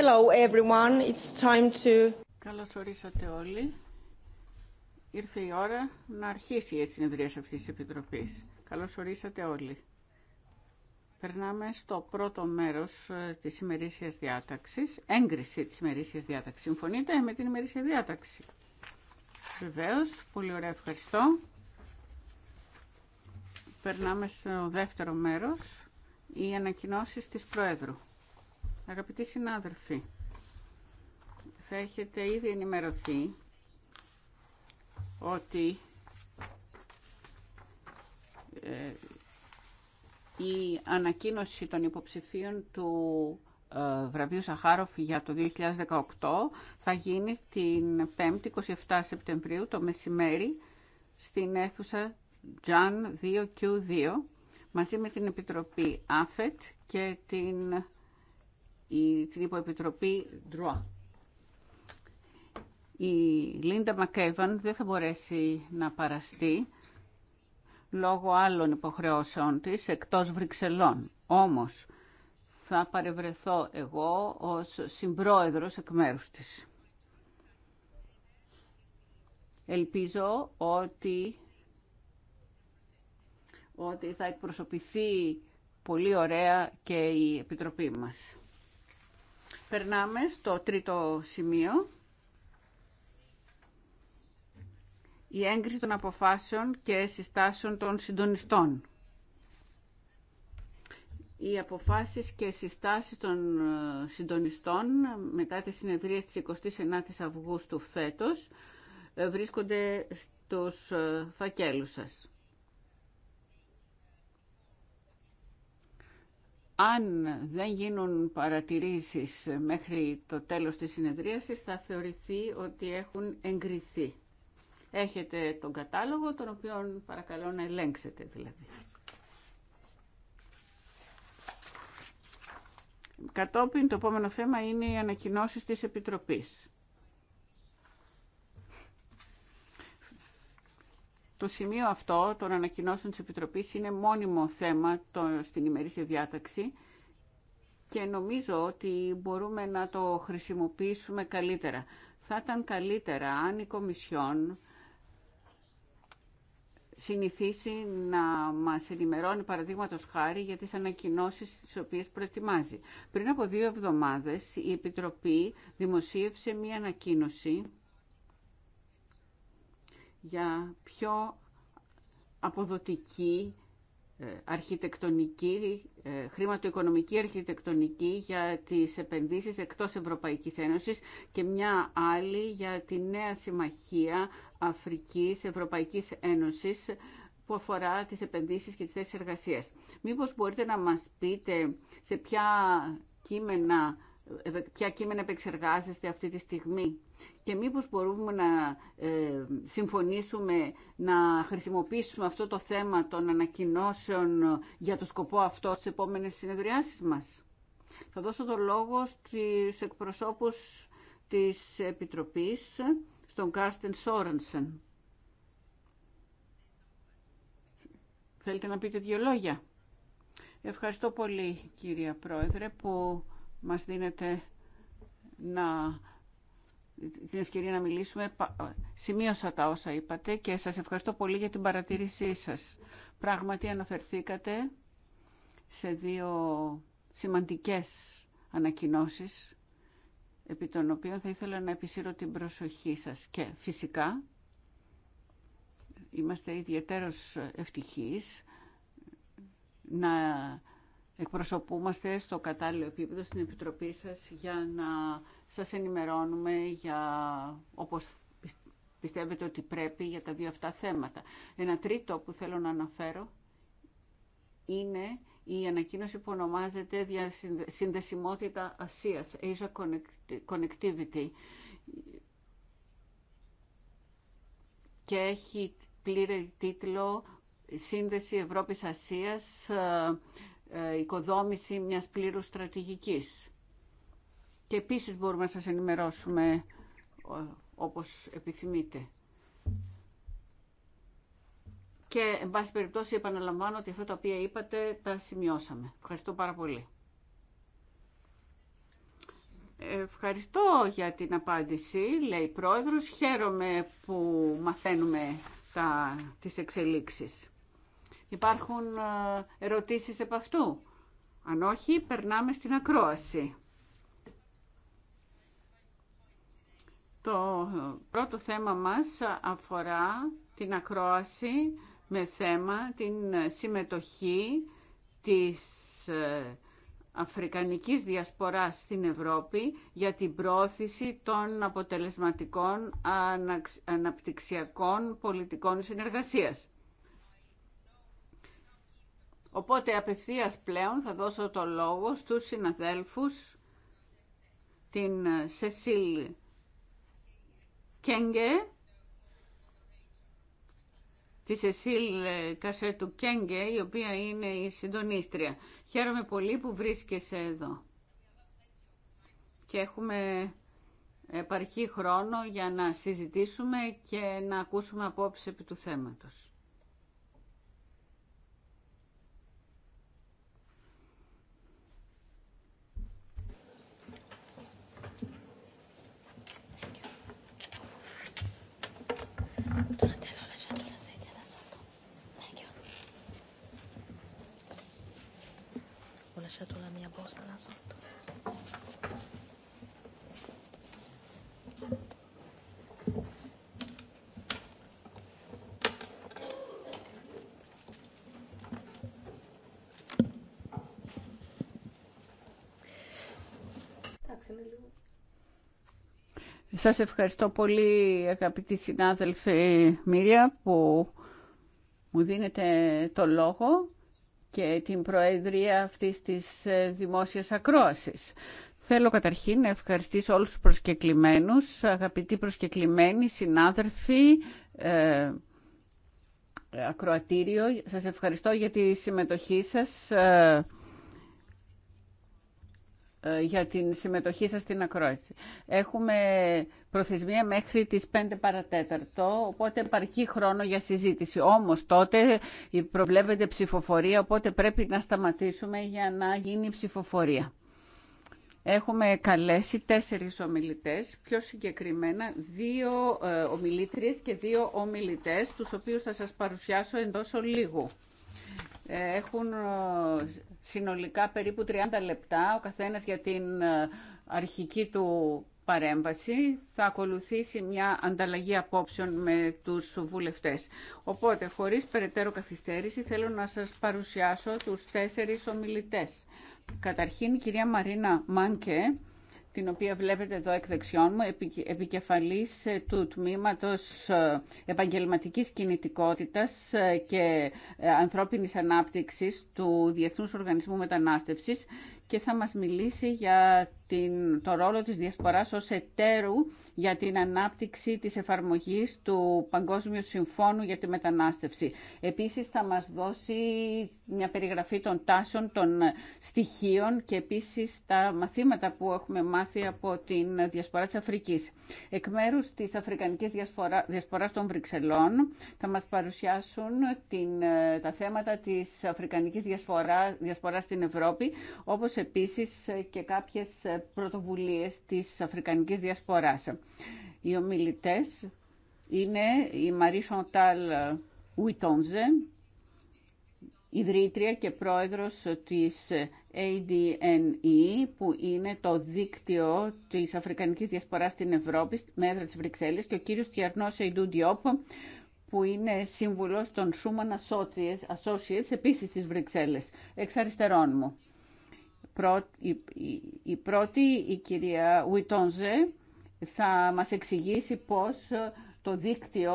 Hello time to... Καλώς ορίσατε όλοι. Ήρθε η ώρα να αρχίσει η συνεδρία αυτή τη Επιτροπής. Καλώς ορίσατε όλοι. Περνάμε στο πρώτο μέρος ε, της ημερήσιας διάταξης, έγκριση της ημερήσιας διάταξης. Συμφωνείτε με την ημερήσια διάταξη. Βεβαίω, πολύ ωραία, ευχαριστώ. Περνάμε στο δεύτερο μέρος, οι ανακοινώσει της Προέδρου. Αγαπητοί συνάδελφοι, θα έχετε ήδη ενημερωθεί ότι ε, η ανακοίνωση των υποψηφίων του ε, βραβείου Σαχάροφ για το 2018 θα γίνει την 5η 27 Σεπτεμβρίου το μεσημέρι στην αίθουσα Jan 2Q2 μαζί με την Επιτροπή ΑΦΕΤ και την η, την υποεπιτροπή ΔΡΟΑ. Η Λίντα Μακέβαν δεν θα μπορέσει να παραστεί λόγω άλλων υποχρεώσεων της εκτός Βρυξελών. Όμως θα παρευρεθώ εγώ ως συμπρόεδρος εκ μέρους της. Ελπίζω ότι, ότι θα εκπροσωπηθεί πολύ ωραία και η Επιτροπή μας. Περνάμε στο τρίτο σημείο. Η έγκριση των αποφάσεων και συστάσεων των συντονιστών. Οι αποφάσεις και συστάσεις των ε, συντονιστών μετά τις συνεδρίες της 29ης Αυγούστου φέτος ε, βρίσκονται στους ε, φακέλους σας. αν δεν γίνουν παρατηρήσεις μέχρι το τέλος της συνεδρίασης θα θεωρηθεί ότι έχουν εγκριθεί. Έχετε τον κατάλογο, τον οποίο παρακαλώ να ελέγξετε δηλαδή. Κατόπιν το επόμενο θέμα είναι οι ανακοινώσεις της Επιτροπής. Το σημείο αυτό των ανακοινώσεων της Επιτροπής είναι μόνιμο θέμα στην ημερήσια διάταξη και νομίζω ότι μπορούμε να το χρησιμοποιήσουμε καλύτερα. Θα ήταν καλύτερα αν η Κομισιόν συνηθίσει να μας ενημερώνει παραδείγματο χάρη για τις ανακοινώσεις τις οποίες προετοιμάζει. Πριν από δύο εβδομάδες η Επιτροπή δημοσίευσε μία ανακοίνωση για πιο αποδοτική ε, αρχιτεκτονική, ε, χρηματοοικονομική αρχιτεκτονική για τις επενδύσεις εκτός Ευρωπαϊκής Ένωσης και μια άλλη για τη νέα συμμαχία Αφρικής Ευρωπαϊκής Ένωσης που αφορά τις επενδύσεις και τις θέσεις εργασίας. Μήπως μπορείτε να μας πείτε σε ποια κείμενα ε, ποια κείμενα επεξεργάζεστε αυτή τη στιγμή και μήπως μπορούμε να ε, συμφωνήσουμε να χρησιμοποιήσουμε αυτό το θέμα των ανακοινώσεων για το σκοπό αυτό στις επόμενες συνεδριάσεις μας. Θα δώσω το λόγο στους εκπροσώπους της Επιτροπής, στον Κάρστεν Σόρενσεν. Θέλετε να πείτε δύο λόγια. Ευχαριστώ πολύ, κυρία Πρόεδρε, που μας δίνετε να την ευκαιρία να μιλήσουμε. Ε, σημείωσα τα όσα είπατε και σας ευχαριστώ πολύ για την παρατήρησή σας. Πράγματι αναφερθήκατε σε δύο σημαντικές ανακοινώσεις επί των οποίων θα ήθελα να επισύρω την προσοχή σας. Και φυσικά είμαστε ιδιαίτερος ευτυχείς να εκπροσωπούμαστε στο κατάλληλο επίπεδο στην Επιτροπή σας για να σας ενημερώνουμε για όπως πιστεύετε ότι πρέπει για τα δύο αυτά θέματα. Ένα τρίτο που θέλω να αναφέρω είναι η ανακοίνωση που ονομάζεται «Διασυνδεσιμότητα Ασίας, Asia Connectivity και έχει πλήρη τίτλο Σύνδεση Ευρώπης-Ασίας ε, οικοδόμηση μιας πλήρους στρατηγικής. Και επίσης μπορούμε να σας ενημερώσουμε όπως επιθυμείτε. Και, εν πάση περιπτώσει, επαναλαμβάνω ότι αυτά τα οποία είπατε τα σημειώσαμε. Ευχαριστώ πάρα πολύ. Ευχαριστώ για την απάντηση, λέει η Πρόεδρος. Χαίρομαι που μαθαίνουμε τα, τις εξελίξεις. Υπάρχουν ε, ερωτήσεις επ' αυτού. Αν όχι, περνάμε στην ακρόαση. Το πρώτο θέμα μας αφορά την ακρόαση με θέμα την συμμετοχή της ε, Αφρικανικής Διασποράς στην Ευρώπη για την πρόθεση των αποτελεσματικών αναπτυξιακών πολιτικών συνεργασίας. Οπότε απευθείας πλέον θα δώσω το λόγο στους συναδέλφους την Σεσίλ Κέγκε, τη Σεσίλ Κασέτου Κέγκε, η οποία είναι η συντονίστρια. Χαίρομαι πολύ που βρίσκεσαι εδώ. Και έχουμε επαρκή χρόνο για να συζητήσουμε και να ακούσουμε απόψεις επί του θέματος. να Σας ευχαριστώ πολύ αγαπητοί συνάδελφοι Μύρια που μου δίνετε το λόγο και την Προεδρία αυτής της ε, δημόσιας ακρόασης. Θέλω καταρχήν να ευχαριστήσω όλους τους προσκεκλημένους, αγαπητοί προσκεκλημένοι, συνάδελφοι, ε, ακροατήριο. Σας ευχαριστώ για τη συμμετοχή σας. Ε, ε, για την συμμετοχή σας στην ακρόαση. Έχουμε προθεσμία μέχρι τις 5 παρατέταρτο, οπότε επαρκεί χρόνο για συζήτηση. Όμως τότε προβλέπεται ψηφοφορία, οπότε πρέπει να σταματήσουμε για να γίνει ψηφοφορία. Έχουμε καλέσει τέσσερις ομιλητές, πιο συγκεκριμένα δύο ε, ομιλήτριες και δύο ομιλητές, τους οποίους θα σας παρουσιάσω εντός ολίγου. Ε, έχουν συνολικά περίπου 30 λεπτά, ο καθένας για την ε, αρχική του παρέμβαση. Θα ακολουθήσει μια ανταλλαγή απόψεων με τους βουλευτές. Οπότε, χωρίς περαιτέρω καθυστέρηση, θέλω να σας παρουσιάσω τους τέσσερις ομιλητές. Καταρχήν, η κυρία Μαρίνα Μάνκε, την οποία βλέπετε εδώ εκ δεξιών μου, επικεφαλής ε, του τμήματος ε, επαγγελματικής κινητικότητας ε, και ανθρώπινης ανάπτυξης του Διεθνούς Οργανισμού Μετανάστευσης και θα μας μιλήσει για την, το ρόλο της Διασποράς ως εταίρου για την ανάπτυξη της εφαρμογής του Παγκόσμιου Συμφώνου για τη Μετανάστευση. Επίσης θα μας δώσει μια περιγραφή των τάσεων, των στοιχείων και επίσης τα μαθήματα που έχουμε μάθει από την Διασπορά της Αφρικής. Εκ μέρους της Αφρικανικής Διασπορά, Διασποράς των Βρυξελών θα μας παρουσιάσουν την, ε, τα θέματα της Αφρικανικής Διασπορά, Διασποράς στην Ευρώπη, όπως επίσης και κάποιες πρωτοβουλίες της Αφρικανικής Διασποράς. Οι ομιλητές είναι η Μαρί Σοντάλ Ουιτόνζε, ιδρύτρια και πρόεδρος της ADNE, που είναι το δίκτυο της Αφρικανικής Διασποράς στην Ευρώπη, με έδρα της Βρυξέλλης, και ο κύριος Τιαρνός Αιντού που είναι σύμβουλος των Σούμαν Associates, Associates επίσης της Βρυξέλλης, εξ αριστερών μου. Η πρώτη, η κυρία Ουιτόνζε, θα μας εξηγήσει πώς το δίκτυο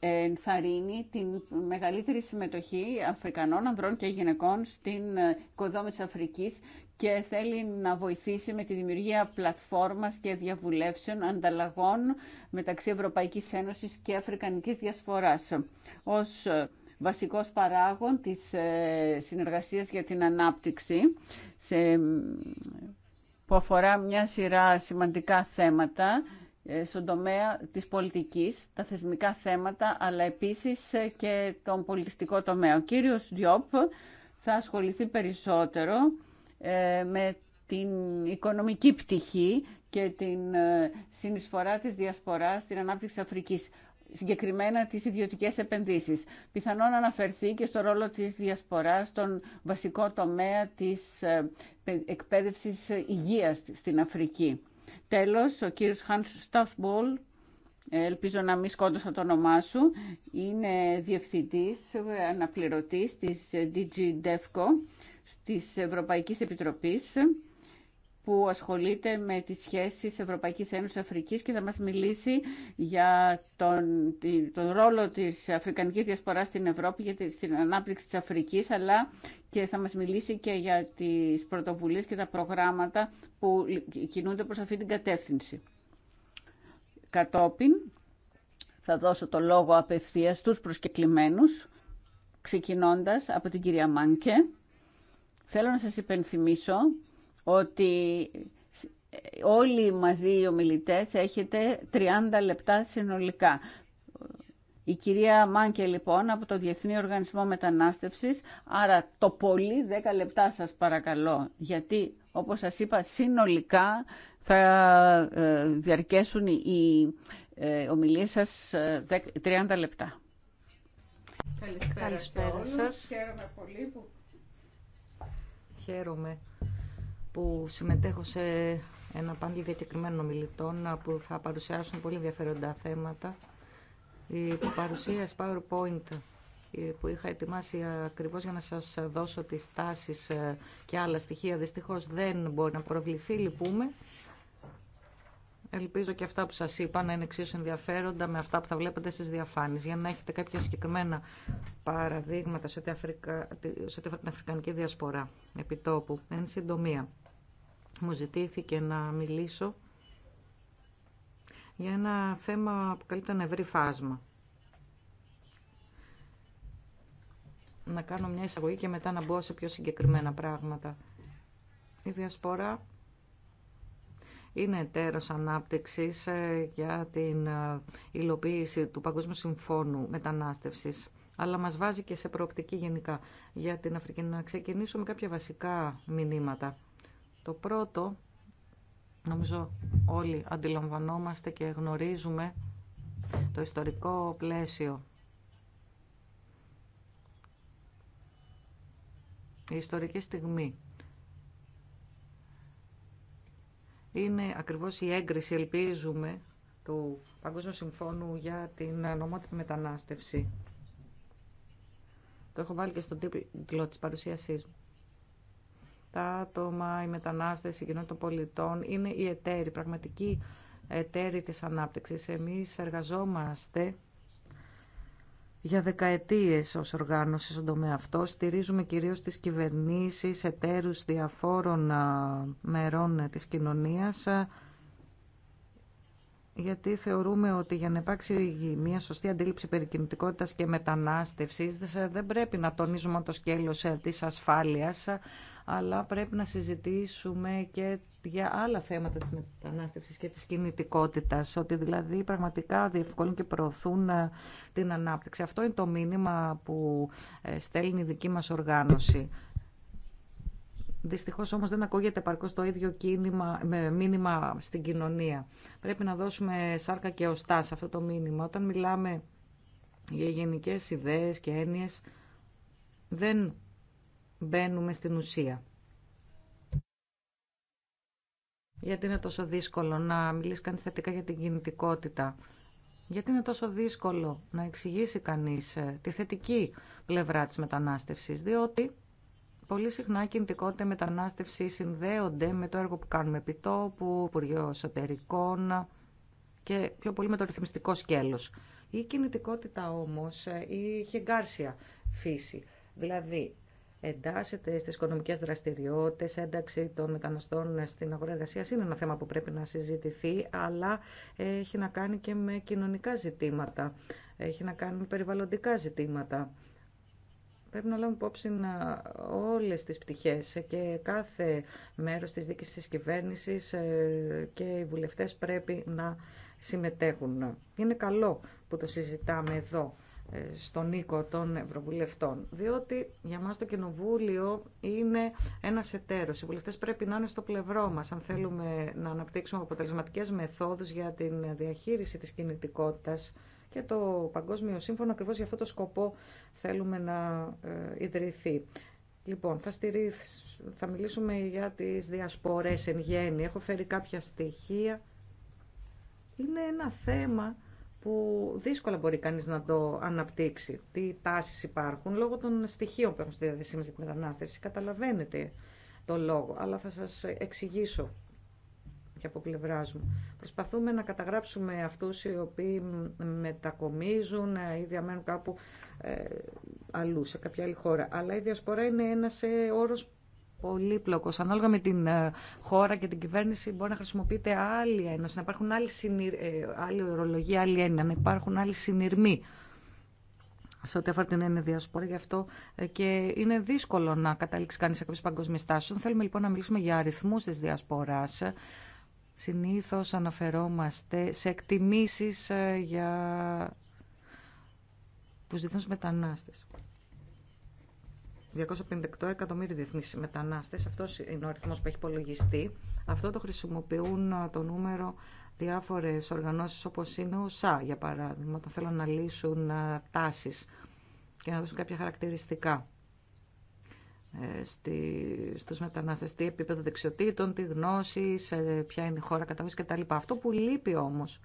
ενθαρρύνει την μεγαλύτερη συμμετοχή Αφρικανών ανδρών και γυναικών στην οικοδόμηση Αφρικής και θέλει να βοηθήσει με τη δημιουργία πλατφόρμας και διαβουλεύσεων ανταλλαγών μεταξύ Ευρωπαϊκής Ένωσης και Αφρικανικής Διασφοράς. Ως βασικός παράγων της ε, συνεργασίας για την ανάπτυξη σε, που αφορά μια σειρά σημαντικά θέματα ε, στον τομέα της πολιτικής, τα θεσμικά θέματα, αλλά επίσης ε, και τον πολιτιστικό τομέα. Ο κύριος Διόπ θα ασχοληθεί περισσότερο με την οικονομική πτυχή και την συνεισφορά της διασποράς στην ανάπτυξη Αφρικής συγκεκριμένα τις ιδιωτικές επενδύσεις. Πιθανόν αναφερθεί και στο ρόλο της διασποράς στον βασικό τομέα της ε, εκπαίδευσης υγείας στην Αφρική. Τέλος, ο κύριος Hans Stausboll, ε, ελπίζω να μην σκόντωσα το όνομά σου, είναι διευθυντής, ε, αναπληρωτής της DG DEFCO, της Ευρωπαϊκής Επιτροπής που ασχολείται με τις σχέσεις Ευρωπαϊκής Ένωσης Αφρικής και θα μας μιλήσει για τον, τον ρόλο της Αφρικανικής Διασποράς στην Ευρώπη, για την ανάπτυξη της Αφρικής, αλλά και θα μας μιλήσει και για τις πρωτοβουλίες και τα προγράμματα που κινούνται προς αυτή την κατεύθυνση. Κατόπιν θα δώσω το λόγο απευθείας στους προσκεκλημένους, ξεκινώντας από την κυρία Μάνκε. Θέλω να σας υπενθυμίσω ότι όλοι μαζί οι ομιλητές έχετε 30 λεπτά συνολικά. Η κυρία Μάνκε λοιπόν από το Διεθνή Οργανισμό Μετανάστευσης, άρα το πολύ 10 λεπτά σας παρακαλώ, γιατί όπως σας είπα συνολικά θα ε, διαρκέσουν οι ε, ομιλίες σας 30 ε, λεπτά. Καλησπέρα, Καλησπέρα σας. Χαίρομαι πολύ που... Χαίρομαι που συμμετέχω σε ένα πάνελ διακεκριμένων ομιλητών που θα παρουσιάσουν πολύ ενδιαφέροντα θέματα. Η παρουσία PowerPoint ε, που είχα ετοιμάσει ακριβώς για να σας δώσω τις τάσεις ε, και άλλα στοιχεία δυστυχώς δεν μπορεί να προβληθεί, λυπούμε. Ελπίζω και αυτά που σας είπα να είναι εξίσου ενδιαφέροντα με αυτά που θα βλέπετε στις διαφάνειες. Για να έχετε κάποια συγκεκριμένα παραδείγματα σε ό,τι αφορά την Αφρικανική Διασπορά επιτόπου, εν συντομία μου ζητήθηκε να μιλήσω για ένα θέμα που καλύπτει ένα ευρύ φάσμα. Να κάνω μια εισαγωγή και μετά να μπω σε πιο συγκεκριμένα πράγματα. Η διασπορά είναι εταίρος ανάπτυξης ε, για την ε, υλοποίηση του Παγκόσμιου Συμφώνου Μετανάστευσης αλλά μας βάζει και σε προοπτική γενικά για την Αφρική. Να ξεκινήσω με κάποια βασικά μηνύματα. Το πρώτο, νομίζω όλοι αντιλαμβανόμαστε και γνωρίζουμε το ιστορικό πλαίσιο. Η ιστορική στιγμή είναι ακριβώς η έγκριση, ελπίζουμε, του Παγκόσμιου Συμφώνου για την νομότυπη μετανάστευση. Το έχω βάλει και στον τίτλο της παρουσίασής μου τα άτομα, οι μετανάστες, η κοινότητα των πολιτών είναι οι εταίροι, πραγματικοί εταίροι της ανάπτυξης. Εμείς εργαζόμαστε για δεκαετίες ως οργάνωση στον τομέα αυτό. Στηρίζουμε κυρίως τις κυβερνήσεις, εταίρους διαφόρων μερών της κοινωνίας γιατί θεωρούμε ότι για να υπάρξει μια σωστή αντίληψη κινητικότητας και μετανάστευσης δεν πρέπει να τονίζουμε το σκέλος ε, της ασφάλειας, αλλά πρέπει να συζητήσουμε και για άλλα θέματα της μετανάστευσης και της κινητικότητας, ότι δηλαδή πραγματικά διευκολύνουν και προωθούν ε, την ανάπτυξη. Αυτό είναι το μήνυμα που ε, στέλνει η δική μας οργάνωση. Δυστυχώς όμως δεν ακούγεται επαρκώς το ίδιο κίνημα, με μήνυμα στην κοινωνία. Πρέπει να δώσουμε σάρκα και οστά σε αυτό το μήνυμα. Όταν μιλάμε για γενικές ιδέες και έννοιες, δεν μπαίνουμε στην ουσία. Γιατί είναι τόσο δύσκολο να μιλήσει κανείς θετικά για την κινητικότητα. Γιατί είναι τόσο δύσκολο να εξηγήσει κανείς ε, τη θετική πλευρά της μετανάστευσης. Διότι πολύ συχνά κινητικότητα μετανάστευση συνδέονται με το έργο που κάνουμε επί τόπου, Υπουργείο Εσωτερικών και πιο πολύ με το ρυθμιστικό σκέλος. Η κινητικότητα όμως είχε γκάρσια φύση. Δηλαδή, εντάσσεται στις οικονομικές δραστηριότητες, ένταξη των μεταναστών στην αγορά εργασίας είναι ένα θέμα που πρέπει να συζητηθεί, αλλά έχει να κάνει και με κοινωνικά ζητήματα, έχει να κάνει με περιβαλλοντικά ζητήματα. Πρέπει να λάβουμε υπόψη ε, όλες τις πτυχές και κάθε μέρος της δίκης της κυβέρνησης ε, και οι βουλευτές πρέπει να συμμετέχουν. Είναι καλό που το συζητάμε εδώ ε, στον οίκο των Ευρωβουλευτών. Διότι για μας το Κοινοβούλιο είναι ένας εταίρος. Οι βουλευτές πρέπει να είναι στο πλευρό μας αν θέλουμε να αναπτύξουμε αποτελεσματικές μεθόδους για την διαχείριση της κινητικότητας και το Παγκόσμιο Σύμφωνο ακριβώς για αυτό το σκοπό θέλουμε να ε, ιδρυθεί. Λοιπόν, θα, θα μιλήσουμε για τις διασπορές εν γέννη. Έχω φέρει κάποια στοιχεία. Είναι ένα θέμα που δύσκολα μπορεί κανείς να το αναπτύξει. Τι τάσεις υπάρχουν λόγω των στοιχείων που έχουν στη διαδεσία μας για μετανάστευση. Καταλαβαίνετε το λόγο, αλλά θα σας εξηγήσω και από πλευρά μου. Προσπαθούμε να καταγράψουμε αυτούς οι οποίοι μετακομίζουν ε, ή διαμένουν κάπου ε, αλλού, σε κάποια άλλη χώρα. Αλλά η διασπορά είναι ένας ε, όρος πολύπλοκος. Ανάλογα με την χώρα και την κυβέρνηση μπορεί να χρησιμοποιείται άλλη ένωση, να υπάρχουν άλλη, συνειρ... άλλη ορολογία, άλλη έννοια, να υπάρχουν άλλοι συνειρμοί σε ό,τι αφορά την έννοια διασπορά. Γι' αυτό και είναι δύσκολο να καταλήξει κανεί σε κάποιε παγκοσμίε Θέλουμε λοιπόν να μιλήσουμε για αριθμού τη διασπορά Συνήθως αναφερόμαστε σε εκτιμήσεις ε, για τους διεθνούς μετανάστες. 258 εκατομμύρια διεθνείς μετανάστες, αυτός είναι ο αριθμός που έχει υπολογιστεί. Αυτό το χρησιμοποιούν ε, το νούμερο διάφορες οργανώσεις όπως είναι ο ΣΑ, για παράδειγμα, όταν θέλουν να λύσουν ε, τάσεις και να δώσουν κάποια χαρακτηριστικά. Ε, στη, στους μετανάστες, τι επίπεδο δεξιοτήτων, τη γνώση, σε ποια είναι η χώρα τα κτλ. Αυτό που λείπει όμως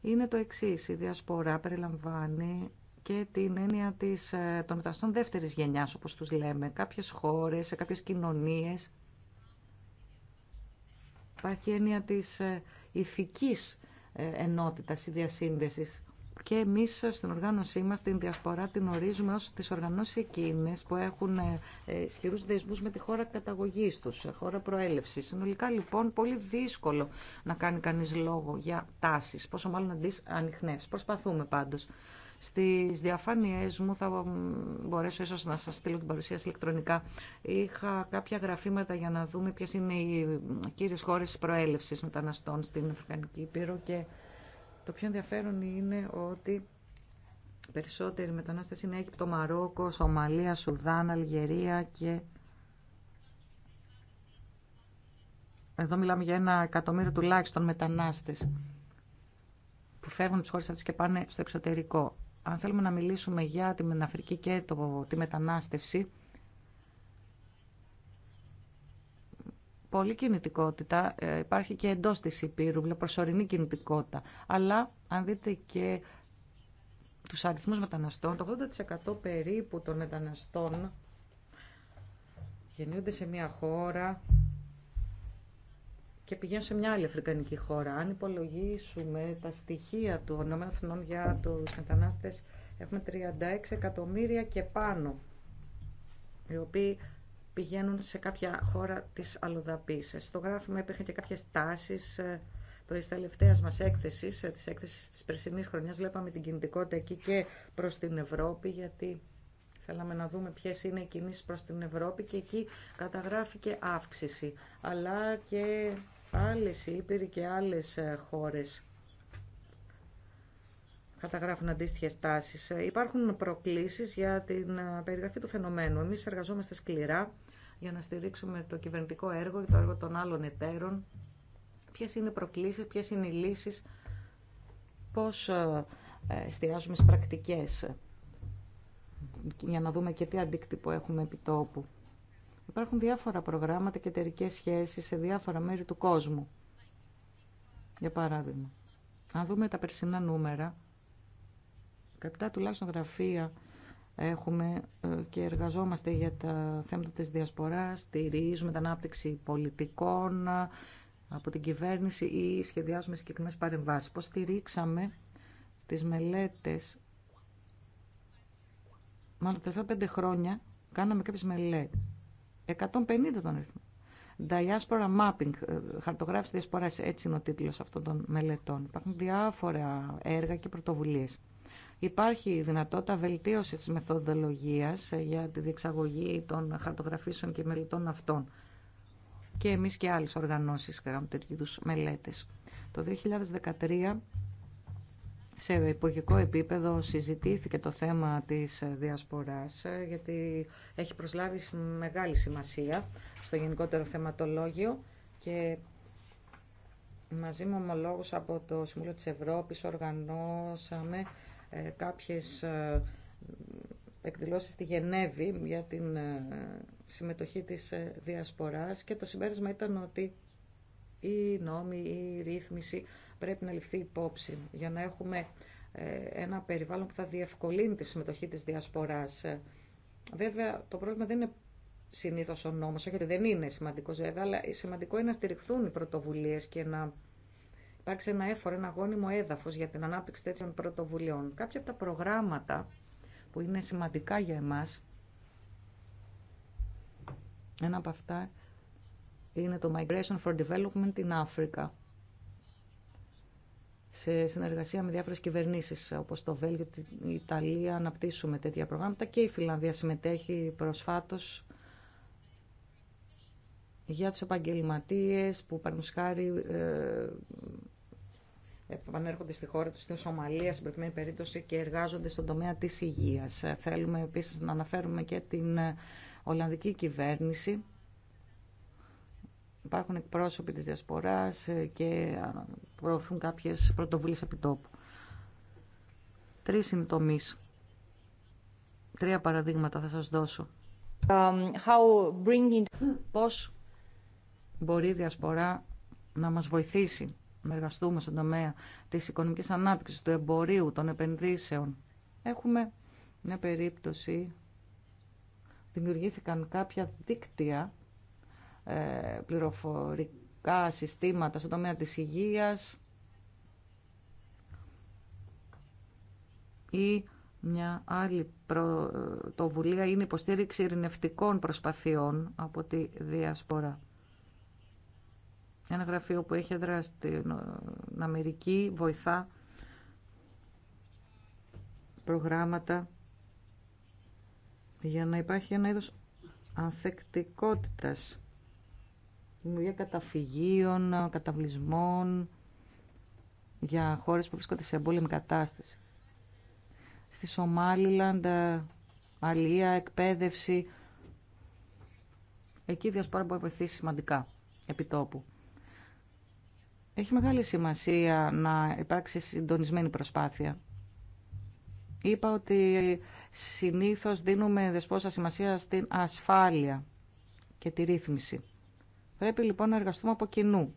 είναι το εξής. Η διασπορά περιλαμβάνει και την έννοια της, ε, των μεταναστών δεύτερης γενιάς, όπως τους λέμε. Κάποιες χώρες, σε κάποιες κοινωνίες υπάρχει έννοια της ε, ηθικής ενότητας, η διασύνδεσης και εμείς στην οργάνωσή μας την διασπορά την ορίζουμε ως τις οργανώσεις εκείνες που έχουν ε, ε, ισχυρού δεσμούς με τη χώρα καταγωγής τους, χώρα προέλευσης. Συνολικά λοιπόν πολύ δύσκολο να κάνει κανείς λόγο για τάσεις, πόσο μάλλον να τις ανοιχνεύσει. Προσπαθούμε πάντως. Στις διαφάνειές μου θα μπορέσω ίσως να σας στείλω την παρουσίαση ηλεκτρονικά. Είχα κάποια γραφήματα για να δούμε ποιες είναι οι κύριες χώρες προέλευση μεταναστών στην Αφρικανική Ήπειρο και το πιο ενδιαφέρον είναι ότι περισσότεροι μετανάστες είναι Αίγυπτο, Μαρόκο, Σομαλία, Σουδάν, Αλγερία και... Εδώ μιλάμε για ένα εκατομμύριο τουλάχιστον μετανάστες που φεύγουν τις χώρες αυτές και πάνε στο εξωτερικό. Αν θέλουμε να μιλήσουμε για την Αφρική και το, τη μετανάστευση, πολλή κινητικότητα ε, υπάρχει και εντός της Υπήρου, προσωρινή κινητικότητα. Αλλά αν δείτε και τους αριθμούς μεταναστών, το 80% περίπου των μεταναστών γεννιούνται σε μια χώρα και πηγαίνουν σε μια άλλη αφρικανική χώρα. Αν υπολογίσουμε τα στοιχεία του ΟΕΕ για τους μετανάστες, έχουμε 36 εκατομμύρια και πάνω, οι οποίοι πηγαίνουν σε κάποια χώρα της Αλοδαπή. Στο γράφημα υπήρχαν και κάποιες τάσεις ε, το της τελευταίας μας έκθεσης, ε, της έκθεσης της περσινής χρονιάς, βλέπαμε την κινητικότητα εκεί και προς την Ευρώπη, γιατί θέλαμε να δούμε ποιες είναι οι κινήσεις προς την Ευρώπη και εκεί καταγράφηκε αύξηση, αλλά και άλλες Ήπειροι και άλλες ε, χώρες καταγράφουν αντίστοιχε τάσει. Υπάρχουν προκλήσει για την περιγραφή του φαινομένου. Εμεί εργαζόμαστε σκληρά για να στηρίξουμε το κυβερνητικό έργο και το έργο των άλλων εταίρων. Ποιες είναι οι προκλήσεις, ποιες είναι οι λύσεις, πώς ε, ε, εστιάζουμε στις πρακτικές για να δούμε και τι αντίκτυπο έχουμε επί τόπου. Υπάρχουν διάφορα προγράμματα και εταιρικέ σχέσεις σε διάφορα μέρη του κόσμου. Για παράδειγμα, αν δούμε τα περσινά νούμερα, κατά τουλάχιστον γραφεία έχουμε ε, και εργαζόμαστε για τα θέματα της διασποράς, στηρίζουμε την ανάπτυξη πολιτικών ε, από την κυβέρνηση ή σχεδιάζουμε συγκεκριμένες παρεμβάσεις. Πώς στηρίξαμε τις μελέτες, μάλλον τα τελευταία πέντε χρόνια κάναμε κάποιες μελέτες, 150 τον αριθμό. Diaspora Mapping, ε, χαρτογράφηση διασποράς, έτσι είναι ο τίτλος αυτών των μελετών. Υπάρχουν διάφορα έργα και πρωτοβουλίες. Υπάρχει δυνατότητα βελτίωσης της μεθοδολογίας ε, για τη διεξαγωγή των χαρτογραφήσεων και μελετών αυτών. Και εμείς και άλλες οργανώσεις κάνουμε τέτοιου μελέτες. Το 2013 σε υπογικό επίπεδο συζητήθηκε το θέμα της ε, διασποράς ε, γιατί έχει προσλάβει μεγάλη σημασία στο γενικότερο θεματολόγιο και μαζί με ομολόγους από το Συμβούλιο της Ευρώπης οργανώσαμε ε, κάποιες ε, εκδηλώσεις στη Γενέβη για την ε, συμμετοχή της διασποράς και το συμπέρασμα ήταν ότι η νόμη, η ρύθμιση πρέπει να ληφθεί υπόψη για να έχουμε ένα περιβάλλον που θα διευκολύνει τη συμμετοχή της διασποράς. Βέβαια, το πρόβλημα δεν είναι συνήθως ο νόμος, όχι ότι δεν είναι σημαντικό, βέβαια, αλλά σημαντικό είναι να στηριχθούν οι πρωτοβουλίες και να υπάρξει ένα έφορο, ένα γόνιμο έδαφος για την ανάπτυξη τέτοιων πρωτοβουλειών. Κάποια από τα προγράμματα που είναι σημαντικά για εμάς, ένα από αυτά είναι το Migration for Development in Africa. Σε συνεργασία με διάφορες κυβερνήσεις όπως το Βέλγιο, η Ιταλία αναπτύσσουμε τέτοια προγράμματα και η Φιλανδία συμμετέχει προσφάτως για τους επαγγελματίες που παραδείγματος ε, επανέρχονται στη χώρα του στην Σομαλία, στην προκειμένη περίπτωση και εργάζονται στον τομέα της υγείας. Ε, θέλουμε επίσης να αναφέρουμε και την ε, Ολλανδική κυβέρνηση. Υπάρχουν εκπρόσωποι της Διασποράς ε, και προωθούν κάποιες πρωτοβουλίες επιτόπου. Τρεις είναι Τρία παραδείγματα θα σας δώσω. Πώ um, Πώς μπορεί η Διασπορά να μας βοηθήσει εργαστούμε στον τομέα της οικονομικής ανάπτυξης, του εμπορίου, των επενδύσεων. Έχουμε μια περίπτωση, δημιουργήθηκαν κάποια δίκτυα ε, πληροφορικά συστήματα στον τομέα της υγείας ή μια άλλη πρωτοβουλία είναι υποστήριξη ειρηνευτικών προσπαθειών από τη Διασπορά. Ένα γραφείο που έχει έδρα στην Αμερική βοηθά προγράμματα για να υπάρχει ένα είδος ανθεκτικότητας για καταφυγίων, καταβλισμών για χώρες που βρίσκονται σε εμπόλεμη κατάσταση. Στη Σομάλιλαντα, αλία, εκπαίδευση. Εκεί η διασπόρα μπορεί να βοηθήσει σημαντικά επιτόπου. Έχει μεγάλη σημασία να υπάρξει συντονισμένη προσπάθεια. Είπα ότι συνήθως δίνουμε δεσπόσα σημασία στην ασφάλεια και τη ρύθμιση. Πρέπει λοιπόν να εργαστούμε από κοινού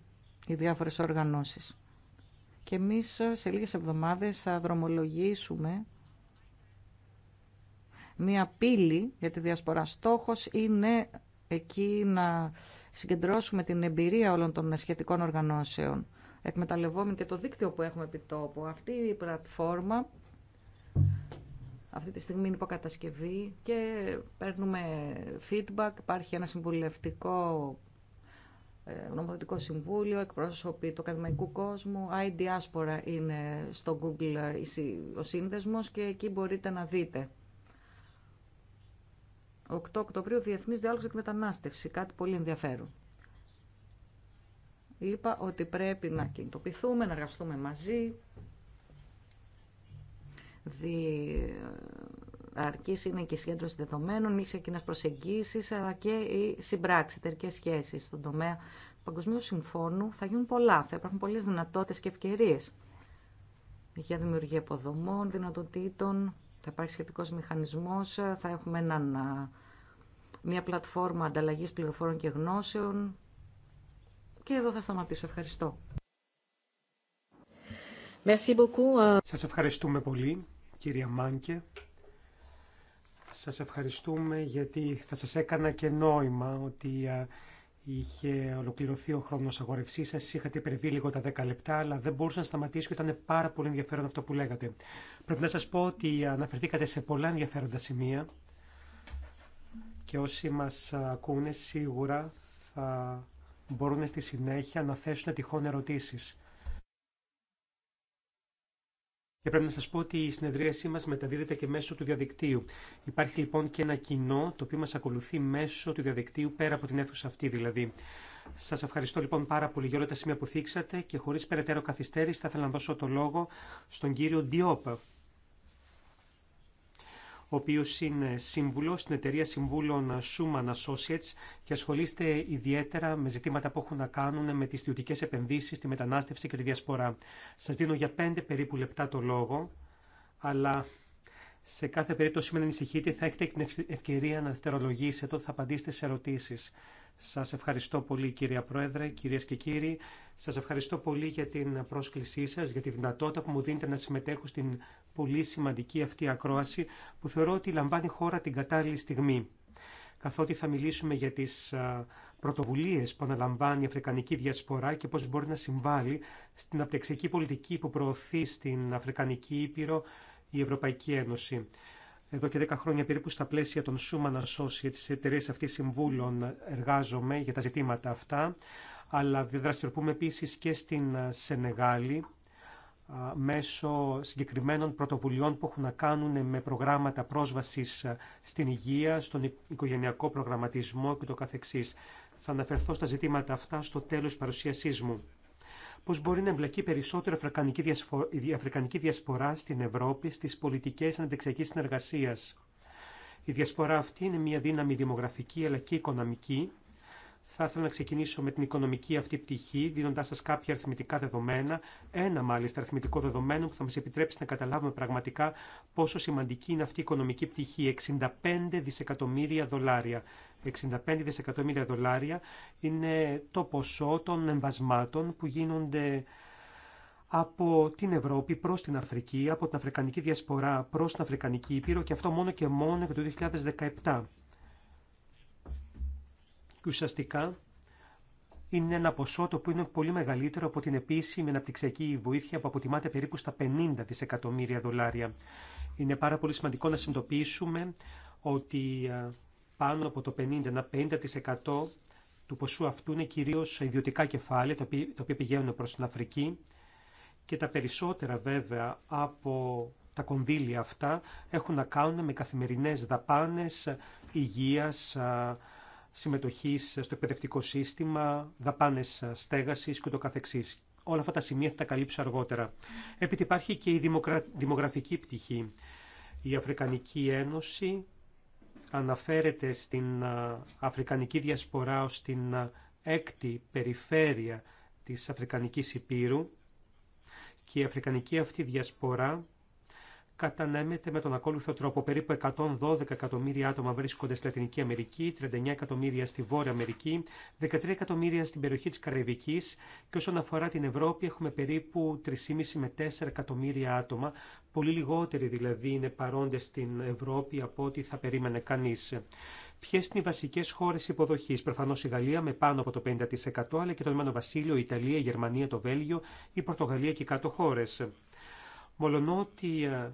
οι διάφορες οργανώσεις. Και εμείς σε λίγες εβδομάδες θα δρομολογήσουμε μία πύλη για τη διασπορά. Στόχος είναι εκεί να συγκεντρώσουμε την εμπειρία όλων των σχετικών οργανώσεων, εκμεταλλευόμενοι και το δίκτυο που έχουμε επί Αυτή η πλατφόρμα αυτή τη στιγμή είναι υποκατασκευή και παίρνουμε feedback. Υπάρχει ένα συμβουλευτικό ε, νομοθετικό συμβούλιο, εκπρόσωποι του ακαδημαϊκού κόσμου. Η Diaspora είναι στο Google ο σύνδεσμος και εκεί μπορείτε να δείτε 8 Οκτωβρίου Διεθνής Διάλογος για τη Μετανάστευση. Κάτι πολύ ενδιαφέρον. Είπα ότι πρέπει να κινητοποιηθούμε, να εργαστούμε μαζί. Διαρκής είναι και η συγκέντρωση δεδομένων, οι κοινέ προσεγγίσει, αλλά και οι συμπράξει εταιρικέ σχέσει στον τομέα του Παγκοσμίου Συμφώνου. Θα γίνουν πολλά, θα υπάρχουν πολλέ δυνατότητε και ευκαιρίε. για δημιουργία υποδομών, δυνατοτήτων, θα υπάρχει σχετικό μηχανισμό. θα έχουμε μια πλατφόρμα ανταλλαγή πληροφόρων και γνώσεων. Και εδώ θα σταματήσω. Ευχαριστώ. Merci euh. Σας ευχαριστούμε πολύ, κυρία Μάνκε. Σας ευχαριστούμε γιατί θα σας έκανα και νόημα ότι είχε ολοκληρωθεί ο χρόνο αγορευσή σα. Είχατε υπερβεί λίγο τα 10 λεπτά, αλλά δεν μπορούσα να σταματήσω και ήταν πάρα πολύ ενδιαφέρον αυτό που λέγατε. Πρέπει να σα πω ότι αναφερθήκατε σε πολλά ενδιαφέροντα σημεία και όσοι μα ακούνε σίγουρα θα μπορούν στη συνέχεια να θέσουν τυχόν ερωτήσει και πρέπει να σα πω ότι η συνεδρίασή μα μεταδίδεται και μέσω του διαδικτύου. Υπάρχει λοιπόν και ένα κοινό το οποίο μα ακολουθεί μέσω του διαδικτύου πέρα από την αίθουσα αυτή δηλαδή. Σας ευχαριστώ λοιπόν πάρα πολύ για όλα τα σημεία που θίξατε και χωρίς περαιτέρω καθυστέρηση θα ήθελα να δώσω το λόγο στον κύριο Ντιόπα ο οποίο είναι σύμβουλο, στην εταιρεία συμβούλων Schumann Associates και ασχολείστε ιδιαίτερα με ζητήματα που έχουν να κάνουν με τις ιδιωτικέ επενδύσεις, τη μετανάστευση και τη διασπορά. Σας δίνω για πέντε περίπου λεπτά το λόγο, αλλά σε κάθε περίπτωση, μην ανησυχείτε, θα έχετε την ευκαιρία να δευτερολογήσετε, θα απαντήσετε σε ερωτήσει. Σας ευχαριστώ πολύ κυρία Πρόεδρε, κυρίες και κύριοι. Σας ευχαριστώ πολύ για την πρόσκλησή σας, για τη δυνατότητα που μου δίνετε να συμμετέχω στην πολύ σημαντική αυτή ακρόαση που θεωρώ ότι λαμβάνει χώρα την κατάλληλη στιγμή. Καθότι θα μιλήσουμε για τις πρωτοβουλίες που αναλαμβάνει η Αφρικανική Διασπορά και πώς μπορεί να συμβάλλει στην απτεξική πολιτική που προωθεί στην Αφρικανική Ήπειρο η Ευρωπαϊκή Ένωση. Εδώ και 10 χρόνια περίπου στα πλαίσια των Schumann Associates, τη εταιρεία αυτή συμβούλων, εργάζομαι για τα ζητήματα αυτά, αλλά δραστηριοποιούμε επίση και στην ε, Σενεγάλη μέσω συγκεκριμένων πρωτοβουλειών που έχουν να κάνουν με προγράμματα πρόσβασης ε, στην υγεία, στον οικογενειακό προγραμματισμό και το καθεξής. Θα αναφερθώ στα ζητήματα αυτά στο τέλος παρουσίασής μου. Πώ μπορεί να εμπλακεί περισσότερο η Αφρικανική Διασπορά στην Ευρώπη στις πολιτικές αναπτυξιακής συνεργασία. Η διασπορά αυτή είναι μια δύναμη δημογραφική αλλά και οικονομική θα ήθελα να ξεκινήσω με την οικονομική αυτή πτυχή, δίνοντά σα κάποια αριθμητικά δεδομένα. Ένα μάλιστα αριθμητικό δεδομένο που θα μα επιτρέψει να καταλάβουμε πραγματικά πόσο σημαντική είναι αυτή η οικονομική πτυχή. 65 δισεκατομμύρια δολάρια. 65 δισεκατομμύρια δολάρια είναι το ποσό των εμβασμάτων που γίνονται από την Ευρώπη προ την Αφρική, από την Αφρικανική Διασπορά προ την Αφρικανική Ήπειρο και αυτό μόνο και μόνο για το 2017 και ουσιαστικά είναι ένα ποσό το οποίο είναι πολύ μεγαλύτερο από την επίσημη αναπτυξιακή βοήθεια που αποτιμάται περίπου στα 50 δισεκατομμύρια δολάρια. Είναι πάρα πολύ σημαντικό να συνειδητοποιήσουμε ότι ε, πάνω από το 50, ένα 50% του ποσού αυτού είναι κυρίως ιδιωτικά κεφάλαια, τα οποία πηγαίνουν προς την Αφρική και τα περισσότερα βέβαια από τα κονδύλια αυτά έχουν να κάνουν με καθημερινές δαπάνες υγείας, ε, Συμμετοχή στο εκπαιδευτικό σύστημα, δαπάνες στέγαση, και Όλα αυτά τα σημεία θα τα καλύψω αργότερα. Επειδή υπάρχει και η δημογραφική πτυχή. Η Αφρικανική Ένωση αναφέρεται στην Αφρικανική Διασπορά ως την έκτη περιφέρεια της Αφρικανικής Υπήρου και η Αφρικανική αυτή διασπορά κατανέμεται με τον ακόλουθο τρόπο. Περίπου 112 εκατομμύρια άτομα βρίσκονται στη Λατινική Αμερική, 39 εκατομμύρια στη Βόρεια Αμερική, 13 εκατομμύρια στην περιοχή της Καραϊβικής και όσον αφορά την Ευρώπη έχουμε περίπου 3,5 με 4 εκατομμύρια άτομα, πολύ λιγότεροι δηλαδή είναι παρόντες στην Ευρώπη από ό,τι θα περίμενε κανείς. Ποιε είναι οι βασικέ χώρε υποδοχή, προφανώ η Γαλλία με πάνω από το 50%, αλλά και το Ηνωμένο Βασίλειο, η Ιταλία, η Γερμανία, το Βέλγιο, η Πορτογαλία και οι κάτω χώρε. Μολονότι ε,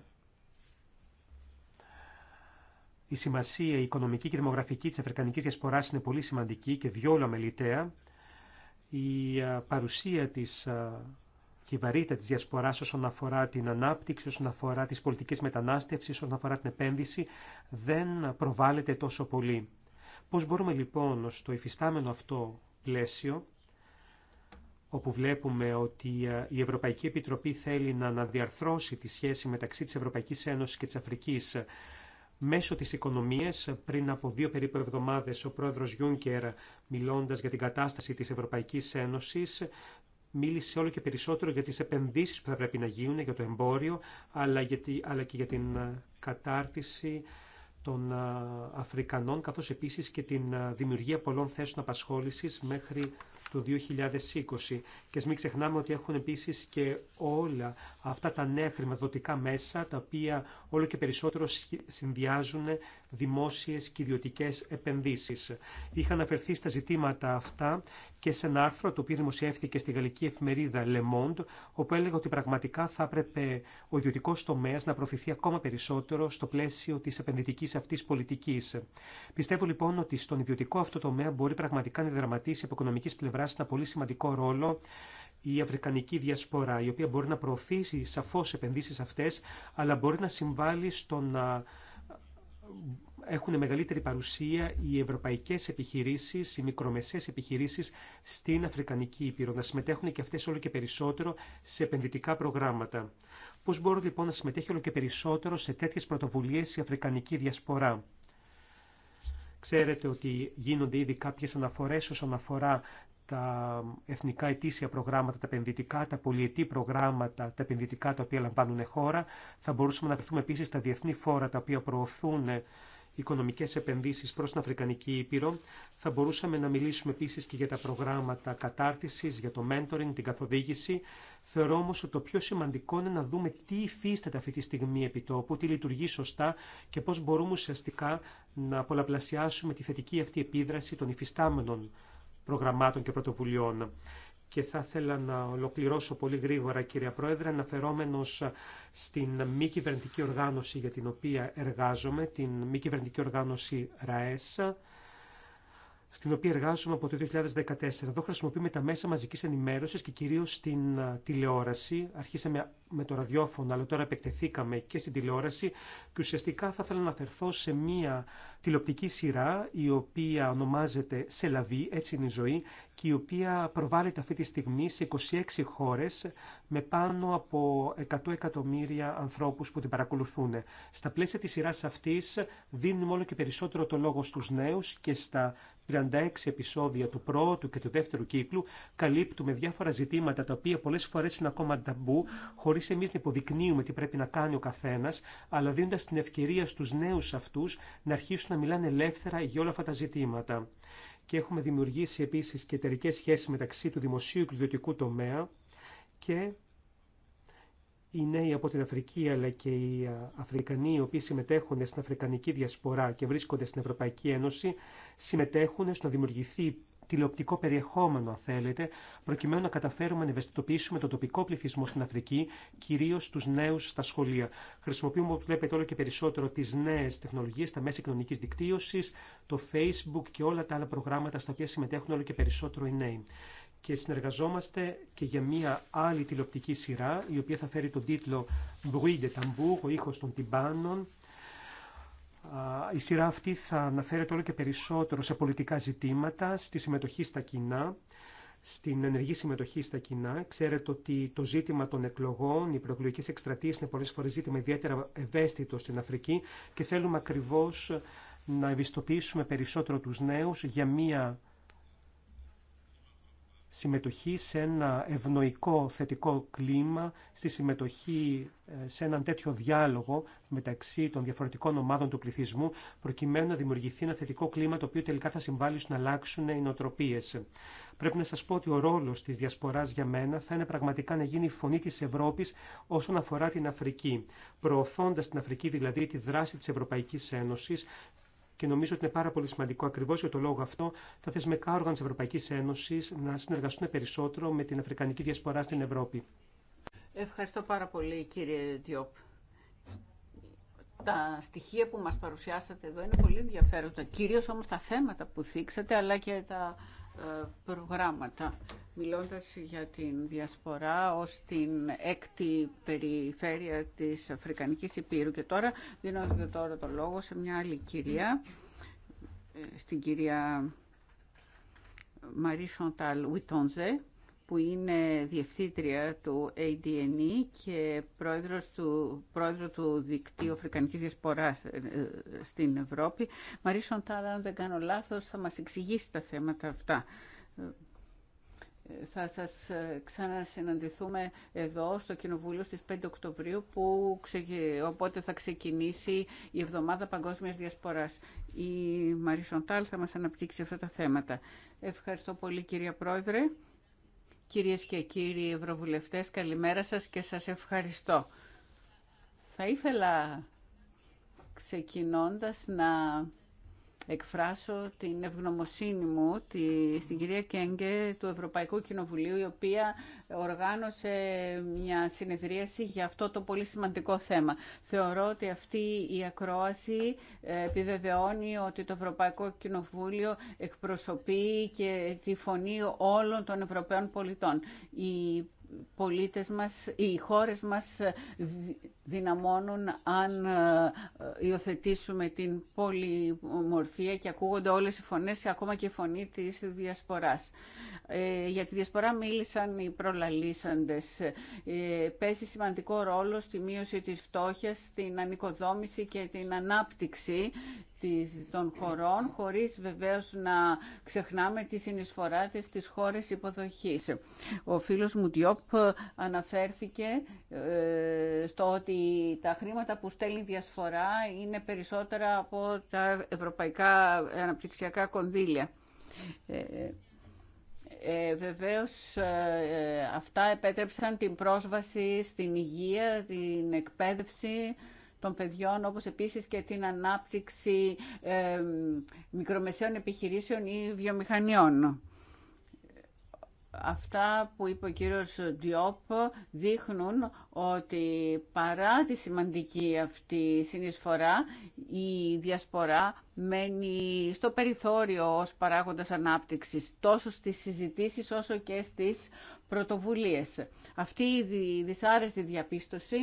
η σημασία η οικονομική και δημογραφική της Αφρικανικής Διασποράς είναι πολύ σημαντική και διόλου αμεληταία. Η παρουσία της και η βαρύτητα της διασποράς όσον αφορά την ανάπτυξη, όσον αφορά τις πολιτικές μετανάστευσης, όσον αφορά την επένδυση, δεν προβάλλεται τόσο πολύ. Πώς μπορούμε λοιπόν στο υφιστάμενο αυτό πλαίσιο, όπου βλέπουμε ότι η Ευρωπαϊκή Επιτροπή θέλει να αναδιαρθρώσει τη σχέση μεταξύ της Ευρωπαϊκής Ένωσης και της Αφρικής, μέσω της οικονομίας. Πριν από δύο περίπου εβδομάδες ο πρόεδρος Γιούνκερ μιλώντας για την κατάσταση της Ευρωπαϊκής Ένωσης μίλησε όλο και περισσότερο για τις επενδύσεις που θα πρέπει να γίνουν, για το εμπόριο, αλλά, και για την ε, κατάρτιση των ε, Αφρικανών, καθώς επίσης και την ε, δημιουργία πολλών θέσεων απασχόλησης μέχρι το 2020. Και μην ξεχνάμε ότι έχουν επίσης και όλα αυτά τα νέα χρηματοδοτικά μέσα, τα οποία όλο και περισσότερο συνδυάζουν δημόσιες και ιδιωτικέ επενδύσεις. Είχα αναφερθεί στα ζητήματα αυτά και σε ένα άρθρο το οποίο δημοσιεύθηκε στη γαλλική εφημερίδα Le Monde, όπου έλεγα ότι πραγματικά θα έπρεπε ο ιδιωτικό τομέα να προωθηθεί ακόμα περισσότερο στο πλαίσιο τη επενδυτική αυτή πολιτική. Πιστεύω λοιπόν ότι στον ιδιωτικό αυτό τομέα μπορεί πραγματικά να δραματίσει από οικονομική πλευρά ένα πολύ σημαντικό ρόλο η Αφρικανική Διασπορά, η οποία μπορεί να προωθήσει σαφώ επενδύσει αυτέ, αλλά μπορεί να συμβάλλει στο να έχουν μεγαλύτερη παρουσία οι ευρωπαϊκές επιχειρήσεις, οι μικρομεσαίες επιχειρήσεις στην Αφρικανική Ήπειρο, να συμμετέχουν και αυτές όλο και περισσότερο σε επενδυτικά προγράμματα. Πώς μπορούν λοιπόν να συμμετέχει όλο και περισσότερο σε τέτοιες πρωτοβουλίες η Αφρικανική Διασπορά. Ξέρετε ότι γίνονται ήδη κάποιες αναφορές όσον αφορά τα εθνικά ετήσια προγράμματα, τα επενδυτικά, τα πολιετή προγράμματα, τα επενδυτικά τα οποία λαμβάνουν χώρα. Θα μπορούσαμε να βρεθούμε επίση στα διεθνή φόρα τα οποία προωθούν οικονομικέ επενδύσει προ την Αφρικανική Ήπειρο. Θα μπορούσαμε να μιλήσουμε επίση και για τα προγράμματα κατάρτιση, για το mentoring, την καθοδήγηση. Θεωρώ όμω ότι το πιο σημαντικό είναι να δούμε τι υφίσταται αυτή τη στιγμή επί τόπου, τι λειτουργεί σωστά και πώ μπορούμε ουσιαστικά να πολλαπλασιάσουμε τη θετική αυτή επίδραση των υφιστάμενων προγραμμάτων και πρωτοβουλειών. Και θα ήθελα να ολοκληρώσω πολύ γρήγορα, κυρία Πρόεδρε, αναφερόμενο στην μη κυβερνητική οργάνωση για την οποία εργάζομαι, την μη κυβερνητική οργάνωση ΡΑΕΣ, στην οποία εργάζομαι από το 2014. Εδώ χρησιμοποιούμε τα μέσα μαζικής ενημέρωσης και κυρίως στην τηλεόραση. Αρχίσαμε με το ραδιόφωνο, αλλά τώρα επεκτεθήκαμε και στην τηλεόραση και ουσιαστικά θα ήθελα να αναφερθώ σε μία τηλεοπτική σειρά η οποία ονομάζεται Σελαβή, έτσι είναι η ζωή, και η οποία προβάλλεται αυτή τη στιγμή σε 26 χώρες με πάνω από 100 εκατομμύρια ανθρώπους που την παρακολουθούν. Στα πλαίσια της σειρά αυτή δίνουμε όλο και περισσότερο το λόγο στους νέους και στα 36 επεισόδια του πρώτου και του δεύτερου κύκλου καλύπτουμε διάφορα ζητήματα τα οποία πολλές φορές είναι ακόμα ταμπού χωρίς εμεί να υποδεικνύουμε τι πρέπει να κάνει ο καθένας αλλά δίνοντας την ευκαιρία στους νέους αυτούς να αρχίσουν να μιλάνε ελεύθερα για όλα αυτά τα ζητήματα. Και έχουμε δημιουργήσει επίση και εταιρικέ σχέσει μεταξύ του δημοσίου και του ιδιωτικού τομέα και οι νέοι από την Αφρική αλλά και οι Αφρικανοί οι οποίοι συμμετέχουν στην Αφρικανική Διασπορά και βρίσκονται στην Ευρωπαϊκή Ένωση συμμετέχουν στο να δημιουργηθεί τηλεοπτικό περιεχόμενο, αν θέλετε, προκειμένου να καταφέρουμε να ευαισθητοποιήσουμε τον τοπικό πληθυσμό στην Αφρική, κυρίω του νέου στα σχολεία. Χρησιμοποιούμε, όπω βλέπετε, όλο και περισσότερο τι νέε τεχνολογίε, τα μέσα κοινωνική δικτύωση, το Facebook και όλα τα άλλα προγράμματα στα οποία συμμετέχουν όλο και περισσότερο οι νέοι και συνεργαζόμαστε και για μία άλλη τηλεοπτική σειρά, η οποία θα φέρει τον τίτλο «Bruit de tambour», ο ήχος των τυμπάνων. Η σειρά αυτή θα αναφέρεται όλο και περισσότερο σε πολιτικά ζητήματα, στη συμμετοχή στα κοινά, στην ενεργή συμμετοχή στα κοινά. Ξέρετε ότι το ζήτημα των εκλογών, οι προεκλογικέ εκστρατείε είναι πολλέ φορέ ζήτημα ιδιαίτερα ευαίσθητο στην Αφρική και θέλουμε ακριβώ να ευιστοποιήσουμε περισσότερο του νέου για μία συμμετοχή σε ένα ευνοϊκό θετικό κλίμα, στη συμμετοχή ε, σε έναν τέτοιο διάλογο μεταξύ των διαφορετικών ομάδων του πληθυσμού, προκειμένου να δημιουργηθεί ένα θετικό κλίμα το οποίο τελικά θα συμβάλλει στο να αλλάξουν οι νοοτροπίε. Πρέπει να σας πω ότι ο ρόλος της διασποράς για μένα θα είναι πραγματικά να γίνει η φωνή τη Ευρώπη όσον αφορά την Αφρική, προωθώντα την Αφρική δηλαδή τη δράση τη Ευρωπαϊκή Ένωση και νομίζω ότι είναι πάρα πολύ σημαντικό ακριβώ για το λόγο αυτό τα θεσμικά όργανα τη Ευρωπαϊκή Ένωση να συνεργαστούν περισσότερο με την Αφρικανική Διασπορά στην Ευρώπη. Ευχαριστώ πάρα πολύ κύριε Διόπ. Τα στοιχεία που μας παρουσιάσατε εδώ είναι πολύ ενδιαφέροντα, κυρίως όμως τα θέματα που θίξατε, αλλά και τα ε, προγράμματα. Μιλώντας για την διασπορά ως την έκτη περιφέρεια της Αφρικανικής Υπήρου και τώρα δίνω τώρα το λόγο σε μια άλλη κυρία, ε, στην κυρία Μαρή Σοντάλ που είναι διευθύντρια του ADNE και πρόεδρος του, πρόεδρο του Δικτύου Αφρικανικής Διασποράς ε, στην Ευρώπη. Μαρίσον Τάλ, αν δεν κάνω λάθος, θα μας εξηγήσει τα θέματα αυτά. Ε, θα σας ε, ξανασυναντηθούμε εδώ στο Κοινοβούλιο στις 5 Οκτωβρίου, που οπότε θα ξεκινήσει η Εβδομάδα Παγκόσμιας Διασποράς. Η Μαρίσον Τάλ θα μας αναπτύξει αυτά τα θέματα. Ευχαριστώ πολύ κυρία Πρόεδρε. Κυρίες και κύριοι Ευρωβουλευτές, καλημέρα σας και σας ευχαριστώ. Θα ήθελα ξεκινώντας να εκφράσω την ευγνωμοσύνη μου τη, στην κυρία Κέγκε του Ευρωπαϊκού Κοινοβουλίου η οποία οργάνωσε μια συνεδρίαση για αυτό το πολύ σημαντικό θέμα. Θεωρώ ότι αυτή η ακρόαση ε, επιβεβαιώνει ότι το Ευρωπαϊκό Κοινοβούλιο εκπροσωπεί και τη φωνή όλων των Ευρωπαίων πολιτών. Οι πολίτες μας, οι χώρες μας δυναμώνουν αν ε, ε, υιοθετήσουμε την πολυμορφία και ακούγονται όλες οι φωνές, ακόμα και η φωνή της διασποράς. Ε, για τη διασπορά μίλησαν οι προλαλήσαντες. παίζει σημαντικό ρόλο στη μείωση της φτώχειας, στην ανοικοδόμηση και την ανάπτυξη των χωρών, χωρίς βεβαίως να ξεχνάμε τη συνεισφορά της χώρες υποδοχής. Ο φίλος μου αναφέρθηκε στο ότι τα χρήματα που στέλνει διασφορά είναι περισσότερα από τα ευρωπαϊκά αναπτυξιακά κονδύλια. Ε, ε βεβαίως ε, αυτά επέτρεψαν την πρόσβαση στην υγεία, την εκπαίδευση των παιδιών, όπως επίσης και την ανάπτυξη ε, μικρομεσαίων επιχειρήσεων ή βιομηχανιών αυτά που είπε ο κύριος Διόπ δείχνουν ότι παρά τη σημαντική αυτή συνεισφορά η διασπορά μένει στο περιθώριο ως παράγοντας ανάπτυξης τόσο στις συζητήσεις όσο και στις πρωτοβουλίες. Αυτή η δυσάρεστη διαπίστωση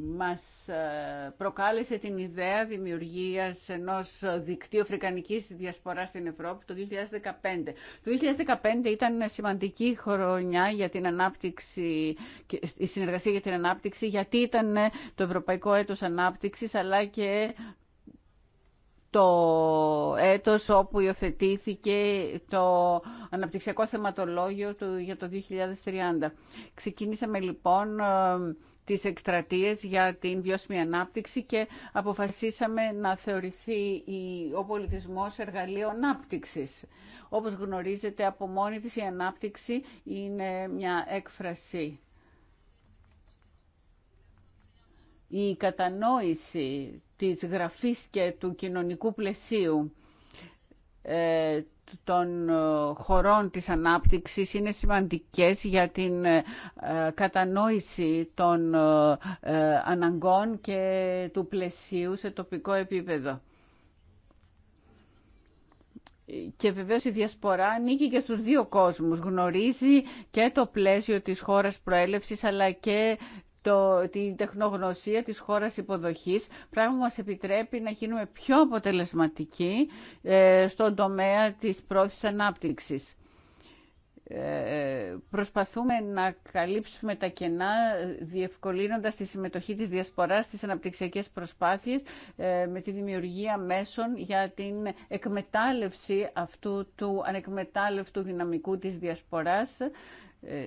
μας ε, προκάλεσε την ιδέα δημιουργίας ενός δικτύου αφρικανικής διασποράς στην Ευρώπη το 2015. Το 2015 ήταν σημαντική χρονιά για την ανάπτυξη, η συνεργασία για την ανάπτυξη, γιατί ήταν ε, το Ευρωπαϊκό Έτος Ανάπτυξης, αλλά και το έτος όπου υιοθετήθηκε το αναπτυξιακό θεματολόγιο του για το 2030. Ξεκίνησαμε λοιπόν ε, τις εκστρατείες για την βιώσιμη ανάπτυξη και αποφασίσαμε να θεωρηθεί ο πολιτισμός εργαλείο ανάπτυξης. Όπως γνωρίζετε, από μόνη της η ανάπτυξη είναι μια έκφραση. Η κατανόηση της γραφής και του κοινωνικού πλαισίου ε, των ε, χωρών της ανάπτυξης είναι σημαντικές για την ε, κατανόηση των ε, αναγκών και του πλαισίου σε τοπικό επίπεδο. Και βεβαίως η διασπορά ανήκει και στους δύο κόσμους. Γνωρίζει και το πλαίσιο της χώρας προέλευσης αλλά και το, την τεχνογνωσία της χώρας υποδοχής, πράγμα που μας επιτρέπει να γίνουμε πιο αποτελεσματικοί ε, στον τομέα της πρόθεσης ανάπτυξης. Ε, προσπαθούμε να καλύψουμε τα κενά διευκολύνοντας τη συμμετοχή της διασποράς στις αναπτυξιακές προσπάθειες ε, με τη δημιουργία μέσων για την εκμετάλλευση αυτού του ανεκμετάλλευτου δυναμικού της διασποράς ε,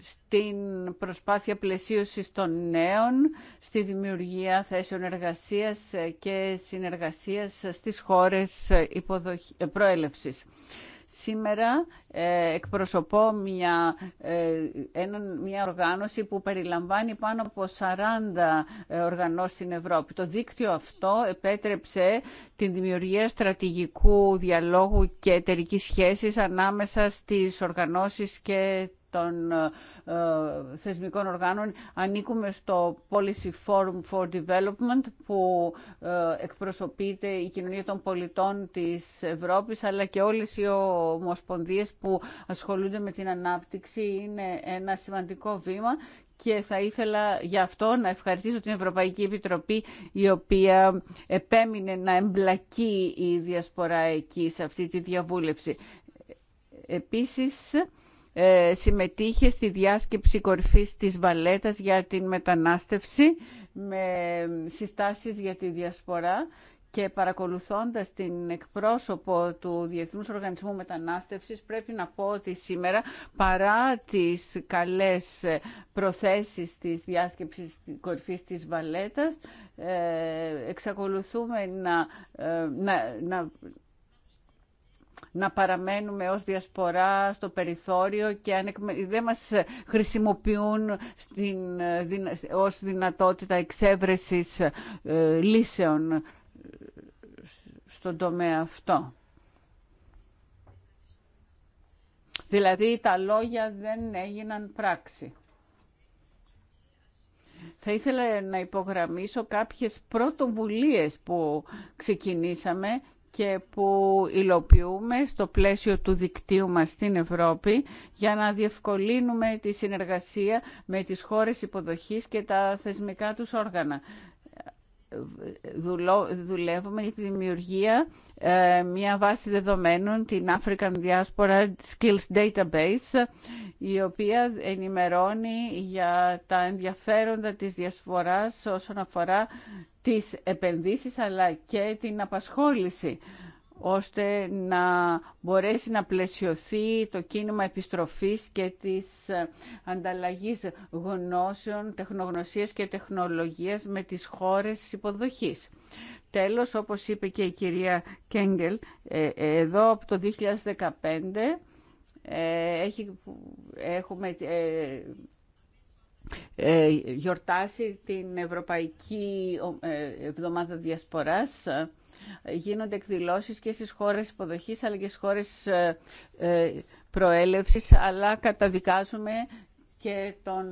στην προσπάθεια πλαισίωσης των νέων, στη δημιουργία θέσεων εργασίας και συνεργασίας στις χώρες προέλευσης. Σήμερα ε, εκπροσωπώ μια, ε, μια οργάνωση που περιλαμβάνει πάνω από 40 ε, οργανώσεις στην Ευρώπη. Το δίκτυο αυτό επέτρεψε την δημιουργία στρατηγικού διαλόγου και εταιρική σχέσης ανάμεσα στις οργανώσεις και των ε, θεσμικών οργάνων. Ανήκουμε στο Policy Forum for Development που ε, εκπροσωπείται η κοινωνία των πολιτών της Ευρώπης αλλά και όλες οι ομοσπονδίες που ασχολούνται με την ανάπτυξη. Είναι ένα σημαντικό βήμα και θα ήθελα γι' αυτό να ευχαριστήσω την Ευρωπαϊκή Επιτροπή η οποία επέμεινε να εμπλακεί η διασπορά εκεί σε αυτή τη διαβούλευση. Επίσης, ε, συμμετείχε στη διάσκεψη κορφής της Βαλέτας για την μετανάστευση με συστάσεις για τη διασπορά και παρακολουθώντας την εκπρόσωπο του Διεθνούς Οργανισμού Μετανάστευσης πρέπει να πω ότι σήμερα παρά τις καλές προθέσεις της διάσκεψης κορφής της Βαλέτας ε, εξακολουθούμε να, ε, να, να να παραμένουμε ως διασπορά στο περιθώριο και αν δεν μας χρησιμοποιούν στην, ως δυνατότητα εξέβρεσης ε, λύσεων ε, στον τομέα αυτό. Δηλαδή τα λόγια δεν έγιναν πράξη. Θα ήθελα να υπογραμμίσω κάποιες πρωτοβουλίες που ξεκινήσαμε και που υλοποιούμε στο πλαίσιο του δικτύου μας στην Ευρώπη για να διευκολύνουμε τη συνεργασία με τις χώρες υποδοχής και τα θεσμικά τους όργανα. Δουλεύουμε για τη δημιουργία ε, μια βάση δεδομένων, την African Diaspora Skills Database, η οποία ενημερώνει για τα ενδιαφέροντα της διασποράς όσον αφορά τις επενδύσεις αλλά και την απασχόληση ώστε να μπορέσει να πλαισιωθεί το κίνημα επιστροφής και της ε, ανταλλαγής γνώσεων, τεχνογνωσίας και τεχνολογίας με τις χώρες της υποδοχής. Τέλος, όπως είπε και η κυρία Κέγγελ, ε, εδώ από το 2015 ε, έχουμε ε, γιορτάσει την Ευρωπαϊκή ε, Εβδομάδα Διασποράς. Ε, γίνονται εκδηλώσεις και στις χώρες υποδοχής αλλά και στις χώρες προέλευσης, αλλά καταδικάζουμε και τον,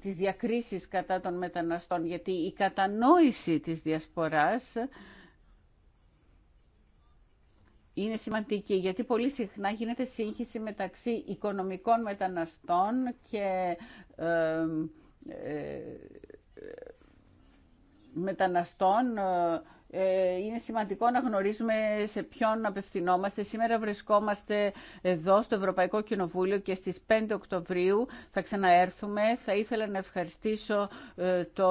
τις διακρίσεις κατά των μεταναστών, γιατί η κατανόηση της διασποράς είναι σημαντική, γιατί πολύ συχνά γίνεται σύγχυση μεταξύ οικονομικών μεταναστών και ε, ε, μεταναστών ε, είναι σημαντικό να γνωρίζουμε σε ποιον απευθυνόμαστε. Σήμερα βρισκόμαστε εδώ στο Ευρωπαϊκό Κοινοβούλιο και στις 5 Οκτωβρίου θα ξαναέρθουμε. Θα ήθελα να ευχαριστήσω ε, το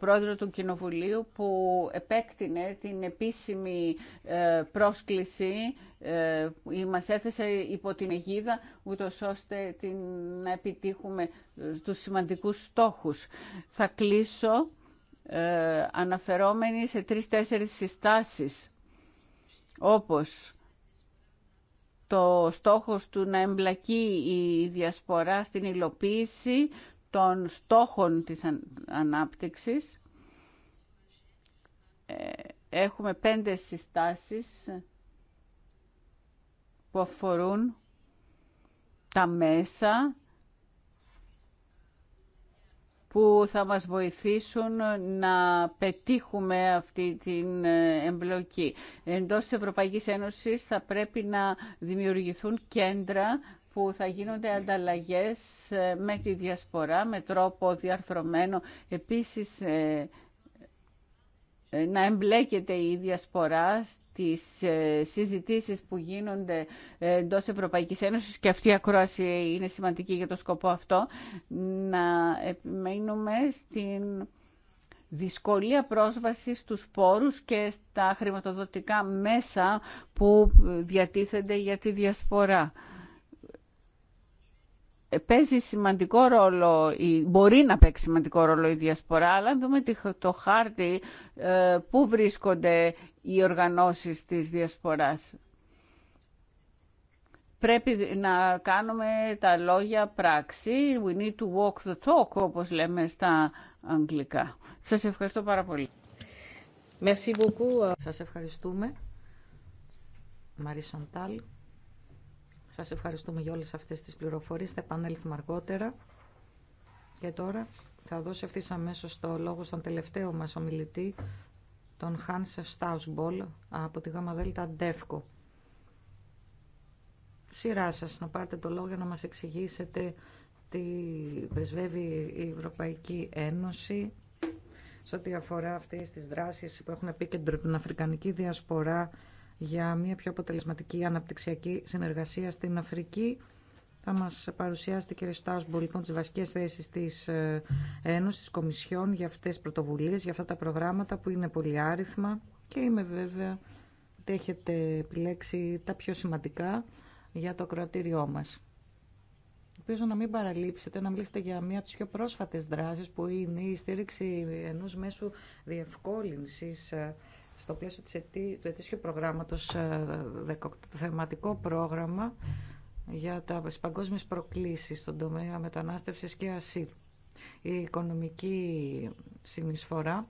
πρόεδρο του Κοινοβουλίου που επέκτηνε την επίσημη ε, πρόσκληση ε, ή μας έθεσε υπό την αιγίδα ούτω ώστε την, να επιτύχουμε τους σημαντικούς στόχους. Θα κλείσω ε, αναφερόμενοι σε τρεις-τέσσερις συστάσεις, όπως το στόχος του να εμπλακεί η διασπορά στην υλοποίηση των στόχων της ανάπτυξης. Ε, έχουμε πέντε συστάσεις που αφορούν τα μέσα, που θα μας βοηθήσουν να πετύχουμε αυτή την ε, εμπλοκή. Εντός της Ευρωπαϊκής Ένωσης θα πρέπει να δημιουργηθούν κέντρα που θα γίνονται ανταλλαγές ε, με τη διασπορά, με τρόπο διαρθρωμένο. Επίσης, ε, να εμπλέκεται η διασπορά τις ε, συζητήσεις που γίνονται ε, εντό Ευρωπαϊκής Ένωσης και αυτή η ακρόαση είναι σημαντική για το σκοπό αυτό, να επιμένουμε στην δυσκολία πρόσβασης στους πόρους και στα χρηματοδοτικά μέσα που διατίθενται για τη διασπορά παίζει σημαντικό ρόλο, ή μπορεί να παίξει σημαντικό ρόλο η διασπορά, αλλά αν δούμε το χάρτη ε, πού βρίσκονται οι οργανώσεις της διασποράς. Πρέπει να κάνουμε τα λόγια πράξη. We need to walk the talk, όπως λέμε στα αγγλικά. Σας ευχαριστώ πάρα πολύ. Merci beaucoup. Σας ευχαριστούμε. Μαρή σας ευχαριστούμε για όλες αυτές τις πληροφορίες. Θα επανέλθουμε αργότερα. Και τώρα θα δώσω ευθύ αμέσω το λόγο στον τελευταίο μας ομιλητή, τον Hans Στάουσμπολ από τη ΓΔ Ντεύκο. Σειρά σας να πάρετε το λόγο για να μας εξηγήσετε τι πρεσβεύει η Ευρωπαϊκή Ένωση σε ό,τι αφορά αυτές τις δράσεις που έχουν επίκεντρο την Αφρικανική Διασπορά για μια πιο αποτελεσματική αναπτυξιακή συνεργασία στην Αφρική. Θα μας παρουσιάσει την κυρία Στάσμπο λοιπόν τις βασικές θέσεις της ε, Ένωσης, της Κομισιόν για αυτές τις πρωτοβουλίες, για αυτά τα προγράμματα που είναι πολύ άριθμα και είμαι βέβαια ότι έχετε επιλέξει τα πιο σημαντικά για το κρατήριό μας. Ελπίζω να μην παραλείψετε να μιλήσετε για μία από τι πιο πρόσφατε δράσει που είναι η στήριξη ενό μέσου διευκόλυνση ε, στο πλαίσιο της ετή, του ετήσιου προγράμματος, ε, το θεματικό πρόγραμμα για τα παγκόσμιες προκλήσεις στον τομέα μετανάστευσης και ασύλου. Η οικονομική συνεισφορά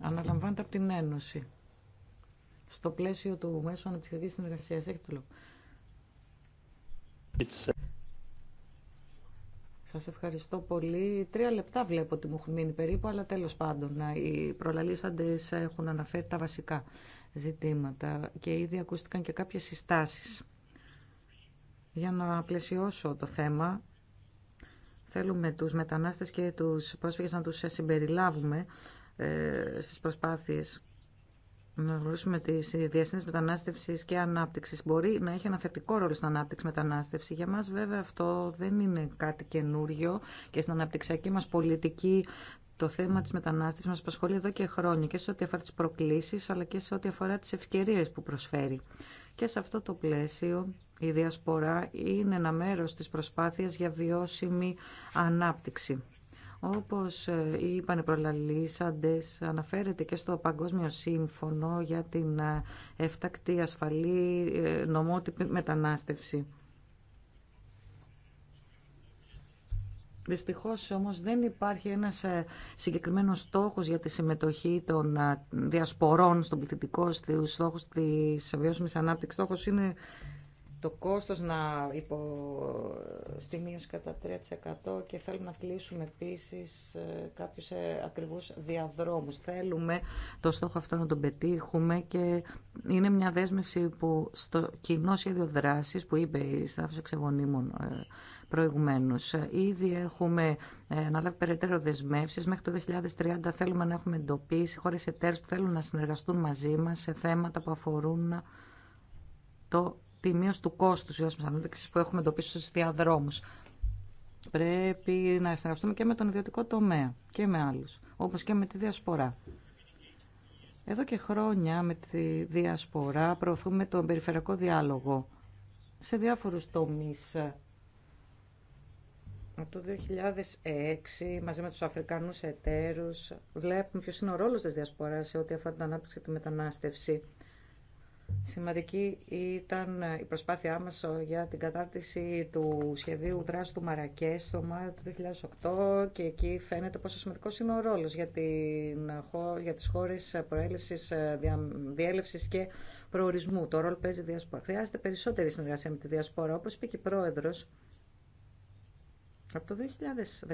αναλαμβάνεται από την Ένωση στο πλαίσιο του μέσου αναπτυξιακής συνεργασίας. Έχει το λόγο. Σας ευχαριστώ πολύ. Τρία λεπτά βλέπω ότι μου έχουν μείνει περίπου, αλλά τέλος πάντων ε, οι προλαλήσαντες έχουν αναφέρει τα βασικά ζητήματα και ήδη ακούστηκαν και κάποιες συστάσεις. Για να πλαισιώσω το θέμα, θέλουμε τους μετανάστες και τους πρόσφυγες να τους συμπεριλάβουμε ε, στις προσπάθειες να γνωρίσουμε τι διασύνδεσει μετανάστευση και ανάπτυξη. Μπορεί να έχει ένα θετικό ρόλο στην ανάπτυξη μετανάστευση. Για μα, βέβαια, αυτό δεν είναι κάτι καινούριο και στην αναπτυξιακή μα πολιτική το θέμα τη μετανάστευση μα απασχολεί εδώ και χρόνια και σε ό,τι αφορά τι προκλήσει αλλά και σε ό,τι αφορά τι ευκαιρίε που προσφέρει. Και σε αυτό το πλαίσιο, η διασπορά είναι ένα μέρο τη προσπάθεια για βιώσιμη ανάπτυξη. Όπως ε, είπαν οι προλαλήσαντες, αναφέρεται και στο Παγκόσμιο Σύμφωνο για την ε, εφτακτή ασφαλή ε, νομότυπη μετανάστευση. Δυστυχώς όμως δεν υπάρχει ένας συγκεκριμένος στόχος για τη συμμετοχή των διασπορών στον πληθυντικό στους της βιώσιμης ανάπτυξης. Στόχος είναι το κόστος να υποστημίωσε κατά 3% και θέλουμε να κλείσουμε επίσης ε, κάποιους ε, ακριβούς διαδρόμους. Θέλουμε το στόχο αυτό να τον πετύχουμε και είναι μια δέσμευση που στο κοινό σχέδιο δράσης που είπε η Στάφος Εξεγονίμων ε, προηγουμένως. Ήδη έχουμε να αναλάβει περαιτέρω δεσμεύσεις. Μέχρι το 2030 θέλουμε να έχουμε εντοπίσει χώρες εταίρες που θέλουν να συνεργαστούν μαζί μας σε θέματα που αφορούν το τη μείωση του κόστου βιώσιμη ανάπτυξη που έχουμε εντοπίσει στου διαδρόμου. Πρέπει να συνεργαστούμε και με τον ιδιωτικό τομέα και με άλλου, όπω και με τη διασπορά. Εδώ και χρόνια με τη διασπορά προωθούμε τον περιφερειακό διάλογο σε διάφορους τομείς. Από το 2006, μαζί με τους Αφρικανούς εταίρους, βλέπουμε ποιος είναι ο ρόλος της διασποράς σε ό,τι αφορά την ανάπτυξη και τη μετανάστευση. Σημαντική ήταν η προσπάθειά μας ε, για την κατάρτιση του σχεδίου δράσης του Μαρακές το Μάιο του 2008 και εκεί φαίνεται πόσο σημαντικό είναι ο ρόλος για, την, για τις χώρες προέλευσης, ε, διέλευσης και προορισμού. Το ρόλο παίζει η Διασπορά. Χρειάζεται περισσότερη συνεργασία με τη Διασπορά. Όπως είπε και η Πρόεδρος, από το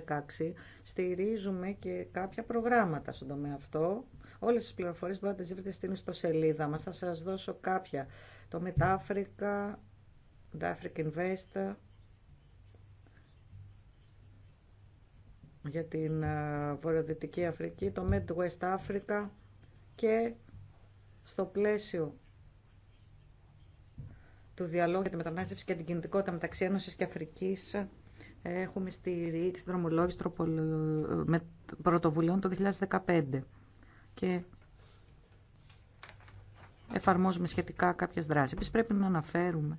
2016 στηρίζουμε και κάποια προγράμματα στον τομέα αυτό. Όλες τις πληροφορίες μπορείτε να τις βρείτε στην ιστοσελίδα μας. Θα σας δώσω κάποια. Το Μετάφρικα, το African Invest, για την ε, Βορειοδυτική Αφρική, το MedWest Africa και στο πλαίσιο του διαλόγου για τη μετανάστευση και την κινητικότητα μεταξύ Ένωσης και Αφρικής Έχουμε στηρίξει δρομολόγηση με πρωτοβουλίων το 2015 και εφαρμόζουμε σχετικά κάποιες δράσεις. Επίσης πρέπει να αναφέρουμε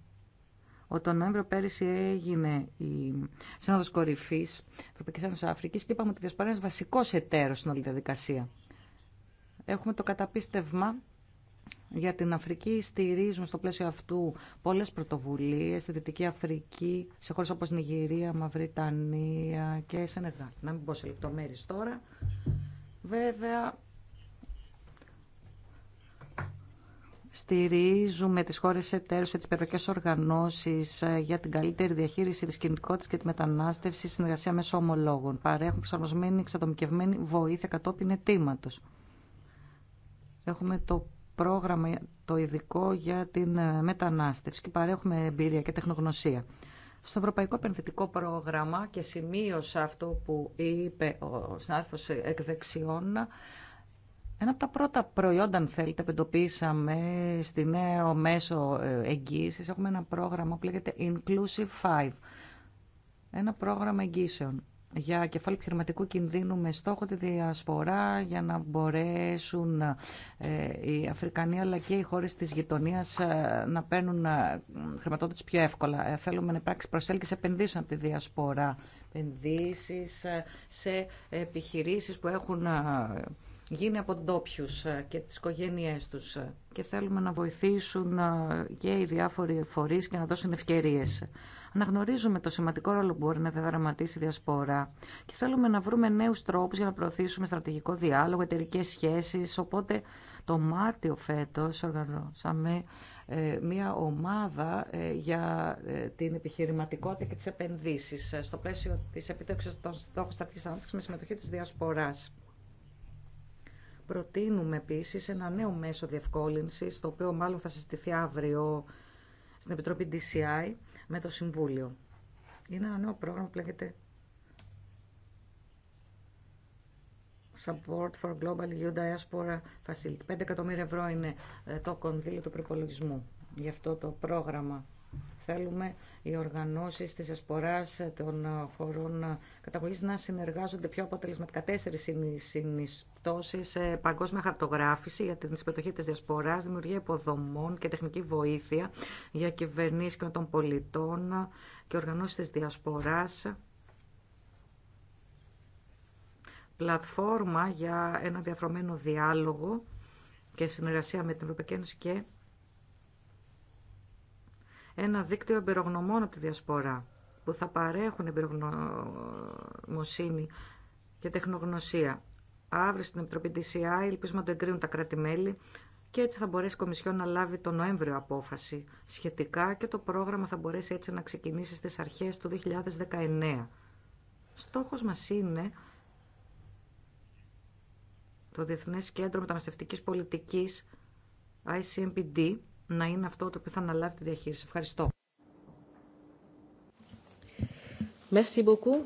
ότι τον Νοέμβριο πέρυσι έγινε η Σύνοδος Κορυφής Ευρωπαϊκής Ένωσης Αφρικής και είπαμε ότι η Διασπορά είναι βασικός εταίρος στην όλη διαδικασία. Έχουμε το καταπίστευμα για την Αφρική στηρίζουν στο πλαίσιο αυτού πολλές πρωτοβουλίες στη Δυτική Αφρική, σε χώρες όπως Νιγηρία, Μαυριτανία και Σενεγά. Να μην πω σε λεπτομέρειες τώρα. Βέβαια, στηρίζουμε τις χώρες εταίρους και τις περιοχές οργανώσεις ε, για την καλύτερη διαχείριση της κινητικότητας και τη μετανάστευση συνεργασία μέσω ομολόγων. Παρέχουν προσαρμοσμένη εξατομικευμένη βοήθεια κατόπιν ετήματος. Έχουμε το πρόγραμμα το ειδικό για την ε, μετανάστευση και παρέχουμε εμπειρία και τεχνογνωσία. Στο Ευρωπαϊκό Επενδυτικό Πρόγραμμα και σημείωσα αυτό που είπε ο συνάδελφος εκ δεξιών, ένα από τα πρώτα προϊόντα, αν θέλετε, που εντοπίσαμε στη νέο μέσο ε, εγγύησης, έχουμε ένα πρόγραμμα που λέγεται Inclusive 5, ένα πρόγραμμα εγγύσεων για κεφάλαιο επιχειρηματικού κινδύνου με στόχο τη διασπορά για να μπορέσουν ε, οι Αφρικανοί αλλά και οι χώρες της γειτονίας ε, να παίρνουν ε, χρηματοδότηση πιο εύκολα. Θέλουμε να υπάρξει προσέλκυση επενδύσεων από τη διασπορά, επενδύσεις σε επιχειρήσεις που έχουν γίνει από ντόπιου και τις οικογένειές τους και θέλουμε να βοηθήσουν και οι διάφοροι φορείς και να δώσουν ευκαιρίες. Αναγνωρίζουμε το σημαντικό ρόλο που μπορεί να διαδραματίσει η διασπορά και θέλουμε να βρούμε νέου τρόπου για να προωθήσουμε στρατηγικό διάλογο, εταιρικέ σχέσει. Οπότε το Μάρτιο φέτο οργανώσαμε ε, μια ομάδα ε, για ε, την επιχειρηματικότητα και τις επενδύσεις στο πλαίσιο τη επιτεύξης των στόχων στρατηγικής ανάπτυξη με συμμετοχή τη Διασπορά. Προτείνουμε επίση ένα νέο μέσο διευκόλυνση, το οποίο μάλλον θα συζητηθεί αύριο στην Επιτροπή DCI, με το Συμβούλιο. Είναι ένα νέο πρόγραμμα που λέγεται Support for Global Youth Diaspora Facility. 5 εκατομμύρια ευρώ είναι ε, το κονδύλιο του προπολογισμού για αυτό το πρόγραμμα θέλουμε οι οργανώσεις της Διασποράς των χωρών καταγωγής να συνεργάζονται πιο αποτελεσματικά. Τέσσερις συνιστώσεις, παγκόσμια χαρτογράφηση για την συμμετοχή της διασποράς, δημιουργία υποδομών και τεχνική βοήθεια για κυβερνήσει και των πολιτών και οργανώσεις της διασποράς, πλατφόρμα για ένα διαθρωμένο διάλογο και συνεργασία με την Ευρωπαϊκή Ένωση και ένα δίκτυο εμπειρογνωμών από τη Διασπορά που θα παρέχουν εμπειρογνωμοσύνη και τεχνογνωσία. Αύριο στην Επιτροπή DCI ελπίζουμε να το εγκρίνουν τα κράτη-μέλη και έτσι θα μπορέσει η Κομισιόν να λάβει το Νοέμβριο απόφαση σχετικά και το πρόγραμμα θα μπορέσει έτσι να ξεκινήσει στις αρχές του 2019. Στόχος μας είναι το Διεθνές Κέντρο Μεταναστευτικής Πολιτικής ICMPD να είναι αυτό το οποίο θα αναλάβει τη διαχείριση. Ευχαριστώ. Merci beaucoup.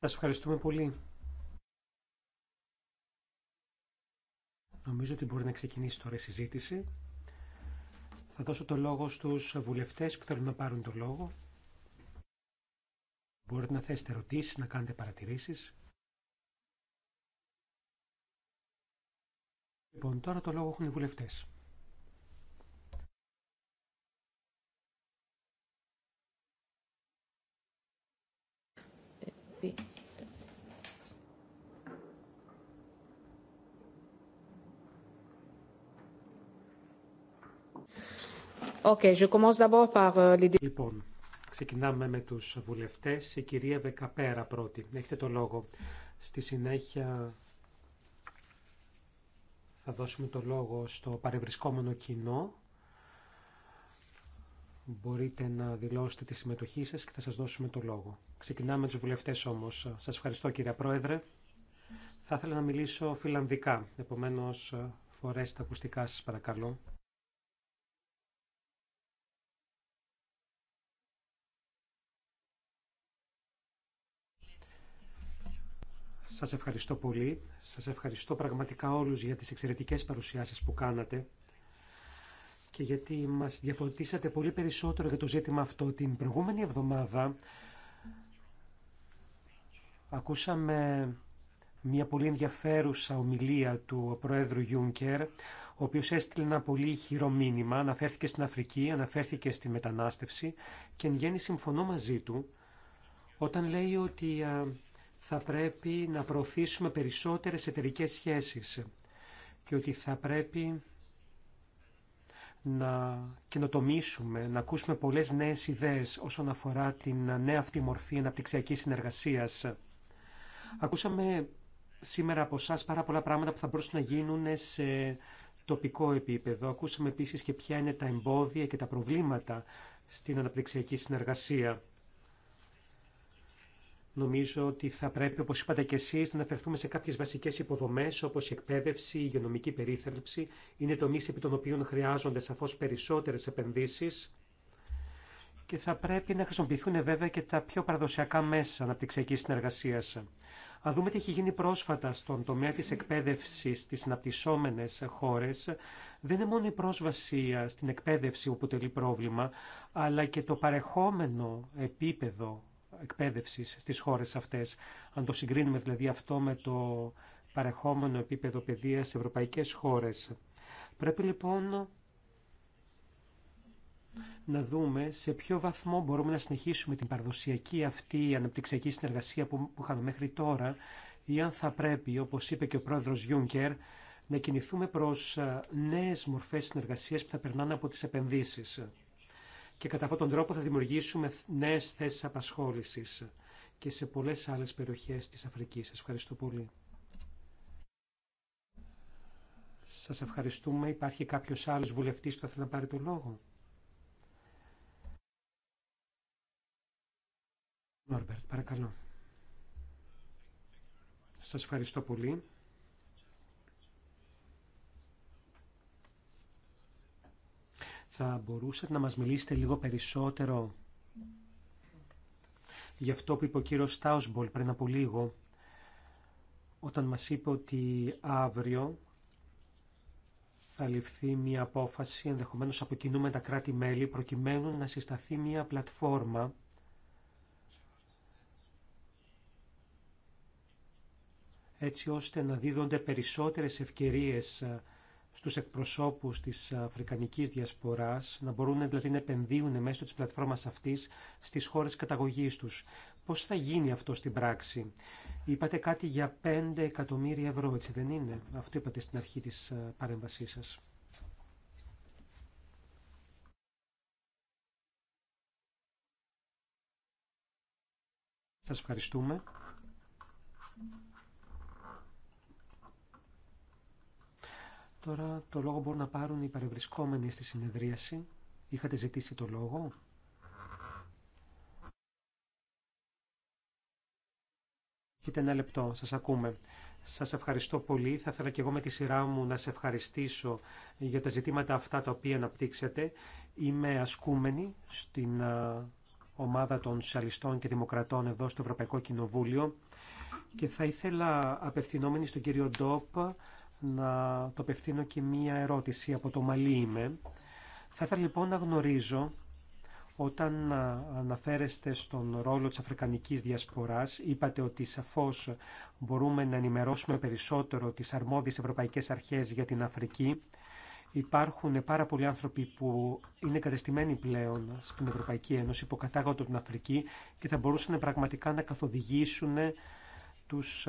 Σας ευχαριστούμε πολύ. Νομίζω ότι μπορεί να ξεκινήσει τώρα η συζήτηση. Θα δώσω το λόγο στους βουλευτές που θέλουν να πάρουν το λόγο. Μπορείτε να θέσετε ερωτήσεις, να κάνετε παρατηρήσεις. Λοιπόν, τώρα το λόγο έχουν οι βουλευτές. Okay, euh, Λοιπόν, ξεκινάμε με τους βουλευτές. Η κυρία Βεκαπέρα πρώτη. Έχετε το λόγο. Στη συνέχεια θα δώσουμε το λόγο στο παρευρισκόμενο κοινό μπορείτε να δηλώσετε τη συμμετοχή σας και θα σας δώσουμε το λόγο. Ξεκινάμε τους βουλευτές όμως. Σας ευχαριστώ κύριε Πρόεδρε. Θα ήθελα να μιλήσω φιλανδικά, επομένως φορέστε τα ακουστικά σας παρακαλώ. Σας ευχαριστώ πολύ. Σας ευχαριστώ πραγματικά όλους για τις εξαιρετικές παρουσιάσεις που κάνατε και γιατί μας διαφωτίσατε πολύ περισσότερο για το ζήτημα αυτό. Την προηγούμενη εβδομάδα ακούσαμε μια πολύ ενδιαφέρουσα ομιλία του Προέδρου Γιούνκερ, ο οποίος έστειλε ένα πολύ χειρό μήνυμα, αναφέρθηκε στην Αφρική, αναφέρθηκε στη μετανάστευση και εν γέννη συμφωνώ μαζί του όταν λέει ότι θα πρέπει να προωθήσουμε περισσότερες εταιρικές σχέσεις και ότι θα πρέπει να καινοτομήσουμε, να ακούσουμε πολλές νέες ιδέες όσον αφορά την νέα αυτή μορφή αναπτυξιακής συνεργασίας. Ακούσαμε σήμερα από εσά πάρα πολλά πράγματα που θα μπορούσαν να γίνουν σε τοπικό επίπεδο. Ακούσαμε επίσης και ποια είναι τα εμπόδια και τα προβλήματα στην αναπτυξιακή συνεργασία. Νομίζω ότι θα πρέπει, όπω είπατε και εσείς, να αναφερθούμε σε κάποιε βασικέ υποδομέ όπω η εκπαίδευση, η υγειονομική περίθαλψη. Είναι τομεί επί των οποίων χρειάζονται σαφώ περισσότερε επενδύσει, Και θα πρέπει να χρησιμοποιηθούν βέβαια και τα πιο παραδοσιακά μέσα αναπτυξιακή συνεργασία. Αν δούμε τι έχει γίνει πρόσφατα στον τομέα τη εκπαίδευση στι αναπτυσσόμενε χώρε. δεν είναι μόνο η πρόσβαση στην εκπαίδευση που αποτελεί πρόβλημα, αλλά και το παρεχόμενο επίπεδο εκπαίδευσης στις χώρες αυτές. Αν το συγκρίνουμε δηλαδή αυτό με το παρεχόμενο επίπεδο παιδείας σε ευρωπαϊκές χώρες. Πρέπει λοιπόν να δούμε σε ποιο βαθμό μπορούμε να συνεχίσουμε την παραδοσιακή αυτή αναπτυξιακή συνεργασία που, που είχαμε μέχρι τώρα ή αν θα πρέπει, όπως είπε και ο πρόεδρος Γιούνκερ, να κινηθούμε προς ε, νέες μορφές συνεργασίας που θα περνάνε από τις επενδύσεις και κατά αυτόν τον τρόπο θα δημιουργήσουμε νέες θέσεις απασχόλησης και σε πολλές άλλες περιοχές της Αφρικής. Σας ευχαριστώ πολύ. Σας ευχαριστούμε. Υπάρχει κάποιος άλλος βουλευτής που θα θέλει να πάρει το λόγο. Νόρμπερτ, παρακαλώ. Σας ευχαριστώ πολύ. Θα μπορούσατε να μας μιλήσετε λίγο περισσότερο γι' αυτό που είπε ο κύριος Στάουσμπολ πριν από λίγο, όταν μας είπε ότι αύριο θα ληφθεί μια απόφαση, ενδεχομένως από κοινού με τα κράτη-μέλη, προκειμένου να συσταθεί μια πλατφόρμα έτσι ώστε να δίδονται περισσότερες ευκαιρίες στους εκπροσώπους της Αφρικανικής Διασποράς, να μπορούν δηλαδή να επενδύουν μέσω της πλατφόρμας αυτής στις χώρες καταγωγής τους. Πώς θα γίνει αυτό στην πράξη. Είπατε κάτι για 5 εκατομμύρια ευρώ, έτσι δεν είναι. Αυτό είπατε στην αρχή της ε, παρέμβασής σας. Σας ευχαριστούμε. Τώρα το λόγο μπορούν να πάρουν οι παρευρισκόμενοι στη συνεδρίαση. Είχατε ζητήσει το λόγο. Κοίτα, ένα λεπτό, σας ακούμε. Σας ευχαριστώ πολύ. Θα ήθελα και εγώ με τη σειρά μου να σε ευχαριστήσω για τα ζητήματα αυτά τα οποία αναπτύξατε. Είμαι ασκούμενη στην ομάδα των Σοσιαλιστών και Δημοκρατών εδώ στο Ευρωπαϊκό Κοινοβούλιο και θα ήθελα απευθυνόμενη στον κύριο Ντόπ να το και μία ερώτηση. Από το Μαλή είμαι. Θα ήθελα λοιπόν να γνωρίζω όταν αναφέρεστε στον ρόλο της Αφρικανικής Διασποράς, είπατε ότι σαφώς μπορούμε να ενημερώσουμε περισσότερο τις αρμόδιες ευρωπαϊκές αρχές για την Αφρική. Υπάρχουν πάρα πολλοί άνθρωποι που είναι κατεστημένοι πλέον στην Ευρωπαϊκή Ένωση, που κατάγονται από την Αφρική και θα μπορούσαν πραγματικά να καθοδηγήσουν τους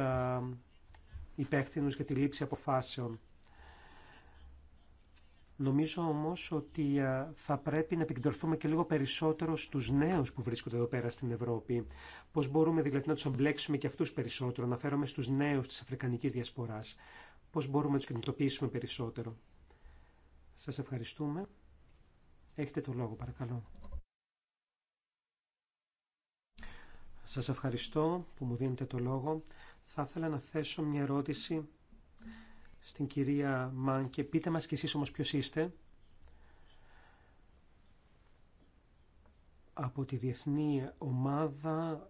υπεύθυνου για τη λήψη αποφάσεων. Νομίζω όμως ότι ε, θα πρέπει να επικεντρωθούμε και λίγο περισσότερο στους νέους που βρίσκονται εδώ πέρα στην Ευρώπη. Πώς μπορούμε δηλαδή να τους εμπλέξουμε και αυτούς περισσότερο, να φέρουμε στους νέους της Αφρικανικής Διασποράς. Πώς μπορούμε να τους κινητοποιήσουμε περισσότερο. Σας ευχαριστούμε. Έχετε το λόγο παρακαλώ. Σας ευχαριστώ που μου δίνετε το λόγο. Θα ήθελα να θέσω μια ερώτηση στην κυρία Μάνκε. και πείτε μας κι εσείς όμως ποιος είστε. από τη Διεθνή Ομάδα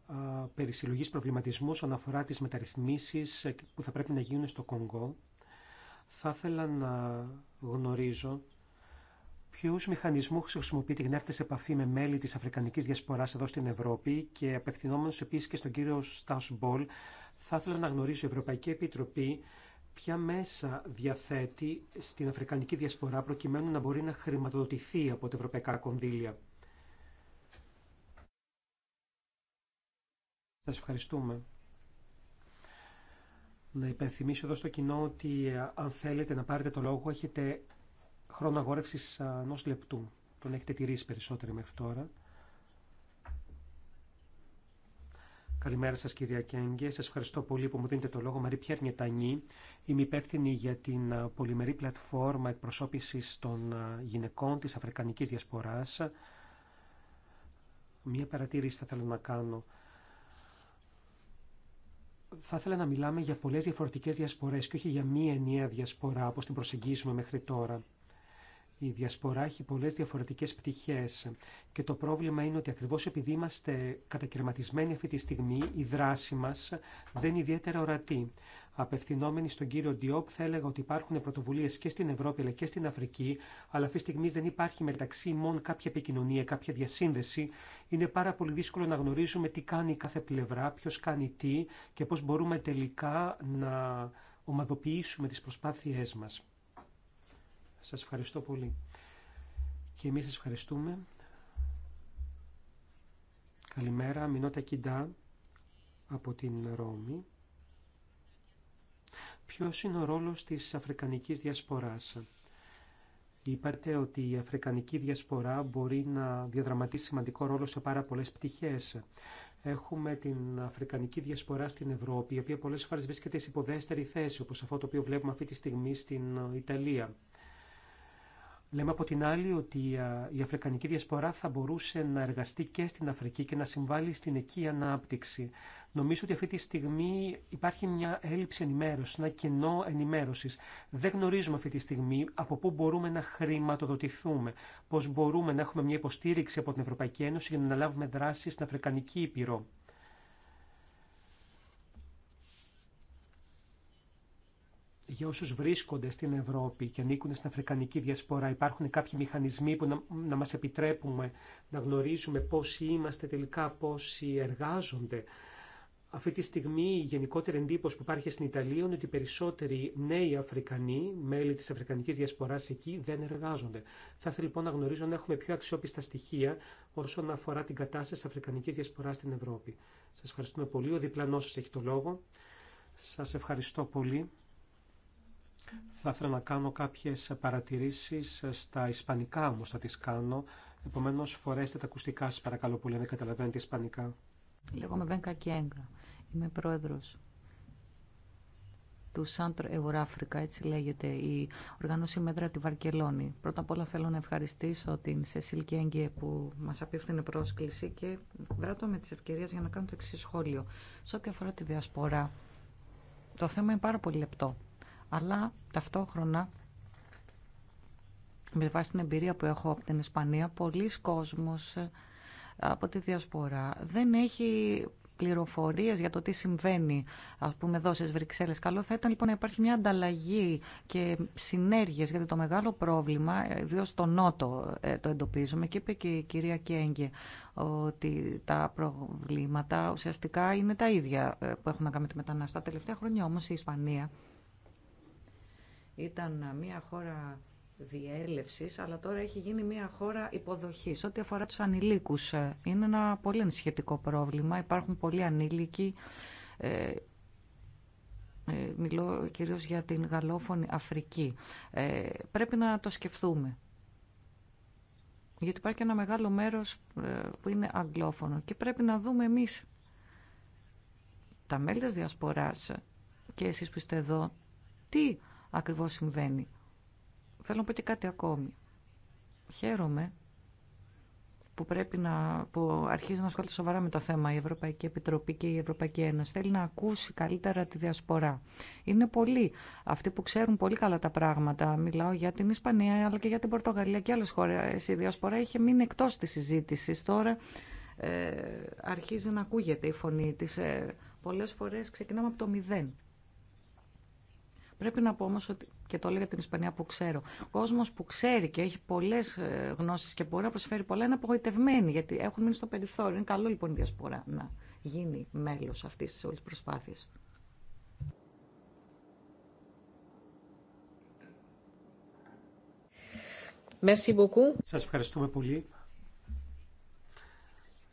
Περισυλλογής Προβληματισμού Αναφορά τις μεταρρυθμίσεις που θα πρέπει να γίνουν στο Κονγκό. Θα ήθελα να γνωρίζω ποιους μηχανισμούς χρησιμοποιεί για να σε επαφή με μέλη της Αφρικανικής Διασποράς εδώ στην Ευρώπη και απευθυνόμενος επίσης και στον κύριο Στάσου Μπολ θα ήθελα να γνωρίσω η Ευρωπαϊκή Επιτροπή ποια μέσα διαθέτει στην Αφρικανική Διασπορά προκειμένου να μπορεί να χρηματοδοτηθεί από τα ευρωπαϊκά κονδύλια. Σας ευχαριστούμε. Να υπενθυμίσω εδώ στο κοινό ότι ε, αν θέλετε να πάρετε το λόγο έχετε χρόνο αγόρευσης ε, ενό λεπτού. Τον έχετε τηρήσει περισσότερο μέχρι τώρα. Καλημέρα σα κυρία Κέγγε. Σας ευχαριστώ πολύ που μου δίνετε το λόγο. Μαρή Πιέρνιε Τανί. Είμαι υπεύθυνη για την πολυμερή πλατφόρμα εκπροσώπησης των γυναικών τη Αφρικανικής Διασποράς. Μία παρατήρηση θα θέλω να κάνω. Θα ήθελα να μιλάμε για πολλές διαφορετικέ διασπορές και όχι για μία ενιαία διασπορά όπω την προσεγγίζουμε μέχρι τώρα. Η διασπορά έχει πολλές διαφορετικές πτυχές και το πρόβλημα είναι ότι ακριβώς επειδή είμαστε κατακαιρματισμένοι αυτή τη στιγμή, η δράση μας δεν είναι ιδιαίτερα ορατή. Απευθυνόμενοι στον κύριο Ντιόπ, θα έλεγα ότι υπάρχουν πρωτοβουλίε και στην Ευρώπη αλλά και στην Αφρική, αλλά αυτή τη στιγμή δεν υπάρχει μεταξύ μόνο κάποια επικοινωνία, κάποια διασύνδεση. Είναι πάρα πολύ δύσκολο να γνωρίζουμε τι κάνει κάθε πλευρά, ποιο κάνει τι και πώ μπορούμε τελικά να ομαδοποιήσουμε τι προσπάθειέ μα. Σας ευχαριστώ πολύ. Και εμείς σας ευχαριστούμε. Καλημέρα, Μινώτα Κιντά από την Ρώμη. Ποιος είναι ο ρόλος της Αφρικανικής Διασποράς. Είπατε ότι η Αφρικανική Διασπορά μπορεί να διαδραματίσει σημαντικό ρόλο σε πάρα πολλές πτυχές. Έχουμε την Αφρικανική Διασπορά στην Ευρώπη, η οποία πολλές φορές βρίσκεται σε υποδέστερη θέση, όπως αυτό το οποίο βλέπουμε αυτή τη στιγμή στην Ιταλία. Λέμε από την άλλη ότι η Αφρικανική Διασπορά θα μπορούσε να εργαστεί και στην Αφρική και να συμβάλλει στην εκεί ανάπτυξη. Νομίζω ότι αυτή τη στιγμή υπάρχει μια έλλειψη ενημέρωση, ένα κενό ενημέρωση. Δεν γνωρίζουμε αυτή τη στιγμή από πού μπορούμε να χρηματοδοτηθούμε, πώ μπορούμε να έχουμε μια υποστήριξη από την Ευρωπαϊκή Ένωση για να αναλάβουμε δράση στην Αφρικανική Ήπειρο. για όσους βρίσκονται στην Ευρώπη και ανήκουν στην Αφρικανική Διασπορά. Υπάρχουν κάποιοι μηχανισμοί που να, να μας επιτρέπουμε να γνωρίζουμε πόσοι είμαστε τελικά, πόσοι εργάζονται. Αυτή τη στιγμή η γενικότερη εντύπωση που υπάρχει στην Ιταλία είναι ότι περισσότεροι νέοι Αφρικανοί, μέλη της Αφρικανικής Διασποράς εκεί, δεν εργάζονται. Θα ήθελα λοιπόν να γνωρίζω αν έχουμε πιο αξιόπιστα στοιχεία όσον αφορά την κατάσταση της Αφρικανικής Διασποράς στην Ευρώπη. Σας ευχαριστούμε πολύ. Ο διπλανός σας έχει το λόγο. Σας ευχαριστώ πολύ. Θα ήθελα να κάνω κάποιες παρατηρήσεις στα ισπανικά όμως θα τις κάνω. Επομένως φορέστε τα ακουστικά σας παρακαλώ πολύ, δεν καταλαβαίνετε ισπανικά. Λέγομαι Βένκα Κιέγκα. Είμαι πρόεδρος του Σάντρο Ευρωάφρικα, έτσι λέγεται η οργάνωση Μέτρα τη Βαρκελόνη. Πρώτα απ' όλα θέλω να ευχαριστήσω την Σεσίλ Κιέγκε που μα απίφθινε πρόσκληση και βράτω με τι ευκαιρίε για να κάνω το εξή σχόλιο. Σε ό,τι αφορά τη διασπορά, το θέμα είναι πάρα πολύ λεπτό αλλά ταυτόχρονα με βάση την εμπειρία που έχω από την Ισπανία, πολλοί κόσμος ε, από τη Διασπορά δεν έχει πληροφορίες για το τι συμβαίνει, ας πούμε, εδώ στις Βρυξέλλες. Καλό θα ήταν λοιπόν να υπάρχει μια ανταλλαγή και συνέργειες, γιατί το μεγάλο πρόβλημα, ιδίω στο Νότο ε, το εντοπίζουμε και είπε και η κυρία Κέγγε ότι τα προβλήματα ουσιαστικά είναι τα ίδια ε, που έχουν να κάνουν με τη μεταναστά. Τα τελευταία χρόνια όμως η Ισπανία ήταν μια χώρα διέλευσης, αλλά τώρα έχει γίνει μια χώρα υποδοχής. Ό,τι αφορά τους ανηλίκους, ε, είναι ένα πολύ ενσχετικό πρόβλημα. Υπάρχουν πολλοί ανήλικοι. Ε, ε, μιλώ κυρίως για την γαλλόφωνη Αφρική. Ε, πρέπει να το σκεφτούμε. Γιατί υπάρχει ένα μεγάλο μέρος που είναι αγγλόφωνο και πρέπει να δούμε εμείς τα μέλη της Διασποράς και εσείς που είστε εδώ, τι ακριβώς συμβαίνει. Θέλω να πω και κάτι ακόμη. Χαίρομαι που, πρέπει να, που αρχίζει να ασχολείται σοβαρά με το θέμα η Ευρωπαϊκή Επιτροπή και η Ευρωπαϊκή Ένωση. Θέλει να ακούσει καλύτερα τη διασπορά. Είναι πολλοί αυτοί που ξέρουν πολύ καλά τα πράγματα. Μιλάω για την Ισπανία αλλά και για την Πορτογαλία και άλλες χώρες. Η διασπορά είχε μείνει εκτός της συζήτηση. Τώρα ε, αρχίζει να ακούγεται η φωνή της. Ε, πολλές φορές ξεκινάμε από το μηδέν. Πρέπει να πω όμω ότι, και το έλεγα για την Ισπανία που ξέρω, ο κόσμο που ξέρει και έχει πολλέ ε, γνώσει και μπορεί να προσφέρει πολλά είναι απογοητευμένοι γιατί έχουν μείνει στο περιθώριο. Είναι καλό λοιπόν η διασπορά να γίνει μέλο αυτή τη όλη προσπάθεια. Merci Σας ευχαριστούμε πολύ.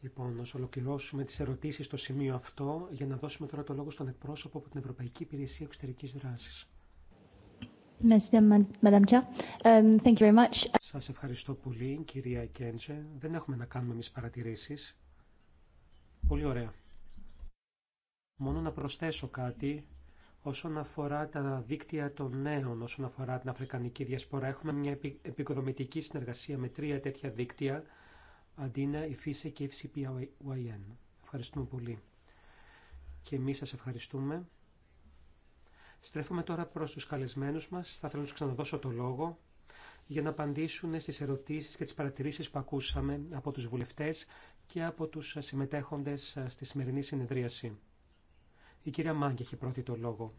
Λοιπόν, να ολοκληρώσουμε τις ερωτήσεις στο σημείο αυτό για να δώσουμε τώρα το λόγο στον εκπρόσωπο από την Ευρωπαϊκή Υπηρεσία Εξωτερικής Δράσης. Um, σας ευχαριστώ πολύ, κυρία Κέντζε. Δεν έχουμε να κάνουμε εμείς παρατηρήσεις. Πολύ ωραία. Μόνο να προσθέσω κάτι όσον αφορά τα δίκτυα των νέων, όσον αφορά την Αφρικανική Διασπορά. Έχουμε μια επικοδομητική συνεργασία με τρία τέτοια δίκτυα, Αντίνα, η ΦΥΣΕ και η FCPYN. Ευχαριστούμε πολύ. Και εμείς σας ευχαριστούμε. Στρέφουμε τώρα προς τους καλεσμένους μας. Θα θέλω να τους ξαναδώσω το λόγο για να απαντήσουν στις ερωτήσεις και τις παρατηρήσεις που ακούσαμε από τους βουλευτές και από τους συμμετέχοντες στη σημερινή συνεδρίαση. Η κυρία Μάγκη έχει πρώτη το λόγο.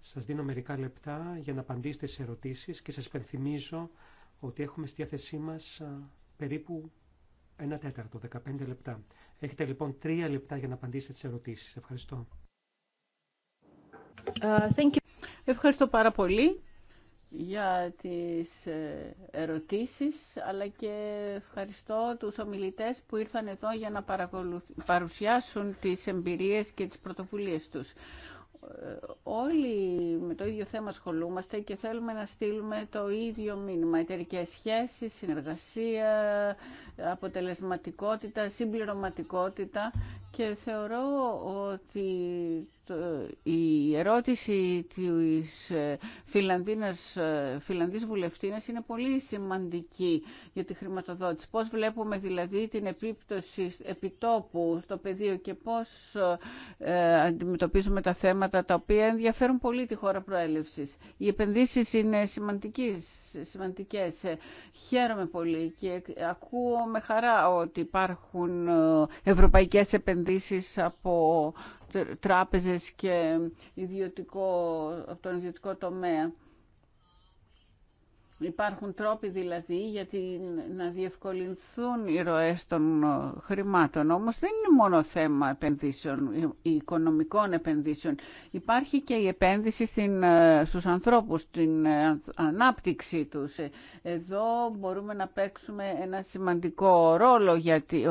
Σας δίνω μερικά λεπτά για να απαντήσετε στις ερωτήσεις και σας υπενθυμίζω ότι έχουμε στη διάθεσή μας περίπου ένα τέταρτο, 15 λεπτά. Έχετε λοιπόν τρία λεπτά για να απαντήσετε στις ερωτήσεις. Ευχαριστώ. Uh, ευχαριστώ πάρα πολύ για τις ε, ερωτήσεις αλλά και ευχαριστώ τους ομιλητές που ήρθαν εδώ για να παρουσιάσουν τις εμπειρίες και τις πρωτοβουλίες τους. Ε, όλοι με το ίδιο θέμα ασχολούμαστε και θέλουμε να στείλουμε το ίδιο μήνυμα. Εταιρικές σχέσεις, συνεργασία, αποτελεσματικότητα, συμπληρωματικότητα και θεωρώ ότι ε, η ερώτηση της ε, Φιλανδίνας, ε, Φιλανδής Βουλευτίνας είναι πολύ σημαντική για τη χρηματοδότηση. Πώς βλέπουμε δηλαδή την επίπτωση επιτόπου στο πεδίο και πώς αντιμετωπίζουμε τα θέματα τα οποία ενδιαφέρουν πολύ τη χώρα προέλευσης. Οι επενδύσεις είναι σημαντικές. Χαίρομαι πολύ και ακούω με χαρά ότι υπάρχουν ευρωπαϊκές επενδύσεις από τράπεζες και ιδιωτικό, από τον ιδιωτικό τομέα. Υπάρχουν τρόποι δηλαδή για την, να διευκολυνθούν οι ροές των ε, χρημάτων. Όμως δεν είναι μόνο θέμα επενδύσεων, οικονομικών επενδύσεων. Υπάρχει και η επένδυση στην, ε, στους ανθρώπους, στην ε, ανάπτυξη τους. Εδώ μπορούμε να παίξουμε ένα σημαντικό ρόλο, γιατί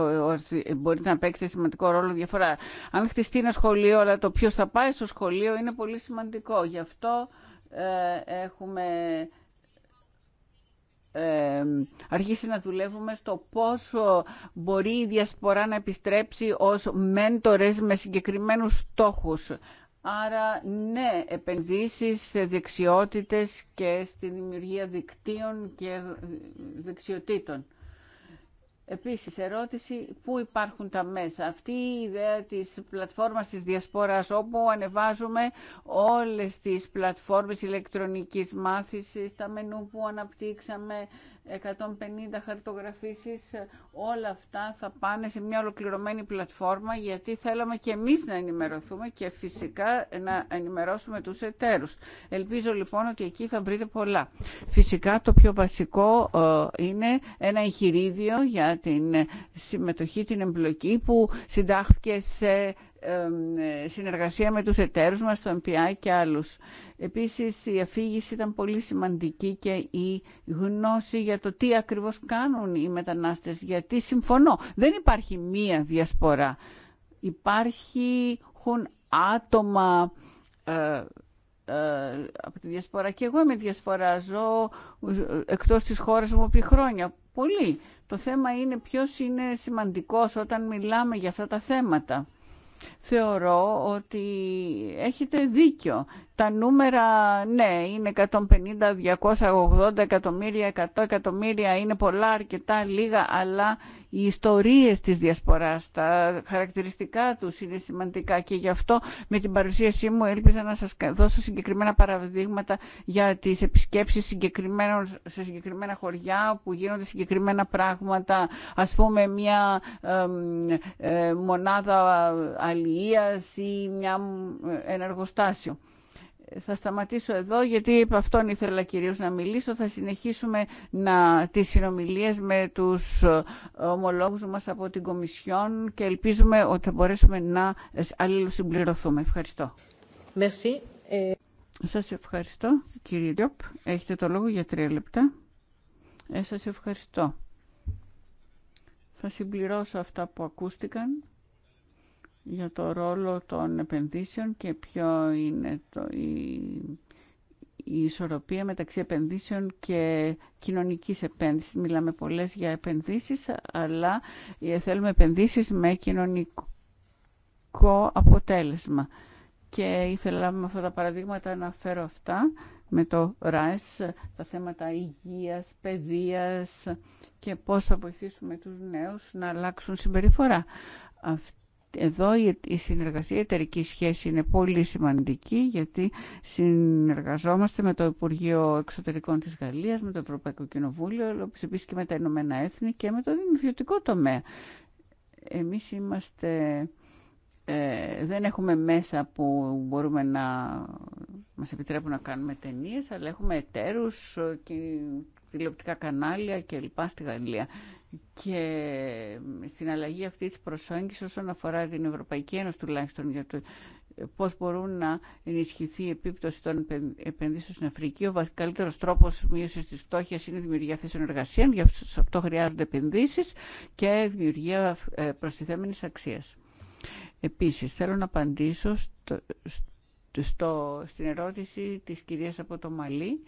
μπορεί να παίξει σημαντικό ρόλο διαφορά. Αν χτιστεί ένα σχολείο, αλλά το ποιο θα πάει στο σχολείο είναι πολύ σημαντικό. Γι' αυτό έχουμε αρχίσει να δουλεύουμε στο πόσο μπορεί η διασπορά να επιστρέψει ως μέντορες με συγκεκριμένους στόχους. Άρα, ναι, επενδύσεις σε δεξιότητες και στη δημιουργία δικτύων και δεξιοτήτων. Επίσης, ερώτηση πού υπάρχουν τα μέσα. Αυτή η ιδέα της πλατφόρμας της Διασπόρας όπου ανεβάζουμε όλες τις πλατφόρμες ηλεκτρονικής μάθησης, τα μενού που αναπτύξαμε, 150 χαρτογραφήσεις, όλα αυτά θα πάνε σε μια ολοκληρωμένη πλατφόρμα γιατί θέλαμε και εμείς να ενημερωθούμε και φυσικά να ενημερώσουμε τους εταίρους. Ελπίζω λοιπόν ότι εκεί θα βρείτε πολλά. Φυσικά το πιο βασικό ε, είναι ένα εγχειρίδιο για την συμμετοχή, την εμπλοκή που συντάχθηκε σε ε, συνεργασία με τους εταίρους μας, το MPI και άλλους. Επίσης, η αφήγηση ήταν πολύ σημαντική και η γνώση για το τι ακριβώς κάνουν οι μετανάστες, γιατί συμφωνώ. Δεν υπάρχει μία διασπορά. Υπάρχουν άτομα ε, ε, από τη διασπορά και εγώ με διασπορά, ζω εκτός της χώρας μου επί χρόνια. Πολύ. Το θέμα είναι ποιος είναι σημαντικός όταν μιλάμε για αυτά τα θέματα θεωρώ ότι έχετε δίκιο. Τα νούμερα, ναι, είναι 150, 280 εκατομμύρια, 100 εκατομμύρια, είναι πολλά, αρκετά, λίγα, αλλά οι ιστορίες της διασποράς, τα χαρακτηριστικά τους είναι σημαντικά και γι' αυτό με την παρουσίασή μου έλπιζα να σας δώσω συγκεκριμένα παραδείγματα για τις επισκέψεις συγκεκριμένων, σε συγκεκριμένα χωριά που γίνονται συγκεκριμένα πράγματα, ας πούμε μια ε, μονάδα αλληλείας ή μια, ένα ε, εργοστάσιο θα σταματήσω εδώ γιατί από αυτόν ήθελα κυρίως να μιλήσω. Θα συνεχίσουμε να, τις συνομιλίες με τους ε, ομολόγους μας από την Κομισιόν και ελπίζουμε ότι θα μπορέσουμε να ε, αλληλοσυμπληρωθούμε. Ευχαριστώ. Merci. Ε, σας ευχαριστώ κύριε Λιόπ. Έχετε το λόγο για τρία λεπτά. Ε, σας ευχαριστώ. Θα συμπληρώσω αυτά που ακούστηκαν για το ρόλο των επενδύσεων και ποιο είναι το, η, ισορροπία μεταξύ επενδύσεων και κοινωνικής επένδυσης. Μιλάμε πολλές για επενδύσεις, αλλά ε, θέλουμε επενδύσεις με κοινωνικό αποτέλεσμα. Και ήθελα με αυτά τα παραδείγματα να φέρω αυτά με το ΡΑΣ, τα θέματα υγείας, παιδείας και πώς θα βοηθήσουμε τους νέους να αλλάξουν συμπεριφορά. Αυτή εδώ η συνεργασία η εταιρική σχέση είναι πολύ σημαντική γιατί συνεργαζόμαστε με το Υπουργείο Εξωτερικών της Γαλλίας, με το Ευρωπαϊκό Κοινοβούλιο, όπως επίσης και με τα Ηνωμένα Έθνη και με το δημοσιοτικό τομέα. Εμείς είμαστε... Ε, δεν έχουμε μέσα που μπορούμε να μας επιτρέπουν να κάνουμε ταινίε, αλλά έχουμε εταίρους ε, και τηλεοπτικά κανάλια και λοιπά στη Γαλλία και στην αλλαγή αυτή της προσέγγισης όσον αφορά την Ευρωπαϊκή Ένωση τουλάχιστον για το πώς μπορούν να ενισχυθεί η επίπτωση των επενδύσεων στην Αφρική. Ο καλύτερος τρόπος μείωσης της φτώχειας είναι η δημιουργία θέσεων εργασία, γι' αυτό χρειάζονται επενδύσεις και δημιουργία ε, προστιθέμενης αξίας. Επίσης, θέλω να απαντήσω στο, στην ερώτηση της κυρίας από το Μαλή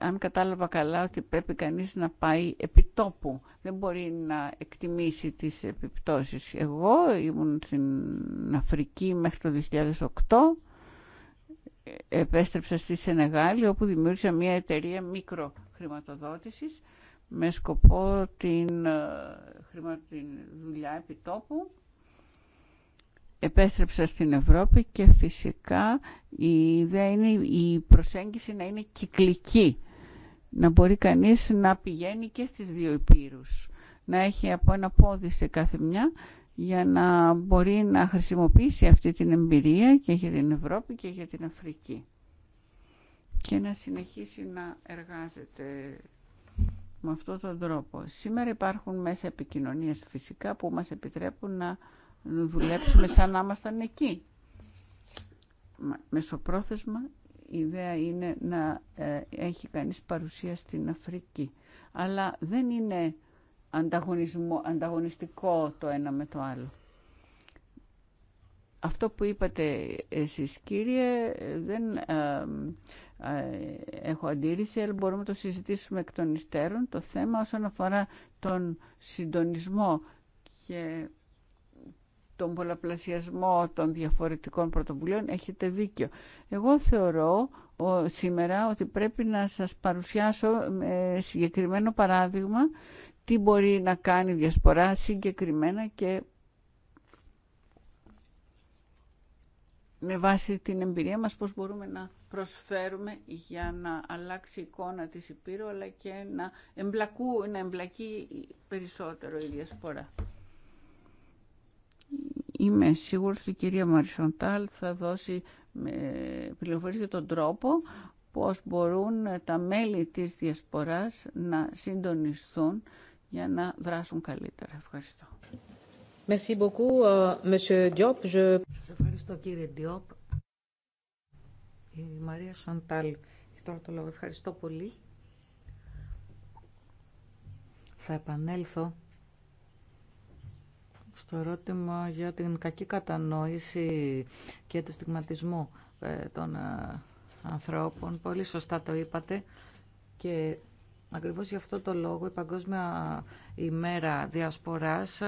αν κατάλαβα καλά, ότι πρέπει κανείς να πάει επιτόπου Δεν μπορεί να εκτιμήσει τις επιπτώσεις. Εγώ ήμουν στην Αφρική μέχρι το 2008. Επέστρεψα στη Σενεγάλη, όπου δημιούργησα μια εταιρεία μικροχρηματοδότησης με σκοπό την, ε, την δουλειά επιτόπου επέστρεψα στην Ευρώπη και φυσικά η ιδέα είναι η προσέγγιση να είναι κυκλική. Να μπορεί κανείς να πηγαίνει και στις δύο υπήρους. Να έχει από ένα πόδι σε κάθε μια για να μπορεί να χρησιμοποιήσει αυτή την εμπειρία και για την Ευρώπη και για την Αφρική. Και να συνεχίσει να εργάζεται με αυτόν τον τρόπο. Σήμερα υπάρχουν μέσα επικοινωνίας φυσικά που μας επιτρέπουν να να δουλέψουμε σαν να ήμασταν εκεί. Μεσοπρόθεσμα η ιδέα είναι να ε, έχει κανείς παρουσία στην Αφρική. Αλλά δεν είναι ανταγωνισμό, ανταγωνιστικό το ένα με το άλλο. Αυτό που είπατε εσείς κύριε δεν ε, ε, έχω αντίρρηση αλλά μπορούμε να το συζητήσουμε εκ των υστέρων το θέμα όσον αφορά τον συντονισμό και τον πολλαπλασιασμό των διαφορετικών πρωτοβουλίων, έχετε δίκιο. Εγώ θεωρώ σήμερα ότι πρέπει να σας παρουσιάσω με συγκεκριμένο παράδειγμα τι μπορεί να κάνει η διασπορά συγκεκριμένα και με βάση την εμπειρία μας πώς μπορούμε να προσφέρουμε για να αλλάξει η εικόνα της Υπήρου αλλά και να, εμπλακού, να εμπλακεί περισσότερο η διασπορά. Είμαι σίγουρος ότι η κυρία Μαρισοντάλ θα δώσει ε, πληροφορίες για τον τρόπο πώς μπορούν τα μέλη της Διασποράς να συντονιστούν για να δράσουν καλύτερα. Ευχαριστώ. Merci beaucoup, euh, Monsieur Diop. Je... Σας ευχαριστώ κύριε Διόπ. Η Μαρία Σαντάλ, έχει τώρα το Ευχαριστώ πολύ. Θα επανέλθω στο ερώτημα για την κακή κατανόηση και το στιγματισμό ε, των ε, ανθρώπων. Πολύ σωστά το είπατε και ακριβώς γι' αυτό το λόγο η Παγκόσμια ημέρα διασποράς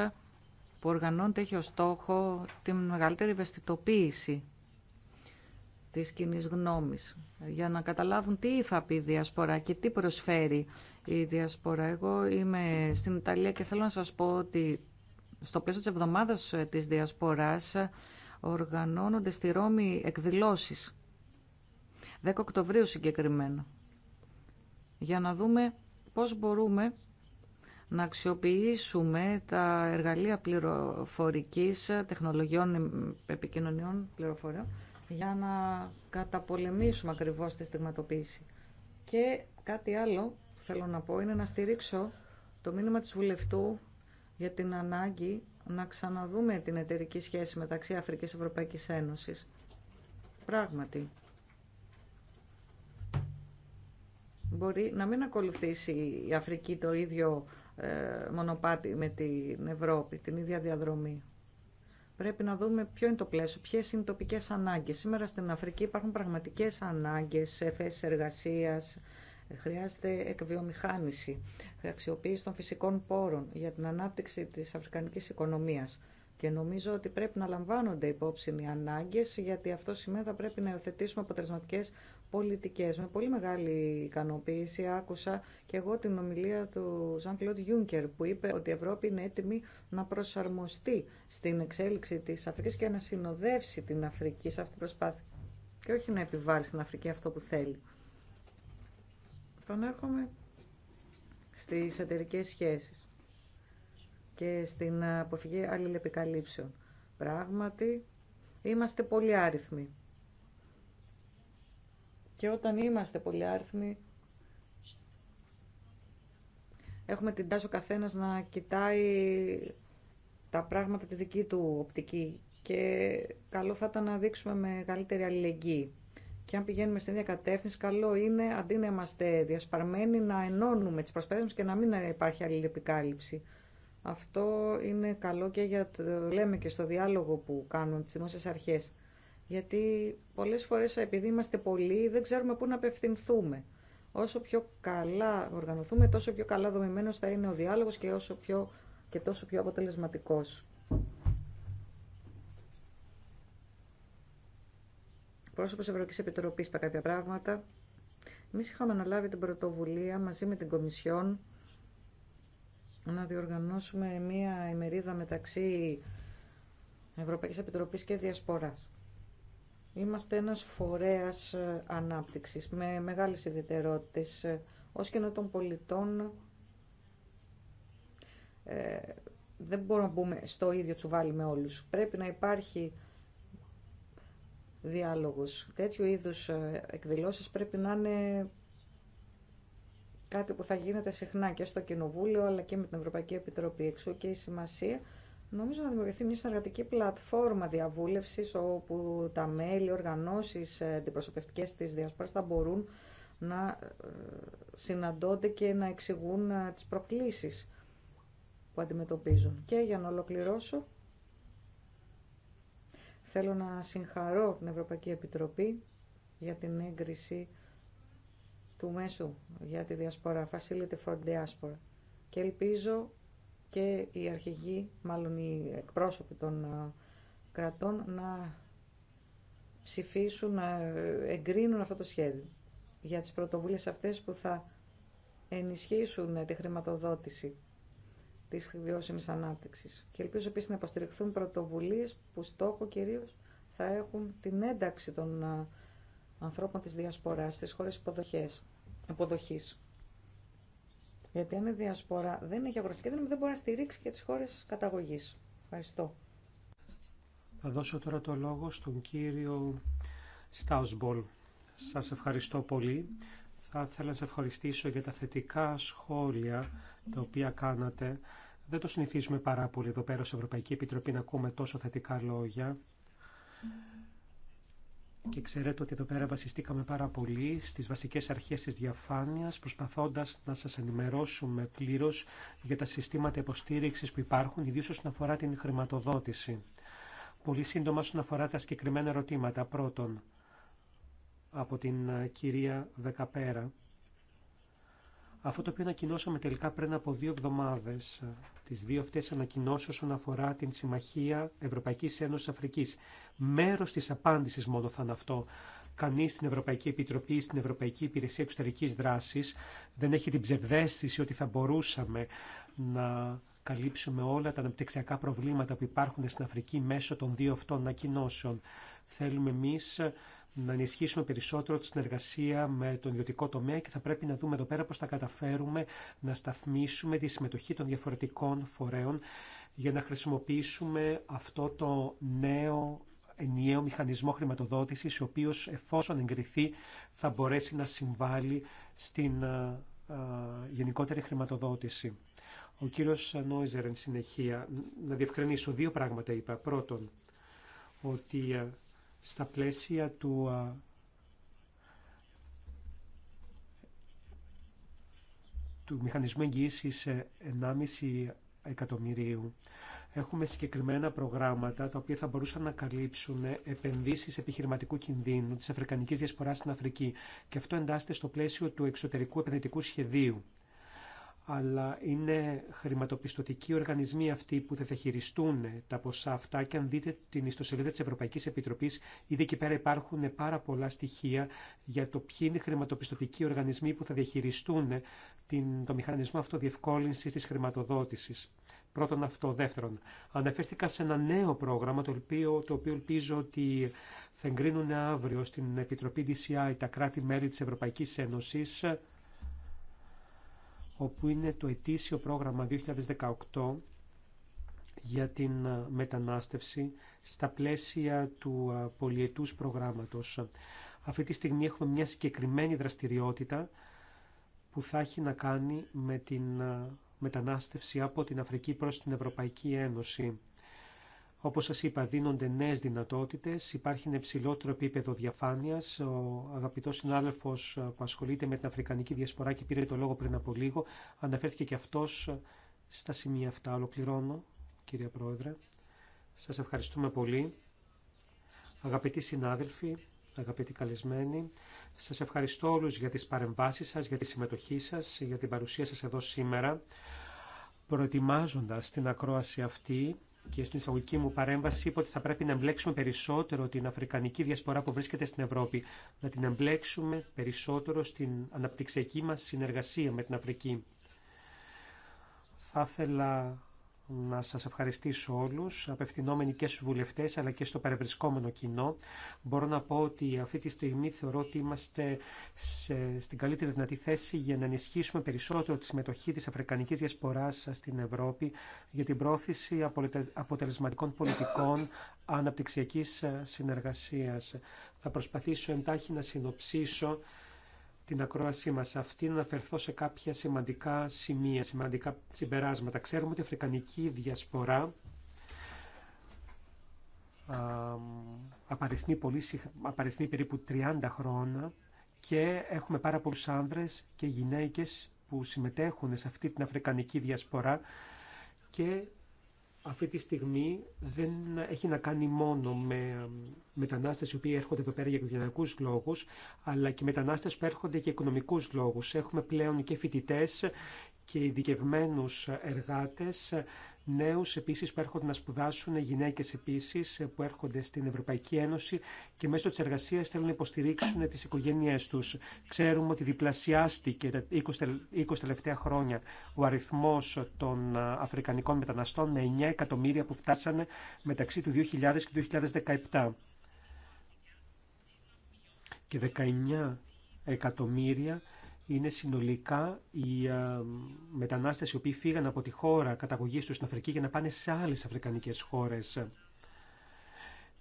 που οργανώνεται έχει ως στόχο τη μεγαλύτερη ευαισθητοποίηση της κοινή γνώμης για να καταλάβουν τι θα πει η διασπορά και τι προσφέρει η διασπορά. Εγώ είμαι στην Ιταλία και θέλω να σας πω ότι στο πλαίσιο της εβδομάδας ε, της Διασποράς ε, οργανώνονται στη Ρώμη εκδηλώσεις. 10 Οκτωβρίου συγκεκριμένα. Για να δούμε πώς μπορούμε να αξιοποιήσουμε τα εργαλεία πληροφορικής, τεχνολογιών, ε, επικοινωνιών πληροφοριών, για να καταπολεμήσουμε ακριβώς τη στιγματοποίηση. Και κάτι άλλο που θέλω να πω είναι να στηρίξω το μήνυμα της βουλευτού για την ανάγκη να ξαναδούμε την εταιρική σχέση μεταξύ Αφρικής και Ευρωπαϊκής Ένωσης. Πράγματι, μπορεί να μην ακολουθήσει η Αφρική το ίδιο ε, μονοπάτι με την Ευρώπη, την ίδια διαδρομή. Πρέπει να δούμε ποιο είναι το πλαίσιο, ποιε είναι οι τοπικέ ανάγκες. Σήμερα στην Αφρική υπάρχουν πραγματικές ανάγκε σε θέσει εργασία. Χρειάζεται εκβιομηχάνηση, αξιοποίηση των φυσικών πόρων για την ανάπτυξη της αφρικανικής οικονομίας. Και νομίζω ότι πρέπει να λαμβάνονται υπόψη οι ανάγκες, γιατί αυτό σημαίνει θα πρέπει να υιοθετήσουμε αποτελεσματικέ πολιτικές. Με πολύ μεγάλη ικανοποίηση άκουσα και εγώ την ομιλία του Ζαν Κλοντ Γιούνκερ που είπε ότι η Ευρώπη είναι έτοιμη να προσαρμοστεί στην εξέλιξη της Αφρικής και να συνοδεύσει την Αφρική σε αυτή την προσπάθεια και όχι να επιβάλλει στην Αφρική αυτό που θέλει έχουμε στις εταιρικέ σχέσεις και στην αποφυγή αλληλεπικαλύψεων. Πράγματι, είμαστε πολύ άριθμοι. Και όταν είμαστε πολύ άριθμοι, έχουμε την τάση ο καθένας να κοιτάει τα πράγματα από τη δική του οπτική και καλό θα ήταν να δείξουμε μεγαλύτερη αλληλεγγύη. Και αν πηγαίνουμε στην ίδια κατεύθυνση, καλό είναι αντί να είμαστε διασπαρμένοι να ενώνουμε τι προσπάθειε και να μην υπάρχει αλληλεπικάλυψη. Αυτό είναι καλό και για το λέμε και στο διάλογο που κάνουν τις δημόσιε αρχέ. Γιατί πολλές φορές επειδή είμαστε πολλοί δεν ξέρουμε πού να απευθυνθούμε. Όσο πιο καλά οργανωθούμε, τόσο πιο καλά δομημένο θα είναι ο διάλογο και, και τόσο πιο αποτελεσματικό. πρόσωπος Ευρωπαϊκή Επιτροπή είπα κάποια πράγματα. Εμεί είχαμε αναλάβει την πρωτοβουλία μαζί με την Κομισιόν να διοργανώσουμε μία ημερίδα μεταξύ Ευρωπαϊκής Επιτροπής και Διασποράς. Είμαστε ένας φορέας ανάπτυξης με μεγάλες ιδιαιτερότητες ως κοινό των πολιτών ε, δεν μπορούμε να μπούμε στο ίδιο τσουβάλι με όλους. Πρέπει να υπάρχει διάλογους. Τέτοιου είδους ε, εκδηλώσεις πρέπει να είναι κάτι που θα γίνεται συχνά και στο Κοινοβούλιο αλλά και με την Ευρωπαϊκή Επιτροπή. Εξού και η σημασία νομίζω να δημιουργηθεί μια συνεργατική πλατφόρμα διαβούλευσης όπου τα μέλη, οργανώσεις, ε, αντιπροσωπευτικές της διασπάρας θα μπορούν να ε, συναντώνται και να εξηγούν τις προκλήσεις που αντιμετωπίζουν. Και για να ολοκληρώσω, Θέλω να συγχαρώ την Ευρωπαϊκή Επιτροπή για την έγκριση του μέσου για τη διασπορά, Facility for Diaspora. Και ελπίζω και οι αρχηγοί, μάλλον οι εκπρόσωποι των ε, κρατών, να ψηφίσουν, να ε, εγκρίνουν αυτό το σχέδιο για τις πρωτοβουλίες αυτές που θα ενισχύσουν ε, τη χρηματοδότηση Τη βιώσιμη ανάπτυξη. Και ελπίζω επίσης να υποστηριχθούν πρωτοβουλίε που στόχο κυρίως θα έχουν την ένταξη των ε, ανθρώπων τη διασπορά, στις χώρε υποδοχή. Γιατί αν η διασπορά δεν έχει αγοραστική δύναμη, δεν μπορεί να στηρίξει και τις χώρε καταγωγή. Ευχαριστώ. Θα δώσω τώρα το λόγο στον κύριο Στάουσμπολ. Σας ευχαριστώ πολύ. Θα ήθελα να σας ευχαριστήσω για τα θετικά σχόλια τα οποία κάνατε. Δεν το συνηθίζουμε πάρα πολύ εδώ πέρα στην Ευρωπαϊκή Επιτροπή να ακούμε τόσο θετικά λόγια. Και ξέρετε ότι εδώ πέρα βασιστήκαμε πάρα πολύ στις βασικές αρχές της διαφάνειας, προσπαθώντας να σας ενημερώσουμε πλήρως για τα συστήματα υποστήριξης που υπάρχουν, ιδίως όσον αφορά την χρηματοδότηση. Πολύ σύντομα όσον αφορά τα συγκεκριμένα ερωτήματα. Πρώτον, από την ε, κυρία Δεκαπέρα. Αυτό το οποίο ανακοινώσαμε τελικά πριν από δύο εβδομάδες, ε, τις δύο αυτές ανακοινώσεις όσον αφορά την Συμμαχία Ευρωπαϊκής Ένωσης Αφρικής. Μέρος της απάντησης μόνο θα είναι αυτό. Κανεί στην Ευρωπαϊκή Επιτροπή ή στην Ευρωπαϊκή Υπηρεσία Εξωτερική Δράση δεν έχει την ψευδέστηση ότι θα μπορούσαμε να καλύψουμε όλα τα αναπτυξιακά προβλήματα που υπάρχουν στην Αφρική μέσω των δύο αυτών ανακοινώσεων. Θέλουμε εμεί να ενισχύσουμε περισσότερο τη συνεργασία με τον ιδιωτικό τομέα και θα πρέπει να δούμε εδώ πέρα πώς θα καταφέρουμε να σταθμίσουμε τη συμμετοχή των διαφορετικών φορέων για να χρησιμοποιήσουμε αυτό το νέο ενιαίο μηχανισμό χρηματοδότησης, ο οποίος εφόσον εγκριθεί θα μπορέσει να συμβάλλει στην ε, ε, γενικότερη χρηματοδότηση. Ο κύριος Νόιζερ, εν συνεχεία, να διευκρινίσω δύο πράγματα είπα. Πρώτον, ότι ε, στα πλαίσια του του μηχανισμού εγγύησης 1,5 ε, εκατομμυρίου. Έχουμε συγκεκριμένα προγράμματα τα οποία θα μπορούσαν να καλύψουν ε, επενδύσεις επιχειρηματικού κινδύνου της Αφρικανικής Διασποράς στην Αφρική και αυτό εντάσσεται στο πλαίσιο του εξωτερικού επενδυτικού σχεδίου αλλά είναι χρηματοπιστωτικοί οργανισμοί αυτοί που θα διαχειριστούν τα ποσά αυτά και αν δείτε την ιστοσελίδα της Ευρωπαϊκής Επιτροπής, ήδη εκεί πέρα υπάρχουν πάρα πολλά στοιχεία για το ποιοι είναι οι χρηματοπιστωτικοί οργανισμοί που θα διαχειριστούν την, το μηχανισμό αυτοδιευκόλυνσης της χρηματοδότησης. Πρώτον αυτό. Δεύτερον, αναφέρθηκα σε ένα νέο πρόγραμμα, το οποίο, το οποίο ελπίζω ότι θα εγκρίνουν αύριο στην Επιτροπή DCI τα κράτη-μέλη της Ευρωπαϊκής Ένωσης, όπου είναι το ετήσιο πρόγραμμα 2018 για την ε, μετανάστευση στα πλαίσια του ε, πολιετούς προγράμματος. Αυτή τη στιγμή έχουμε μια συγκεκριμένη δραστηριότητα που θα έχει να κάνει με την ε, μετανάστευση από την Αφρική προς την Ευρωπαϊκή Ένωση. Όπως σας είπα, δίνονται νέες δυνατότητες, υπάρχει ένα υψηλότερο επίπεδο διαφάνειας. Ο αγαπητός συνάδελφος ε, που ασχολείται με την Αφρικανική Διασπορά και πήρε το λόγο πριν από λίγο, αναφέρθηκε και αυτός στα σημεία αυτά. Ολοκληρώνω, κύριε Πρόεδρε. Σας ευχαριστούμε πολύ. Αγαπητοί συνάδελφοι, αγαπητοί καλεσμένοι, σας ευχαριστώ όλους για τις παρεμβάσεις σας, για τη συμμετοχή σας, για την παρουσία σας εδώ σήμερα. Προετοιμάζοντας την ακρόαση αυτή, και στην εισαγωγική μου παρέμβαση είπα ότι θα πρέπει να εμπλέξουμε περισσότερο την αφρικανική διασπορά που βρίσκεται στην Ευρώπη, να την εμπλέξουμε περισσότερο στην αναπτυξιακή μας συνεργασία με την Αφρική. Θα ήθελα να σας ευχαριστήσω όλους, απευθυνόμενοι και στους βουλευτές αλλά και στο παρευρισκόμενο κοινό. Μπορώ να πω ότι αυτή τη στιγμή θεωρώ ότι είμαστε σε, στην καλύτερη δυνατή θέση για να ενισχύσουμε περισσότερο τη συμμετοχή της Αφρικανικής Διασποράς στην Ευρώπη για την πρόθεση αποτελεσματικών πολιτικών αναπτυξιακής συνεργασίας. Θα προσπαθήσω εντάχει να συνοψίσω την ακρόασή μας αυτή να αναφερθώ σε κάποια σημαντικά σημεία, σημαντικά συμπεράσματα. Ξέρουμε ότι η Αφρικανική Διασπορά απαριθμεί, πολύ, απαριθμεί περίπου 30 χρόνια και έχουμε πάρα πολλούς άνδρες και γυναίκες που συμμετέχουν σε αυτή την Αφρικανική Διασπορά και αυτή τη στιγμή δεν έχει να κάνει μόνο με μετανάστες οι οποίοι έρχονται εδώ πέρα για οικογενειακού λόγους, αλλά και μετανάστες που έρχονται για οικονομικούς λόγους. Έχουμε πλέον και φοιτητέ και ειδικευμένου εργάτες Νέου επίση που έρχονται να σπουδάσουν, γυναίκε επίση ε, που έρχονται στην Ευρωπαϊκή Ένωση και μέσω τη εργασία θέλουν να υποστηρίξουν τι οικογένειε του. Ξέρουμε ότι διπλασιάστηκε τα 20 τελευταία χρόνια ο αριθμό των ε, Αφρικανικών μεταναστών με 9 εκατομμύρια που φτάσανε μεταξύ του 2000 και του 2017. Και 19 εκατομμύρια είναι συνολικά οι μετανάστες οι οποίοι φύγαν από τη χώρα καταγωγής τους στην Αφρική για να πάνε σε άλλες αφρικανικές χώρες.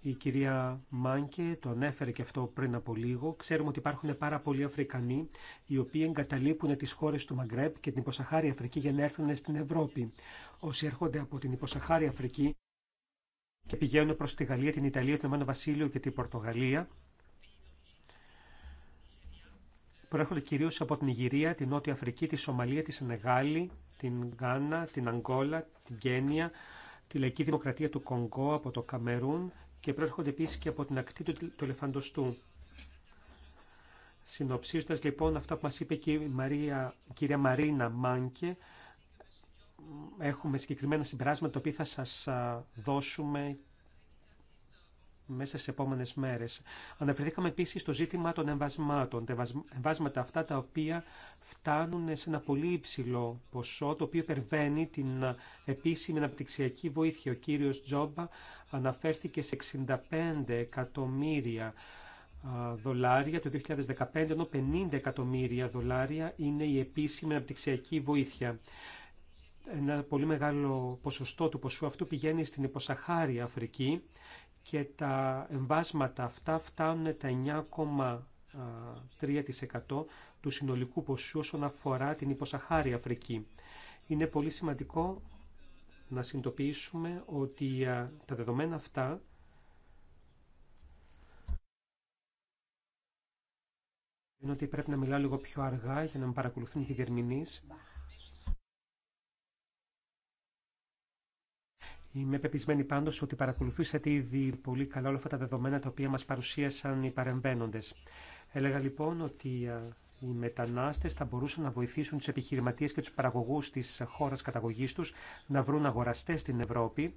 Η κυρία Μάνκε το ανέφερε και αυτό πριν από λίγο. Ξέρουμε ότι υπάρχουν πάρα πολλοί Αφρικανοί οι οποίοι εγκαταλείπουν τις χώρες του Μαγκρέπ και την υποσαχάρη Αφρική για να έρθουν στην Ευρώπη. Όσοι έρχονται από την υποσαχάρη Αφρική και πηγαίνουν προς τη Γαλλία, την Ιταλία, τον Ηνωμένο Βασίλειο και την Πορτογαλία, προέρχονται κυρίως από την Ιγυρία, την Νότια Αφρική, τη Σομαλία, τη Σενεγάλη, την Γκάνα, την Αγγόλα, την Κένια, τη Λαϊκή Δημοκρατία του Κονγκό, από το Καμερούν και προέρχονται επίσης και από την ακτή του Ελεφαντοστού. Συνοψίζοντα λοιπόν αυτά που μα είπε και η, Μαρία, κυρία Μαρίνα Μάνκε, έχουμε συγκεκριμένα συμπεράσματα τα θα σα δώσουμε μέσα στι επόμενε μέρε. Αναφερθήκαμε επίση στο ζήτημα των εμβασμάτων. Τα εμβάσματα αυτά τα οποία φτάνουν σε ένα πολύ υψηλό ποσό, το οποίο υπερβαίνει την ε, επίσημη αναπτυξιακή βοήθεια. Ο κύριο Τζόμπα αναφέρθηκε σε 65 εκατομμύρια ε, δολάρια το 2015, ενώ 50 εκατομμύρια δολάρια είναι η επίσημη αναπτυξιακή βοήθεια. Ένα πολύ μεγάλο ποσοστό του ποσού αυτού πηγαίνει στην υποσαχάρια Αφρική και τα εμβάσματα αυτά φτάνουν τα 9,3% του συνολικού ποσού όσον αφορά την υποσαχάρη Αφρική. Είναι πολύ σημαντικό να συνειδητοποιήσουμε ότι τα δεδομένα αυτά ότι πρέπει να μιλάω πιο αργά για να με παρακολουθούν οι Είμαι πεπισμένη πάντως ότι παρακολουθήσατε ήδη πολύ καλά όλα αυτά τα δεδομένα τα οποία μα παρουσίασαν οι παρεμβαίνοντε. Έλεγα λοιπόν ότι οι μετανάστες θα μπορούσαν να βοηθήσουν του επιχειρηματίε και του παραγωγού τη χώρα καταγωγή του να βρουν αγοραστέ στην Ευρώπη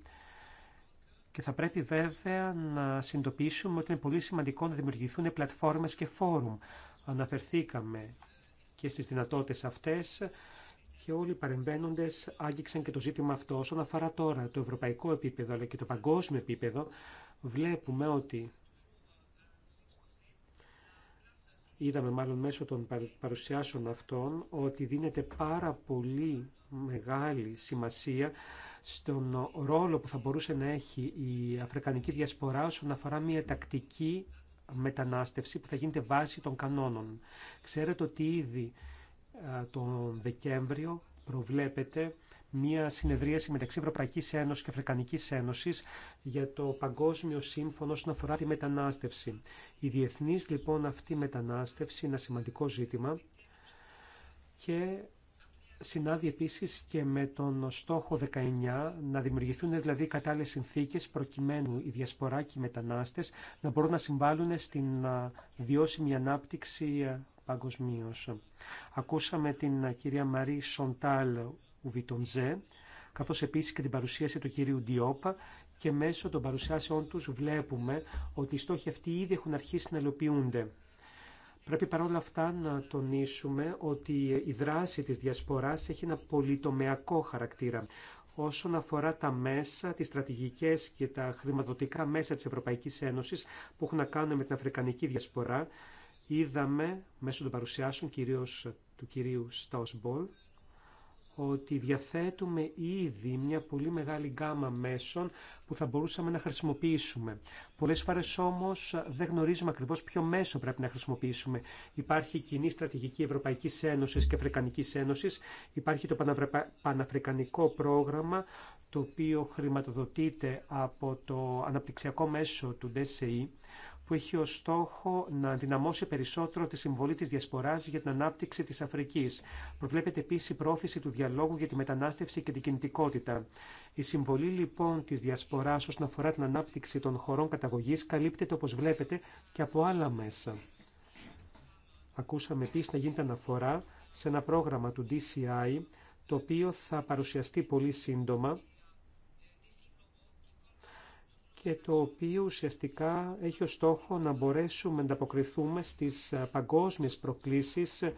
και θα πρέπει βέβαια να συνειδητοποιήσουμε ότι είναι πολύ σημαντικό να δημιουργηθούν πλατφόρμες και φόρουμ. Αναφερθήκαμε και στις δυνατότητες αυτές και όλοι οι παρεμβαίνοντε άγγιξαν και το ζήτημα αυτό. Όσον αφορά τώρα το ευρωπαϊκό επίπεδο αλλά και το παγκόσμιο επίπεδο, βλέπουμε ότι είδαμε μάλλον μέσω των παρουσιάσεων αυτών ότι δίνεται πάρα πολύ μεγάλη σημασία στον ρόλο που θα μπορούσε να έχει η Αφρικανική Διασπορά όσον αφορά μια τακτική μετανάστευση που θα γίνεται βάση των κανόνων. Ξέρετε ότι ήδη ε, τον Δεκέμβριο προβλέπεται μια συνεδρίαση μεταξύ Ευρωπαϊκή Ένωση και Αφρικανική Ένωση για το Παγκόσμιο Σύμφωνο όσον αφορά τη μετανάστευση. Η διεθνή λοιπόν αυτή μετανάστευση είναι ένα σημαντικό ζήτημα και συνάδει επίσης και με τον στόχο 19 να δημιουργηθούν δηλαδή κατάλληλες συνθήκες προκειμένου οι διασπορά και μετανάστες να μπορούν να συμβάλλουν στην βιώσιμη ανάπτυξη παγκοσμίω. Ακούσαμε την κυρία Μαρή Σοντάλ Ουβιτονζέ, καθώ επίση και την παρουσίαση του κυρίου Ντιόπα και μέσω των παρουσιάσεών του βλέπουμε ότι οι στόχοι αυτοί ήδη έχουν αρχίσει να υλοποιούνται. Πρέπει παρόλα αυτά να τονίσουμε ότι η δράση της διασποράς έχει ένα πολυτομεακό χαρακτήρα όσον αφορά τα μέσα, τις στρατηγικές και τα χρηματοδοτικά μέσα της Ευρωπαϊκής Ένωσης που έχουν να κάνουν με την Αφρικανική διασπορά είδαμε μέσω των παρουσιάσεων κυρίως του κυρίου Σταουσμπολ ότι διαθέτουμε ήδη μια πολύ μεγάλη γκάμα μέσων που θα μπορούσαμε να χρησιμοποιήσουμε. Πολλές φορές όμως δεν γνωρίζουμε ακριβώς ποιο μέσο πρέπει να χρησιμοποιήσουμε. Υπάρχει κοινή στρατηγική Ευρωπαϊκής Ένωσης και Αφρικανικής Ένωσης, υπάρχει το Παναφρικανικό Πρόγραμμα, το οποίο χρηματοδοτείται από το αναπτυξιακό μέσο του DSE, που έχει ως στόχο να δυναμώσει περισσότερο τη συμβολή της διασποράς για την ανάπτυξη της Αφρικής. Προβλέπεται επίσης η πρόθεση του διαλόγου για τη μετανάστευση και την κινητικότητα. Η συμβολή λοιπόν της διασποράς όσον αφορά την ανάπτυξη των χωρών καταγωγής καλύπτεται όπως βλέπετε και από άλλα μέσα. Ακούσαμε επίσης να γίνεται αναφορά σε ένα πρόγραμμα του DCI το οποίο θα παρουσιαστεί πολύ σύντομα και το οποίο ουσιαστικά έχει ως στόχο να μπορέσουμε να ανταποκριθούμε στις ε, παγκόσμιες προκλήσεις ε,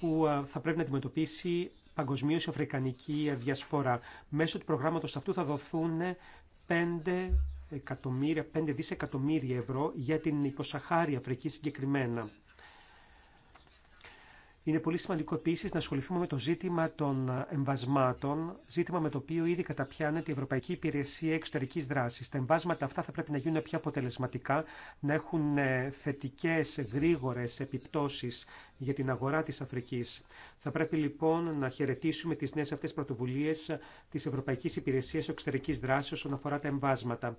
που ε, θα πρέπει να αντιμετωπίσει παγκοσμίως η αφρικανική διασπορά. Μέσω του προγράμματος αυτού θα δοθούν 5 εκατομμύρια, 5 δισεκατομμύρια ευρώ για την υποσαχάρη Αφρική συγκεκριμένα. Είναι πολύ σημαντικό επίση να ασχοληθούμε με το ζήτημα των εμβασμάτων, ζήτημα με το οποίο ήδη καταπιάνεται η Ευρωπαϊκή Υπηρεσία Εξωτερική Δράση. Τα εμβάσματα αυτά θα πρέπει να γίνουν πιο αποτελεσματικά, να έχουν ε, θετικέ, γρήγορε επιπτώσει για την αγορά τη Αφρική. Θα πρέπει λοιπόν να χαιρετήσουμε τι νέε αυτέ πρωτοβουλίε τη Ευρωπαϊκή Υπηρεσία Εξωτερική Δράση όσον αφορά τα εμβάσματα.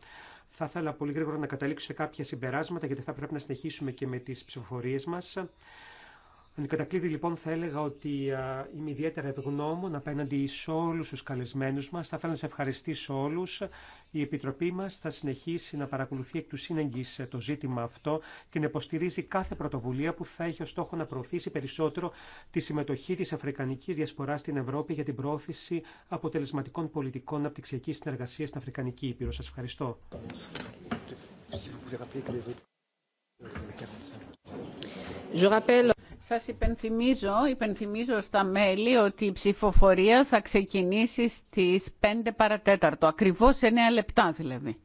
Θα ήθελα πολύ γρήγορα να καταλήξω σε κάποια συμπεράσματα, γιατί θα πρέπει να συνεχίσουμε και με τι ψηφοφορίε μα. Εν κατακλείδη λοιπόν θα έλεγα ότι α, είμαι ιδιαίτερα ευγνώμων απέναντι σε όλους τους καλεσμένους μας. Θα ήθελα να σε ευχαριστήσω όλους. Η Επιτροπή μας θα συνεχίσει να παρακολουθεί εκ του σύνεγγυς ε, το ζήτημα αυτό και να υποστηρίζει κάθε πρωτοβουλία που θα έχει ως στόχο να προωθήσει περισσότερο τη συμμετοχή της Αφρικανικής Διασποράς στην Ευρώπη για την προώθηση αποτελεσματικών πολιτικών αναπτυξιακής συνεργασίας στην Αφρικανική Ήπειρο. Σα ευχαριστώ. Je rappelle... Σας υπενθυμίζω, υπενθυμίζω στα μέλη ότι η ψηφοφορία θα ξεκινήσει στις 5 παρατέταρτο, ακριβώς 9 λεπτά δηλαδή.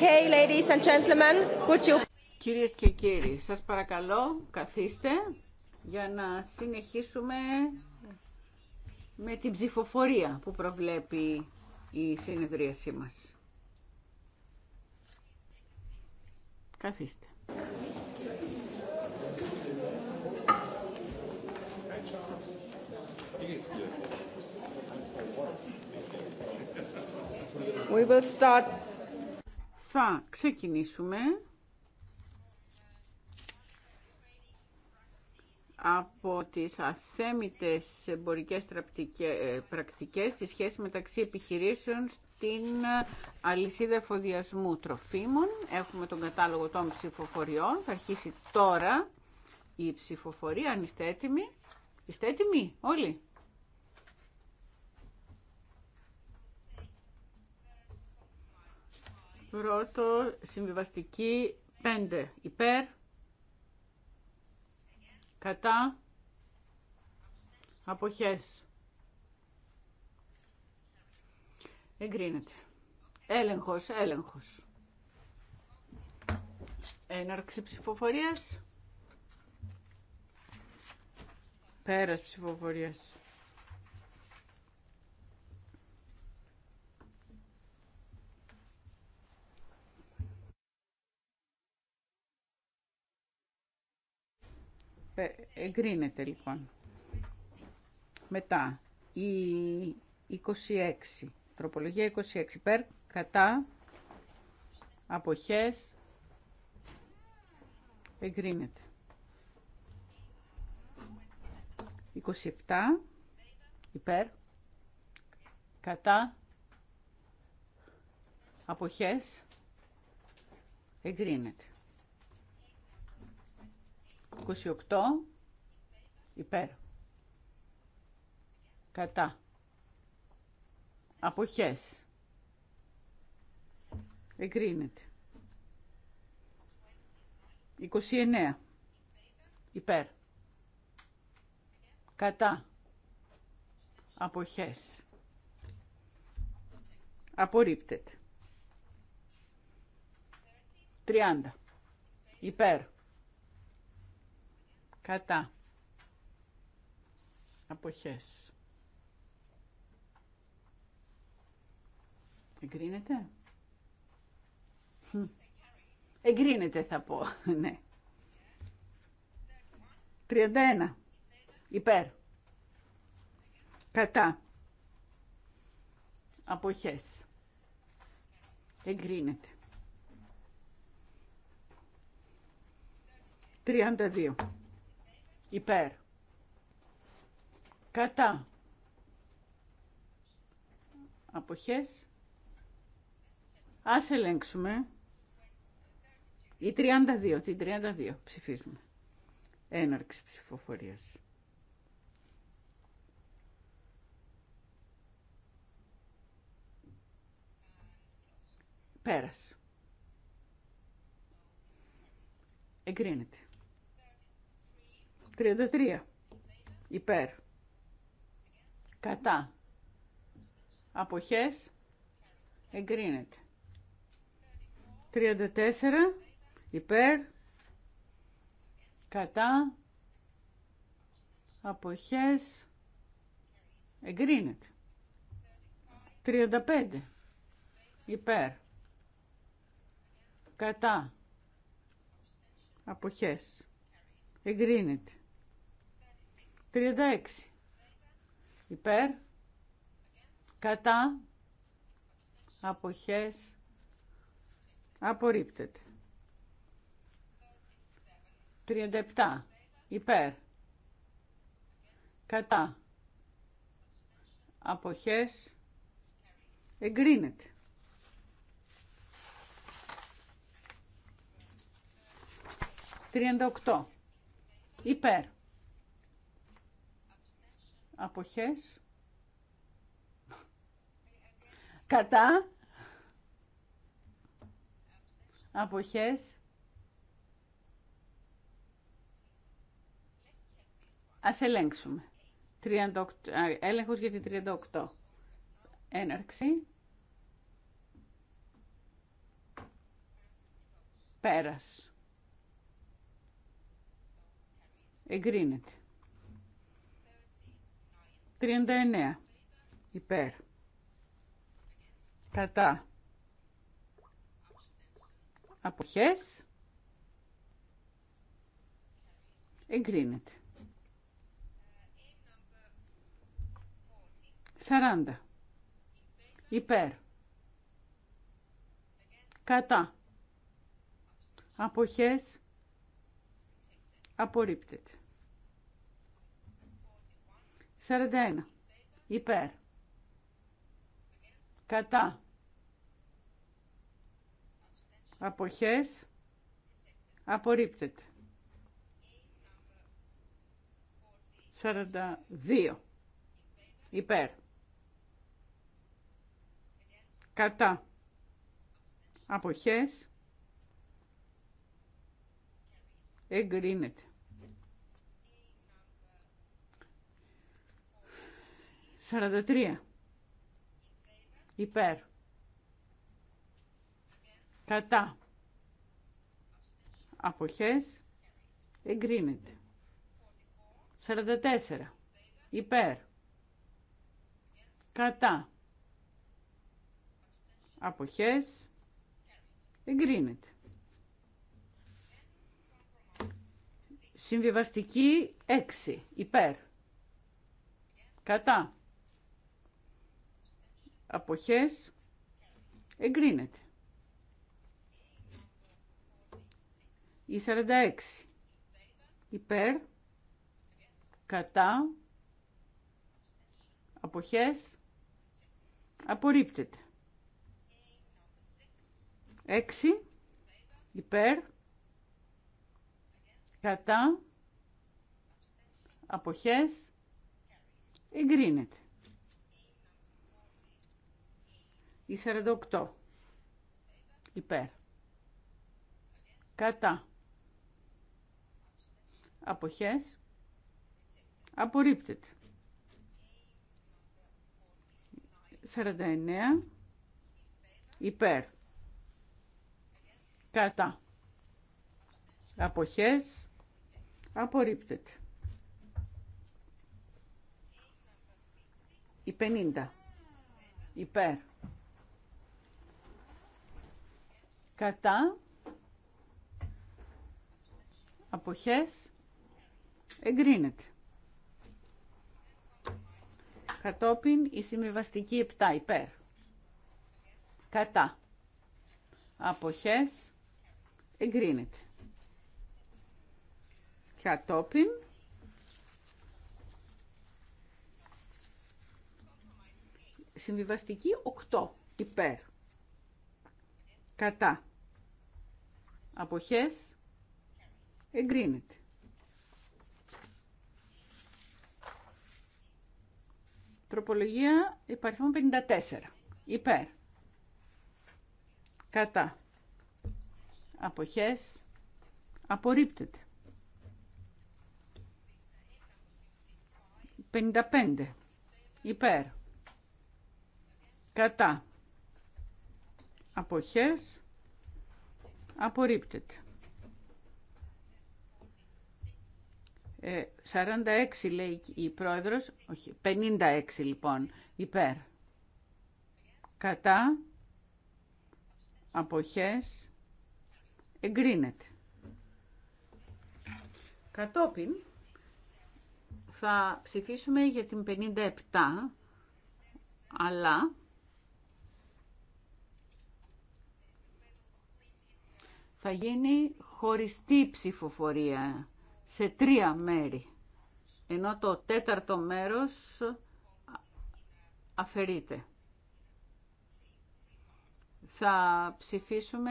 Okay, ladies Κυρίες και κύριοι, σας παρακαλώ καθίστε για να συνεχίσουμε με την ψηφοφορία που προβλέπει η συνεδρίασή μας. Καθίστε. We will start θα ξεκινήσουμε από τις αθέμητες εμπορικές πρακτικές στη σχέση μεταξύ επιχειρήσεων στην αλυσίδα εφοδιασμού τροφίμων. Έχουμε τον κατάλογο των ψηφοφοριών. Θα αρχίσει τώρα η ψηφοφορία, αν είστε έτοιμοι. Είστε έτοιμοι όλοι. Πρώτο, συμβιβαστική 5. Υπέρ. Κατά. Αποχές. Εγκρίνεται. Έλεγχος, έλεγχος. Έναρξη ψηφοφορίας. Πέρας ψηφοφορίας. Εγκρίνεται λοιπόν. Μετά, η 26, τροπολογία 26, περ, κατά, αποχές, εγκρίνεται. 27, υπέρ, κατά, αποχές, εγκρίνεται. 28 υπέρ. Κατά. Αποχές. Εγκρίνεται. 29 υπέρ. Κατά. Αποχές. Απορρίπτεται. 30 υπέρ. Κατά. Αποχές. Εγκρίνεται. Εγκρίνεται θα πω, ναι. 31. Υπέρ. Κατά. Αποχές. Εγκρίνεται. 32 υπέρ, κατά, αποχές, ας ελέγξουμε, η 32, την 32 ψηφίζουμε, έναρξη ψηφοφορίας. Πέρας. Εγκρίνεται. 33. Υπέρ. Κατά. Αποχές. Εγκρίνεται. 34. Υπέρ. Κατά. Αποχές. Εγκρίνεται. 35. Υπέρ. Κατά. Αποχές. Εγκρίνεται. 36. Υπέρ. Κατά. Αποχές. Απορρίπτεται. 37. Υπέρ. Κατά. Αποχές. Εγκρίνεται. 38. Υπέρ αποχές, κατά, αποχές, Ας ελέγξουμε. 38, έλεγχος για τη 38. Έναρξη. Πέρας. Εγκρίνεται. 39. Υπέρ. Κατά. Αποχές. Εγκρίνεται. 40. Υπέρ. Κατά. Αποχές. Απορρίπτεται. 41. Υπέρ. Κατά. Αποχές. Απορρίπτεται. 42. Υπέρ. Κατά. Αποχές. Εγκρίνεται. 43. Υπέρ. Κατά. Αποχές. Εγκρίνεται. 44. Υπέρ. Κατά. Αποχές. Εγκρίνεται. Συμβιβαστική 6. Υπέρ. Κατά αποχές εγκρίνεται. Η 46 υπέρ, κατά, αποχές απορρίπτεται. 6 υπέρ, κατά, αποχές εγκρίνεται. Η 48. Υπέρ. Κατά. Αποχές. Απορρίπτεται. 49. Υπέρ. Κατά. Αποχές. Απορρίπτεται. Η 50. Υπέρ. κατά, αποχές, εγκρίνεται. Κατόπιν η συμβιβαστική 7 υπέρ, κατά, αποχές, εγκρίνεται. Κατόπιν συμβιβαστική 8 υπέρ, κατά, Αποχές. Εγκρίνεται. Τροπολογία υπαριθμών 54. Υπέρ. Κατά. Αποχές. Απορρίπτεται. 55. Υπέρ. Κατά. Αποχές. Απορρίπτεται. 46 ε, λέει η πρόεδρος, όχι, 56 λοιπόν, υπέρ. Κατά, αποχές, εγκρίνεται. Κατόπιν θα ψηφίσουμε για την 57, αλλά θα γίνει χωριστή ψηφοφορία σε τρία μέρη, ενώ το τέταρτο μέρος αφαιρείται. Θα ψηφίσουμε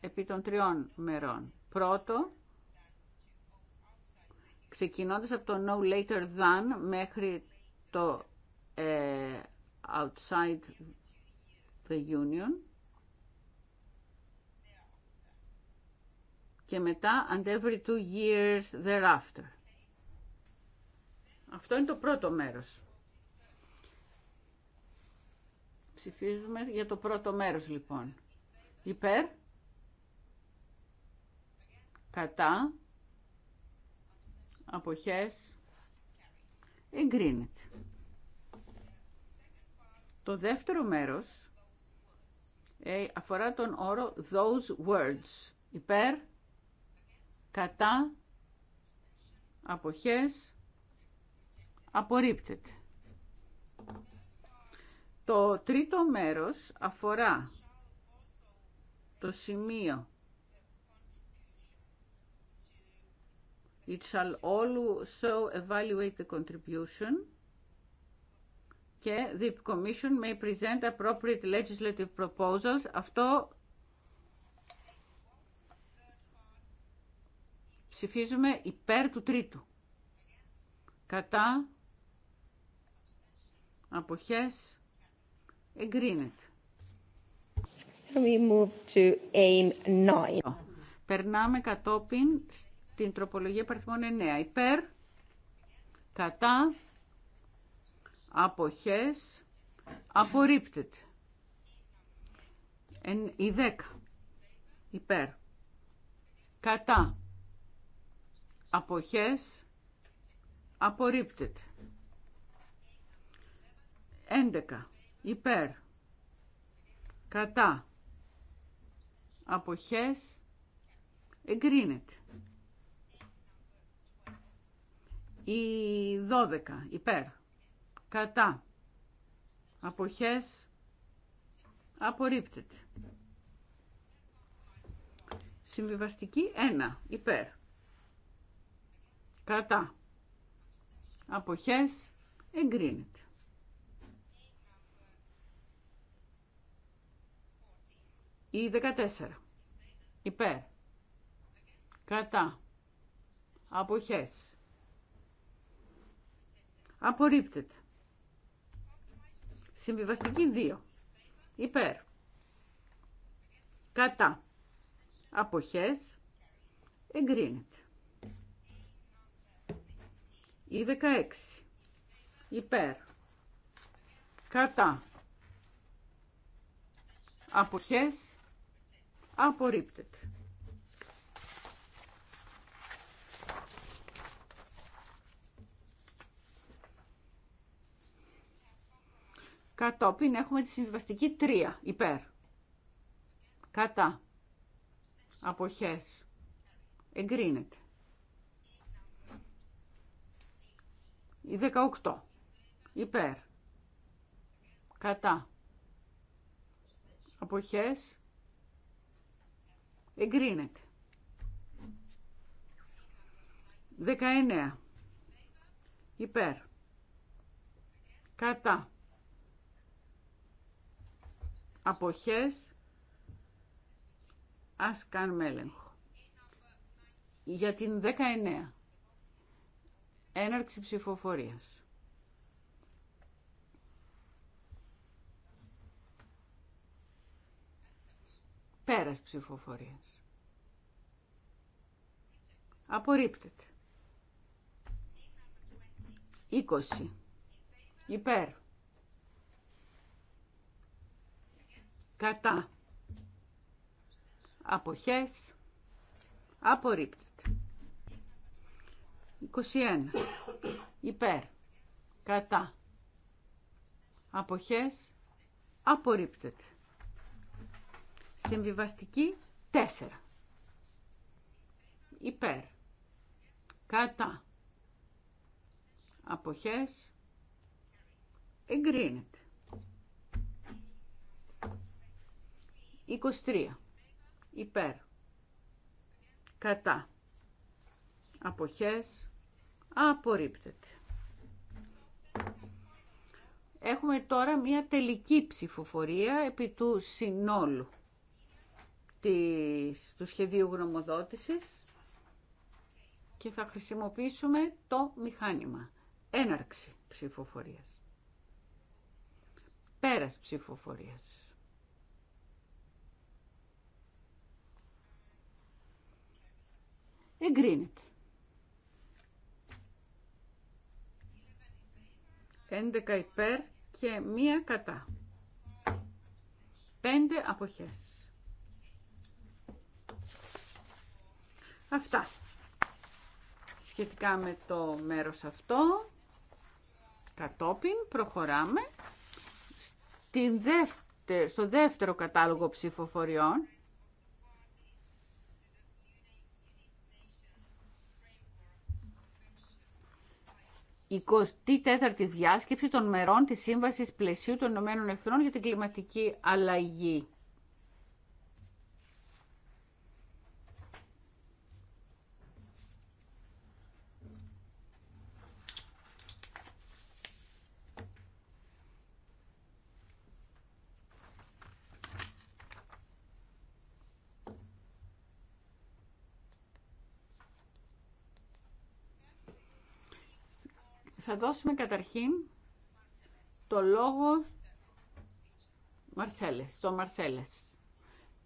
επί των τριών μερών. Πρώτο, ξεκινώντας από το no later than μέχρι το ε, outside the union, και μετά and every two years thereafter. Αυτό είναι το πρώτο μέρος. Ψηφίζουμε για το πρώτο μέρος λοιπόν. Υπέρ, κατά, αποχές, εγκρίνεται. Το δεύτερο μέρος ε, αφορά τον όρο those words. Υπέρ, κατά, αποχές, απορρίπτεται. Το τρίτο μέρος αφορά το σημείο It shall also evaluate the contribution και the Commission may present appropriate legislative proposals. Αυτό Ψηφίζουμε υπέρ του τρίτου. Κατά αποχές εγκρίνεται. We move to aim 9. Περνάμε κατόπιν στην τροπολογία παριθμών 9. Υπέρ, κατά, αποχές, απορρίπτεται. η 10. Υπέρ. Κατά αποχές απορρίπτεται. 11. Υπέρ. Κατά. Αποχές εγκρίνεται. Η 12. Υπέρ. Κατά. Αποχές απορρίπτεται. Συμβιβαστική 1. Υπέρ Κατά. Αποχές εγκρίνεται. Η δεκατέσσερα Υπέρ. Κατά. Αποχές. Απορρίπτεται. Συμβιβαστική δύο Υπέρ. Κατά. Αποχές. Εγκρίνεται ή 16 υπέρ κατά αποχές απορρίπτεται. Κατόπιν έχουμε τη συμβιβαστική 3 υπέρ κατά αποχές εγκρίνεται. Η 18. Υπέρ. Κατά. Αποχές. Εγκρίνεται. 19. Υπέρ. Κατά. Αποχές. Ας κάνουμε έλεγχο. Για την 19. Έναρξη ψηφοφορίας. Πέρας ψηφοφορίας. Απορρίπτεται. 20. Υπέρ. Κατά. Αποχές. Απορρίπτεται. 21. Υπέρ. Κατά. Αποχές. Απορρίπτεται. Συμβιβαστική 4. Υπέρ. Κατά. Αποχές. Εγκρίνεται. 23. Υπέρ. Κατά. Αποχές Απορρίπτεται. Έχουμε τώρα μια τελική ψηφοφορία επί του συνόλου της, του σχεδίου γνωμοδότησης και θα χρησιμοποιήσουμε το μηχάνημα. Έναρξη ψηφοφορίας. Πέρας ψηφοφορίας. Εγκρίνεται. 11 υπέρ και μία κατά. 5 αποχές. Αυτά. Σχετικά με το μέρος αυτό, κατόπιν προχωράμε στο δεύτερο κατάλογο ψηφοφοριών 24η διάσκεψη των μερών της Σύμβασης Πλαισίου των Ηνωμένων Εθνών για την κλιματική αλλαγή. Θα δώσουμε καταρχήν το λόγο Μαρσέλες, το Μαρσέλες.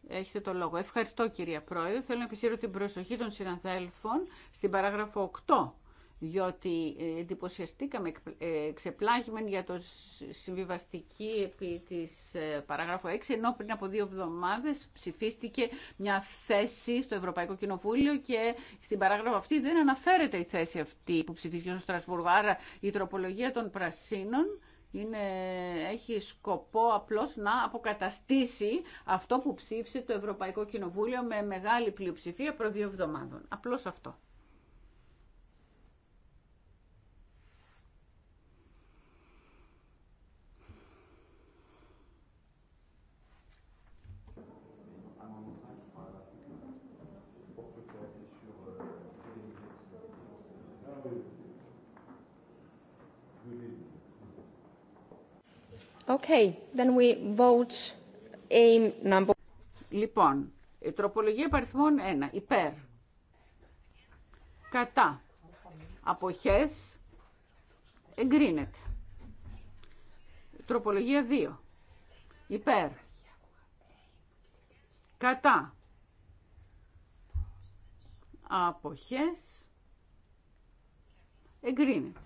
Έχετε το λόγο. Ευχαριστώ κυρία Πρόεδρε. Θέλω να επισύρω την προσοχή των συναδέλφων στην παράγραφο 8 διότι εντυπωσιαστήκαμε ε, ξεπλάγημεν για το συμβιβαστική επί της ε, παραγράφου 6, ενώ πριν από δύο εβδομάδες ψηφίστηκε μια θέση στο Ευρωπαϊκό Κοινοβούλιο και στην παράγραφο αυτή δεν αναφέρεται η θέση αυτή που ψηφίστηκε στο Στρασβούργο. Άρα η τροπολογία των πρασίνων είναι, έχει σκοπό απλώς να αποκαταστήσει αυτό που ψήφισε το Ευρωπαϊκό Κοινοβούλιο με μεγάλη πλειοψηφία προ δύο εβδομάδων. Απλώς αυτό. Okay, then we vote number. Λοιπόν, η τροπολογία παριθμών 1. Υπέρ. Κατά. Αποχές. Εγκρίνεται. Τροπολογία 2. Υπέρ. Κατά. Αποχές. Εγκρίνεται.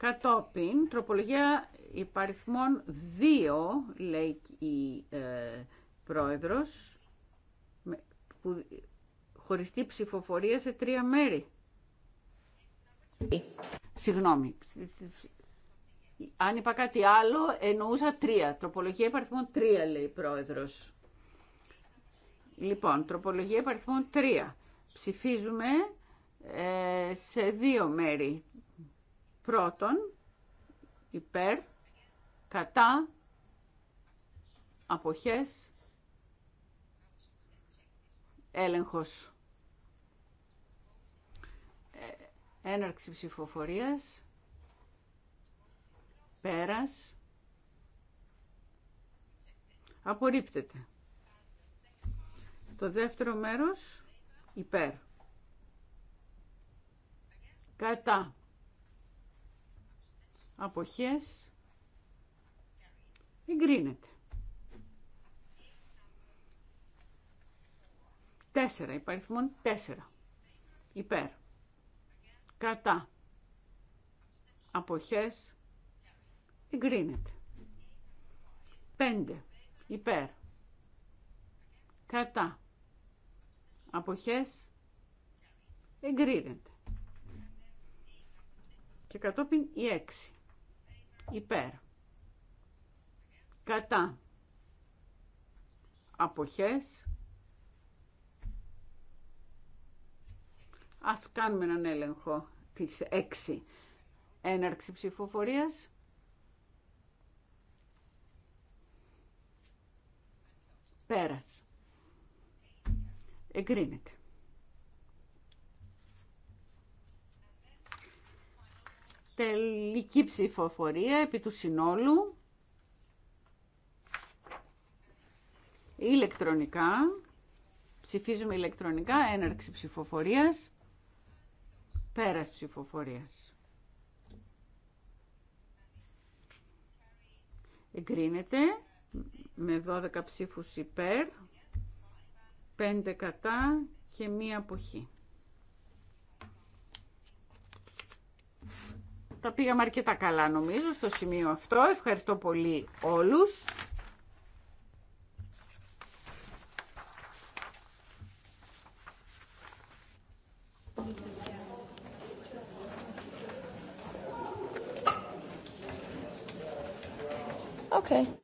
Κατόπιν, τροπολογία υπαριθμών 2, λέει η ε, πρόεδρος, που χωριστεί ψηφοφορία σε τρία μέρη. Συγγνώμη. Αν είπα κάτι άλλο, εννοούσα τρία. Τροπολογία υπαριθμών 3, λέει η πρόεδρος. Λοιπόν, τροπολογία υπαριθμών 3. Ψηφίζουμε ε, σε δύο μέρη. Πρώτον, υπέρ, κατά, αποχές, έλεγχος, ε, έναρξη ψηφοφορίας, πέρας, απορρίπτεται. Το δεύτερο μέρος, υπέρ. Κατά αποχές εγκρίνεται. Τέσσερα, υπαριθμόν τέσσερα. Υπέρ. Κατά. Αποχές εγκρίνεται. Πέντε. Υπέρ. Κατά. Αποχές εγκρίνεται. Και κατόπιν η έξι υπέρ κατά αποχές ας κάνουμε έναν έλεγχο της έξι έναρξη ψηφοφορίας πέρας εγκρίνεται τελική ψηφοφορία επί του συνόλου ηλεκτρονικά. Ψηφίζουμε ηλεκτρονικά έναρξη ψηφοφορίας, πέρας ψηφοφορίας. Εγκρίνεται με 12 ψήφους υπέρ, 5 κατά και μία αποχή. τα πήγαμε αρκετά καλά νομίζω στο σημείο αυτό. Ευχαριστώ πολύ όλους. Okay.